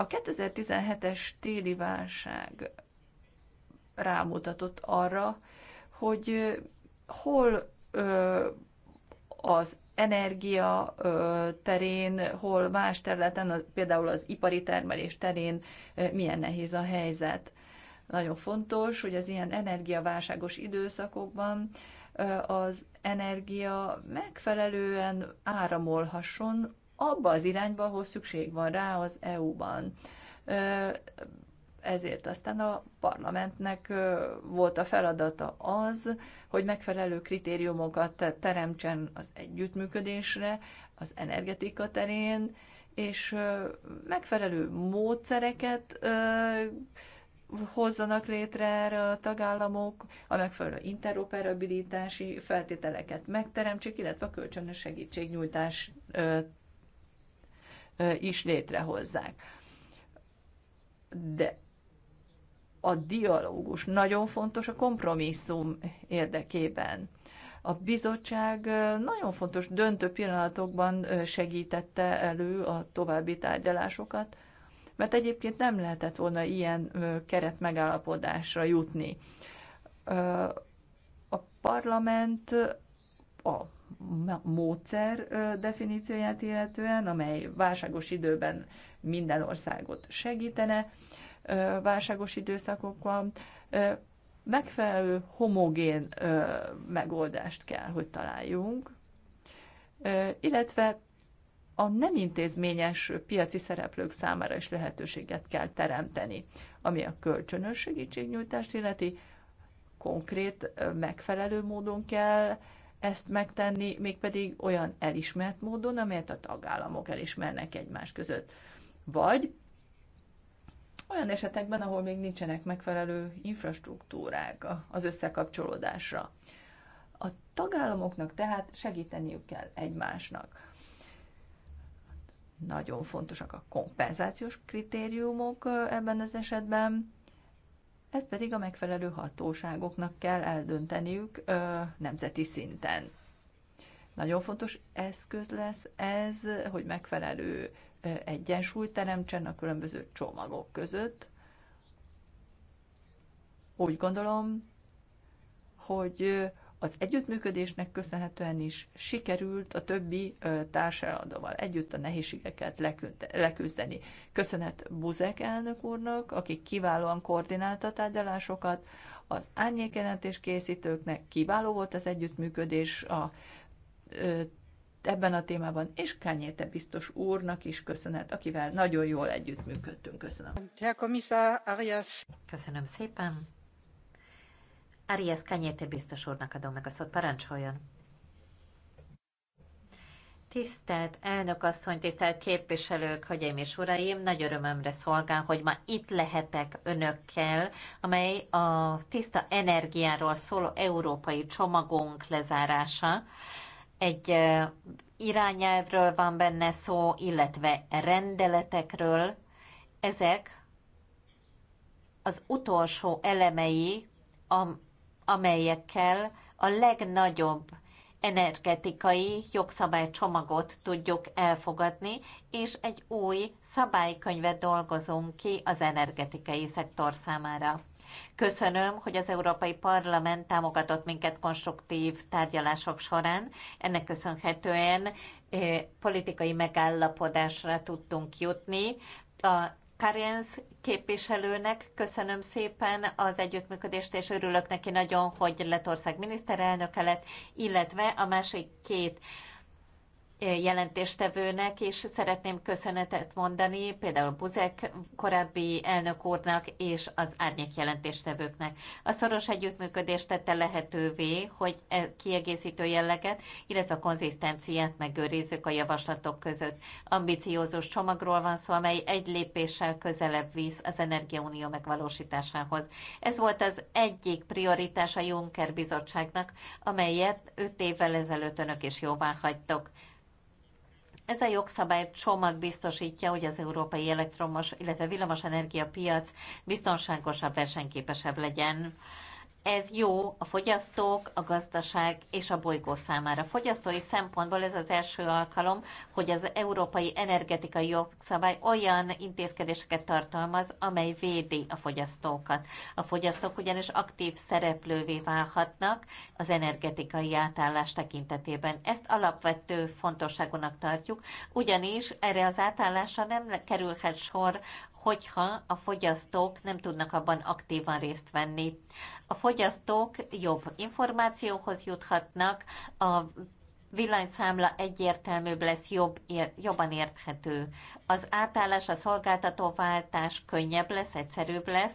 a 2017-es téli válság rámutatott arra, hogy hol az energia terén, hol más területen, például az ipari termelés terén milyen nehéz a helyzet. Nagyon fontos, hogy az ilyen energiaválságos időszakokban az energia megfelelően áramolhasson abba az irányba, ahol szükség van rá az EU-ban. Ezért aztán a parlamentnek volt a feladata az, hogy megfelelő kritériumokat teremtsen az együttműködésre, az energetika terén, és megfelelő módszereket hozzanak létre erre a tagállamok, a megfelelő interoperabilitási feltételeket megteremtsék, illetve a kölcsönös segítségnyújtás is létrehozzák. De a dialógus nagyon fontos a kompromisszum érdekében. A bizottság nagyon fontos döntő pillanatokban segítette elő a további tárgyalásokat, mert egyébként nem lehetett volna ilyen keret megállapodásra jutni. A parlament a módszer definícióját illetően, amely válságos időben minden országot segítene, válságos időszakokban, megfelelő homogén megoldást kell, hogy találjunk, illetve a nem intézményes piaci szereplők számára is lehetőséget kell teremteni, ami a kölcsönös segítségnyújtást illeti, konkrét, megfelelő módon kell ezt megtenni, mégpedig olyan elismert módon, amelyet a tagállamok elismernek egymás között. Vagy olyan esetekben, ahol még nincsenek megfelelő infrastruktúrák az összekapcsolódásra. A tagállamoknak tehát segíteniük kell egymásnak. Nagyon fontosak a kompenzációs kritériumok ebben az esetben, ezt pedig a megfelelő hatóságoknak kell eldönteniük ö, nemzeti szinten. Nagyon fontos eszköz lesz ez, hogy megfelelő egyensúlyt teremtsen a különböző csomagok között. Úgy gondolom, hogy az együttműködésnek köszönhetően is sikerült a többi társadalommal együtt a nehézségeket leküzdeni. Köszönet Buzek elnök úrnak, aki kiválóan koordinálta tárgyalásokat, az árnyékjelentés készítőknek kiváló volt az együttműködés a, ebben a témában, és Kányéte biztos úrnak is köszönet, akivel nagyon jól együttműködtünk. Köszönöm. Köszönöm szépen. Arias Kanyéti biztos úrnak adom meg a szót, parancsoljon. Tisztelt elnök asszony, tisztelt képviselők, hölgyeim és uraim, nagy örömömre szolgál, hogy ma itt lehetek önökkel, amely a tiszta energiáról szóló európai csomagunk lezárása. Egy irányelvről van benne szó, illetve rendeletekről. Ezek az utolsó elemei a amelyekkel a legnagyobb energetikai jogszabálycsomagot tudjuk elfogadni, és egy új szabálykönyvet dolgozunk ki az energetikai szektor számára. Köszönöm, hogy az Európai Parlament támogatott minket konstruktív tárgyalások során. Ennek köszönhetően eh, politikai megállapodásra tudtunk jutni a Karenz képviselőnek köszönöm szépen az együttműködést, és örülök neki nagyon, hogy Letország miniszterelnöke lett, illetve a másik két jelentéstevőnek, és szeretném köszönetet mondani például Buzek korábbi elnök úrnak és az árnyék jelentéstevőknek. A szoros együttműködés tette lehetővé, hogy e kiegészítő jelleget, illetve a konzisztenciát megőrizzük a javaslatok között. Ambiciózus csomagról van szó, amely egy lépéssel közelebb visz az Energiaunió megvalósításához. Ez volt az egyik prioritás a Juncker bizottságnak, amelyet öt évvel ezelőtt önök is jóvá hagytok. Ez a jogszabály csomag biztosítja, hogy az európai elektromos, illetve villamosenergia piac biztonságosabb, versenyképesebb legyen ez jó a fogyasztók, a gazdaság és a bolygó számára. Fogyasztói szempontból ez az első alkalom, hogy az európai energetikai jogszabály olyan intézkedéseket tartalmaz, amely védi a fogyasztókat. A fogyasztók ugyanis aktív szereplővé válhatnak az energetikai átállás tekintetében. Ezt alapvető fontosságonak tartjuk, ugyanis erre az átállásra nem kerülhet sor, hogyha a fogyasztók nem tudnak abban aktívan részt venni a fogyasztók jobb információhoz juthatnak, a villanyszámla egyértelműbb lesz, jobb, ér, jobban érthető. Az átállás, a szolgáltatóváltás könnyebb lesz, egyszerűbb lesz,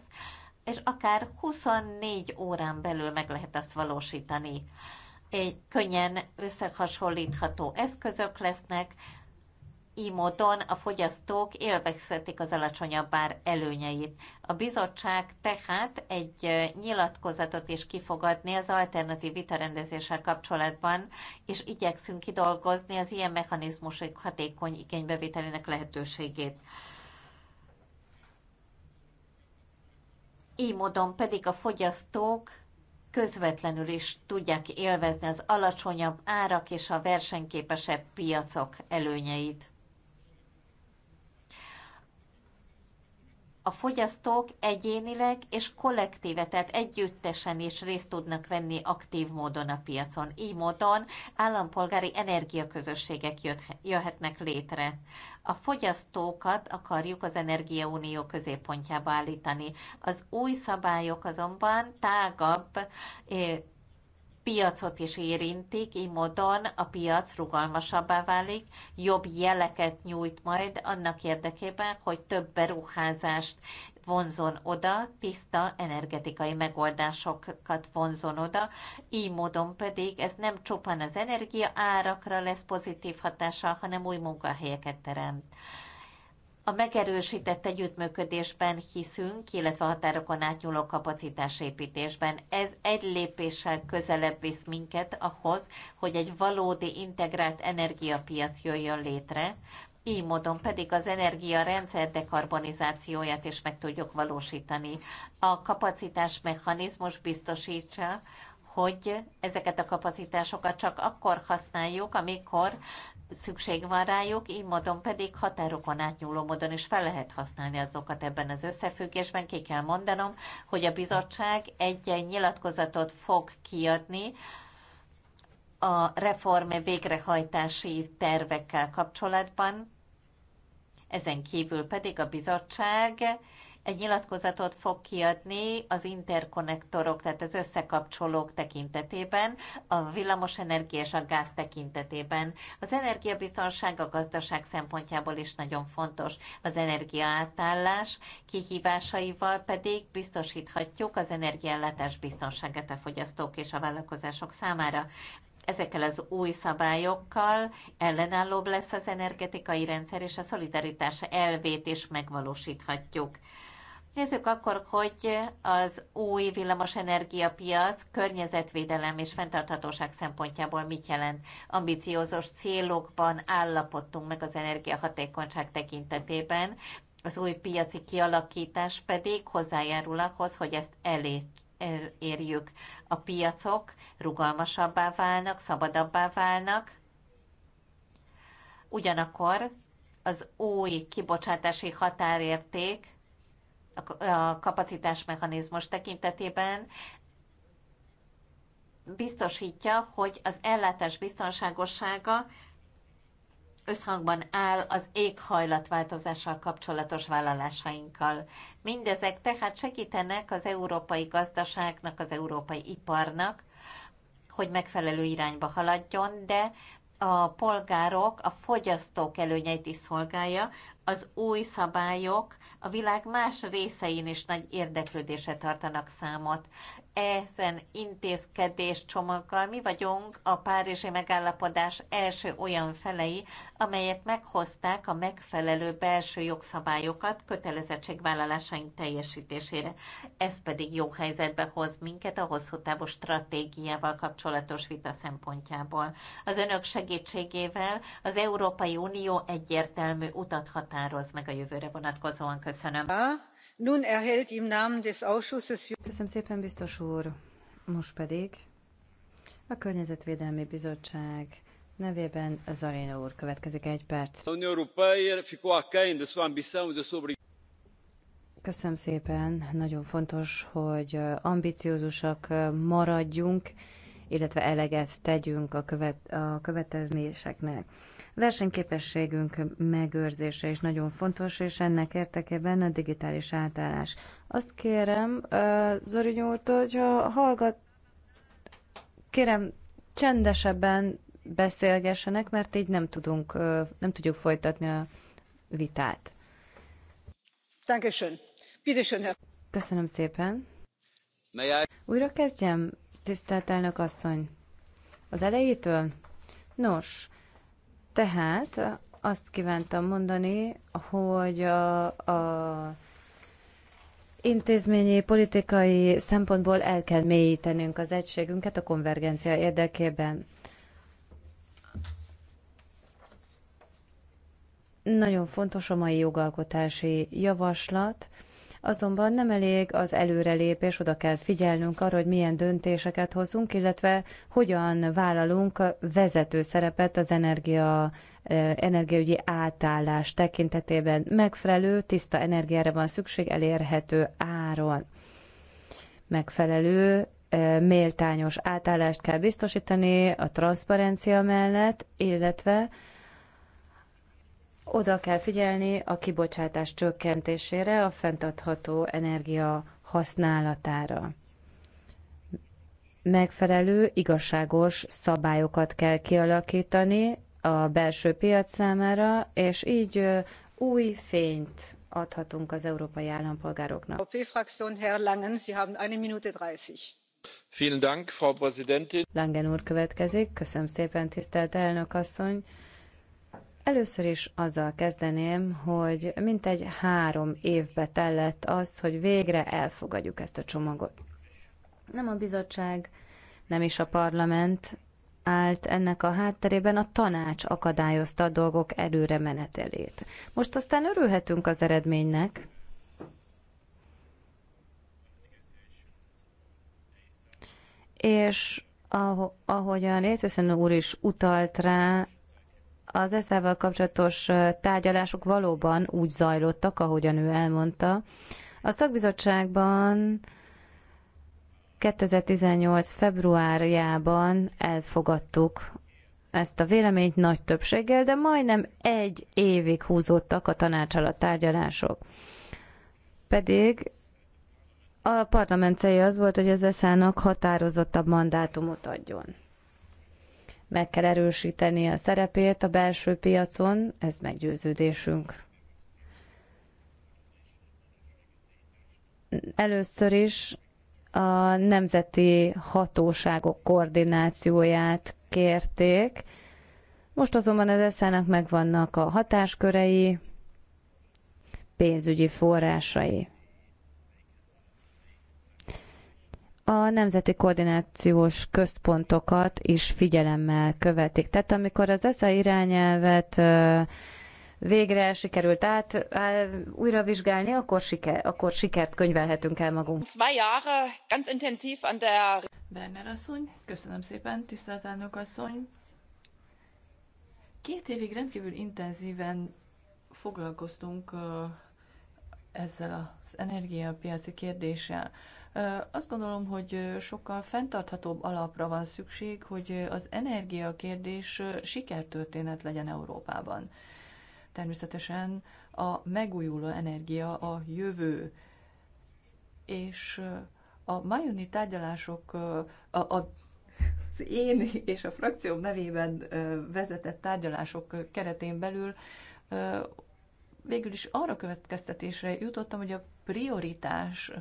és akár 24 órán belül meg lehet azt valósítani. Egy könnyen összehasonlítható eszközök lesznek, így módon a fogyasztók élvezhetik az alacsonyabb ár előnyeit. A bizottság tehát egy nyilatkozatot is kifogadni az alternatív vitarendezéssel kapcsolatban, és igyekszünk kidolgozni az ilyen mechanizmusok hatékony igénybevételének lehetőségét. Így módon pedig a fogyasztók közvetlenül is tudják élvezni az alacsonyabb árak és a versenyképesebb piacok előnyeit. a fogyasztók egyénileg és kollektíve, tehát együttesen is részt tudnak venni aktív módon a piacon. Így módon állampolgári energiaközösségek jöhetnek létre. A fogyasztókat akarjuk az Energiaunió középpontjába állítani. Az új szabályok azonban tágabb eh, piacot is érintik, így módon a piac rugalmasabbá válik, jobb jeleket nyújt majd annak érdekében, hogy több beruházást vonzon oda, tiszta energetikai megoldásokat vonzon oda, így módon pedig ez nem csupán az energia árakra lesz pozitív hatással, hanem új munkahelyeket teremt. A megerősített együttműködésben hiszünk, illetve határokon átnyúló kapacitásépítésben. Ez egy lépéssel közelebb visz minket ahhoz, hogy egy valódi integrált energiapiac jöjjön létre, így módon pedig az energiarendszer dekarbonizációját is meg tudjuk valósítani. A kapacitás mechanizmus biztosítsa, hogy ezeket a kapacitásokat csak akkor használjuk, amikor szükség van rájuk, így módon pedig határokon átnyúló módon is fel lehet használni azokat ebben az összefüggésben. Ki kell mondanom, hogy a bizottság egy nyilatkozatot fog kiadni a reform végrehajtási tervekkel kapcsolatban, ezen kívül pedig a bizottság egy nyilatkozatot fog kiadni az interkonnektorok, tehát az összekapcsolók tekintetében, a villamosenergia és a gáz tekintetében. Az energiabiztonság a gazdaság szempontjából is nagyon fontos. Az energia kihívásaival pedig biztosíthatjuk az energiállátás biztonságát a fogyasztók és a vállalkozások számára ezekkel az új szabályokkal ellenállóbb lesz az energetikai rendszer, és a szolidaritás elvét is megvalósíthatjuk. Nézzük akkor, hogy az új villamosenergia piac környezetvédelem és fenntarthatóság szempontjából mit jelent. Ambiciózus célokban állapodtunk meg az energiahatékonyság tekintetében, az új piaci kialakítás pedig hozzájárul ahhoz, hogy ezt elérjük. A piacok rugalmasabbá válnak, szabadabbá válnak, ugyanakkor az új kibocsátási határérték a kapacitásmechanizmus tekintetében biztosítja, hogy az ellátás biztonságossága összhangban áll az éghajlatváltozással kapcsolatos vállalásainkkal. Mindezek tehát segítenek az európai gazdaságnak, az európai iparnak, hogy megfelelő irányba haladjon, de a polgárok, a fogyasztók előnyeit is szolgálja, az új szabályok a világ más részein is nagy érdeklődésre tartanak számot ezen intézkedés csomaggal mi vagyunk a Párizsi megállapodás első olyan felei, amelyek meghozták a megfelelő belső jogszabályokat kötelezettségvállalásaink teljesítésére. Ez pedig jó helyzetbe hoz minket a hosszú távú stratégiával kapcsolatos vita szempontjából. Az önök segítségével az Európai Unió egyértelmű utat határoz meg a jövőre vonatkozóan. Köszönöm. Köszönöm szépen, biztos úr. Most pedig a Környezetvédelmi Bizottság nevében Zarina úr következik egy perc. Köszönöm szépen, nagyon fontos, hogy ambiciózusak maradjunk, illetve eleget tegyünk a, követ, a Versenyképességünk megőrzése is nagyon fontos, és ennek értekében a digitális átállás. Azt kérem Zorinyó hogy hogyha hallgat, kérem csendesebben beszélgessenek, mert így nem, tudunk, nem tudjuk folytatni a vitát. Köszönöm szépen. Újra kezdjem, tisztelt elnök asszony. Az elejétől? Nos, tehát azt kívántam mondani, hogy a, a intézményi, politikai szempontból el kell mélyítenünk az egységünket a konvergencia érdekében. Nagyon fontos a mai jogalkotási javaslat, Azonban nem elég az előrelépés, oda kell figyelnünk arra, hogy milyen döntéseket hozunk, illetve hogyan vállalunk vezető szerepet az energia eh, energiaügyi átállás tekintetében megfelelő, tiszta energiára van szükség elérhető áron. Megfelelő, eh, méltányos átállást kell biztosítani a transzparencia mellett, illetve oda kell figyelni a kibocsátás csökkentésére, a fenntartható energia használatára. Megfelelő, igazságos szabályokat kell kialakítani a belső piac számára, és így új fényt adhatunk az európai állampolgároknak. Langen úr következik. Köszönöm szépen, tisztelt elnök asszony! Először is azzal kezdeném, hogy mintegy három évbe tellett az, hogy végre elfogadjuk ezt a csomagot. Nem a bizottság, nem is a parlament állt ennek a hátterében, a tanács akadályozta a dolgok előre menetelét. Most aztán örülhetünk az eredménynek, és ahogyan Léteszen úr is utalt rá, az eszával kapcsolatos tárgyalások valóban úgy zajlottak, ahogyan ő elmondta. A szakbizottságban 2018. februárjában elfogadtuk ezt a véleményt nagy többséggel, de majdnem egy évig húzódtak a tanács alatt tárgyalások. Pedig a parlament célja az volt, hogy az eszának határozottabb mandátumot adjon meg kell erősíteni a szerepét a belső piacon, ez meggyőződésünk. Először is a nemzeti hatóságok koordinációját kérték, most azonban az eszának megvannak a hatáskörei, pénzügyi forrásai. a nemzeti koordinációs központokat is figyelemmel követik. Tehát amikor az ESZA irányelvet végre sikerült át újra vizsgálni, akkor, siker, akkor sikert könyvelhetünk el magunk. Berner asszony, köszönöm szépen, tisztelt elnök asszony. Két évig rendkívül intenzíven foglalkoztunk ezzel az energiapiaci kérdéssel. Azt gondolom, hogy sokkal fenntarthatóbb alapra van szükség, hogy az energiakérdés sikertörténet legyen Európában. Természetesen a megújuló energia a jövő, és a majoni tárgyalások, a, a, az én és a frakcióm nevében vezetett tárgyalások keretén belül végül is arra következtetésre jutottam, hogy a prioritás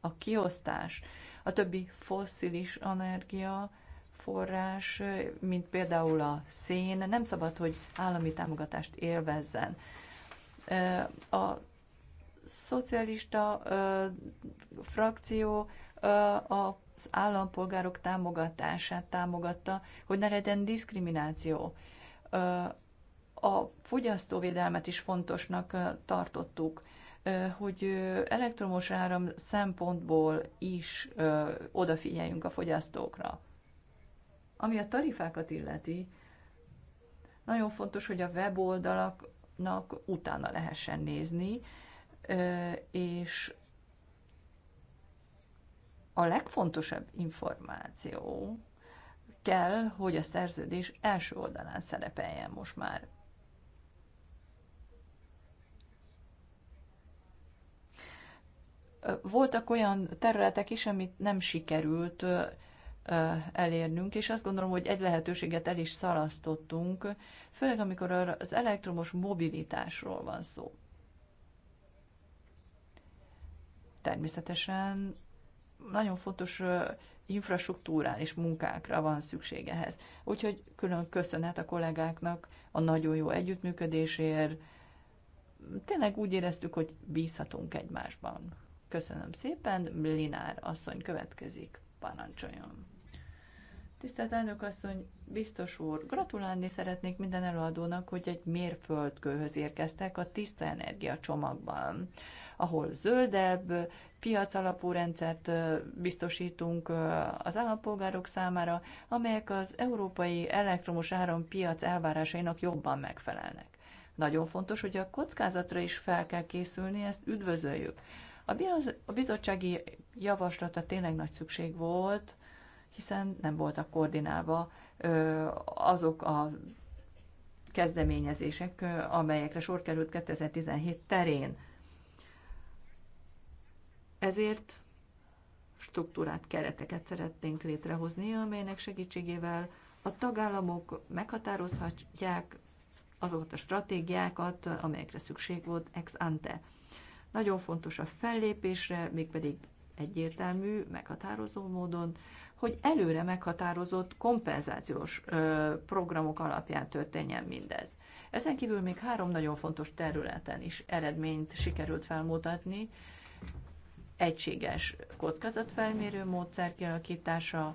a kiosztás. A többi fosszilis energia forrás, mint például a szén, nem szabad, hogy állami támogatást élvezzen. A szocialista frakció az állampolgárok támogatását támogatta, hogy ne legyen diszkrimináció. A fogyasztóvédelmet is fontosnak tartottuk hogy elektromos áram szempontból is odafigyeljünk a fogyasztókra. Ami a tarifákat illeti, nagyon fontos, hogy a weboldalaknak utána lehessen nézni, és a legfontosabb információ kell, hogy a szerződés első oldalán szerepeljen most már. voltak olyan területek is, amit nem sikerült elérnünk, és azt gondolom, hogy egy lehetőséget el is szalasztottunk, főleg amikor az elektromos mobilitásról van szó. Természetesen nagyon fontos infrastruktúrális munkákra van szükség ehhez. Úgyhogy külön köszönhet a kollégáknak a nagyon jó együttműködésért. Tényleg úgy éreztük, hogy bízhatunk egymásban. Köszönöm szépen, Linár asszony következik, parancsoljon. Tisztelt elnök asszony, biztos úr, gratulálni szeretnék minden előadónak, hogy egy mérföldkőhöz érkeztek a tiszta energia csomagban, ahol zöldebb, piacalapú rendszert biztosítunk az állampolgárok számára, amelyek az európai elektromos piac elvárásainak jobban megfelelnek. Nagyon fontos, hogy a kockázatra is fel kell készülni, ezt üdvözöljük. A bizottsági javaslata tényleg nagy szükség volt, hiszen nem voltak koordinálva azok a kezdeményezések, amelyekre sor került 2017 terén. Ezért struktúrát, kereteket szeretnénk létrehozni, amelynek segítségével a tagállamok meghatározhatják azokat a stratégiákat, amelyekre szükség volt ex ante. Nagyon fontos a fellépésre, mégpedig egyértelmű, meghatározó módon, hogy előre meghatározott kompenzációs programok alapján történjen mindez. Ezen kívül még három nagyon fontos területen is eredményt sikerült felmutatni. Egységes kockázatfelmérő módszer kialakítása,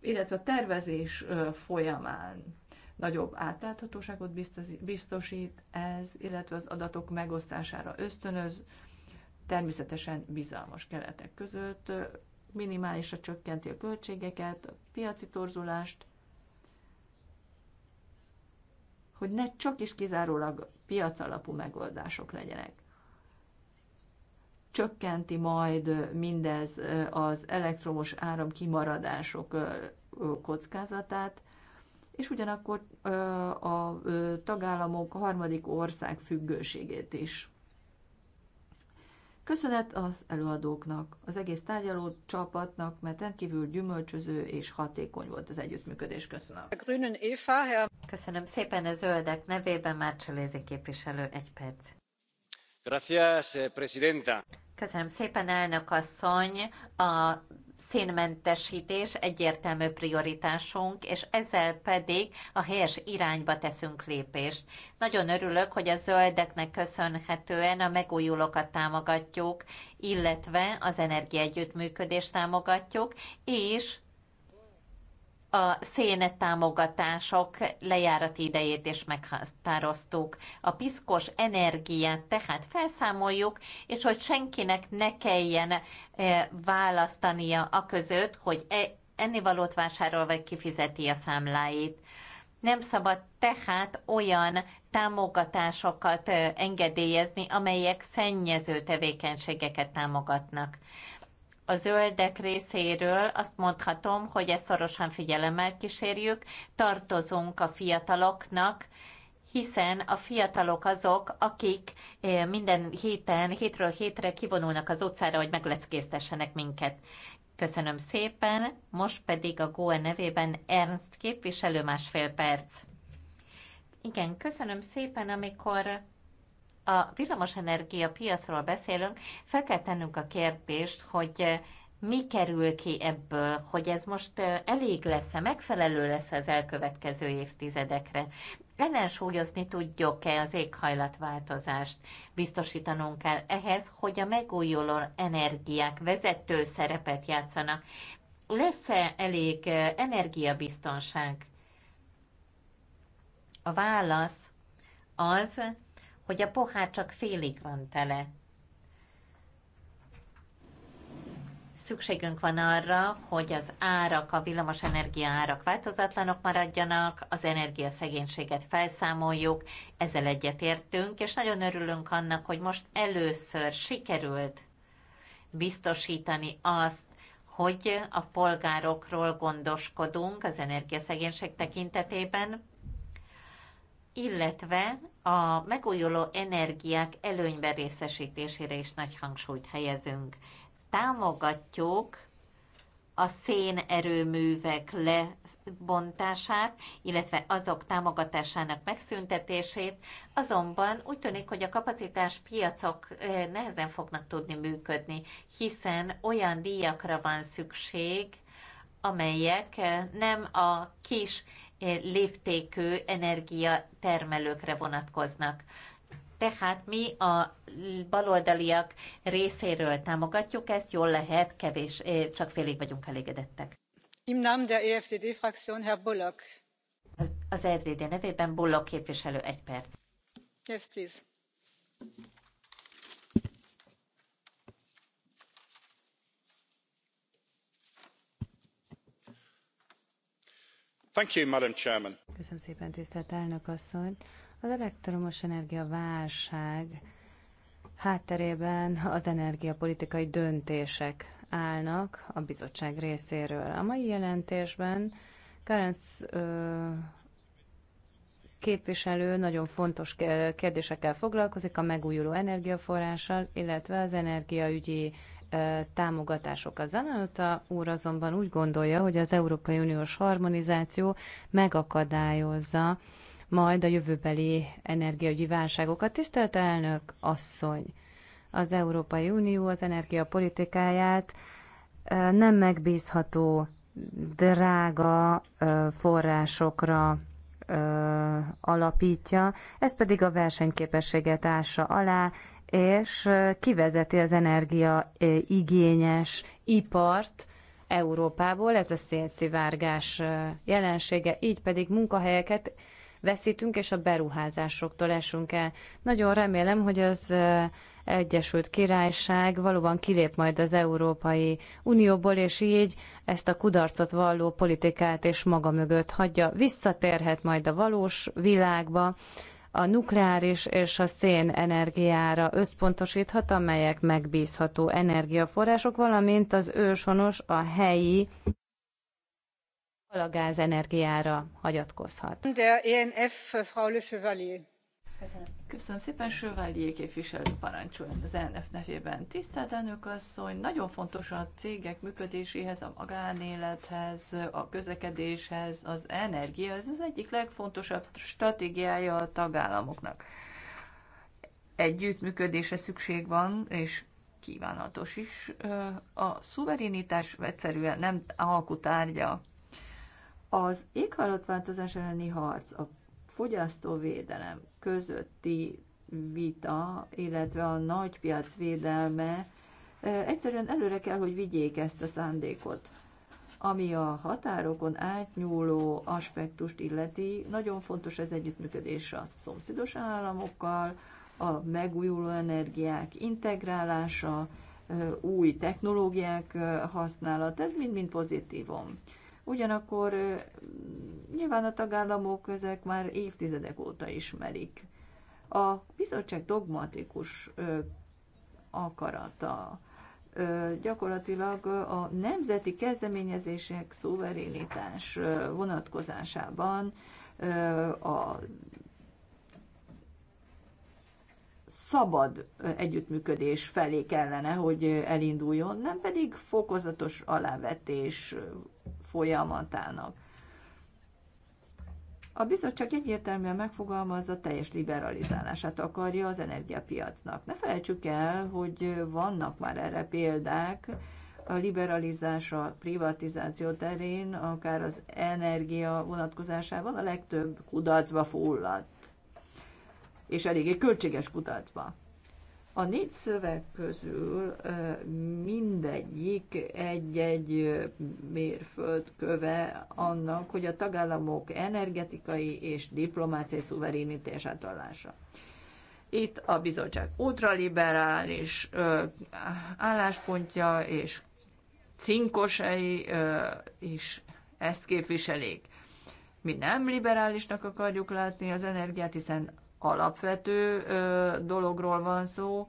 illetve a tervezés folyamán Nagyobb átláthatóságot biztosít ez, illetve az adatok megosztására ösztönöz, természetesen bizalmas keretek között, minimálisra csökkenti a költségeket, a piaci torzulást, hogy ne csak és kizárólag piacalapú megoldások legyenek. Csökkenti majd mindez az elektromos áram kimaradások kockázatát, és ugyanakkor a tagállamok a harmadik ország függőségét is. Köszönet az előadóknak, az egész tárgyaló csapatnak, mert rendkívül gyümölcsöző és hatékony volt az együttműködés. Köszönöm. Köszönöm szépen a zöldek nevében, már Márcsolézi képviselő, egy perc. Gracias, eh, presidenta. Köszönöm szépen, elnök asszony. A szénmentesítés egyértelmű prioritásunk, és ezzel pedig a helyes irányba teszünk lépést. Nagyon örülök, hogy a zöldeknek köszönhetően a megújulókat támogatjuk, illetve az energiaegyüttműködést támogatjuk, és a szén támogatások lejárati idejét is meghatároztuk. A piszkos energiát tehát felszámoljuk, és hogy senkinek ne kelljen e, választania a között, hogy e, ennivalót vásárol, vagy kifizeti a számláit. Nem szabad tehát olyan támogatásokat e, engedélyezni, amelyek szennyező tevékenységeket támogatnak. A zöldek részéről azt mondhatom, hogy ezt szorosan figyelemmel kísérjük, tartozunk a fiataloknak, hiszen a fiatalok azok, akik eh, minden héten, hétről hétre kivonulnak az utcára, hogy megleckésztessenek minket. Köszönöm szépen, most pedig a GOE nevében Ernst képviselő másfél perc. Igen, köszönöm szépen, amikor a villamosenergia piacról beszélünk, fel kell tennünk a kérdést, hogy eh, mi kerül ki ebből, hogy ez most eh, elég lesz-e, megfelelő lesz az elkövetkező évtizedekre. Ellensúlyozni tudjuk-e az éghajlatváltozást? Biztosítanunk kell ehhez, hogy a megújuló energiák vezető szerepet játszanak. Lesz-e elég eh, energiabiztonság? A válasz az, hogy a pohár csak félig van tele. Szükségünk van arra, hogy az árak, a villamosenergia árak változatlanok maradjanak, az energiaszegénységet felszámoljuk, ezzel egyetértünk, és nagyon örülünk annak, hogy most először sikerült biztosítani azt, hogy a polgárokról gondoskodunk az energiaszegénység tekintetében, illetve a megújuló energiák előnybe részesítésére is nagy hangsúlyt helyezünk. Támogatjuk a szénerőművek lebontását, illetve azok támogatásának megszüntetését, azonban úgy tűnik, hogy a kapacitás piacok nehezen fognak tudni működni, hiszen olyan díjakra van szükség, amelyek nem a kis Eh, léptékű energiatermelőkre vonatkoznak. Tehát mi a baloldaliak részéről támogatjuk ezt, jól lehet, kevés, eh, csak félig vagyunk elégedettek. Im Namen der EFDD Fraktion Herr Bullock. Az, az EFDD nevében Bullock képviselő egy perc. Yes, please. Köszönöm szépen, tisztelt elnök asszony. Az elektromos energia válság hátterében az energiapolitikai döntések állnak a bizottság részéről. A mai jelentésben Karenc képviselő nagyon fontos kérdésekkel foglalkozik, a megújuló energiaforrással, illetve az energiaügyi támogatások. A Zanata úr azonban úgy gondolja, hogy az Európai Uniós harmonizáció megakadályozza majd a jövőbeli energiaügyi válságokat. Tisztelt elnök asszony! Az Európai Unió az energiapolitikáját nem megbízható, drága forrásokra alapítja, ez pedig a versenyképességet ássa alá, és kivezeti az energia igényes ipart Európából, ez a szénszivárgás jelensége, így pedig munkahelyeket veszítünk, és a beruházásoktól esünk el. Nagyon remélem, hogy az Egyesült Királyság valóban kilép majd az Európai Unióból, és így ezt a kudarcot valló politikát és maga mögött hagyja. Visszatérhet majd a valós világba, a nukleáris és a szén energiára összpontosíthat, amelyek megbízható energiaforrások, valamint az őshonos, a helyi palagáz energiára hagyatkozhat. Der ENF, Frau Le Chevalier. Köszönöm. Köszönöm szépen, Söválié képviselő parancsol. az elnök nevében. Tisztelt elnök asszony, nagyon fontos a cégek működéséhez, a magánélethez, a közlekedéshez, az energia, ez az egyik legfontosabb stratégiája a tagállamoknak. Együttműködésre szükség van, és kívánatos is. A szuverenitás egyszerűen nem alkutárgya. Az éghajlatváltozás elleni harc, a fogyasztóvédelem közötti vita, illetve a nagypiac védelme egyszerűen előre kell, hogy vigyék ezt a szándékot. Ami a határokon átnyúló aspektust illeti, nagyon fontos ez együttműködés a szomszédos államokkal, a megújuló energiák integrálása, új technológiák használata, ez mind-mind pozitívum. Ugyanakkor nyilván a tagállamok ezek már évtizedek óta ismerik. A bizottság dogmatikus akarata gyakorlatilag a nemzeti kezdeményezések szuverénitás vonatkozásában a szabad együttműködés felé kellene, hogy elinduljon, nem pedig fokozatos alávetés folyamatának. A bizottság egyértelműen megfogalmazza, teljes liberalizálását akarja az energiapiacnak. Ne felejtsük el, hogy vannak már erre példák, a liberalizás a privatizáció terén, akár az energia vonatkozásában a legtöbb kudarcba fulladt és eléggé költséges kutatva. A négy szöveg közül mindegyik egy-egy mérföld köve annak, hogy a tagállamok energetikai és diplomáciai szuverenitását allása. Itt a bizottság ultraliberális álláspontja és cinkosai is ezt képviselik. Mi nem liberálisnak akarjuk látni az energiát, hiszen alapvető dologról van szó,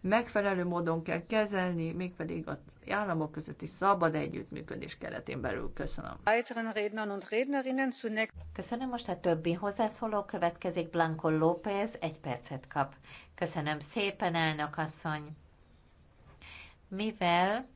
megfelelő módon kell kezelni, mégpedig az államok közötti szabad együttműködés keretén belül. Köszönöm. Köszönöm, most a többi hozzászóló következik. Blanco López egy percet kap. Köszönöm szépen, elnök asszony. Mivel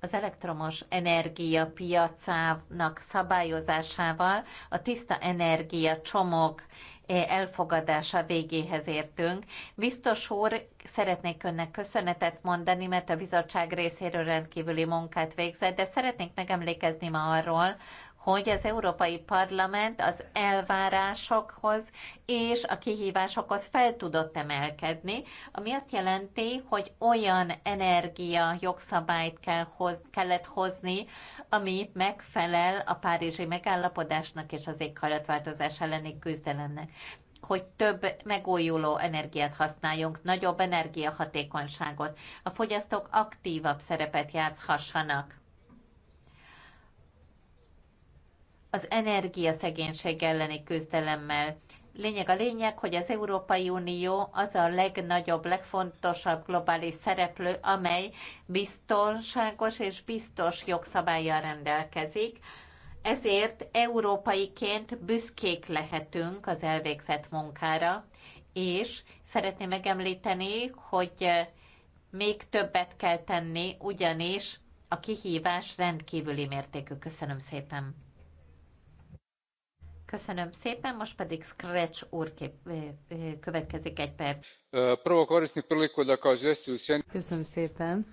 az elektromos energia piacának szabályozásával a tiszta energia csomag E, elfogadása végéhez értünk. Biztos úr, szeretnék önnek köszönetet mondani, mert a bizottság részéről rendkívüli munkát végzett, de szeretnék megemlékezni ma arról, hogy az Európai Parlament az elvárásokhoz és a kihívásokhoz fel tudott emelkedni, ami azt jelenti, hogy olyan energia jogszabályt kell hoz, kellett hozni, ami megfelel a Párizsi megállapodásnak és az éghajlatváltozás elleni küzdelemnek hogy több megújuló energiát használjunk, nagyobb energiahatékonyságot, a fogyasztók aktívabb szerepet játszhassanak az energiaszegénység elleni küzdelemmel. Lényeg a lényeg, hogy az Európai Unió az a legnagyobb, legfontosabb globális szereplő, amely biztonságos és biztos jogszabályjal rendelkezik, ezért európaiként büszkék lehetünk az elvégzett munkára, és szeretném megemlíteni, hogy még többet kell tenni, ugyanis a kihívás rendkívüli mértékű. Köszönöm szépen! Köszönöm szépen, most pedig Scratch úr következik egy perc. Köszönöm szépen.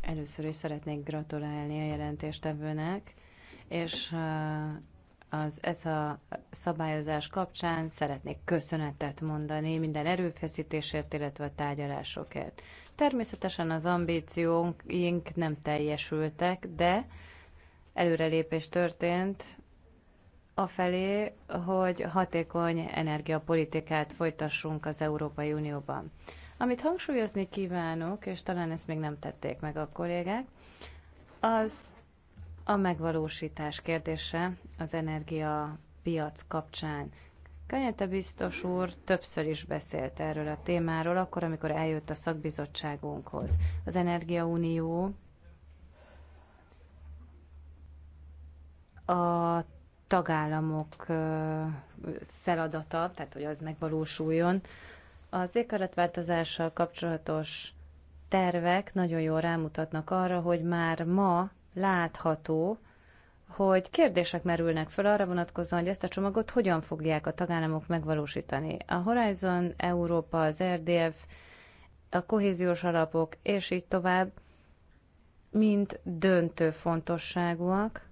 Először is szeretnék gratulálni a jelentéstevőnek, és az ez a szabályozás kapcsán szeretnék köszönetet mondani minden erőfeszítésért, illetve a tárgyalásokért. Természetesen az ambícióink nem teljesültek, de előrelépés történt afelé, hogy hatékony energiapolitikát folytassunk az Európai Unióban. Amit hangsúlyozni kívánok, és talán ezt még nem tették meg a kollégák, az a megvalósítás kérdése az energiapiac kapcsán. Kanyete biztos úr többször is beszélt erről a témáról, akkor, amikor eljött a szakbizottságunkhoz. Az Energiaunió a tagállamok feladata, tehát hogy az megvalósuljon. Az éghajlatváltozással kapcsolatos tervek nagyon jól rámutatnak arra, hogy már ma látható, hogy kérdések merülnek fel arra vonatkozóan, hogy ezt a csomagot hogyan fogják a tagállamok megvalósítani. A Horizon, Európa, az RDF, a kohéziós alapok, és így tovább, mind döntő fontosságúak,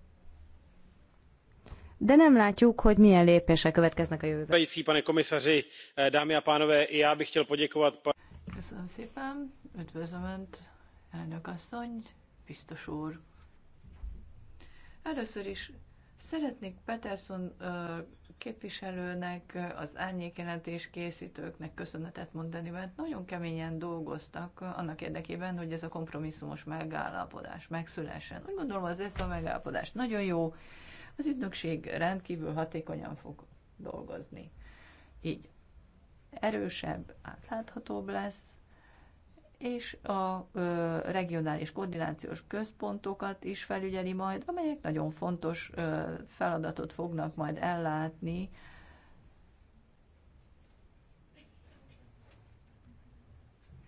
de nem látjuk, hogy milyen lépések következnek a jövőben. komisaři, eh, dámy a pánové, já bych chtěl poděkovat... Köszönöm szépen, üdvözlöm Önt, elnök asszony, biztos úr. Először is szeretnék Peterson eh, képviselőnek, az árnyékjelentés készítőknek köszönetet mondani, mert nagyon keményen dolgoztak annak érdekében, hogy ez a kompromisszumos megállapodás megszülessen. Úgy gondolom az ESZA megállapodás nagyon jó, az ügynökség rendkívül hatékonyan fog dolgozni. Így erősebb, átláthatóbb lesz, és a ö, regionális koordinációs központokat is felügyeli majd, amelyek nagyon fontos ö, feladatot fognak majd ellátni.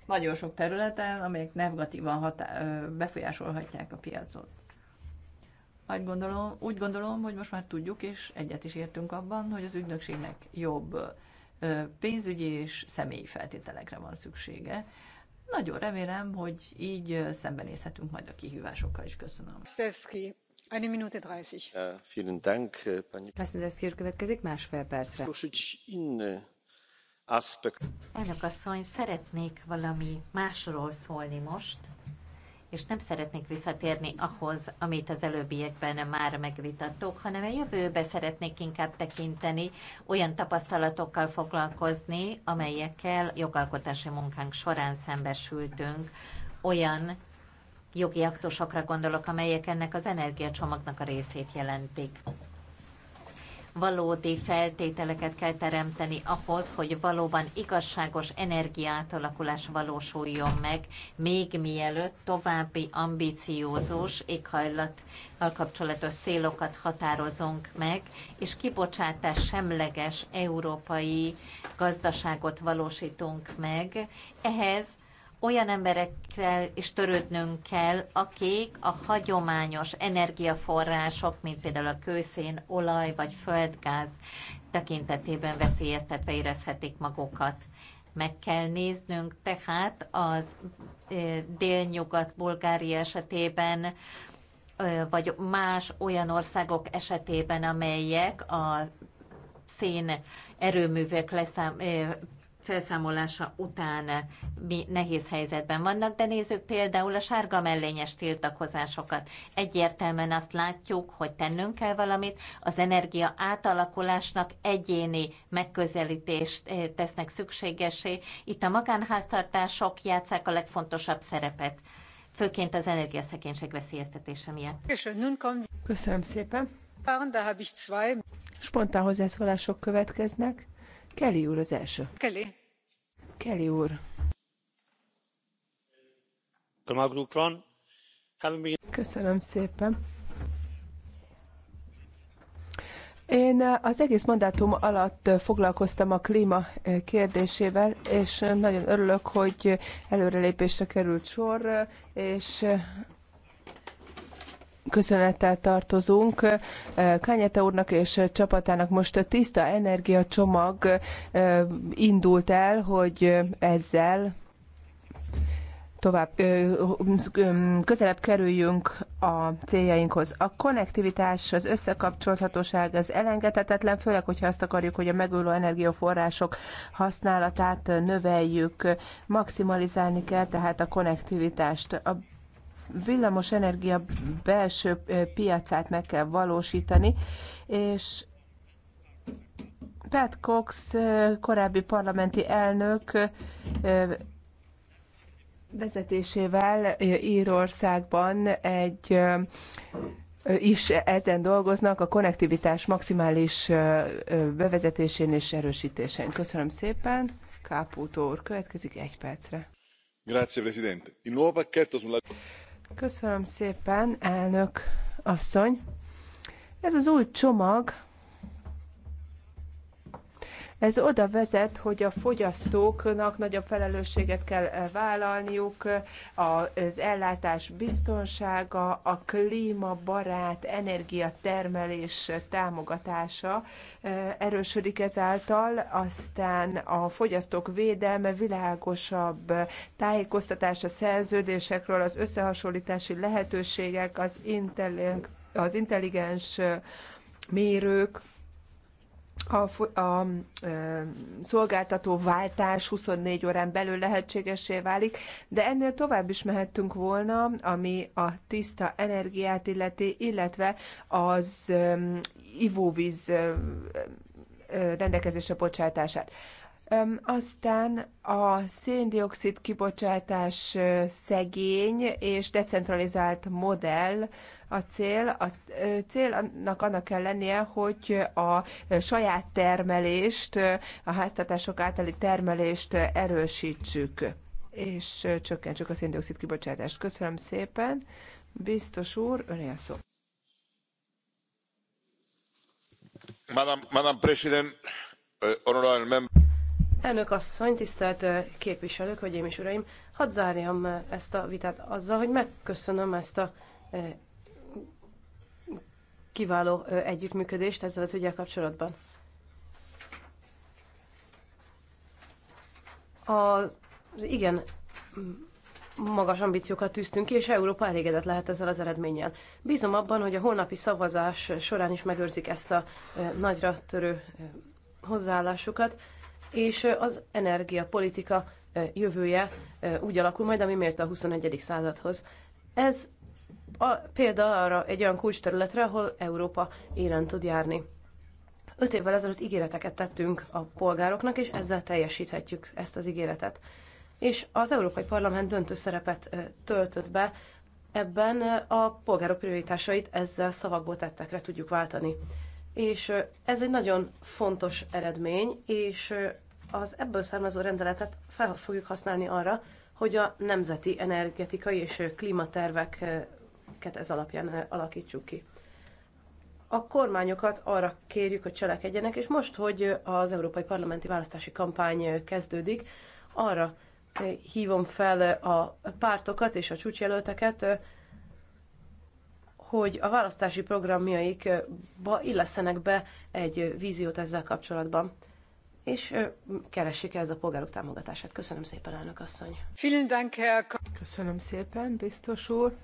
Nagyon sok területen, amelyek negatívan befolyásolhatják a piacot. Úgy gondolom, úgy gondolom, hogy most már tudjuk, és egyet is értünk abban, hogy az ügynökségnek jobb pénzügyi és személyi feltételekre van szüksége. Nagyon remélem, hogy így szembenézhetünk majd a kihívásokkal is. Köszönöm. Szevszki, egy minúte 30. Vielen Dank, pani. Veszendevszki következik másfél percre. Elnök asszony, szeretnék valami másról szólni most, és nem szeretnék visszatérni ahhoz, amit az előbbiekben már megvitattok, hanem a jövőbe szeretnék inkább tekinteni, olyan tapasztalatokkal foglalkozni, amelyekkel jogalkotási munkánk során szembesültünk, olyan jogi aktusokra gondolok, amelyek ennek az energiacsomagnak a részét jelentik valódi feltételeket kell teremteni ahhoz, hogy valóban igazságos energiaátalakulás valósuljon meg, még mielőtt további ambiciózus éghajlattal kapcsolatos célokat határozunk meg, és kibocsátás semleges európai gazdaságot valósítunk meg. Ehhez olyan emberekkel is törődnünk kell, akik a hagyományos energiaforrások, mint például a kőszén, olaj vagy földgáz tekintetében veszélyeztetve érezhetik magukat. Meg kell néznünk tehát az délnyugat-bulgária esetében, vagy más olyan országok esetében, amelyek a szén erőművek leszám, felszámolása után nehéz helyzetben vannak, de nézzük például a sárga mellényes tiltakozásokat. Egyértelműen azt látjuk, hogy tennünk kell valamit, az energia átalakulásnak egyéni megközelítést eh, tesznek szükségesé. Itt a magánháztartások játszák a legfontosabb szerepet főként az energiaszekénység veszélyeztetése miatt. Köszönöm szépen. Spontán hozzászólások következnek. Kelly úr az első. Kelly. Kelly úr. Köszönöm szépen. Én az egész mandátum alatt foglalkoztam a klíma kérdésével, és nagyon örülök, hogy előrelépésre került sor, és köszönettel tartozunk Kányete úrnak és csapatának. Most a tiszta energiacsomag indult el, hogy ezzel tovább közelebb kerüljünk a céljainkhoz. A konnektivitás, az összekapcsolhatóság az elengedhetetlen, főleg, hogyha azt akarjuk, hogy a megújuló energiaforrások használatát növeljük, maximalizálni kell tehát a konnektivitást. A villamosenergia belső piacát meg kell valósítani, és Pat Cox, korábbi parlamenti elnök vezetésével Írországban egy is ezen dolgoznak a konnektivitás maximális bevezetésén és erősítésén. Köszönöm szépen. Kápútó úr következik egy percre. Grazie, Presidente. Il nuovo pacchetto sulla... Köszönöm szépen, elnök asszony. Ez az új csomag, ez oda vezet, hogy a fogyasztóknak nagyobb felelősséget kell eh, vállalniuk, eh, az ellátás biztonsága, a klímabarát energiatermelés támogatása eh, erősödik ezáltal, aztán a fogyasztók védelme világosabb tájékoztatás a szerződésekről, az összehasonlítási lehetőségek, az, intelli- az intelligens mérők, a, a szolgáltató váltás 24 órán belül lehetségesé válik, de ennél tovább is mehettünk volna, ami a tiszta energiát illeti, illetve az ivóvíz rendelkezésre bocsátását. Aztán a széndiokszid kibocsátás szegény és decentralizált modell a cél. A célnak annak kell lennie, hogy a saját termelést, a háztatások általi termelést erősítsük, és csökkentsük a széndiokszid kibocsátást. Köszönöm szépen. Biztos úr, öné a szó. Madame, Madame President, honorable member. Elnök asszony, tisztelt képviselők, hogy én is uraim! Hadd zárjam ezt a vitát azzal, hogy megköszönöm ezt a kiváló együttműködést ezzel az ügyel kapcsolatban. A, igen, magas ambíciókat tűztünk ki, és Európa elégedett lehet ezzel az eredménnyel. Bízom abban, hogy a holnapi szavazás során is megőrzik ezt a nagyra törő hozzáállásukat, és az energiapolitika jövője úgy alakul majd, ami mért a 21. századhoz. Ez a, példa arra egy olyan kulcsterületre, ahol Európa élen tud járni. Öt évvel ezelőtt ígéreteket tettünk a polgároknak, és ezzel teljesíthetjük ezt az ígéretet. És az Európai Parlament döntő szerepet töltött be, ebben a polgárok prioritásait ezzel szavakból tettekre tudjuk váltani. És ez egy nagyon fontos eredmény, és az ebből származó rendeletet fel fogjuk használni arra, hogy a nemzeti energetikai és klímatervek amiket ez alapján alakítsuk ki. A kormányokat arra kérjük, hogy cselekedjenek, és most, hogy az európai parlamenti választási kampány kezdődik, arra eh, hívom fel a pártokat és a csúcsjelölteket, eh, hogy a választási programjaikba eh, illessenek be egy víziót ezzel kapcsolatban, és keressék ez a polgárok támogatását. Köszönöm szépen, elnök asszony! Köszönöm szépen, biztos úr!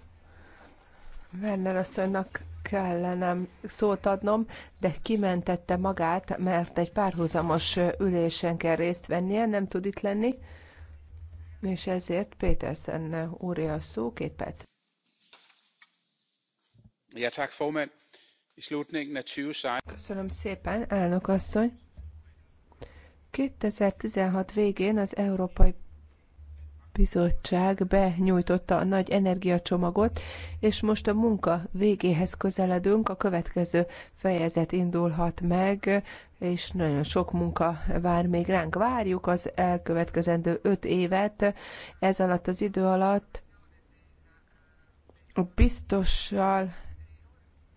Werner asszonynak kellene szót adnom, de kimentette magát, mert egy párhuzamos ülésen kell részt vennie, nem tud itt lenni, és ezért Pétersen úrja a szó, két perc. Ja, tak, Köszönöm szépen, elnök asszony. 2016 végén az Európai bizottság benyújtotta a nagy energiacsomagot, és most a munka végéhez közeledünk, a következő fejezet indulhat meg, és nagyon sok munka vár még ránk. Várjuk az elkövetkezendő öt évet, ez alatt az idő alatt a biztossal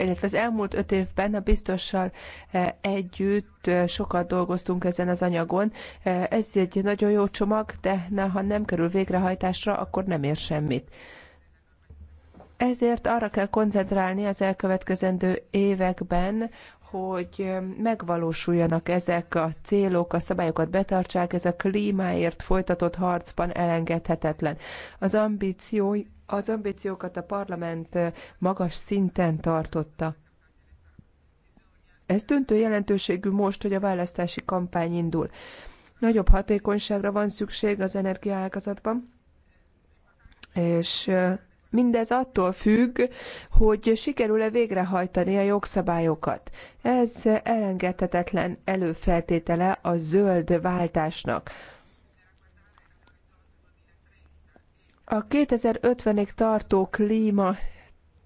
illetve az elmúlt öt évben a biztossal eh, együtt eh, sokat dolgoztunk ezen az anyagon. Eh, ez egy nagyon jó csomag, de na, ha nem kerül végrehajtásra, akkor nem ér semmit. Ezért arra kell koncentrálni az elkövetkezendő években, hogy megvalósuljanak ezek a célok, a szabályokat betartsák, ez a klímáért folytatott harcban elengedhetetlen. Az ambíció az ambíciókat a parlament magas szinten tartotta. Ez döntő jelentőségű most, hogy a választási kampány indul. Nagyobb hatékonyságra van szükség az energiaágazatban, és mindez attól függ, hogy sikerül-e végrehajtani a jogszabályokat. Ez elengedhetetlen előfeltétele a zöld váltásnak A 2050-ig tartó klíma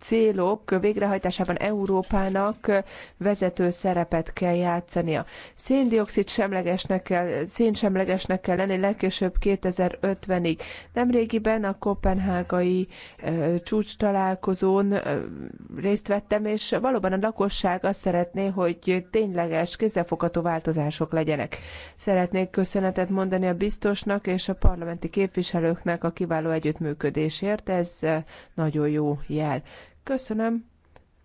célok végrehajtásában Európának vezető szerepet kell játszania. Széndiokszid semlegesnek kell, szénsemlegesnek kell lenni legkésőbb 2050-ig. Nemrégiben a kopenhágai csúcs találkozón részt vettem, és valóban a lakosság azt szeretné, hogy tényleges, kézzelfogható változások legyenek. Szeretnék köszönetet mondani a biztosnak és a parlamenti képviselőknek a kiváló együttműködésért. Ez nagyon jó jel. Köszönöm.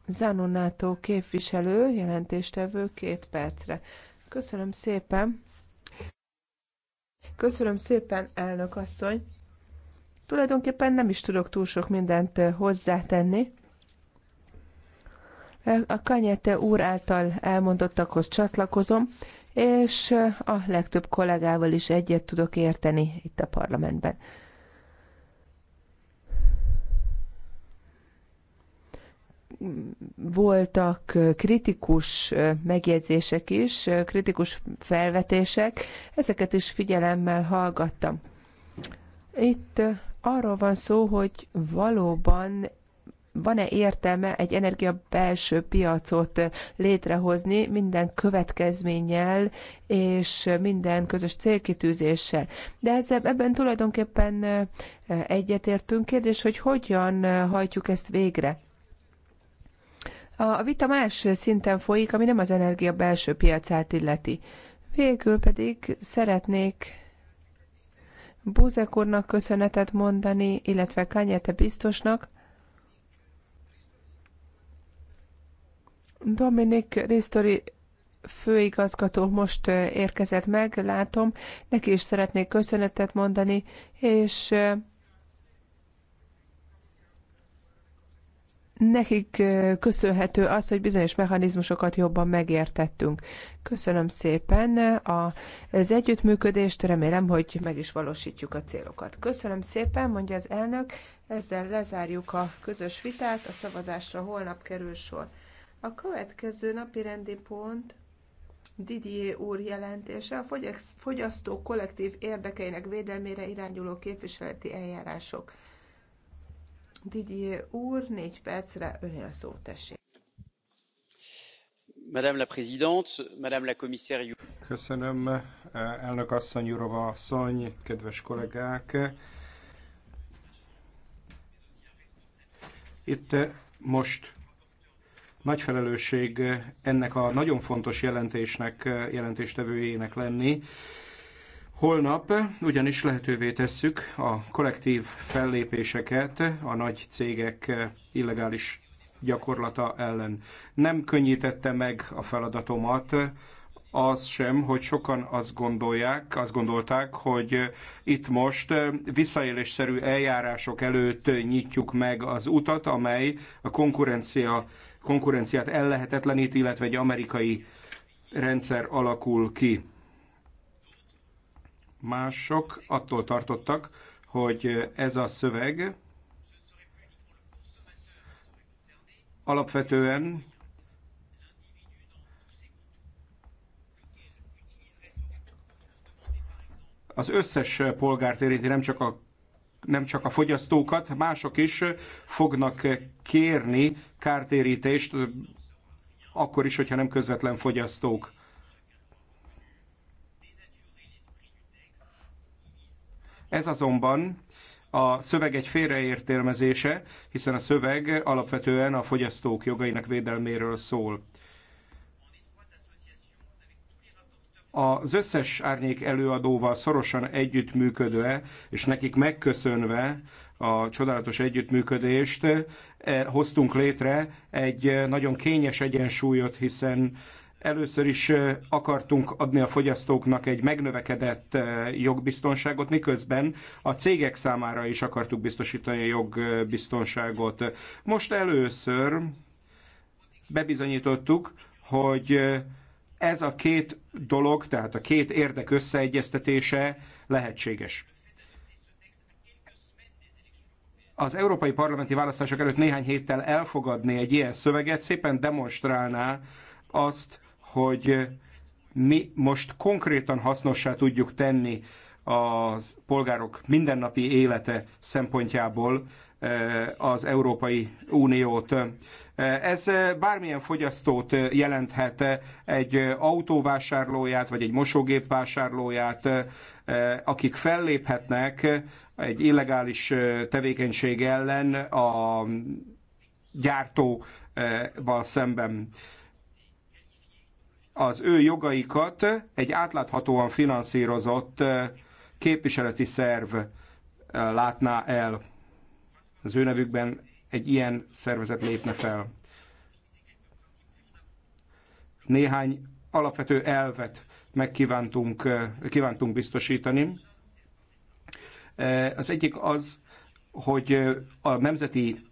Zanonátó képviselő, jelentéstevő két percre. Köszönöm szépen. Köszönöm szépen, elnök asszony. Tulajdonképpen nem is tudok túl sok mindent eh, hozzátenni. Eh, a Kanyete úr által elmondottakhoz csatlakozom, és eh, a legtöbb kollégával is egyet tudok érteni itt a parlamentben. voltak kritikus megjegyzések is, kritikus felvetések, ezeket is figyelemmel hallgattam. Itt arról van szó, hogy valóban van-e értelme egy energia belső piacot létrehozni minden következménnyel és minden közös célkitűzéssel. De ezzel, ebben tulajdonképpen egyetértünk. Kérdés, hogy hogyan hajtjuk ezt végre? A vita más szinten folyik, ami nem az energia belső piacát illeti. Végül pedig szeretnék Búzek úrnak köszönetet mondani, illetve Kányete biztosnak. Dominik Ristori főigazgató most érkezett meg, látom, neki is szeretnék köszönetet mondani, és nekik köszönhető az, hogy bizonyos mechanizmusokat jobban megértettünk. Köszönöm szépen az együttműködést, remélem, hogy meg is valósítjuk a célokat. Köszönöm szépen, mondja az elnök, ezzel lezárjuk a közös vitát, a szavazásra holnap kerül sor. A következő napi rendi pont Didier úr jelentése a fogyasztó kollektív érdekeinek védelmére irányuló képviseleti eljárások. Didier úr, négy percre öné a szó, tessék. Madame la Présidente, Madame la Commissaire. Köszönöm, elnök asszony, Jurova asszony, kedves kollégák. Itt most nagy felelősség ennek a nagyon fontos jelentésnek, jelentéstevőjének lenni Holnap ugyanis lehetővé tesszük a kollektív fellépéseket a nagy cégek illegális gyakorlata ellen. Nem könnyítette meg a feladatomat az sem, hogy sokan azt gondolják, azt gondolták, hogy itt most visszaélésszerű eljárások előtt nyitjuk meg az utat, amely a konkurencia, konkurenciát ellehetetlenít, illetve egy amerikai rendszer alakul ki. Mások attól tartottak, hogy ez a szöveg alapvetően az összes polgárt érinti, nem csak a nem csak a fogyasztókat, mások is fognak kérni kártérítést, akkor is, hogyha nem közvetlen fogyasztók. Ez azonban a szöveg egy félreértelmezése, hiszen a szöveg alapvetően a fogyasztók jogainak védelméről szól. Az összes árnyék előadóval szorosan együttműködve, és nekik megköszönve a csodálatos együttműködést, eh, hoztunk létre egy nagyon kényes egyensúlyot, hiszen Először is akartunk adni a fogyasztóknak egy megnövekedett jogbiztonságot, miközben a cégek számára is akartuk biztosítani a jogbiztonságot. Most először bebizonyítottuk, hogy ez a két dolog, tehát a két érdek összeegyeztetése lehetséges. Az európai parlamenti választások előtt néhány héttel elfogadni egy ilyen szöveget szépen demonstrálná azt, hogy eh, mi most konkrétan hasznossá tudjuk tenni a polgárok mindennapi élete szempontjából eh, az Európai Uniót. Eh, ez bármilyen fogyasztót jelenthet, egy autóvásárlóját, vagy egy mosógép vásárlóját, akik felléphetnek egy illegális tevékenység ellen a mm, gyártóval szemben az ő jogaikat egy átláthatóan finanszírozott képviseleti szerv látná el. Az ő nevükben egy ilyen szervezet lépne fel. Néhány alapvető elvet megkívántunk kívántunk biztosítani. Az egyik az, hogy a nemzeti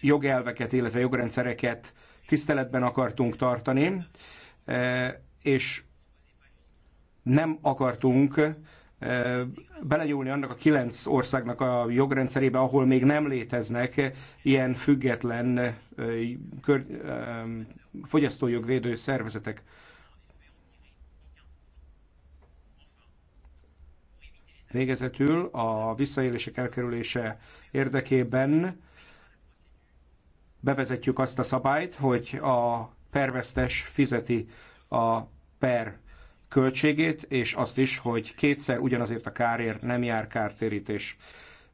jogelveket, illetve jogrendszereket tiszteletben akartunk tartani, Eh, és nem akartunk eh, belenyúlni annak a kilenc országnak a jogrendszerébe, ahol még nem léteznek ilyen független eh, fogyasztójogvédő szervezetek. Végezetül a visszaélések elkerülése érdekében bevezetjük azt a szabályt, hogy a pervesztes fizeti a per költségét, és azt is, hogy kétszer ugyanazért a kárért nem jár kártérítés.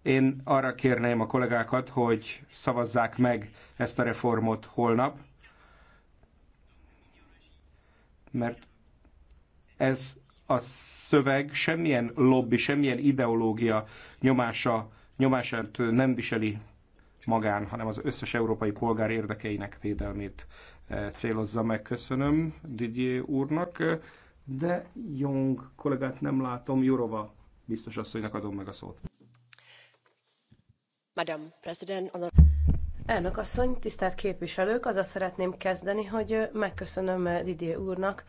Én arra kérném a kollégákat, hogy szavazzák meg ezt a reformot holnap, mert ez a szöveg semmilyen lobby, semmilyen ideológia nyomása, nyomását nem viseli magán, hanem az összes európai polgár érdekeinek védelmét E, célozza meg. Köszönöm Didier úrnak, e, de Jong kollégát nem látom, Jurova biztos asszonynak adom meg a szót. Madam President, honor... Elnök asszony, tisztelt képviselők, azzal szeretném kezdeni, hogy megköszönöm Didier úrnak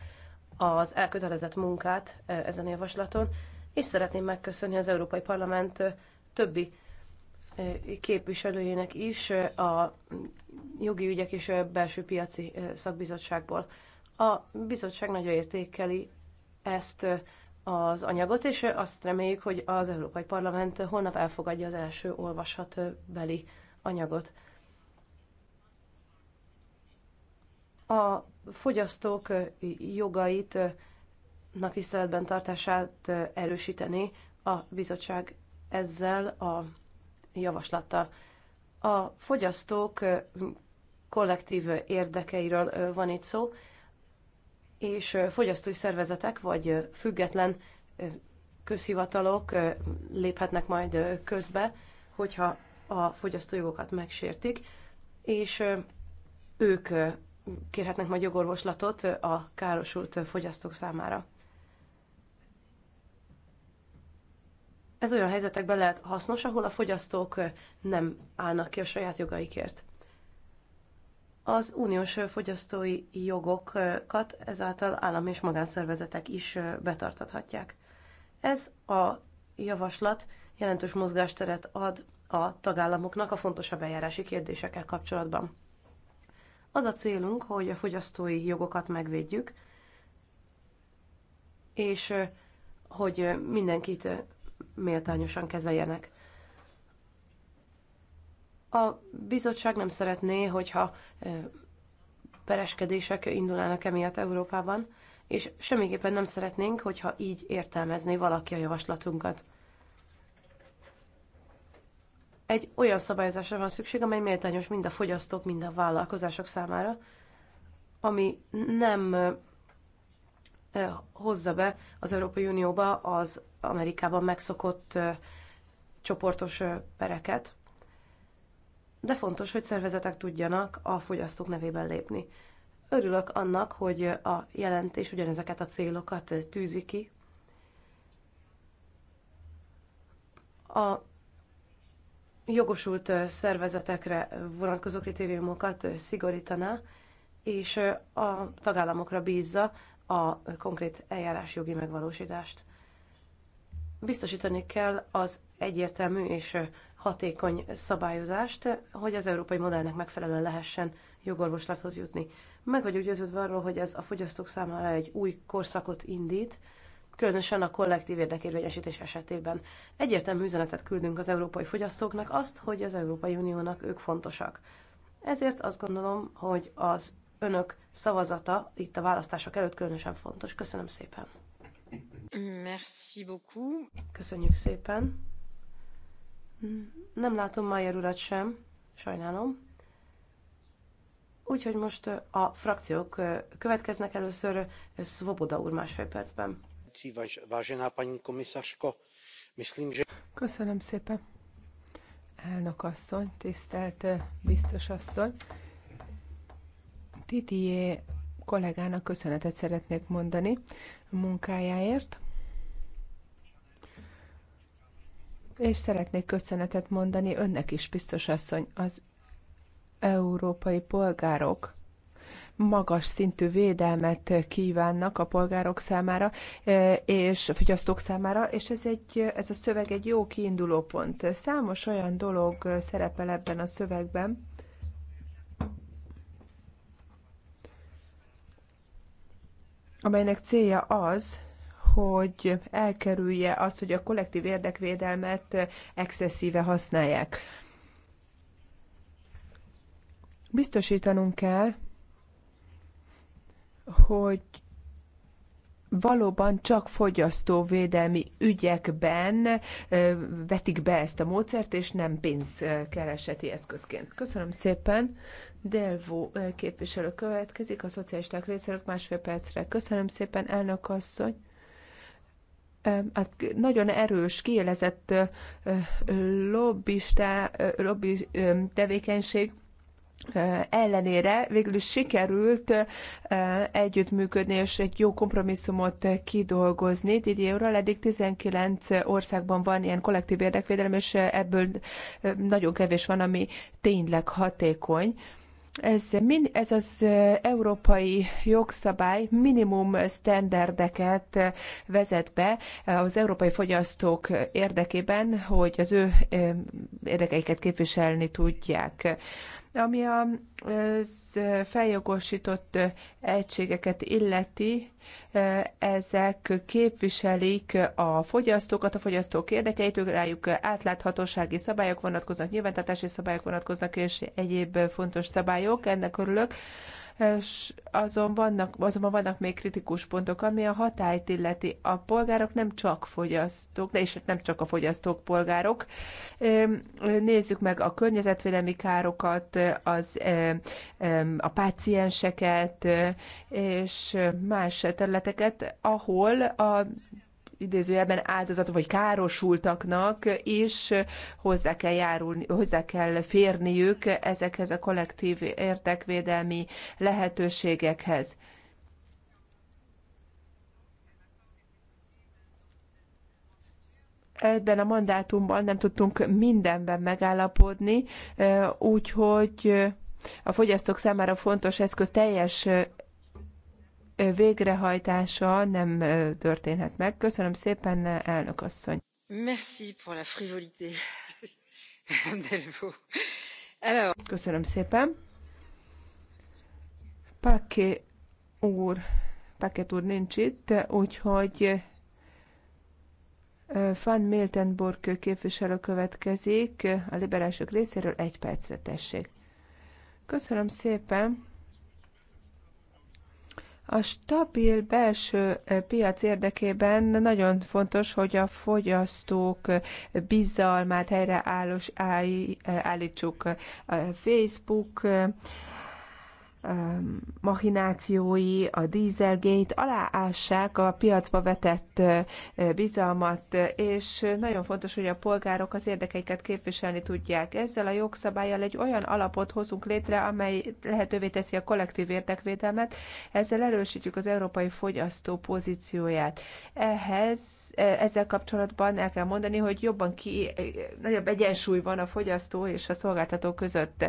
az elkötelezett munkát e, ezen a javaslaton, és szeretném megköszönni az Európai Parlament többi képviselőjének is a jogi ügyek és belső piaci szakbizottságból. A bizottság nagyra értékeli ezt az anyagot, és azt reméljük, hogy az Európai Parlament holnap elfogadja az első beli anyagot. A fogyasztók jogait nak tiszteletben tartását erősíteni a bizottság ezzel a javaslata. A fogyasztók kollektív érdekeiről van itt szó, és fogyasztói szervezetek vagy független közhivatalok léphetnek majd közbe, hogyha a fogyasztójogokat megsértik, és ők kérhetnek majd jogorvoslatot a károsult fogyasztók számára. Ez olyan helyzetekben lehet hasznos, ahol a fogyasztók nem állnak ki a saját jogaikért. Az uniós fogyasztói jogokat ezáltal állami és magánszervezetek is betartathatják. Ez a javaslat jelentős mozgásteret ad a tagállamoknak a fontosabb eljárási kérdésekkel kapcsolatban. Az a célunk, hogy a fogyasztói jogokat megvédjük, és hogy mindenkit méltányosan kezeljenek. A bizottság nem szeretné, hogyha pereskedések indulnának emiatt Európában, és semmiképpen nem szeretnénk, hogyha így értelmezné valaki a javaslatunkat. Egy olyan szabályozásra van szükség, amely méltányos mind a fogyasztók, mind a vállalkozások számára, ami nem hozza be az Európai Unióba az Amerikában megszokott csoportos pereket, de fontos, hogy szervezetek tudjanak a fogyasztók nevében lépni. Örülök annak, hogy a jelentés ugyanezeket a célokat tűzi ki. A jogosult szervezetekre vonatkozó kritériumokat szigorítaná, és a tagállamokra bízza a konkrét eljárás jogi megvalósítást. Biztosítani kell az egyértelmű és hatékony szabályozást, hogy az európai modellnek megfelelően lehessen jogorvoslathoz jutni. Meg vagyok győződve arról, hogy ez a fogyasztók számára egy új korszakot indít, különösen a kollektív érdekérvényesítés esetében. Egyértelmű üzenetet küldünk az európai fogyasztóknak azt, hogy az Európai Uniónak ők fontosak. Ezért azt gondolom, hogy az önök szavazata itt a választások előtt különösen fontos. Köszönöm szépen! Merci beaucoup. Köszönjük szépen. Nem látom Mayer urat sem, sajnálom. Úgyhogy most a frakciók következnek először Svoboda úr másfél percben. Köszönöm szépen. Elnök asszony, tisztelt biztos asszony. Didier kollégának köszönetet szeretnék mondani a munkájáért. És szeretnék köszönetet mondani önnek is, biztos asszony, az európai polgárok magas szintű védelmet kívánnak a polgárok számára e, és fogyasztók számára, és ez, egy, ez a szöveg egy jó kiinduló pont. Számos olyan dolog szerepel ebben a szövegben, amelynek célja az, hogy elkerülje azt, hogy a kollektív érdekvédelmet excesszíve használják. Biztosítanunk kell, hogy valóban csak fogyasztóvédelmi ügyekben vetik be ezt a módszert, és nem pénzkereseti eszközként. Köszönöm szépen. Delvó képviselő következik, a szocialisták részéről másfél percre. Köszönöm szépen, elnök asszony hát nagyon erős, kiélezett lobbista, lobby tevékenység ellenére végül is sikerült együttműködni és egy jó kompromisszumot kidolgozni. Didierről eddig 19 országban van ilyen kollektív érdekvédelem, és ebből nagyon kevés van, ami tényleg hatékony. Ez, ez az európai jogszabály minimum sztenderdeket vezet be az európai fogyasztók érdekében, hogy az ő érdekeiket képviselni tudják. Ami a feljogosított egységeket illeti, ezek képviselik a fogyasztókat, a fogyasztók érdekeit, ők rájuk átláthatósági szabályok vonatkoznak, nyilvántartási szabályok vonatkoznak, és egyéb fontos szabályok. Ennek örülök és azon vannak, azonban vannak még kritikus pontok, ami a hatályt illeti. A polgárok nem csak fogyasztók, de és nem csak a fogyasztók polgárok. Nézzük meg a környezetvédelmi károkat, az, a pácienseket és más területeket, ahol a idézőjelben áldozat vagy károsultaknak is hozzá kell járulni, hozzá kell férniük ezekhez a kollektív érdekvédelmi lehetőségekhez. ebben a mandátumban nem tudtunk mindenben megállapodni, úgyhogy a fogyasztók számára fontos eszköz teljes végrehajtása nem történhet meg. Köszönöm szépen, elnök asszony. Merci pour la frivolité. Köszönöm szépen. Paké úr, Paket úr nincs itt, úgyhogy Van Miltenburg képviselő következik a liberálisok részéről, egy percre tessék. Köszönöm szépen. A stabil belső eh, piac érdekében nagyon fontos, hogy a fogyasztók eh, bizalmát helyreállítsuk. Eh, Facebook, machinációi, a Dieselgate aláássák a piacba vetett bizalmat, és nagyon fontos, hogy a polgárok az érdekeiket képviselni tudják. Ezzel a jogszabályjal egy olyan alapot hozunk létre, amely lehetővé teszi a kollektív érdekvédelmet, ezzel erősítjük az európai fogyasztó pozícióját. Ehhez, ezzel kapcsolatban el kell mondani, hogy jobban ki, nagyobb egyensúly van a fogyasztó és a szolgáltató között.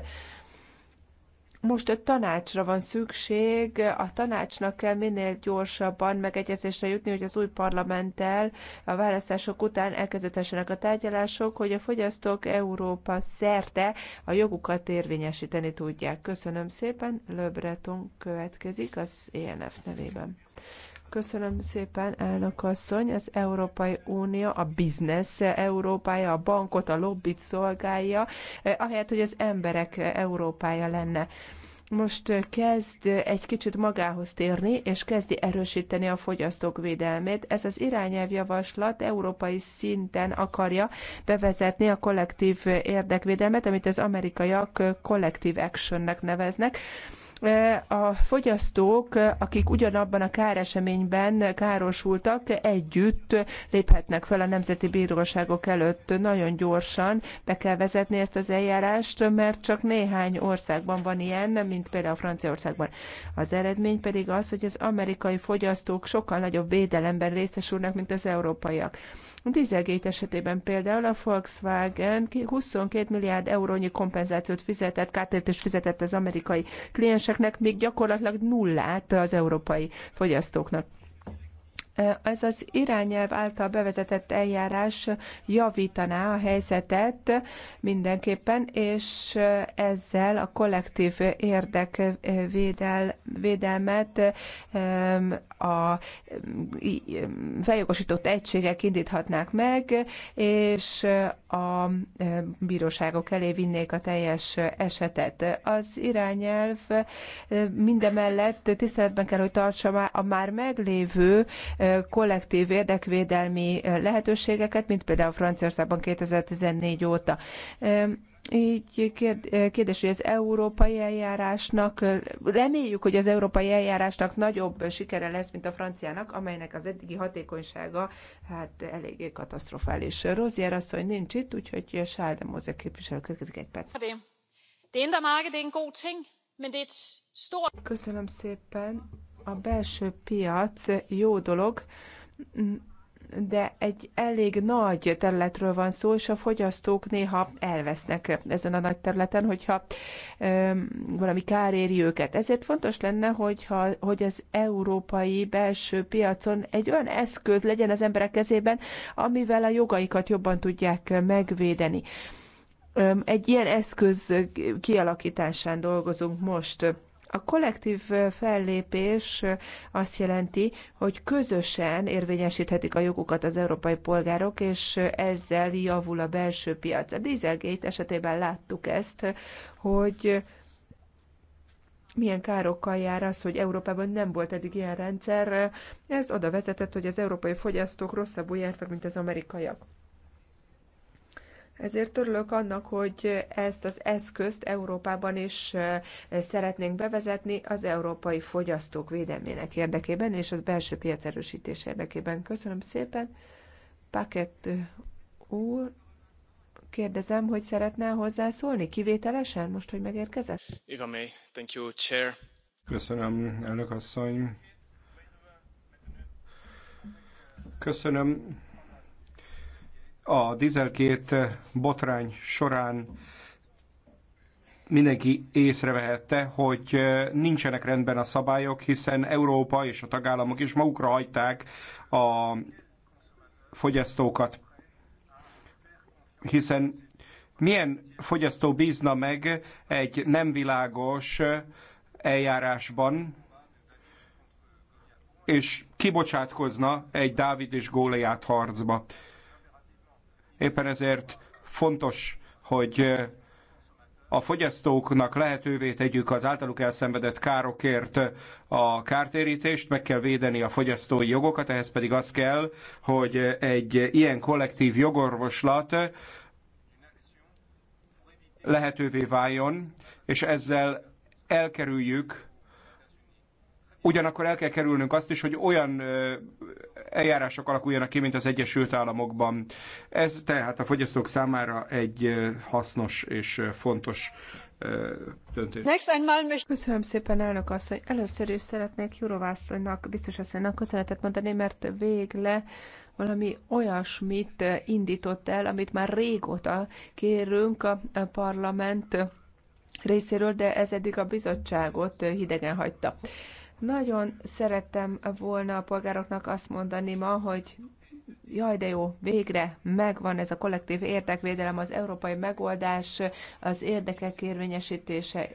Most a tanácsra van szükség, a tanácsnak kell minél gyorsabban megegyezésre jutni, hogy az új parlamenttel a választások után elkezdődhessenek a tárgyalások, hogy a fogyasztók Európa szerte a jogukat érvényesíteni tudják. Köszönöm szépen, Löbreton következik az ENF nevében. Köszönöm szépen, elnök asszony. Az Európai Unió a biznesz Európája, a bankot, a lobbit szolgálja, eh, ahelyett, hogy az emberek eh, Európája lenne most eh, kezd egy kicsit magához térni, és kezdi erősíteni a fogyasztók védelmét. Ez az irányelvjavaslat európai szinten akarja bevezetni a kollektív érdekvédelmet, amit az amerikaiak kollektív actionnek neveznek a fogyasztók, akik ugyanabban a káreseményben károsultak, együtt léphetnek fel a nemzeti bíróságok előtt. Nagyon gyorsan be kell vezetni ezt az eljárást, mert csak néhány országban van ilyen, mint például a Franciaországban. Az eredmény pedig az, hogy az amerikai fogyasztók sokkal nagyobb védelemben részesülnek, mint az európaiak. A dízelgét esetében például a Volkswagen 22 milliárd eurónyi kompenzációt fizetett, is fizetett az amerikai klienseknek, még gyakorlatilag nullát az európai fogyasztóknak. Ez az irányelv által bevezetett eljárás javítaná a helyzetet mindenképpen, és ezzel a kollektív érdekvédelmet a feljogosított egységek indíthatnák meg, és a e, bíróságok elé vinnék a teljes esetet. Az irányelv e, mindemellett tiszteletben kell, hogy tartsa a már meglévő e, kollektív érdekvédelmi lehetőségeket, mint például Franciaországban 2014 óta. Így kérdés, hogy az európai eljárásnak, reméljük, hogy az európai eljárásnak nagyobb sikere lesz, mint a franciának, amelynek az eddigi hatékonysága hát eléggé katasztrofális. Rozier hogy nincs itt, úgyhogy Sálde Mózek képviselő következik egy perc. Er er Köszönöm szépen. A belső piac jó dolog, de egy elég nagy területről van szó, és a fogyasztók néha elvesznek ezen a nagy területen, hogyha ö, valami kár éri őket. Ezért fontos lenne, hogyha, hogy az európai belső piacon egy olyan eszköz legyen az emberek kezében, amivel a jogaikat jobban tudják megvédeni. egy ilyen eszköz kialakításán dolgozunk most a kollektív fellépés azt jelenti, hogy közösen érvényesíthetik a jogukat az európai polgárok, és ezzel javul a belső piac. A Dieselgate esetében láttuk ezt, hogy milyen károkkal jár az, hogy Európában nem volt eddig ilyen rendszer. Ez oda vezetett, hogy az európai fogyasztók rosszabbul jártak, mint az amerikaiak. Ezért örülök annak, hogy ezt az eszközt Európában is szeretnénk bevezetni az európai fogyasztók védelmének érdekében és az belső piac erősítés érdekében. Köszönöm szépen. Paket úr, kérdezem, hogy szeretne hozzászólni kivételesen, most, hogy megérkezett? Igen, thank you, chair. Köszönöm, elnök asszony. Köszönöm a dizelkét botrány során mindenki észrevehette, hogy nincsenek rendben a szabályok, hiszen Európa és a tagállamok is magukra hagyták a fogyasztókat. Hiszen milyen fogyasztó bízna meg egy nem világos eljárásban, és kibocsátkozna egy Dávid és Góliát harcba. Éppen ezért fontos, hogy a fogyasztóknak lehetővé tegyük az általuk elszenvedett károkért a kártérítést, meg kell védeni a fogyasztói jogokat, ehhez pedig az kell, hogy egy ilyen kollektív jogorvoslat lehetővé váljon, és ezzel elkerüljük Ugyanakkor el kell kerülnünk azt is, hogy olyan eljárások alakuljanak ki, mint az Egyesült Államokban. Ez tehát a fogyasztók számára egy hasznos és fontos döntés. Köszönöm szépen, elnök asszony. Először is szeretnék Jurovászonynak, biztos asszonynak köszönetet mondani, mert végle valami olyasmit indított el, amit már régóta kérünk a parlament részéről, de ez eddig a bizottságot hidegen hagyta. Nagyon szerettem volna a polgároknak azt mondani ma, hogy jaj de jó, végre megvan ez a kollektív érdekvédelem, az európai megoldás, az érdekek érvényesítése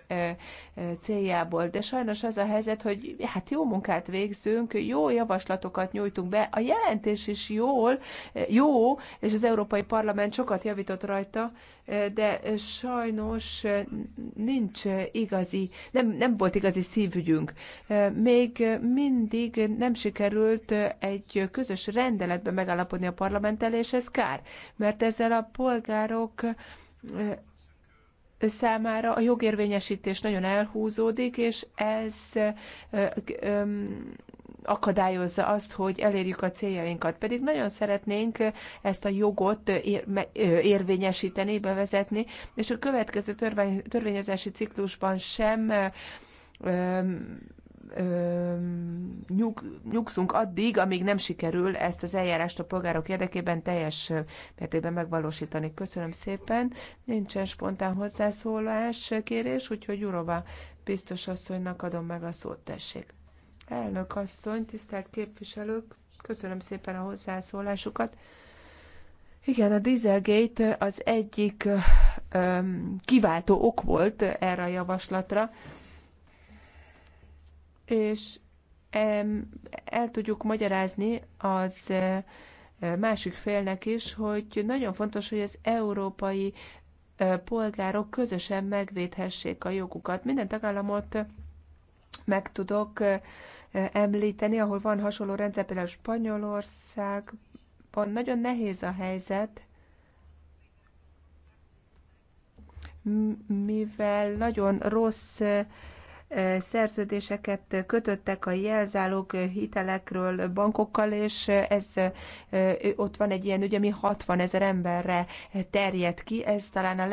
céljából. De sajnos az a helyzet, hogy hát jó munkát végzünk, jó javaslatokat nyújtunk be, a jelentés is jól, jó, és az Európai Parlament sokat javított rajta, de sajnos nincs igazi, nem, nem volt igazi szívügyünk. Még mindig nem sikerült egy közös rendeletbe megállapodni, megállapodni a parlamenttel, és ez kár, mert ezzel a polgárok számára a jogérvényesítés nagyon elhúzódik, és ez akadályozza azt, hogy elérjük a céljainkat. Pedig nagyon szeretnénk ezt a jogot érvényesíteni, bevezetni, és a következő törvény, törvényezési ciklusban sem ö, nyug, nyugszunk addig, amíg nem sikerül ezt az eljárást a polgárok érdekében teljes mértékben megvalósítani. Köszönöm szépen. Nincsen spontán hozzászólás kérés, úgyhogy Jurova biztos asszonynak adom meg a szót, tessék. Elnök asszony, tisztelt képviselők, köszönöm szépen a hozzászólásukat. Igen, a Dieselgate az egyik kiváltó ok volt erre a javaslatra és el tudjuk magyarázni az eh, másik félnek is, hogy nagyon fontos, hogy az európai eh, polgárok közösen megvédhessék a jogukat. Minden tagállamot meg tudok eh, említeni, ahol van hasonló rendszer, például Spanyolországban nagyon nehéz a helyzet, mivel nagyon rossz szerződéseket kötöttek a jelzálók hitelekről bankokkal, és ez ott van egy ilyen ügy, ami 60 ezer emberre terjed ki. Ez talán a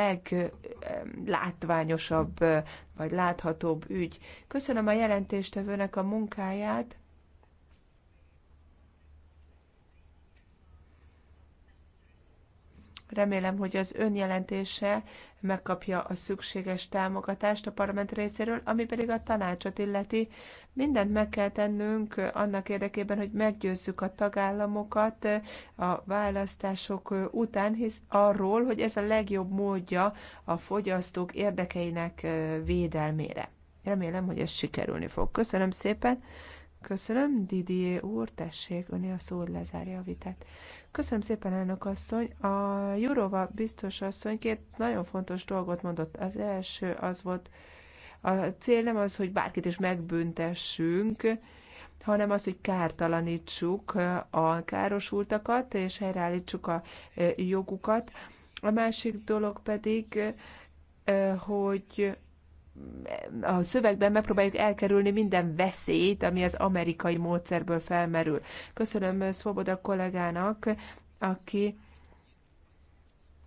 leglátványosabb vagy láthatóbb ügy. Köszönöm a jelentéstevőnek a munkáját Remélem, hogy az önjelentése megkapja a szükséges támogatást a parlament részéről, ami pedig a tanácsot illeti. Mindent meg kell tennünk annak érdekében, hogy meggyőzzük a tagállamokat a választások után, hisz arról, hogy ez a legjobb módja a fogyasztók érdekeinek védelmére. Remélem, hogy ez sikerülni fog. Köszönöm szépen! Köszönöm, Didier úr, tessék, öné a szó, lezárja a vitát. Köszönöm szépen, elnök asszony. A Jurova biztos asszony két nagyon fontos dolgot mondott. Az első az volt, a cél nem az, hogy bárkit is megbüntessünk, hanem az, hogy kártalanítsuk a károsultakat, és helyreállítsuk a eh, jogukat. A másik dolog pedig, eh, hogy a szövegben megpróbáljuk elkerülni minden veszélyt, ami az amerikai módszerből felmerül. Köszönöm Szoboda kollégának, aki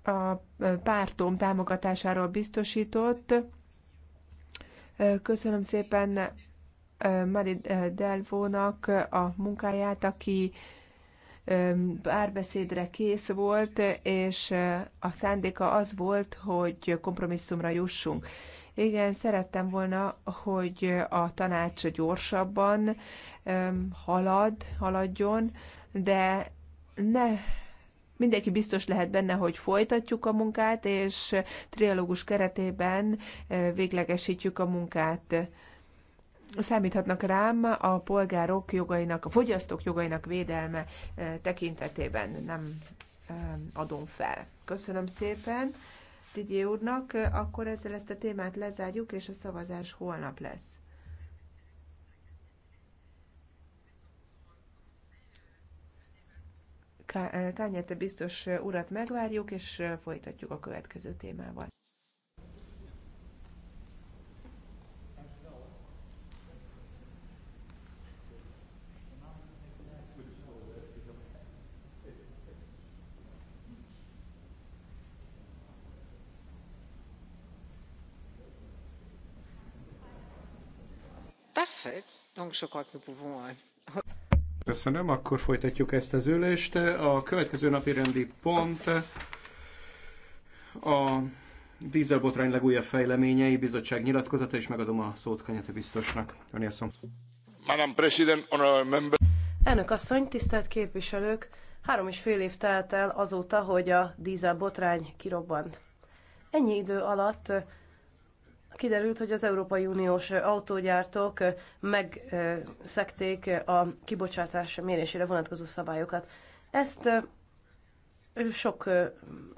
a pártom támogatásáról biztosított. Köszönöm szépen eh, Mari Delvónak a munkáját, aki eh, párbeszédre kész volt, és eh, a szándéka az volt, hogy kompromisszumra jussunk. Igen, szerettem volna, hogy a tanács gyorsabban halad, haladjon, de ne mindenki biztos lehet benne, hogy folytatjuk a munkát, és trialógus keretében véglegesítjük a munkát. Számíthatnak rám a polgárok jogainak, a fogyasztók jogainak védelme tekintetében nem adom fel. Köszönöm szépen! Didier úrnak, akkor ezzel ezt a témát lezárjuk, és a szavazás holnap lesz. Kányete biztos urat megvárjuk, és folytatjuk a következő témával. Euh, Köszönöm, akkor folytatjuk ezt az ülést. A következő napi rendi pont a dízelbotrány legújabb fejleményei, bizottság nyilatkozata, és megadom a szót Kanyete biztosnak. Önélszom. szó. President, honorable member. Elnök asszony, tisztelt képviselők! Három és fél év telt el azóta, hogy a dízelbotrány kirobbant. Ennyi idő alatt kiderült, hogy az Európai Uniós autógyártók megszekték a kibocsátás mérésére vonatkozó szabályokat. Ezt sok,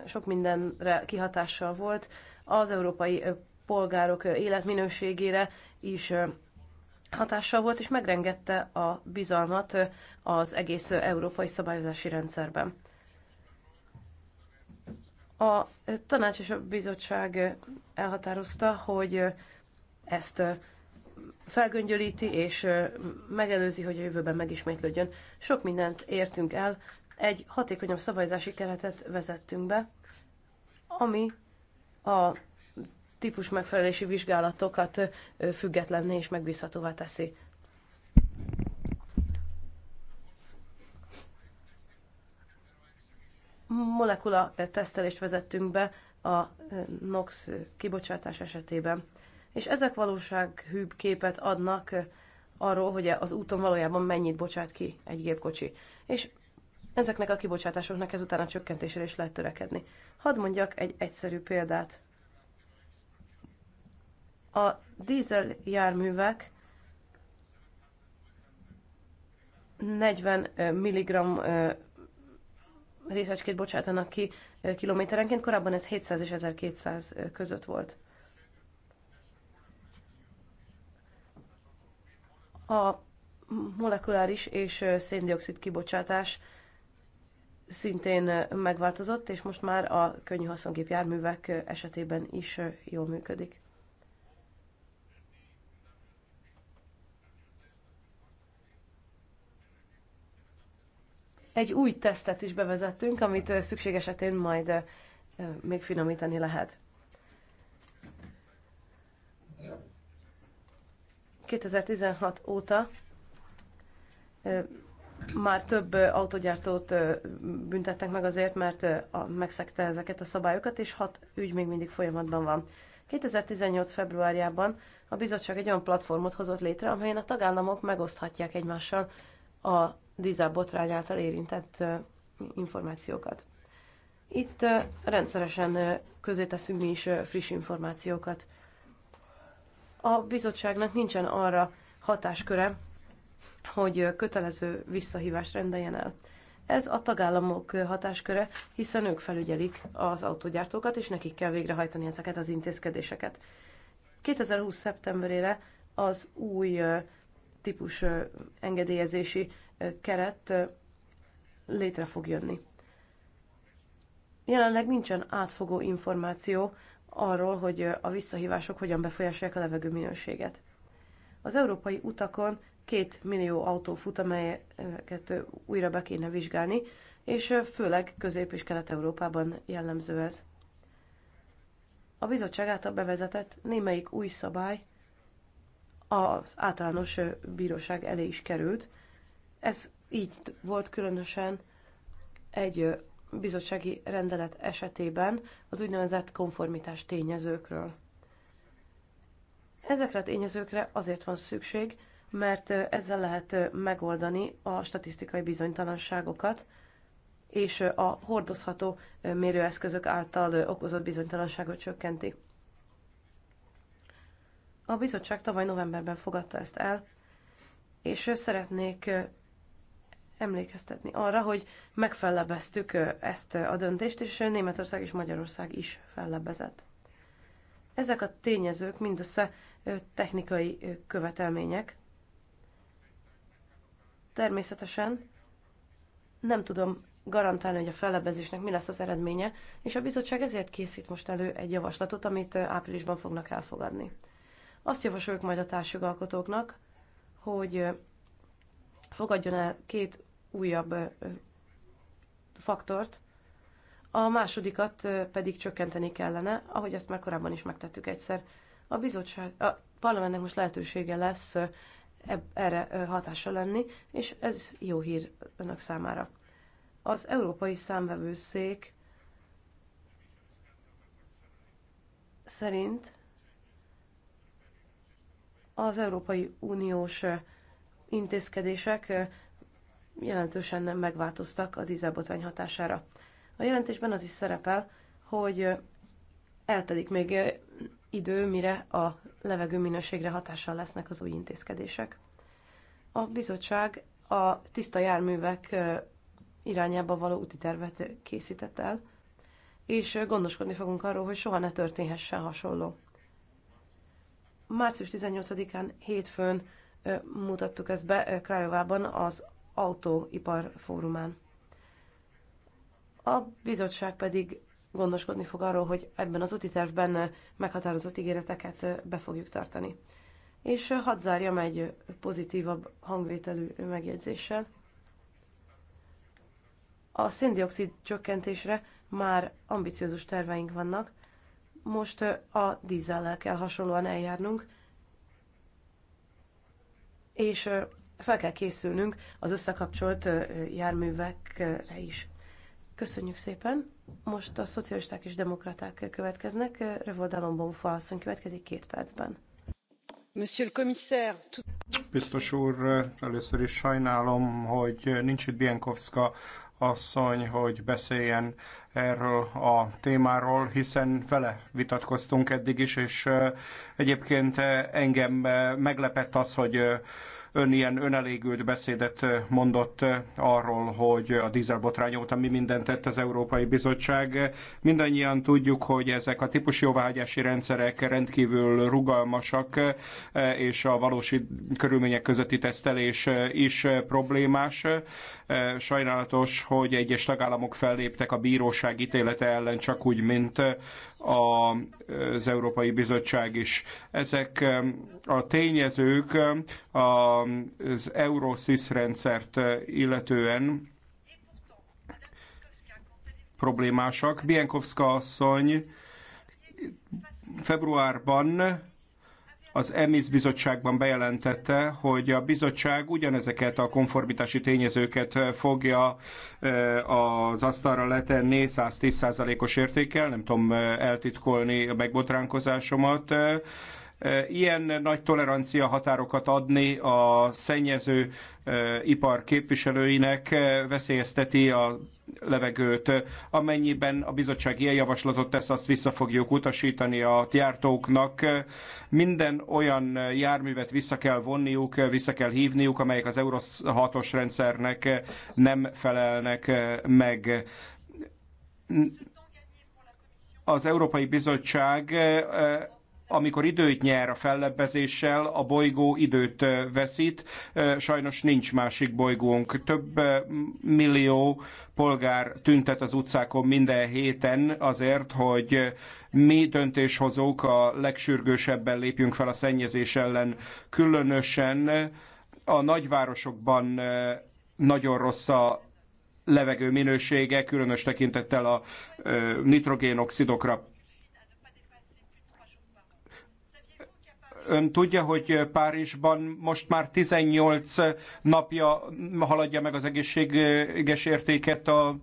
sok mindenre kihatással volt. Az európai polgárok életminőségére is hatással volt, és megrengette a bizalmat az egész európai szabályozási rendszerben. A tanács és a bizottság elhatározta, hogy ezt felgöngyölíti és megelőzi, hogy a jövőben megismétlődjön. Sok mindent értünk el, egy hatékonyabb szabályzási keretet vezettünk be, ami a típus megfelelési vizsgálatokat függetlenné és megbízhatóvá teszi. molekula tesztelést vezettünk be a eh, NOx kibocsátás esetében. És ezek valósághűbb képet adnak eh, arról, hogy az úton valójában mennyit bocsát ki egy gépkocsi. És ezeknek a kibocsátásoknak ezután a csökkentésre is lehet törekedni. Hadd mondjak egy egyszerű példát. A dízel járművek 40 eh, mg részecskét bocsátanak ki kilométerenként, korábban ez 700 és 1200 között volt. A molekuláris és széndiokszid kibocsátás szintén megváltozott, és most már a könnyű járművek esetében is jól működik. egy új tesztet is bevezettünk, amit szükség esetén majd még finomítani lehet. 2016 óta már több autogyártót büntettek meg azért, mert megszegte ezeket a szabályokat, és hat ügy még mindig folyamatban van. 2018. februárjában a bizottság egy olyan platformot hozott létre, amelyen a tagállamok megoszthatják egymással a dízel botrány által érintett információkat. Itt rendszeresen közé teszünk mi is friss információkat. A bizottságnak nincsen arra hatásköre, hogy kötelező visszahívást rendeljen el. Ez a tagállamok hatásköre, hiszen ők felügyelik az autógyártókat, és nekik kell végrehajtani ezeket az intézkedéseket. 2020. szeptemberére az új típus engedélyezési keret létre fog jönni. Jelenleg nincsen átfogó információ arról, hogy a visszahívások hogyan befolyásolják a levegő minőséget. Az európai utakon két millió autó fut, amelyeket újra be kéne vizsgálni, és főleg Közép- és Kelet-Európában jellemző ez. A bizottság által bevezetett némelyik új szabály az általános bíróság elé is került. Ez így volt különösen egy bizottsági rendelet esetében az úgynevezett konformitás tényezőkről. Ezekre a tényezőkre azért van szükség, mert ezzel lehet megoldani a statisztikai bizonytalanságokat, és a hordozható mérőeszközök által okozott bizonytalanságot csökkenti. A bizottság tavaly novemberben fogadta ezt el, és szeretnék emlékeztetni arra, hogy megfellebbeztük ezt a döntést, és Németország és Magyarország is fellebbezett. Ezek a tényezők mindössze technikai követelmények. Természetesen nem tudom garantálni, hogy a fellebbezésnek mi lesz az eredménye, és a bizottság ezért készít most elő egy javaslatot, amit áprilisban fognak elfogadni. Azt javasoljuk majd a társjogalkotóknak, hogy fogadjon el két újabb faktort, a másodikat pedig csökkenteni kellene, ahogy ezt már korábban is megtettük egyszer. A bizottság, a parlamentnek most lehetősége lesz erre hatása lenni, és ez jó hír önök számára. Az Európai Számvevőszék szerint az Európai Uniós intézkedések jelentősen megváltoztak a dízelbotrány hatására. A jelentésben az is szerepel, hogy eltelik még idő, mire a levegő minőségre hatással lesznek az új intézkedések. A bizottság a tiszta járművek irányába való úti tervet készített el, és gondoskodni fogunk arról, hogy soha ne történhessen hasonló. Március 18-án hétfőn mutattuk ezt be Krajovában az Autóipar Fórumán. A bizottság pedig gondoskodni fog arról, hogy ebben az úti tervben meghatározott ígéreteket be fogjuk tartani. És hadd zárjam egy pozitívabb hangvételű megjegyzéssel. A széndiokszid csökkentésre már ambiciózus terveink vannak, most a dízellel kell hasonlóan eljárnunk, és fel kell készülnünk az összekapcsolt járművekre is. Köszönjük szépen! Most a szocialisták és demokraták következnek. Revoldalon Bonfa asszony következik két percben. Monsieur le commissaire, Biztos úr, először is sajnálom, hogy nincs itt Bienkowska asszony, hogy beszéljen erről a témáról, hiszen vele vitatkoztunk eddig is, és egyébként engem meglepett az, hogy Ön ilyen önelégült beszédet mondott arról, hogy a dízelbotrány óta mi mindent tett az Európai Bizottság. Mindannyian tudjuk, hogy ezek a típus jóváhagyási rendszerek rendkívül rugalmasak, és a valós körülmények közötti tesztelés is problémás. Sajnálatos, hogy egyes tagállamok felléptek a bíróság ítélete ellen, csak úgy, mint az Európai Bizottság is. Ezek um, a tényezők um, az Eurosis rendszert uh, illetően problémásak. Bienkowska asszony februárban az EMIS bizottságban bejelentette, hogy a bizottság ugyanezeket a konformitási tényezőket fogja az asztalra letenni 110%-os értékkel, nem tudom eltitkolni a megbotránkozásomat, Ilyen nagy tolerancia határokat adni a szennyező ipar képviselőinek veszélyezteti a levegőt. Amennyiben a bizottság ilyen javaslatot tesz, azt vissza fogjuk utasítani a gyártóknak. Minden olyan járművet vissza kell vonniuk, vissza kell hívniuk, amelyek az Euro 6-os rendszernek nem felelnek meg az Európai Bizottság amikor időt nyer a fellebbezéssel, a bolygó időt veszít. Sajnos nincs másik bolygónk. Több millió polgár tüntet az utcákon minden héten azért, hogy mi döntéshozók a legsürgősebben lépjünk fel a szennyezés ellen. Különösen a nagyvárosokban nagyon rossz a levegő minősége, különös tekintettel a nitrogénoxidokra Ön tudja, hogy Párizsban most már 18 napja haladja meg az egészséges értéket a,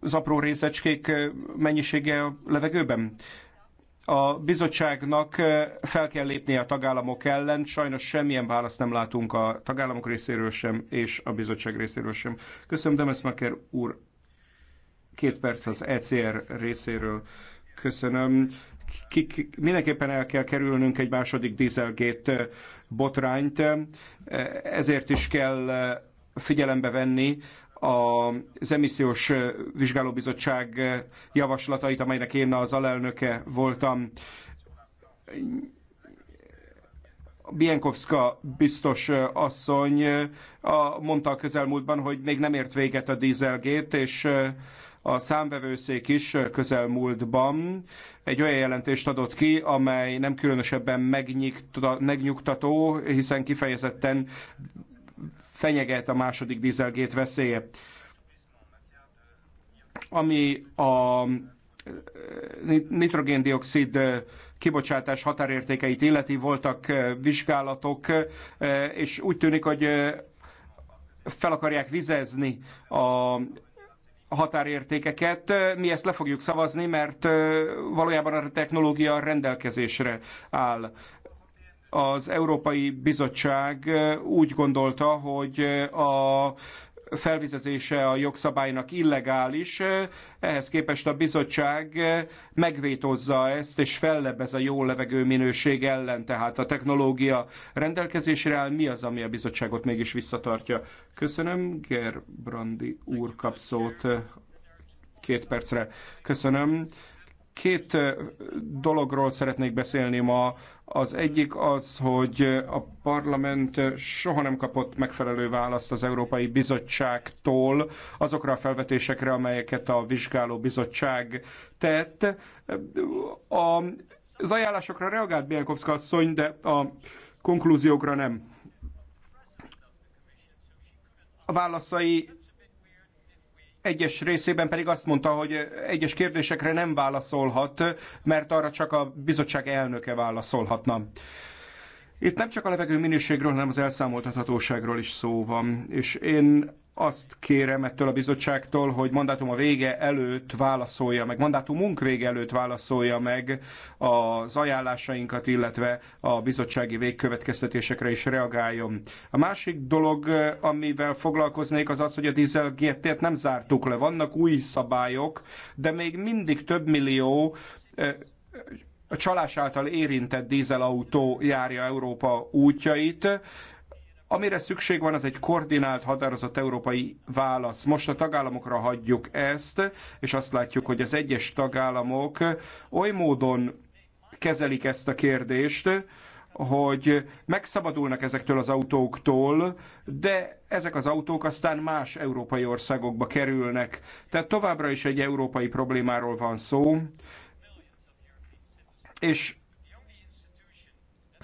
az apró részecskék mennyisége a levegőben? A bizottságnak fel kell lépnie a tagállamok ellen, sajnos semmilyen választ nem látunk a tagállamok részéről sem, és a bizottság részéről sem. Köszönöm, Demeszmaker úr, két perc az ECR részéről. Köszönöm kik, mindenképpen el kell kerülnünk egy második dieselgét botrányt, ezért is kell figyelembe venni az emissziós vizsgálóbizottság javaslatait, amelynek én az alelnöke voltam. Bienkowska biztos asszony mondta a közelmúltban, hogy még nem ért véget a dieselgét, és a számbevőszék is közelmúltban egy olyan jelentést adott ki, amely nem különösebben megnyugtató, hiszen kifejezetten fenyeget a második dízelgét veszélye. Ami a nitrogéndioxid kibocsátás határértékeit illeti, voltak vizsgálatok, és úgy tűnik, hogy fel akarják vizezni a határértékeket. Mi ezt le fogjuk szavazni, mert valójában a technológia rendelkezésre áll az Európai Bizottság úgy gondolta, hogy a felvizezése a jogszabálynak illegális, ehhez képest a bizottság megvétózza ezt, és fellebez a jó levegő minőség ellen, tehát a technológia rendelkezésre áll, mi az, ami a bizottságot mégis visszatartja. Köszönöm, Gerbrandi úr kap szót két percre. Köszönöm. Két dologról szeretnék beszélni ma. Az egyik az, hogy a parlament soha nem kapott megfelelő választ az Európai Bizottságtól azokra a felvetésekre, amelyeket a vizsgáló bizottság tett. A, az ajánlásokra reagált Bielkowska asszony, de a konklúziókra nem. A válaszai egyes részében pedig azt mondta, hogy egyes kérdésekre nem válaszolhat, mert arra csak a bizottság elnöke válaszolhatna. Itt nem csak a levegő minőségről, hanem az elszámoltathatóságról is szó van. És én azt kérem ettől a bizottságtól, hogy mandátum a vége előtt válaszolja meg, mandátumunk vége előtt válaszolja meg az ajánlásainkat, illetve a bizottsági végkövetkeztetésekre is reagáljon. A másik dolog, amivel foglalkoznék, az az, hogy a dízel GT-t nem zártuk le. Vannak új szabályok, de még mindig több millió a csalás által érintett dízelautó járja Európa útjait Amire szükség van, az egy koordinált, határozott európai válasz. Most a tagállamokra hagyjuk ezt, és azt látjuk, hogy az egyes tagállamok oly módon kezelik ezt a kérdést, hogy megszabadulnak ezektől az autóktól, de ezek az autók aztán más európai országokba kerülnek. Tehát továbbra is egy európai problémáról van szó, és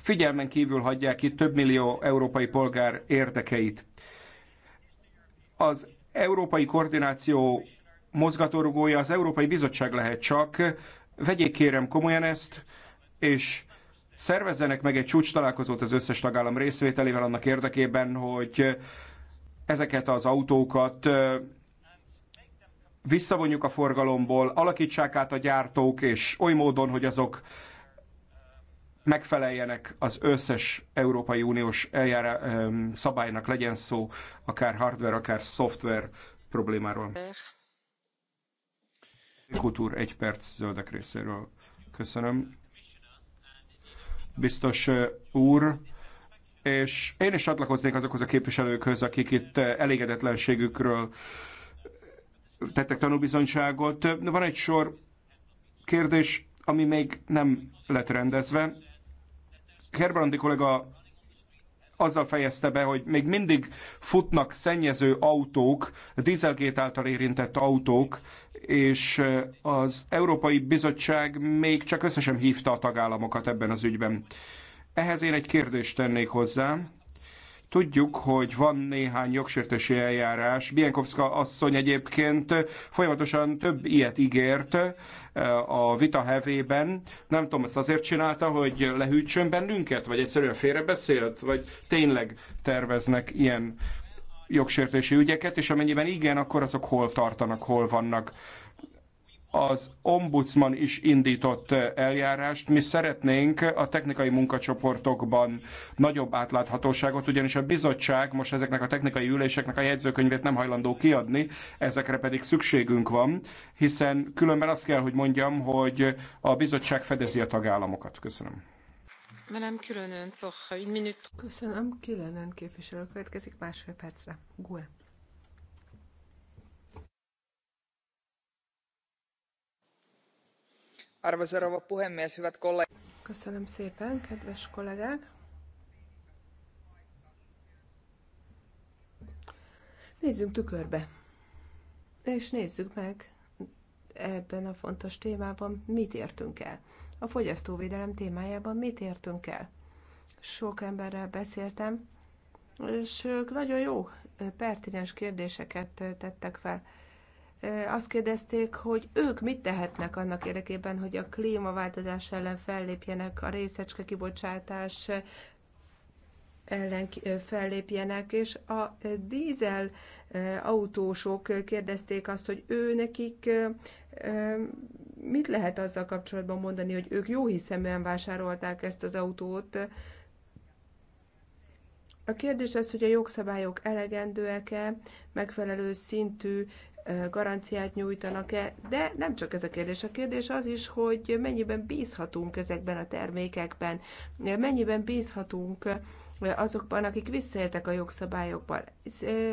figyelmen kívül hagyják itt több millió európai polgár érdekeit. Az európai koordináció mozgatórugója az Európai Bizottság lehet csak. Vegyék kérem komolyan ezt, és szervezzenek meg egy csúcs találkozót az összes tagállam részvételével annak érdekében, hogy ezeket az autókat visszavonjuk a forgalomból, alakítsák át a gyártók, és oly módon, hogy azok megfeleljenek az összes Európai Uniós eljára, szabálynak, legyen szó akár hardware, akár szoftver problémáról. Kultúr egy perc zöldek részéről. Köszönöm. Biztos úr, és én is csatlakoznék azokhoz a képviselőkhöz, akik itt elégedetlenségükről tettek tanúbizonyságot. Van egy sor kérdés, ami még nem lett rendezve. Gerbrandi kollega azzal fejezte be, hogy még mindig futnak szennyező autók, dízelgét által érintett autók, és eh, az Európai Bizottság még csak összesen hívta a tagállamokat ebben az ügyben. Ehhez én egy kérdést tennék hozzá. Tudjuk, hogy van néhány jogsértési eljárás. Bienkowska asszony egyébként folyamatosan több ilyet ígért eh, a vita hevében. Nem tudom, ezt azért csinálta, hogy lehűtsön bennünket, vagy egyszerűen félrebeszélt, vagy tényleg terveznek ilyen jogsértési ügyeket, és amennyiben igen, akkor azok hol tartanak, hol vannak az ombudsman is indított eh, eljárást. Mi szeretnénk a technikai munkacsoportokban nagyobb átláthatóságot, ugyanis a bizottság most ezeknek a technikai üléseknek a jegyzőkönyvét nem hajlandó kiadni, ezekre pedig szükségünk van, hiszen különben azt kell, hogy mondjam, hogy a bizottság fedezi a tagállamokat. Köszönöm. Köszönöm, Különön képviselő következik másfél percre. Gue. Arvoisa rouva puhemies, hyvät kollegat. Köszönöm szépen, kedves kollégák. Nézzünk tükörbe. És nézzük meg ebben a fontos témában, mit értünk el. A fogyasztóvédelem témájában mit értünk el? Sok emberrel beszéltem, és ők nagyon jó, pertinens kérdéseket tettek fel azt kérdezték, hogy ők mit tehetnek annak érdekében, hogy a klímaváltozás ellen fellépjenek, a részecske kibocsátás ellen fellépjenek, és a dízel autósok kérdezték azt, hogy ő nekik mit lehet azzal kapcsolatban mondani, hogy ők jó hiszeműen vásárolták ezt az autót. A kérdés az, hogy a jogszabályok elegendőek-e, megfelelő szintű garanciát nyújtanak-e, de nem csak ez a kérdés. A kérdés az is, hogy mennyiben bízhatunk ezekben a termékekben, mennyiben bízhatunk azokban, akik visszaéltek a jogszabályokban.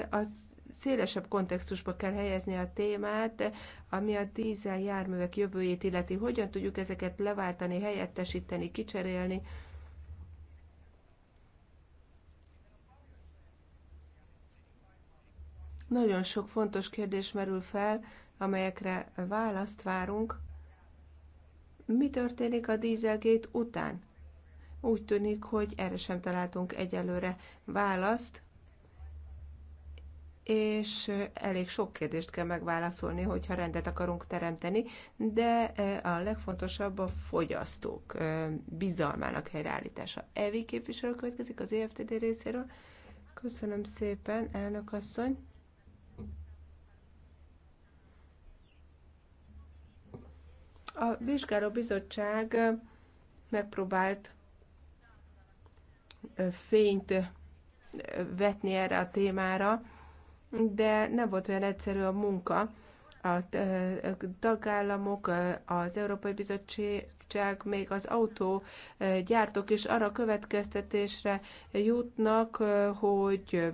Az szélesebb kontextusba kell helyezni a témát, ami a dízel járművek jövőjét illeti. Hogyan tudjuk ezeket leváltani, helyettesíteni, kicserélni, Nagyon sok fontos kérdés merül fel, amelyekre választ várunk. Mi történik a Dieselgate után? Úgy tűnik, hogy erre sem találtunk egyelőre választ, és elég sok kérdést kell megválaszolni, hogyha rendet akarunk teremteni, de e, a legfontosabb a fogyasztók e, bizalmának helyreállítása. Evi képviselő következik az EFTD részéről. Köszönöm szépen, elnök asszony. A vizsgáló bizottság megpróbált fényt vetni erre a témára, de nem volt olyan egyszerű a munka. A tagállamok, az Európai Bizottság, még az autógyártók is arra következtetésre jutnak, hogy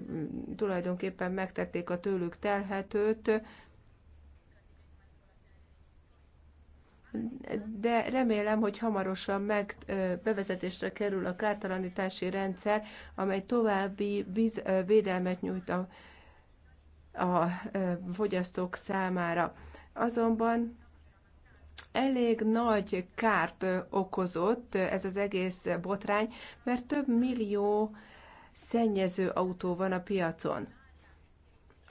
tulajdonképpen megtették a tőlük telhetőt, de remélem, hogy hamarosan meg bevezetésre kerül a kártalanítási rendszer, amely további biz, védelmet nyújt a, a fogyasztók számára. Azonban elég nagy kárt okozott ez az egész botrány, mert több millió szennyező autó van a piacon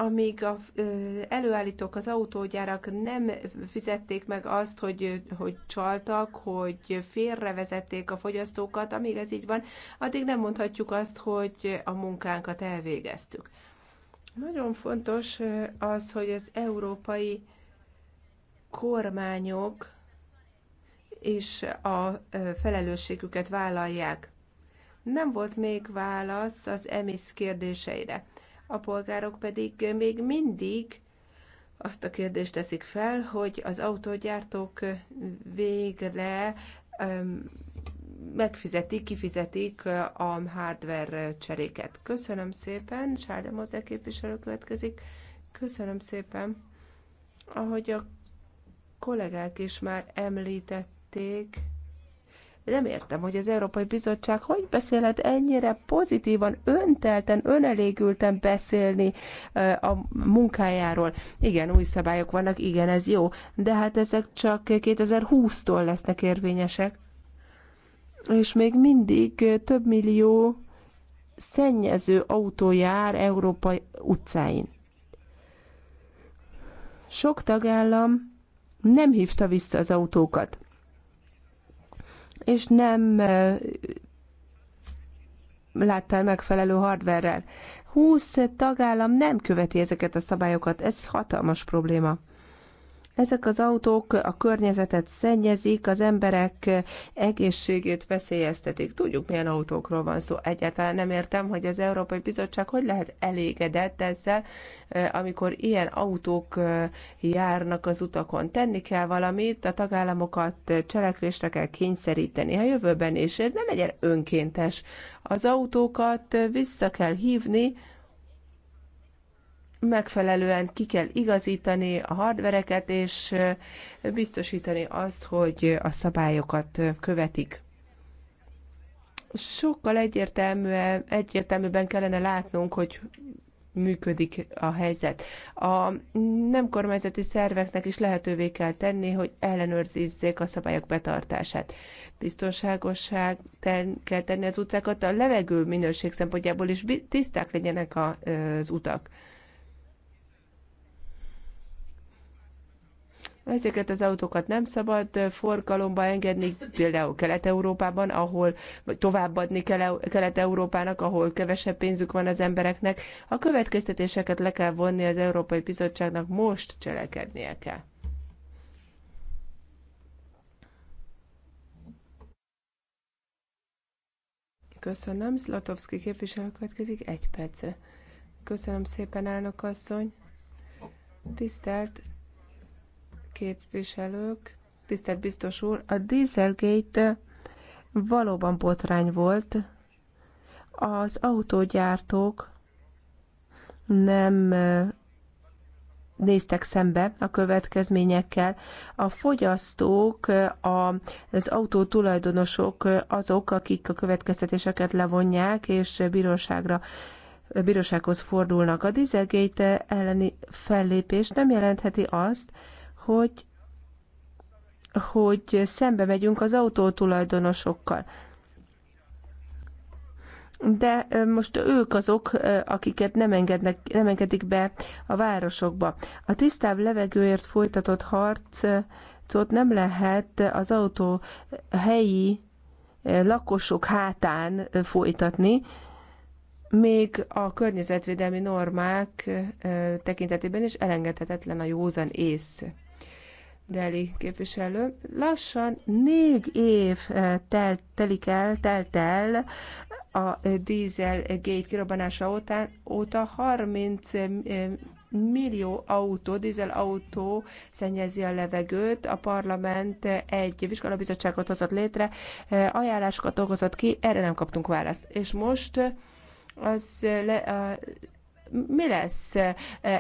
amíg a előállítók, az autógyárak nem fizették meg azt, hogy, hogy csaltak, hogy félrevezették a fogyasztókat, amíg ez így van, addig nem mondhatjuk azt, hogy a munkánkat elvégeztük. Nagyon fontos az, hogy az európai kormányok és a felelősségüket vállalják. Nem volt még válasz az EMISZ kérdéseire a polgárok pedig még mindig azt a kérdést teszik fel, hogy az autógyártók végre megfizetik, kifizetik a hardware cseréket. Köszönöm szépen, Sárda az képviselő következik. Köszönöm szépen. Ahogy a kollégák is már említették, nem értem, hogy az Európai Bizottság hogy beszélhet ennyire pozitívan, öntelten, önelégülten beszélni a munkájáról. Igen, új szabályok vannak, igen, ez jó, de hát ezek csak 2020-tól lesznek érvényesek. És még mindig több millió szennyező autó jár Európai utcáin. Sok tagállam nem hívta vissza az autókat és nem láttál megfelelő hardverrel. 20 tagállam nem követi ezeket a szabályokat, ez hatalmas probléma. Ezek az autók a környezetet szennyezik, az emberek egészségét veszélyeztetik. Tudjuk, milyen autókról van szó. Egyáltalán nem értem, hogy az Európai Bizottság hogy lehet elégedett ezzel, eh, amikor ilyen autók eh, járnak az utakon. Tenni kell valamit, a tagállamokat cselekvésre kell kényszeríteni a jövőben, és ez ne legyen önkéntes. Az autókat vissza kell hívni, megfelelően ki kell igazítani a hardvereket, és biztosítani azt, hogy a szabályokat követik. Sokkal egyértelműen, egyértelműben kellene látnunk, hogy működik a helyzet. A nem kormányzati szerveknek is lehetővé kell tenni, hogy ellenőrzézzék a szabályok betartását. Biztonságosság kell tenni az utcákat, a levegő minőség szempontjából is tiszták legyenek az utak. Ezeket az autókat nem szabad forgalomba engedni, például Kelet-Európában, ahol továbbadni Kelet-Európának, ahol kevesebb pénzük van az embereknek. A következtetéseket le kell vonni az Európai Bizottságnak, most cselekednie kell. Köszönöm. Zlatowski képviselő következik egy percre. Köszönöm szépen, elnök asszony. Tisztelt képviselők, tisztelt biztos úr, a Dieselgate valóban botrány volt. Az autógyártók nem néztek szembe a következményekkel. A fogyasztók, az autó tulajdonosok azok, akik a következtetéseket levonják, és bíróságra bírósághoz fordulnak. A Dieselgate elleni fellépés nem jelentheti azt, hogy, hogy szembe megyünk az autótulajdonosokkal. De most ők azok, akiket nem, engednek, nem engedik be a városokba. A tisztább levegőért folytatott harcot nem lehet az autó helyi lakosok hátán folytatni, még a környezetvédelmi normák tekintetében is elengedhetetlen a józan ész. Deli képviselő. Lassan négy év eh, tel, telik el, telt el a eh, dízel gate kirobbanása óta, óta 30 eh, millió autó, dízel autó szennyezi a levegőt. A parlament egy vizsgálóbizottságot hozott létre, ajánlásokat dolgozott ki, erre nem kaptunk választ. És most az le, a mi lesz?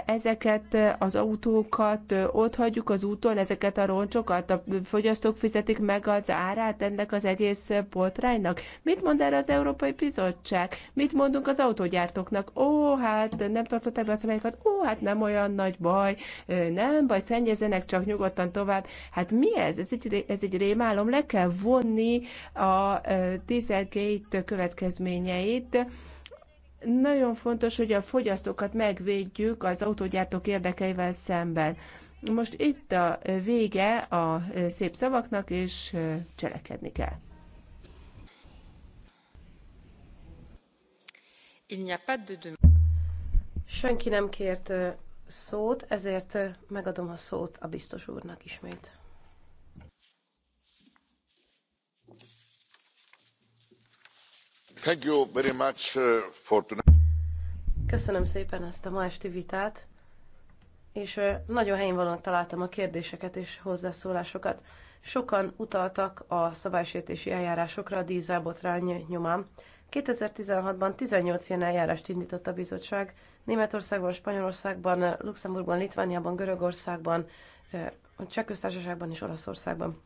Ezeket az autókat ott hagyjuk az úton, ezeket a roncsokat, a fogyasztók fizetik meg az árát ennek az egész botránynak. Mit mond erre az Európai Bizottság? Mit mondunk az autógyártóknak? Ó, hát nem tartották be a személyeket. ó, hát nem olyan nagy baj, nem baj, szennyezenek csak nyugodtan tovább. Hát mi ez? Ez egy, ez egy rémálom, le kell vonni a 12 következményeit, nagyon fontos, hogy a fogyasztókat megvédjük az autógyártók érdekeivel szemben. Most itt a vége a szép szavaknak, és cselekedni kell. Senki nem kért szót, ezért megadom a szót a biztos úrnak ismét. Uh, Köszönöm szépen ezt a ma esti vitát, és nagyon helyénvalónak találtam a kérdéseket és hozzászólásokat. Sokan utaltak a szabálysértési eljárásokra a dízelbotrány nyomán. 2016-ban 18 ilyen eljárást indított a bizottság Németországban, Spanyolországban, Luxemburgban, Litvániában, Görögországban, a Cseh Köztársaságban és Olaszországban.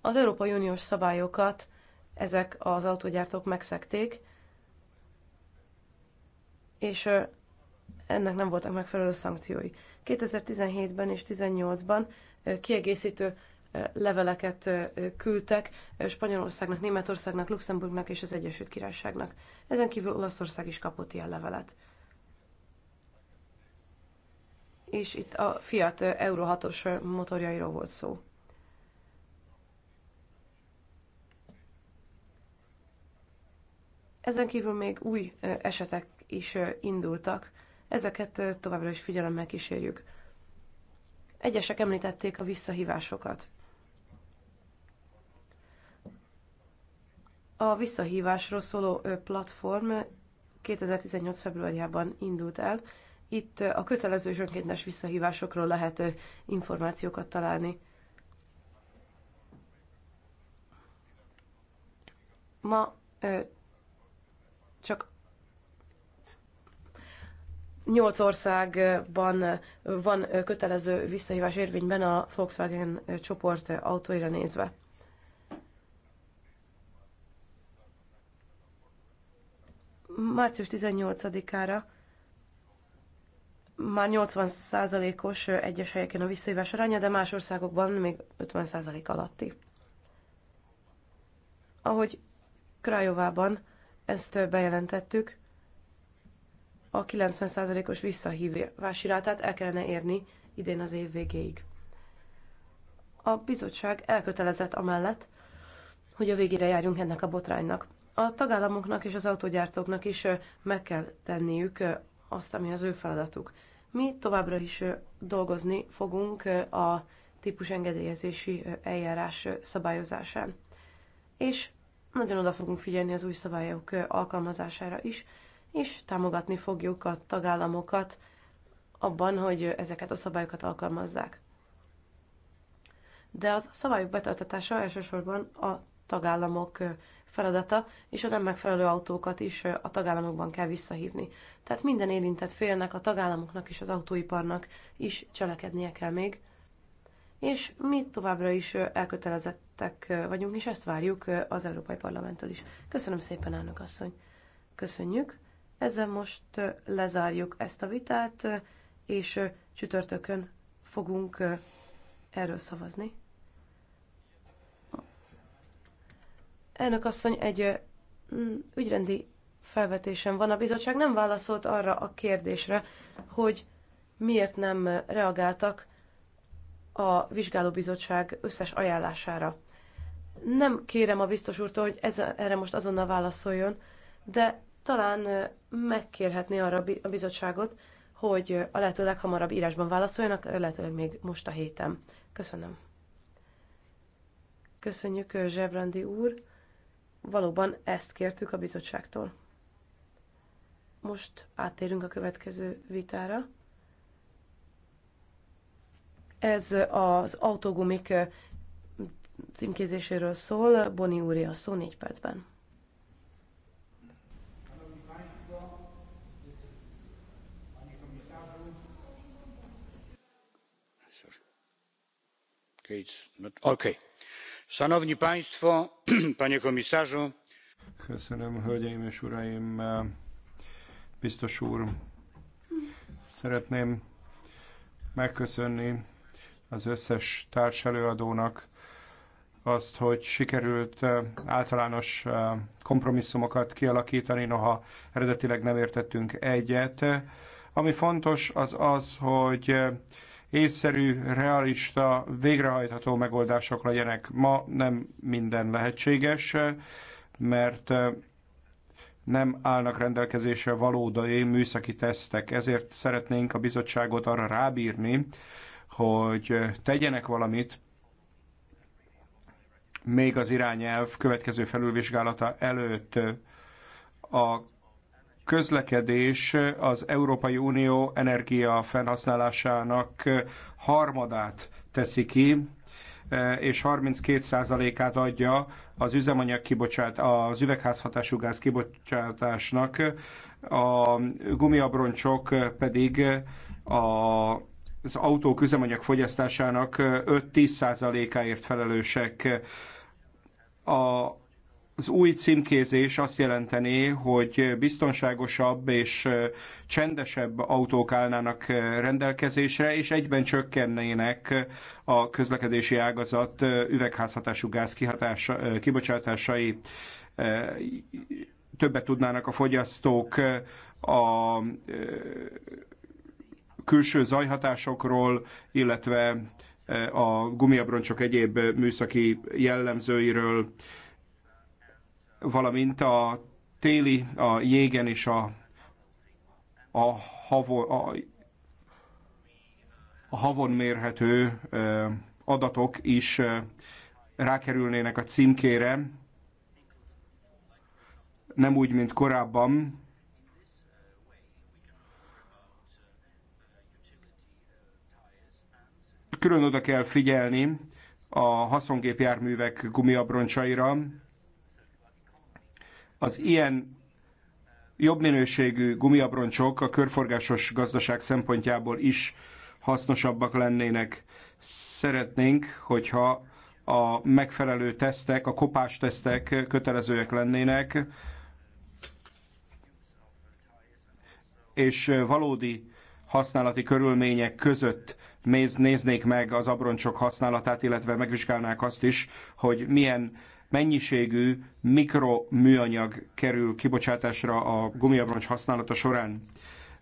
Az Európai Uniós szabályokat ezek az autógyártók megszekték, és ennek nem voltak megfelelő szankciói. 2017-ben és 2018-ban kiegészítő leveleket küldtek Spanyolországnak, Németországnak, Luxemburgnak és az Egyesült Királyságnak. Ezen kívül Olaszország is kapott ilyen levelet. És itt a Fiat Euro 6-os motorjairól volt szó. Ezen kívül még új esetek is indultak, ezeket továbbra is figyelemmel kísérjük. Egyesek említették a visszahívásokat. A visszahívásról szóló platform 2018. februárjában indult el. Itt a kötelező és önkéntes visszahívásokról lehet információkat találni. Ma csak nyolc országban van kötelező visszahívás érvényben a Volkswagen csoport autóira nézve. Március 18-ára már 80%-os egyes helyeken a visszahívás aránya, de más országokban még 50% alatti. Ahogy Krajovában ezt bejelentettük, a 90%-os visszahívási rátát el kellene érni idén az év végéig. A bizottság elkötelezett amellett, hogy a végére járjunk ennek a botránynak. A tagállamoknak és az autogyártóknak is meg kell tenniük azt, ami az ő feladatuk. Mi továbbra is dolgozni fogunk a típusengedélyezési eljárás szabályozásán. És nagyon oda fogunk figyelni az új szabályok alkalmazására is, és támogatni fogjuk a tagállamokat abban, hogy ezeket a szabályokat alkalmazzák. De az szabályok betartatása elsősorban a tagállamok feladata, és a nem megfelelő autókat is a tagállamokban kell visszahívni. Tehát minden érintett félnek, a tagállamoknak és az autóiparnak is cselekednie kell még, és mi továbbra is elkötelezettek vagyunk, és ezt várjuk az Európai Parlamenttől is. Köszönöm szépen, elnök asszony. Köszönjük. Ezzel most lezárjuk ezt a vitát, és csütörtökön fogunk erről szavazni. Elnök asszony, egy ügyrendi felvetésem van. A bizottság nem válaszolt arra a kérdésre, hogy miért nem reagáltak a vizsgálóbizottság összes ajánlására. Nem kérem a biztos úrtól, hogy ez, erre most azonnal válaszoljon, de talán megkérhetné arra a bizottságot, hogy a lehető leghamarabb írásban válaszoljanak, lehetőleg még most a héten. Köszönöm. Köszönjük, Zsebrandi úr. Valóban ezt kértük a bizottságtól. Most áttérünk a következő vitára. Ez az autogumik címkézéséről szól. Boni úri a szó négy percben. Okay. Szanowni Państwo, Panie Komisarzu. Köszönöm, hölgyeim és uraim, biztos úr. Szeretném megköszönni az összes társelőadónak azt, hogy sikerült általános kompromisszumokat kialakítani, noha eredetileg nem értettünk egyet. Ami fontos, az az, hogy észszerű, realista, végrehajtható megoldások legyenek. Ma nem minden lehetséges, mert nem állnak rendelkezésre valódai műszaki tesztek. Ezért szeretnénk a bizottságot arra rábírni, hogy tegyenek valamit, még az irányelv következő felülvizsgálata előtt a közlekedés az Európai Unió energia felhasználásának harmadát teszi ki, és 32%-át adja az üzemanyag kibocsát, az üvegházhatású gáz kibocsátásnak, a gumiabroncsok pedig a az autók üzemanyag fogyasztásának 5-10%-áért felelősek. A, az új címkézés azt jelenteni, hogy biztonságosabb és csendesebb autók állnának rendelkezésre, és egyben csökkennének a közlekedési ágazat üvegházhatású gáz kibocsátásai. Többet tudnának a fogyasztók a külső zajhatásokról, illetve e, a gumiabroncsok egyéb műszaki jellemzőiről, valamint a téli, a jégen és a, a, havo, a, a havon mérhető e, adatok is e, rákerülnének a címkére, nem úgy, mint korábban, külön oda kell figyelni a haszongépjárművek gumiabroncsaira. Az ilyen jobb minőségű gumiabroncsok a körforgásos gazdaság szempontjából is hasznosabbak lennének. Szeretnénk, hogyha a megfelelő tesztek, a kopás tesztek kötelezőek lennének, és valódi használati körülmények között néz, néznék meg az abroncsok használatát, illetve megvizsgálnák azt is, hogy milyen mennyiségű mikroműanyag kerül kibocsátásra a gumiabroncs használata során.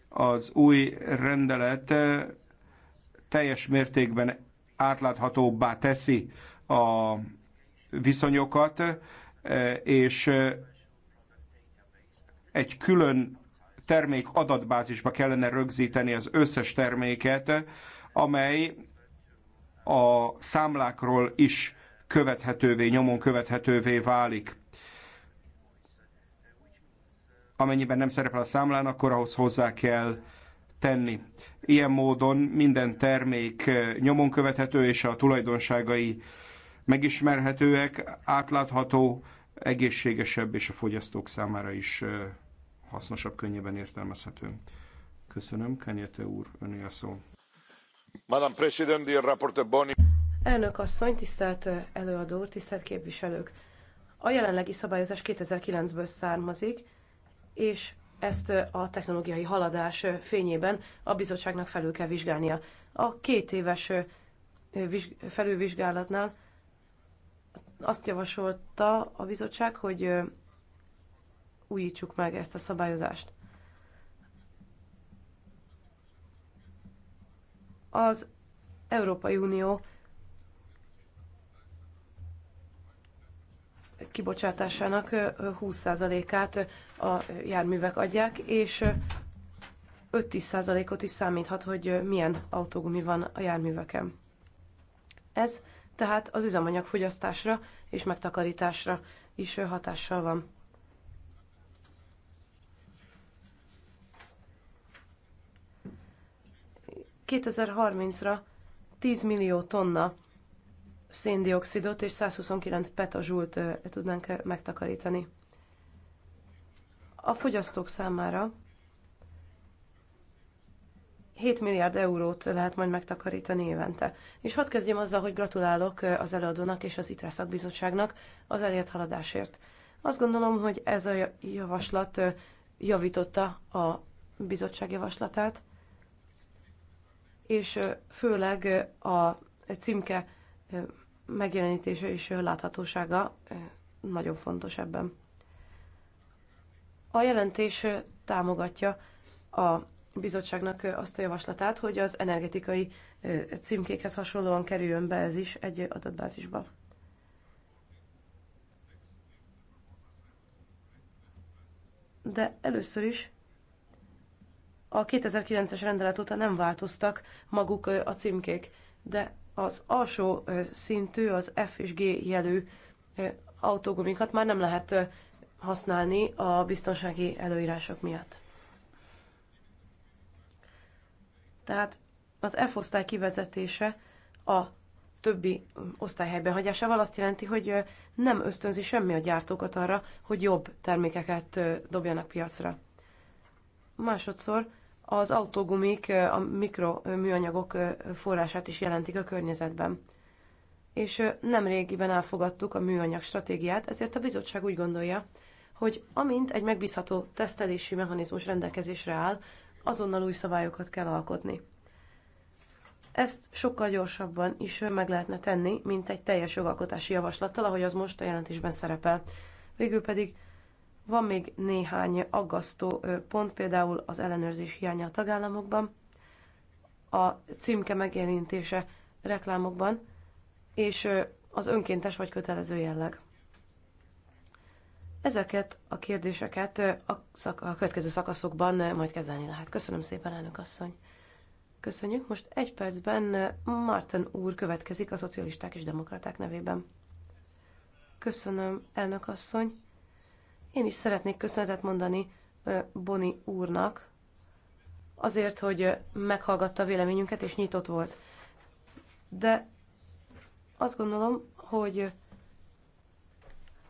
Az új rendelet eh, teljes mértékben átláthatóbbá teszi a viszonyokat, eh, és eh, egy külön termék adatbázisba kellene rögzíteni az összes terméket, amely a számlákról is követhetővé, nyomon követhetővé válik. Amennyiben nem szerepel a számlán, akkor ahhoz hozzá kell tenni. Ilyen módon minden termék nyomon követhető, és a tulajdonságai megismerhetőek, átlátható, egészségesebb, és a fogyasztók számára is hasznosabb, könnyebben értelmezhető. Köszönöm, Kenyete úr, öné a szó. Madam Elnök asszony, tisztelt előadó, tisztelt képviselők! A jelenlegi szabályozás 2009-ből származik, és ezt a technológiai haladás fényében a bizottságnak felül kell vizsgálnia. A két éves felülvizsgálatnál azt javasolta a bizottság, hogy újítsuk meg ezt a szabályozást. az Európai Unió kibocsátásának 20%-át a járművek adják, és 5-10%-ot is számíthat, hogy milyen autógumi van a járműveken. Ez tehát az üzemanyagfogyasztásra és megtakarításra is hatással van. 2030-ra 10 millió tonna széndiokszidot és 129 petazsult tudnánk -e megtakarítani. A fogyasztók számára 7 milliárd eurót lehet majd megtakarítani évente. És hadd kezdjem azzal, hogy gratulálok az előadónak és az ITRE szakbizottságnak az elért haladásért. Azt gondolom, hogy ez a javaslat javította a bizottság javaslatát, és főleg a címke megjelenítése és láthatósága nagyon fontos ebben. A jelentés támogatja a bizottságnak azt a javaslatát, hogy az energetikai címkékhez hasonlóan kerüljön be ez is egy adatbázisba. De először is a 2009-es rendelet óta nem változtak maguk a címkék, de az alsó szintű, az F és G jelű autógumikat már nem lehet használni a biztonsági előírások miatt. Tehát az F-osztály kivezetése a többi osztályhelyben hagyásával azt jelenti, hogy nem ösztönzi semmi a gyártókat arra, hogy jobb termékeket dobjanak piacra. Másodszor az autógumik, a mikroműanyagok forrását is jelentik a környezetben. És nem régiben elfogadtuk a műanyag stratégiát, ezért a bizottság úgy gondolja, hogy amint egy megbízható tesztelési mechanizmus rendelkezésre áll, azonnal új szabályokat kell alkotni. Ezt sokkal gyorsabban is meg lehetne tenni, mint egy teljes jogalkotási javaslattal, ahogy az most a jelentésben szerepel. Végül pedig van még néhány aggasztó pont, például az ellenőrzés hiánya a tagállamokban, a címke megjelenítése reklámokban, és az önkéntes vagy kötelező jelleg. Ezeket a kérdéseket a, szak, a következő szakaszokban majd kezelni lehet. Köszönöm szépen, elnök asszony. Köszönjük. Most egy percben Martin úr következik a szocialisták és demokraták nevében. Köszönöm, elnök asszony. Én is szeretnék köszönetet mondani Boni úrnak, azért, hogy meghallgatta véleményünket és nyitott volt. De azt gondolom, hogy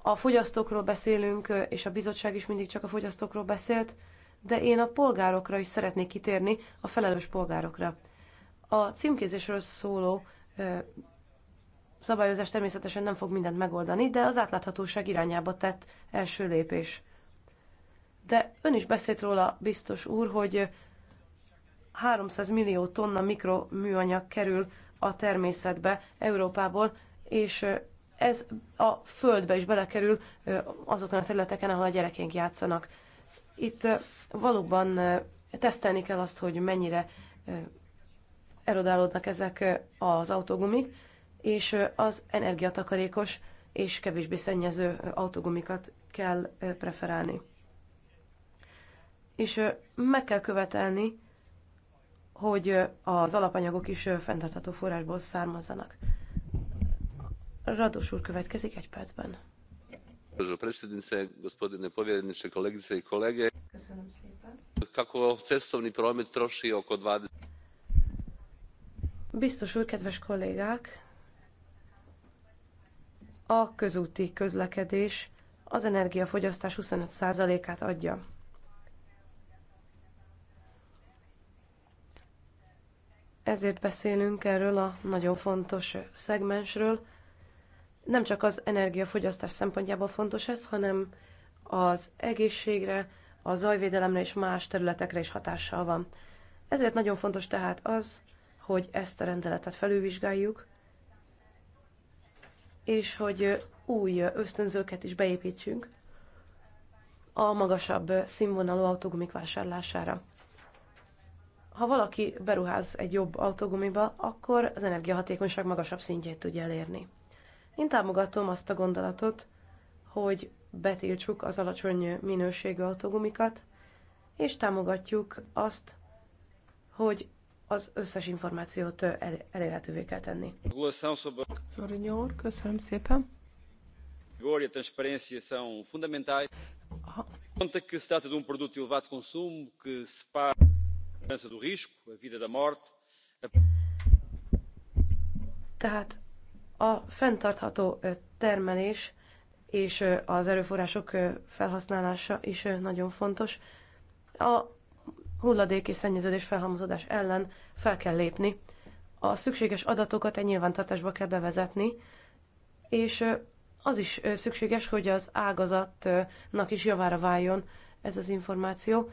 a fogyasztókról beszélünk, és a bizottság is mindig csak a fogyasztókról beszélt, de én a polgárokra is szeretnék kitérni, a felelős polgárokra. A címkézésről szóló szabályozás természetesen nem fog mindent megoldani, de az átláthatóság irányába tett első lépés. De ön is beszélt róla, biztos úr, hogy 300 millió tonna mikroműanyag kerül a természetbe Európából, és ez a földbe is belekerül azokon a területeken, ahol a gyerekénk játszanak. Itt valóban tesztelni kell azt, hogy mennyire erodálódnak ezek az autógumik, és az energiatakarékos és kevésbé szennyező autógumikat kell preferálni. És meg kell követelni, hogy az alapanyagok is fenntartható forrásból származzanak. Rados úr következik egy percben. Köszönöm szépen. Kako Biztos úr, kedves kollégák, a közúti közlekedés az energiafogyasztás 25%-át adja. Ezért beszélünk erről a nagyon fontos szegmensről. Nem csak az energiafogyasztás szempontjából fontos ez, hanem az egészségre, a zajvédelemre és más területekre is hatással van. Ezért nagyon fontos tehát az, hogy ezt a rendeletet felülvizsgáljuk, és hogy új ösztönzőket is beépítsünk a magasabb színvonalú autógumik vásárlására. Ha valaki beruház egy jobb autógumiba, akkor az energiahatékonyság magasabb szintjét tudja elérni. Én támogatom azt a gondolatot, hogy betiltsuk az alacsony minőségű autógumikat, és támogatjuk azt, hogy az összes információt el, elérhetővé kell tenni. köszönöm szépen. Vigor e transparência são fundamentais. Conta que se trata de um produto de elevado consumo que separa a segurança do risco, a vida da morte. Tehát a fenntartható termelés és az erőforrások felhasználása is nagyon fontos. A hulladék és szennyeződés felhalmozódás ellen fel kell lépni. A szükséges adatokat egy nyilvántartásba kell bevezetni, és az is szükséges, hogy az ágazatnak is javára váljon ez az információ.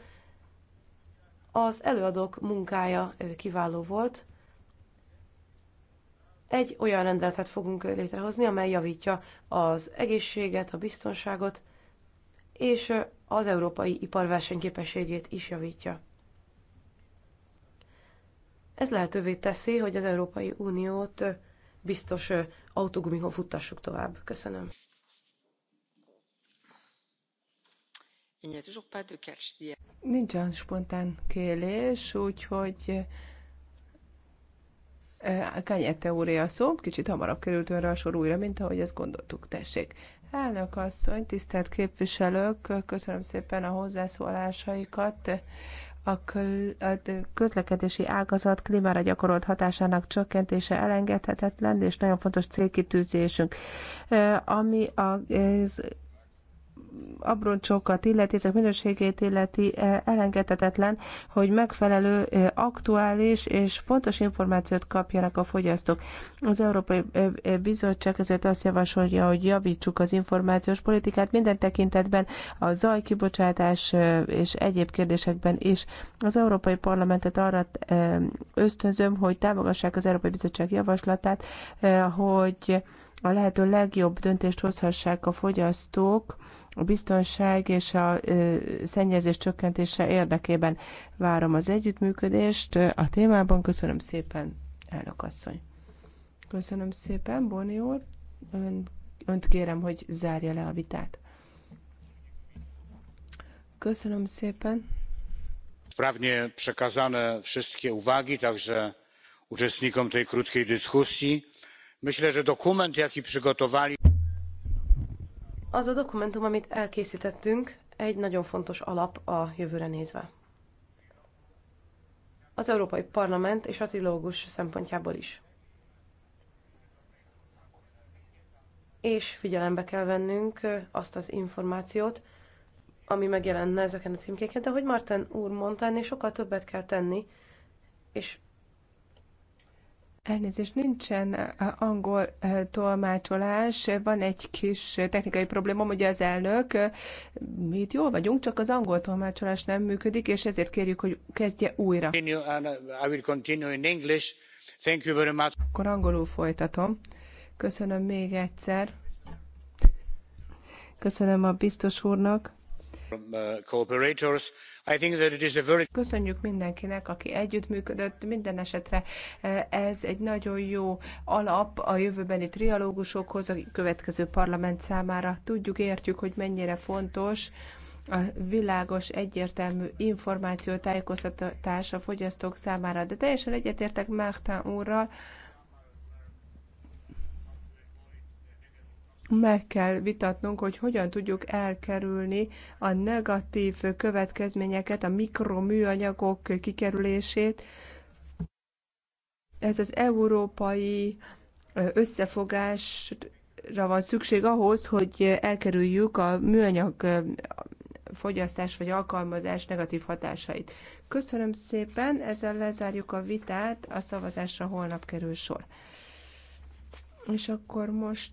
Az előadók munkája kiváló volt. Egy olyan rendeletet fogunk létrehozni, amely javítja az egészséget, a biztonságot, és az európai ipar versenyképességét is javítja. Ez lehetővé teszi, hogy az Európai Uniót biztos autogumikon futtassuk tovább. Köszönöm. Nincsen spontán kérés, úgyhogy Kányette úré a szó, kicsit hamarabb került önre a sor újra, mint ahogy ezt gondoltuk, tessék. Elnök asszony, tisztelt képviselők, köszönöm szépen a hozzászólásaikat a, közlekedési ágazat klímára gyakorolt hatásának csökkentése elengedhetetlen, és nagyon fontos célkitűzésünk. Ami a abroncsokat illeti, ezek minőségét illeti eh, elengedhetetlen, hogy megfelelő, eh, aktuális és fontos információt kapjanak a fogyasztók. Az Európai eh, Bizottság ezért azt javasolja, hogy javítsuk az információs politikát minden tekintetben, a zajkibocsátás és egyéb kérdésekben is. Az Európai Parlamentet arra ösztönzöm, hogy támogassák az Európai Bizottság javaslatát, hogy a lehető legjobb döntést hozhassák a fogyasztók a biztonság és a szennyezés csökkentése érdekében. Várom az együttműködést a témában. Köszönöm szépen, elnök asszony. Köszönöm szépen, Boni úr. Ön, önt kérem, hogy zárja le a vitát. Köszönöm szépen. Sprawnie przekazane wszystkie uwagi, także uczestnikom tej krótkiej dyskusji. Myślę, że dokument, jaki przygotowali az a dokumentum, amit elkészítettünk, egy nagyon fontos alap a jövőre nézve. Az Európai Parlament és a trilógus szempontjából is. És figyelembe kell vennünk azt az információt, ami megjelenne ezeken a címkéken, de hogy Martin úr mondta, ennél sokkal többet kell tenni, és Elnézést, nincsen eh, angol eh, tolmácsolás, van egy kis technikai probléma, hogy az elnök, mi itt jól vagyunk, csak az angol tolmácsolás nem működik, és ezért kérjük, hogy kezdje újra. Uh, Akkor angolul folytatom. Köszönöm még egyszer. Köszönöm a biztos úrnak Uh, Köszönjük mindenkinek, aki együttműködött. Minden esetre e, ez egy nagyon jó alap a jövőbeni trialógusokhoz, a következő parlament számára. Tudjuk, értjük, hogy mennyire fontos, a világos, egyértelmű információ tájékoztatás a fogyasztók számára. De teljesen egyetértek Márta úrral, meg kell vitatnunk, hogy hogyan tudjuk elkerülni a negatív következményeket, a mikroműanyagok kikerülését. Ez az európai összefogásra van szükség ahhoz, hogy elkerüljük a műanyag fogyasztás vagy alkalmazás negatív hatásait. Köszönöm szépen, ezzel lezárjuk a vitát, a szavazásra holnap kerül sor. És akkor most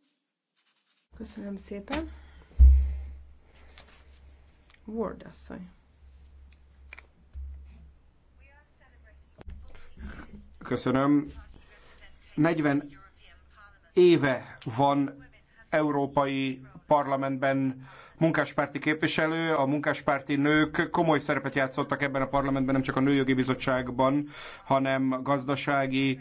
Köszönöm szépen. Word asszony. Köszönöm. 40 éve van európai parlamentben munkáspárti képviselő, a munkáspárti nők komoly szerepet játszottak ebben a parlamentben, nem csak a Nőjogi Bizottságban, hanem gazdasági,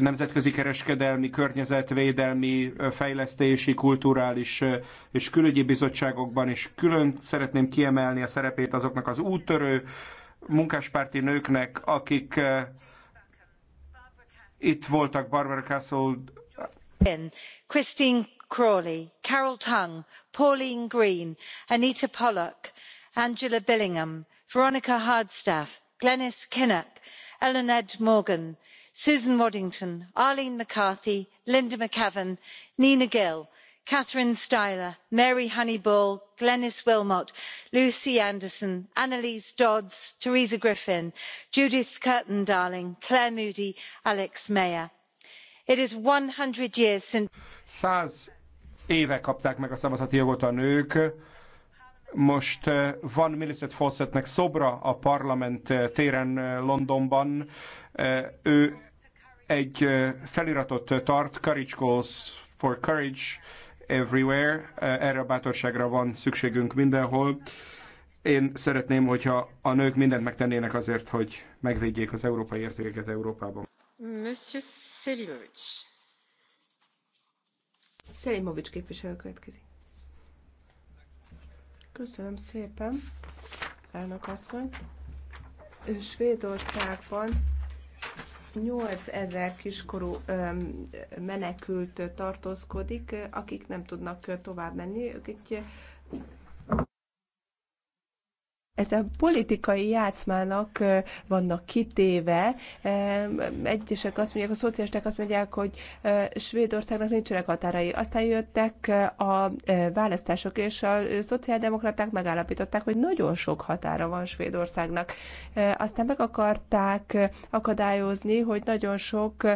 nemzetközi kereskedelmi, környezetvédelmi, fejlesztési, kulturális és külügyi bizottságokban, és külön szeretném kiemelni a szerepét azoknak az úttörő munkáspárti nőknek, akik eh, itt voltak Barbara Castle, Christine crawley carole tung pauline green anita pollock angela billingham veronica hardstaff glenis kinnock ellen morgan susan waddington arlene mccarthy linda mcavan nina gill catherine styler mary honeyball glenis willmott lucy anderson annelise dodds teresa griffin judith curtin darling claire moody alex mayer. it is one hundred years since éve kapták meg a szavazati jogot a nők. Most eh, van Millicent Fawcettnek szobra a parlament eh, téren eh, Londonban. Ő egy feliratot tart, Courage Calls for Courage Everywhere. Erre a bátorságra van szükségünk mindenhol. Én szeretném, hogyha a nők mindent megtennének azért, hogy megvédjék az európai értékeket Európában. Monsieur Selimovics. Szelimovics képviselő következik. Köszönöm szépen, elnök asszony. Svédországban 8000 kiskorú menekült tartózkodik, akik nem tudnak tovább menni, ők egy ez a politikai játszmának vannak kitéve. Egyesek azt mondják, a szocialisták azt mondják, hogy Svédországnak nincsenek határai. Aztán jöttek a választások, és a szociáldemokraták megállapították, hogy nagyon sok határa van Svédországnak. Aztán meg akarták akadályozni, hogy nagyon sok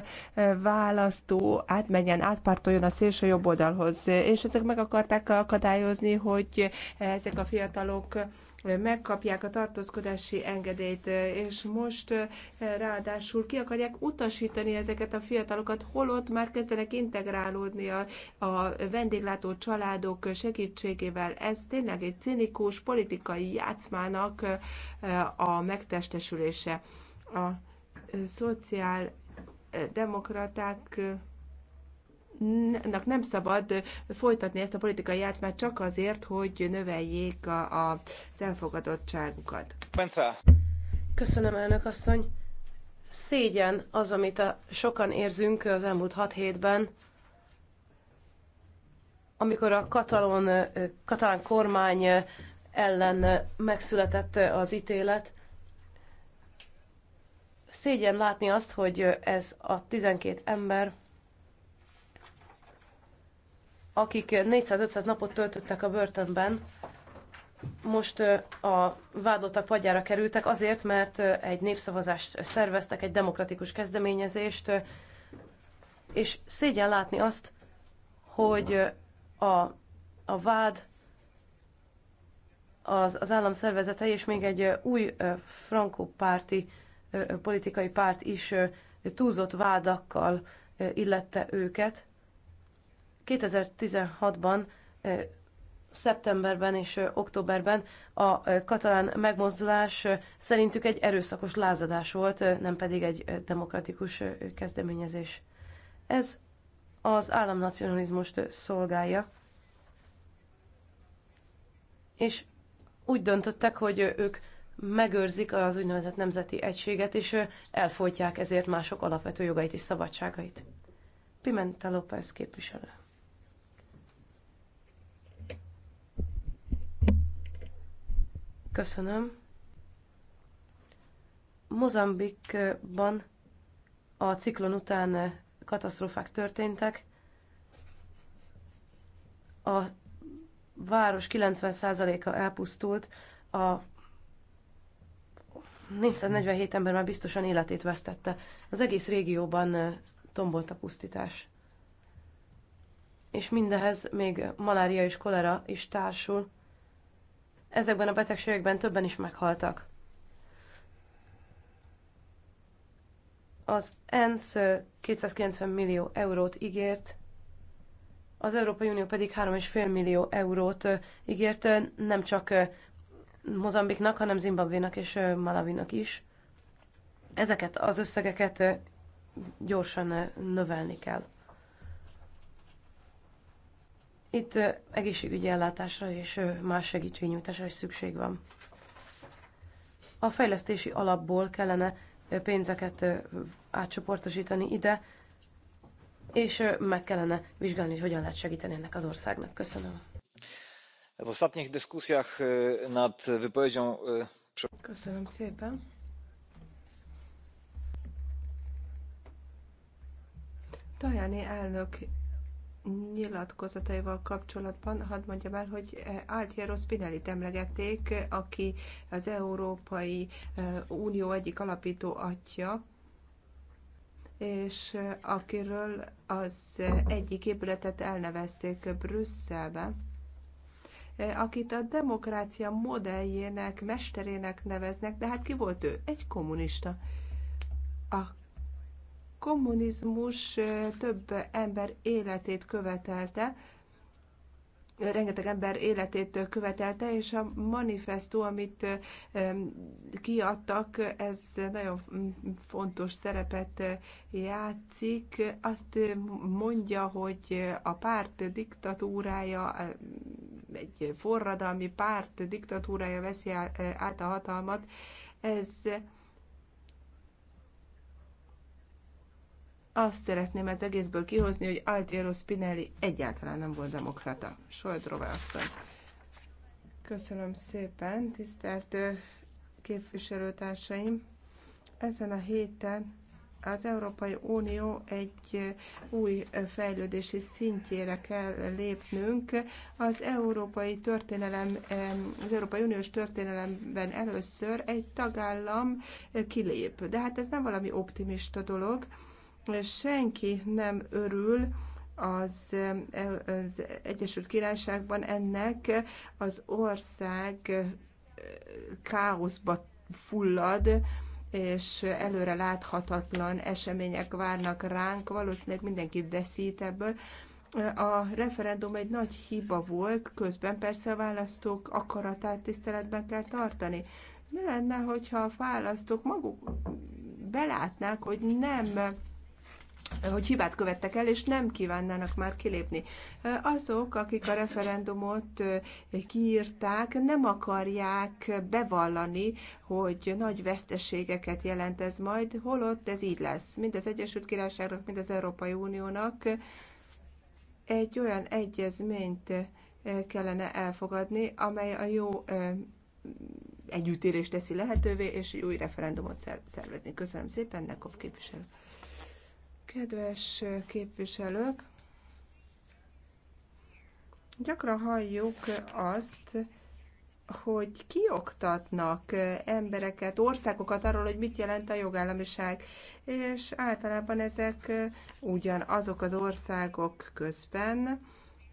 választó átmenjen, átpártoljon a szélső jobb oldalhoz. És ezek meg akarták akadályozni, hogy ezek a fiatalok megkapják a tartózkodási engedélyt, és most eh, ráadásul ki akarják utasítani ezeket a fiatalokat, holott már kezdenek integrálódni a, a vendéglátó családok segítségével. Ez tényleg egy cinikus politikai játszmának eh, a megtestesülése. A eh, szociál demokraták nem szabad folytatni ezt a politikai játszmát csak azért, hogy növeljék a, a, az elfogadottságukat. Bence. Köszönöm, elnök asszony. Szégyen az, amit a, sokan érzünk az elmúlt hat hétben, amikor a katalon, katalán kormány ellen megszületett az ítélet, szégyen látni azt, hogy ez a 12 ember akik 400-500 napot töltöttek a börtönben, most a vádlottak padjára kerültek azért, mert egy népszavazást szerveztek, egy demokratikus kezdeményezést, és szégyen látni azt, hogy a, a vád az, az állam szervezete és még egy új frankópárti politikai párt is túlzott vádakkal illette őket. 2016-ban szeptemberben és októberben a katalán megmozdulás szerintük egy erőszakos lázadás volt, nem pedig egy demokratikus kezdeményezés. Ez az államnacionalizmust szolgálja, és úgy döntöttek, hogy ők megőrzik az úgynevezett nemzeti egységet, és elfolytják ezért mások alapvető jogait és szabadságait. Pimentel López képviselő. Köszönöm. Mozambikban a ciklon után katasztrófák történtek. A város 90%-a elpusztult, a 447 ember már biztosan életét vesztette. Az egész régióban tombolt a pusztítás. És mindehez még malária és kolera is társul ezekben a betegségekben többen is meghaltak. Az ENSZ 290 millió eurót ígért, az Európai Unió pedig 3,5 millió eurót ígért nem csak Mozambiknak, hanem Zimbabvénak és Malavinak is. Ezeket az összegeket gyorsan növelni kell. Itt egészségügyi ellátásra és más segítségnyújtásra is szükség van. A fejlesztési alapból kellene pénzeket átcsoportosítani ide, és meg kellene vizsgálni, hogy hogyan lehet segíteni ennek az országnak. Köszönöm. Köszönöm szépen. Tajani elnök nyilatkozataival kapcsolatban hadd mondjam el, hogy eh, Altiero Spinelli-t emlegették, aki az Európai eh, Unió egyik alapító atya, és eh, akiről az egyik épületet elnevezték Brüsszelbe, akit a demokrácia modelljének, mesterének neveznek, de hát ki volt ő? Egy kommunista, a kommunizmus több ember életét követelte, rengeteg ember életét követelte, és a manifestó, amit kiadtak, ez nagyon mm, fontos szerepet játszik. Azt mondja, hogy a párt diktatúrája, egy forradalmi párt diktatúrája veszi át a hatalmat. Ez azt szeretném az egészből kihozni, hogy Altiero Spinelli egyáltalán nem volt demokrata. Soldrova asszony. Köszönöm szépen, tisztelt képviselőtársaim! Ezen a héten az Európai Unió egy új fejlődési szintjére kell lépnünk. Az európai történelem, az Európai Uniós történelemben először egy tagállam kilép. De hát ez nem valami optimista dolog senki nem örül az, az Egyesült Királyságban ennek az ország káoszba fullad, és előre láthatatlan események várnak ránk, valószínűleg mindenki veszít ebből. A referendum egy nagy hiba volt, közben persze a választók akaratát tiszteletben kell tartani. Mi lenne, hogyha a választók maguk belátnák, hogy nem hogy hibát követtek el, és nem kívánnának már kilépni. Azok, akik a referendumot kiírták, nem akarják bevallani, hogy nagy veszteségeket jelent ez majd, holott ez így lesz. Mind az Egyesült Királyságnak, mind az Európai Uniónak egy olyan egyezményt kellene elfogadni, amely a jó együttélést teszi lehetővé, és új referendumot szervezni. Köszönöm szépen, Nekov képviselő. Kedves képviselők, gyakran halljuk azt, hogy kioktatnak embereket, országokat arról, hogy mit jelent a jogállamiság, és általában ezek ugyanazok az országok közben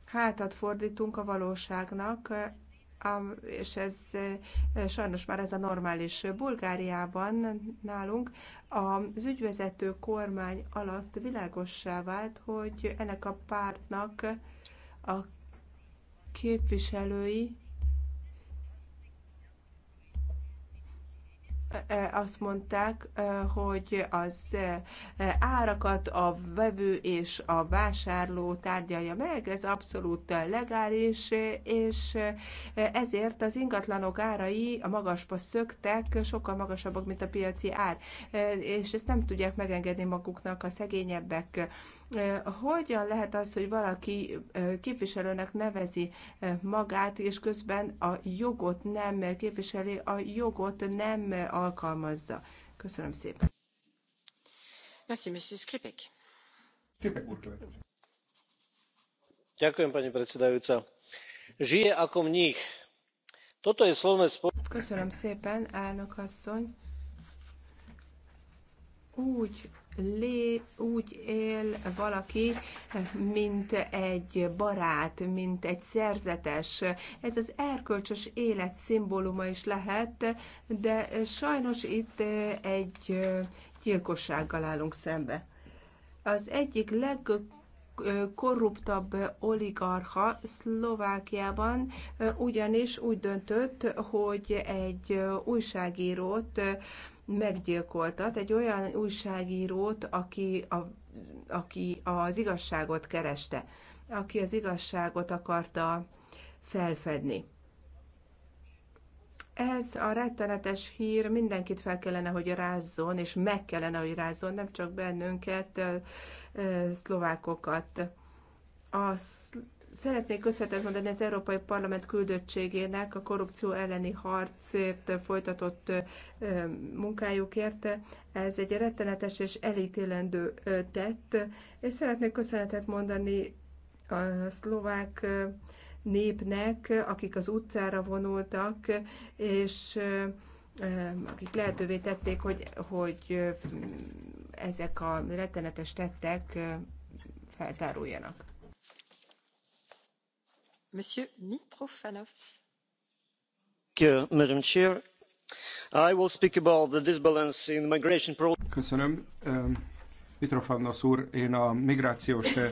hátat fordítunk a valóságnak, és ez e, sajnos már ez a normális. Bulgáriában nálunk az ügyvezető kormány alatt világossá vált, hogy ennek a pártnak a képviselői azt mondták, hogy az árakat a vevő és a vásárló tárgyalja meg, ez abszolút legális, és ezért az ingatlanok árai a magasba szöktek, sokkal magasabbak, mint a piaci ár, és ezt nem tudják megengedni maguknak a szegényebbek. Hogyan lehet az, hogy valaki képviselőnek nevezi magát, és közben a jogot nem képviseli, a jogot nem a alkalmazza. Köszönöm szépen. Merci, monsieur Skripek. Skripek Ďakujem, pani predsedajúca. Žije ako mních. Toto je slovné spol... Köszönöm szépen, elnök asszony. Úgy lé, úgy él valaki, mint egy barát, mint egy szerzetes. Ez az erkölcsös élet szimbóluma is lehet, de sajnos itt egy gyilkossággal állunk szembe. Az egyik leg korruptabb oligarcha Szlovákiában ugyanis úgy döntött, hogy egy újságírót meggyilkoltat egy olyan újságírót, aki, a, aki az igazságot kereste, aki az igazságot akarta felfedni. Ez a rettenetes hír mindenkit fel kellene, hogy rázzon, és meg kellene, hogy rázzon, nem csak bennünket, szlovákokat. A Szeretnék köszönetet mondani az Európai Parlament küldöttségének a korrupció elleni harcért folytatott munkájukért. Ez egy rettenetes és elítélendő tett, és szeretnék köszönetet mondani a szlovák népnek, akik az utcára vonultak, és akik lehetővé tették, hogy, hogy ezek a rettenetes tettek feltáruljanak madam president i will speak about the disbalance in migration. köszönöm mitrofanosz úr én a migrációs eh,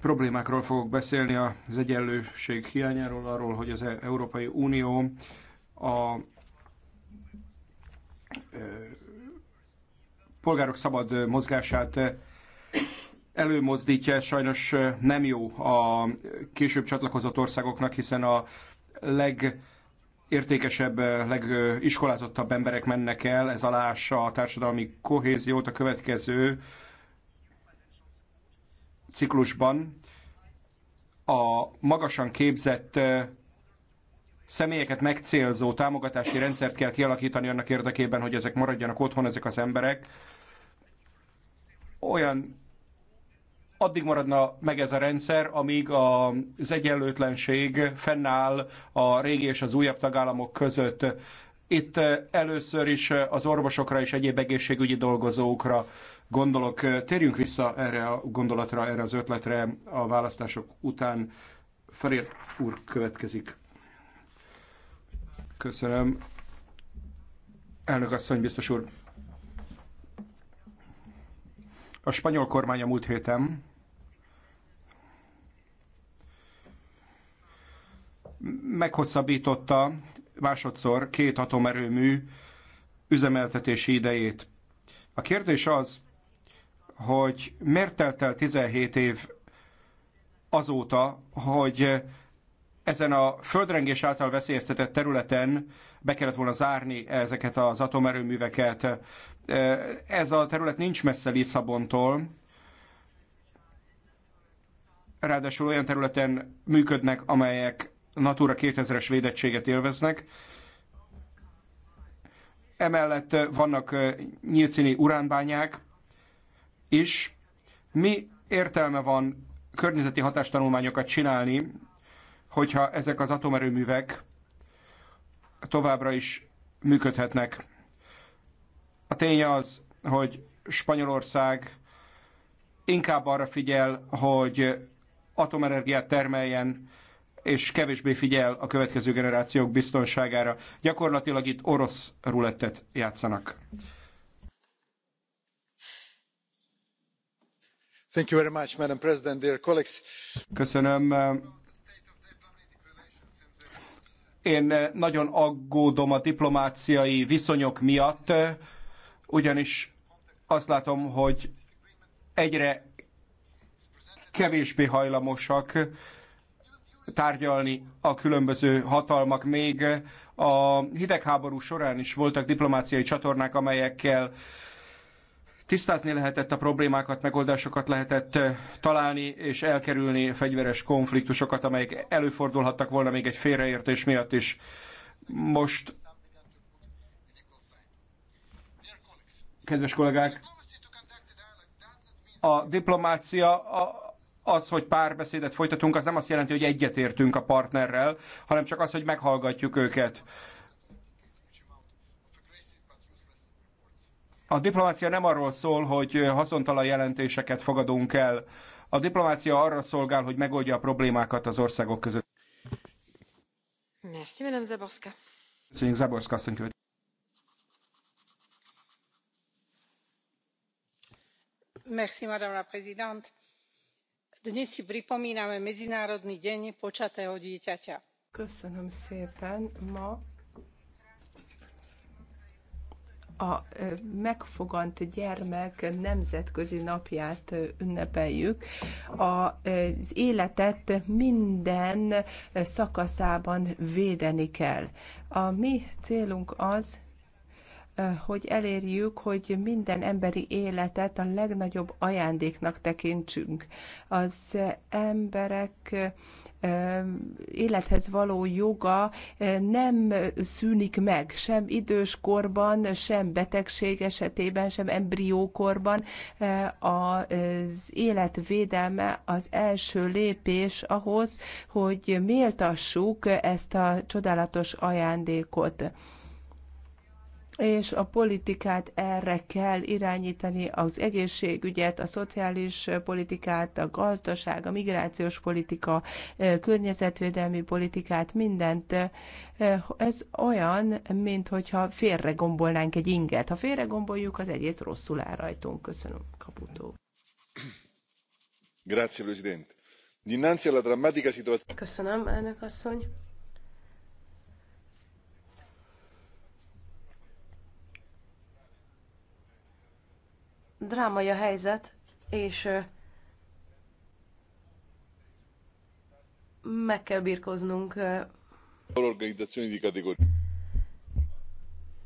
problémákról fogok beszélni az egyenlőség hiányáról arról hogy az e- európai unió a eh, polgárok szabad mozgását eh, előmozdítja, ez sajnos nem jó a később csatlakozott országoknak, hiszen a leg értékesebb, legiskolázottabb emberek mennek el, ez aláássa a társadalmi kohéziót a következő ciklusban. A magasan képzett személyeket megcélzó támogatási rendszert kell kialakítani annak érdekében, hogy ezek maradjanak otthon, ezek az emberek. Olyan addig maradna meg ez a rendszer, amíg az egyenlőtlenség fennáll a régi és az újabb tagállamok között. Itt eh, először is eh, az orvosokra és egyéb egészségügyi dolgozókra gondolok. Eh, térjünk vissza erre a gondolatra, erre az ötletre a választások után. Ferér úr következik. Köszönöm. Elnök asszony, biztos úr. A spanyol kormány a múlt héten meghosszabbította másodszor két atomerőmű üzemeltetési idejét. A kérdés az, hogy miért telt el 17 év azóta, hogy ezen a földrengés által veszélyeztetett területen be kellett volna zárni ezeket az atomerőműveket. Ez a terület nincs messze Lisszabontól, ráadásul olyan területen működnek, amelyek Natura 2000-es védettséget élveznek. Emellett vannak nyílcini uránbányák is. Mi értelme van környezeti hatástanulmányokat csinálni, hogyha ezek az atomerőművek továbbra is működhetnek? A tény az, hogy Spanyolország inkább arra figyel, hogy atomenergiát termeljen, és kevésbé figyel a következő generációk biztonságára. Gyakorlatilag itt orosz rulettet játszanak. Thank you very much, Madam President, dear colleagues. Köszönöm. Én nagyon aggódom a diplomáciai viszonyok miatt, ugyanis azt látom, hogy egyre kevésbé hajlamosak tárgyalni a különböző hatalmak. Még a hidegháború során is voltak diplomáciai csatornák, amelyekkel tisztázni lehetett a problémákat, megoldásokat lehetett eh, találni, és elkerülni fegyveres konfliktusokat, amelyek előfordulhattak volna még egy félreértés miatt is. Most kedves kollégák, a diplomácia az, hogy párbeszédet folytatunk, az nem azt jelenti, hogy egyetértünk a partnerrel, hanem csak az, hogy meghallgatjuk őket. A diplomácia nem arról szól, hogy haszontalan jelentéseket fogadunk el. A diplomácia arra szolgál, hogy megoldja a problémákat az országok között. Merci, Madame Zaborska. Köszönjük, Zaborska asszony vážená pani predsedajúca dnes si pripomíname medzinárodný deň počatého dieťaťa. ma a e, megfogant gyermek nemzetközi napját e, ünnepeljük. E, az életet minden szakaszában védeni kell. A mi célunk az, hogy elérjük, hogy minden emberi életet a legnagyobb ajándéknak tekintsünk. Az emberek élethez való joga nem szűnik meg, sem időskorban, sem betegség esetében, sem embriókorban. Az életvédelme az első lépés ahhoz, hogy méltassuk ezt a csodálatos ajándékot és a politikát erre kell irányítani, az egészségügyet, a szociális politikát, a gazdaság, a migrációs politika, környezetvédelmi politikát, mindent. Ez olyan, mint hogyha félre gombolnánk egy inget. Ha félre gomboljuk, az egész rosszul áll rajtunk. Köszönöm, Kaputó. Grazie, Presidente. Dinanzi alla drammatica situazione. Köszönöm, elnök asszony drámai a helyzet, és meg kell birkoznunk.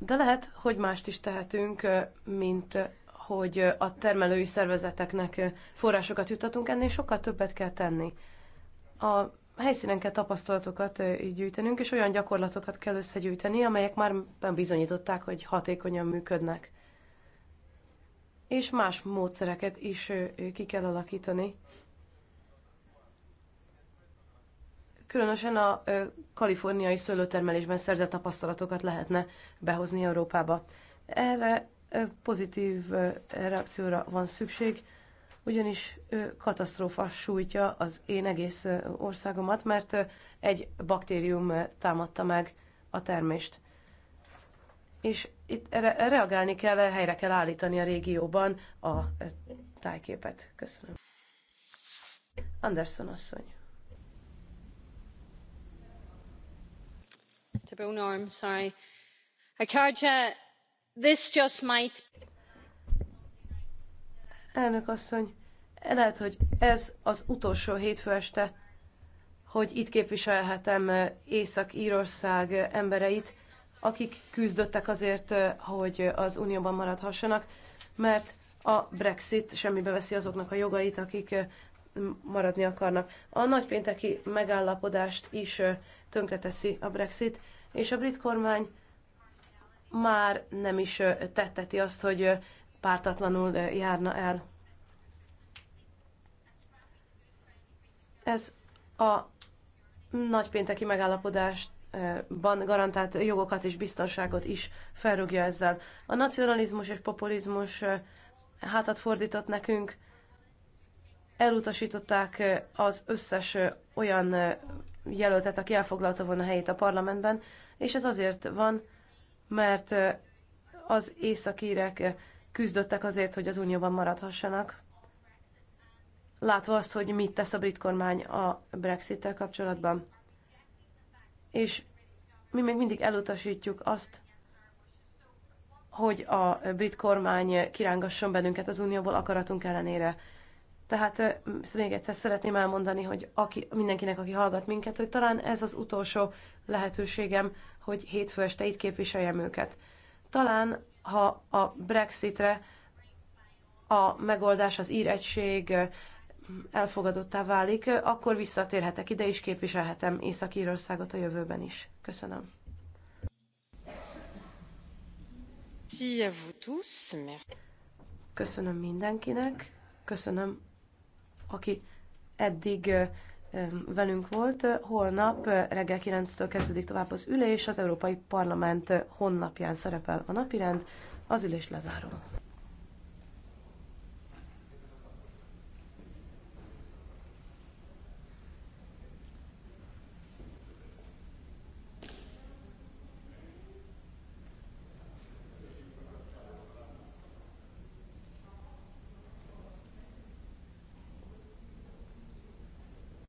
De lehet, hogy mást is tehetünk, mint hogy a termelői szervezeteknek forrásokat juttatunk, ennél sokkal többet kell tenni. A helyszínen kell tapasztalatokat gyűjtenünk, és olyan gyakorlatokat kell összegyűjteni, amelyek már bizonyították, hogy hatékonyan működnek és más módszereket is ki kell alakítani. Különösen a kaliforniai szőlőtermelésben szerzett tapasztalatokat lehetne behozni Európába. Erre pozitív reakcióra van szükség, ugyanis katasztrófa sújtja az én egész országomat, mert egy baktérium támadta meg a termést és itt erre reagálni kell, helyre kell állítani a régióban a e, tájképet. Köszönöm. Anderson asszony. Norm, sorry. Akarja, this just might... Elnök asszony, lehet, hogy ez az utolsó hétfő este, hogy itt képviselhetem e, Észak-Írország embereit, akik küzdöttek azért, hogy az Unióban maradhassanak, mert a Brexit semmibe veszi azoknak a jogait, akik maradni akarnak. A nagypénteki megállapodást is tönkreteszi a Brexit, és a brit kormány már nem is tetteti azt, hogy pártatlanul járna el. Ez a nagypénteki megállapodást ban garantált jogokat és biztonságot is felrúgja ezzel. A nacionalizmus és populizmus hátat fordított nekünk, elutasították az összes olyan jelöltet, aki elfoglalta volna helyét a parlamentben, és ez azért van, mert az északírek küzdöttek azért, hogy az unióban maradhassanak. Látva azt, hogy mit tesz a brit kormány a Brexit-tel kapcsolatban és mi még mindig elutasítjuk azt, hogy a brit kormány kirángasson bennünket az unióból akaratunk ellenére. Tehát még egyszer szeretném elmondani, hogy aki, mindenkinek, aki hallgat minket, hogy talán ez az utolsó lehetőségem, hogy hétfő este itt képviseljem őket. Talán, ha a Brexitre a megoldás az íregység, elfogadottá válik, akkor visszatérhetek ide, és képviselhetem Észak-Írországot a jövőben is. Köszönöm. Köszönöm mindenkinek, köszönöm, aki eddig velünk volt. Holnap reggel 9-től kezdődik tovább az ülés, az Európai Parlament honlapján szerepel a napirend, az ülés lezárom.